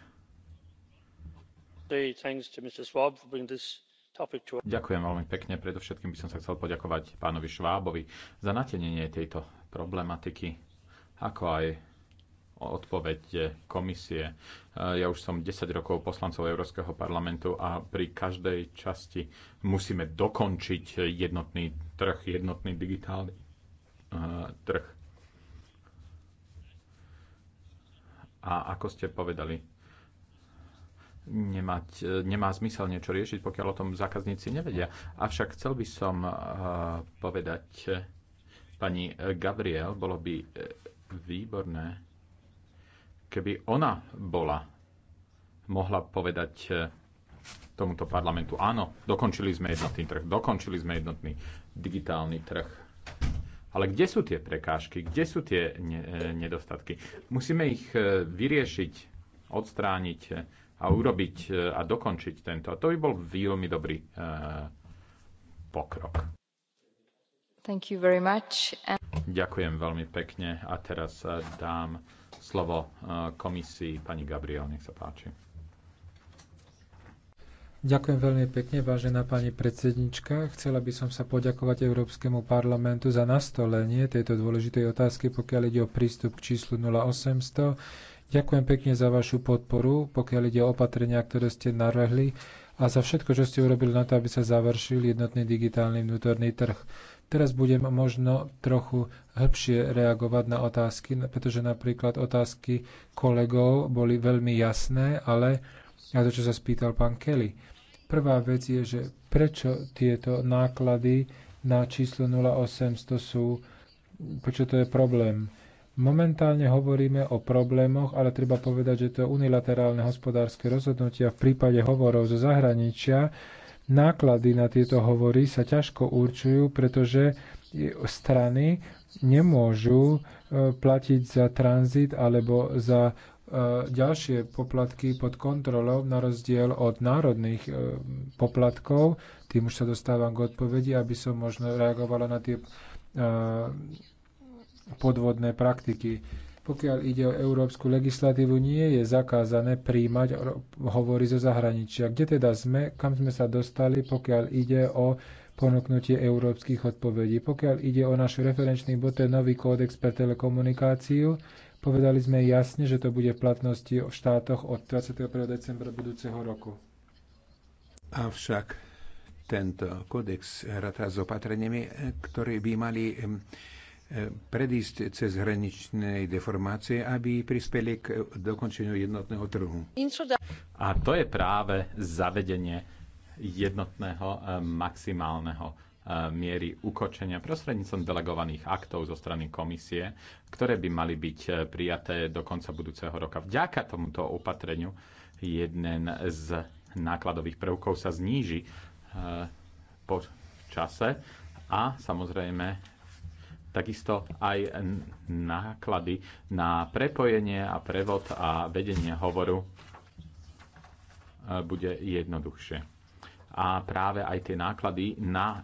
Ďakujem veľmi pekne. Predovšetkým by som sa chcel poďakovať pánovi Švábovi za natenenie tejto problematiky, ako aj odpoveď komisie. Ja už som 10 rokov poslancov Európskeho parlamentu a pri každej časti musíme dokončiť jednotný trh, jednotný digitálny eh, trh A ako ste povedali, nemať, e, nemá zmysel niečo riešiť, pokiaľ o tom zákazníci nevedia. Avšak chcel by som e, povedať e, pani Gabriel, bolo by výborné, keby ona bola, mohla povedať tomuto parlamentu, áno, dokončili sme jednotný trh, dokončili sme jednotný digitálny trh ale kde sú tie prekážky, kde sú tie e, nedostatky? Musíme ich e, vyriešiť, odstrániť e, a urobiť a dokončiť tento. A to by bol veľmi dobrý pokrok. Thank you very much. And... Ďakujem veľmi pekne a teraz dám slovo komisii pani Gabriel, nech sa páči. Ďakujem veľmi pekne, vážená pani predsednička. Chcela by som sa poďakovať Európskemu parlamentu za nastolenie tejto dôležitej otázky, pokiaľ ide o prístup k číslu 0800. Ďakujem pekne za vašu podporu, pokiaľ ide o opatrenia, ktoré ste navrhli a za všetko, čo ste urobili na to, aby sa završil jednotný digitálny vnútorný trh. Teraz budem možno trochu hĺbšie reagovať na otázky, pretože napríklad otázky kolegov boli veľmi jasné, ale na to, čo sa spýtal pán Kelly Prvá vec je, že prečo tieto náklady na číslo 0800 sú, prečo to je problém. Momentálne hovoríme o problémoch, ale treba povedať, že to je unilaterálne hospodárske rozhodnutia v prípade hovorov zo zahraničia. Náklady na tieto hovory sa ťažko určujú, pretože strany nemôžu e, platiť za tranzit alebo za E, ďalšie poplatky pod kontrolou na rozdiel od národných e, poplatkov. Tým už sa dostávam k odpovedi, aby som možno reagovala na tie e, podvodné praktiky. Pokiaľ ide o európsku legislatívu, nie je zakázané príjmať hovory zo zahraničia. Kde teda sme, kam sme sa dostali, pokiaľ ide o ponúknutie európskych odpovedí. Pokiaľ ide o náš referenčný bod, to je nový kódex pre telekomunikáciu, Povedali sme jasne, že to bude v platnosti v štátoch od 21. decembra budúceho roku. Avšak tento kodex hrata s opatreniami, ktoré by mali predísť cez hraničnej deformácie, aby prispeli k dokončeniu jednotného trhu. A to je práve zavedenie jednotného maximálneho miery ukočenia prostredníctvom delegovaných aktov zo strany komisie, ktoré by mali byť e, prijaté do konca budúceho roka. Vďaka tomuto opatreniu jeden z nákladových prvkov sa zníži e, po čase a samozrejme takisto aj náklady na prepojenie a prevod a vedenie hovoru e, bude jednoduchšie a práve aj tie náklady na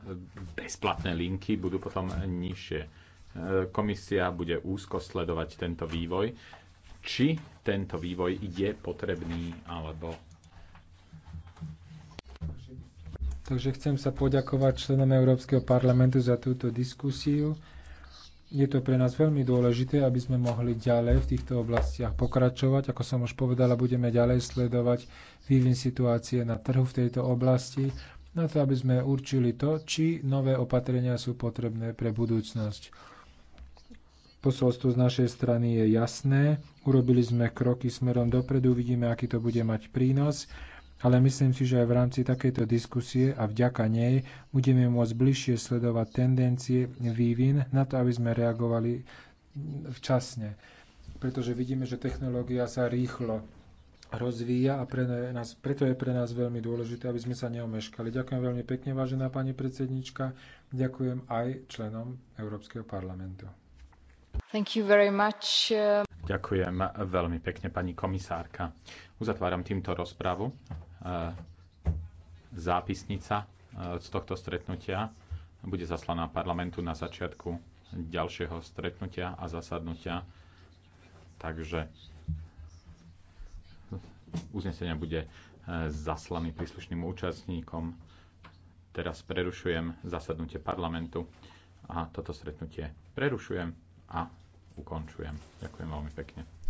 bezplatné linky budú potom nižšie. E, komisia bude úzko sledovať tento vývoj, či tento vývoj je potrebný alebo. Takže chcem sa poďakovať členom Európskeho parlamentu za túto diskusiu je to pre nás veľmi dôležité, aby sme mohli ďalej v týchto oblastiach pokračovať. Ako som už povedala, budeme ďalej sledovať vývin situácie na trhu v tejto oblasti, na to, aby sme určili to, či nové opatrenia sú potrebné pre budúcnosť. Posolstvo z našej strany je jasné. Urobili sme kroky smerom dopredu, vidíme, aký to bude mať prínos ale myslím si, že aj v rámci takejto diskusie a vďaka nej budeme môcť bližšie sledovať tendencie vývin na to, aby sme reagovali včasne. Pretože vidíme, že technológia sa rýchlo rozvíja a pre nás, preto je pre nás veľmi dôležité, aby sme sa neomeškali. Ďakujem veľmi pekne, vážená pani predsednička. Ďakujem aj členom Európskeho parlamentu. Thank you very much. Uh, Ďakujem veľmi pekne, pani komisárka. Uzatváram týmto rozpravu. E, zápisnica e, z tohto stretnutia bude zaslaná parlamentu na začiatku ďalšieho stretnutia a zasadnutia. Takže uznesenia bude e, zaslaný príslušným účastníkom. Teraz prerušujem zasadnutie parlamentu a toto stretnutie prerušujem a ukončujem. Ďakujem veľmi pekne.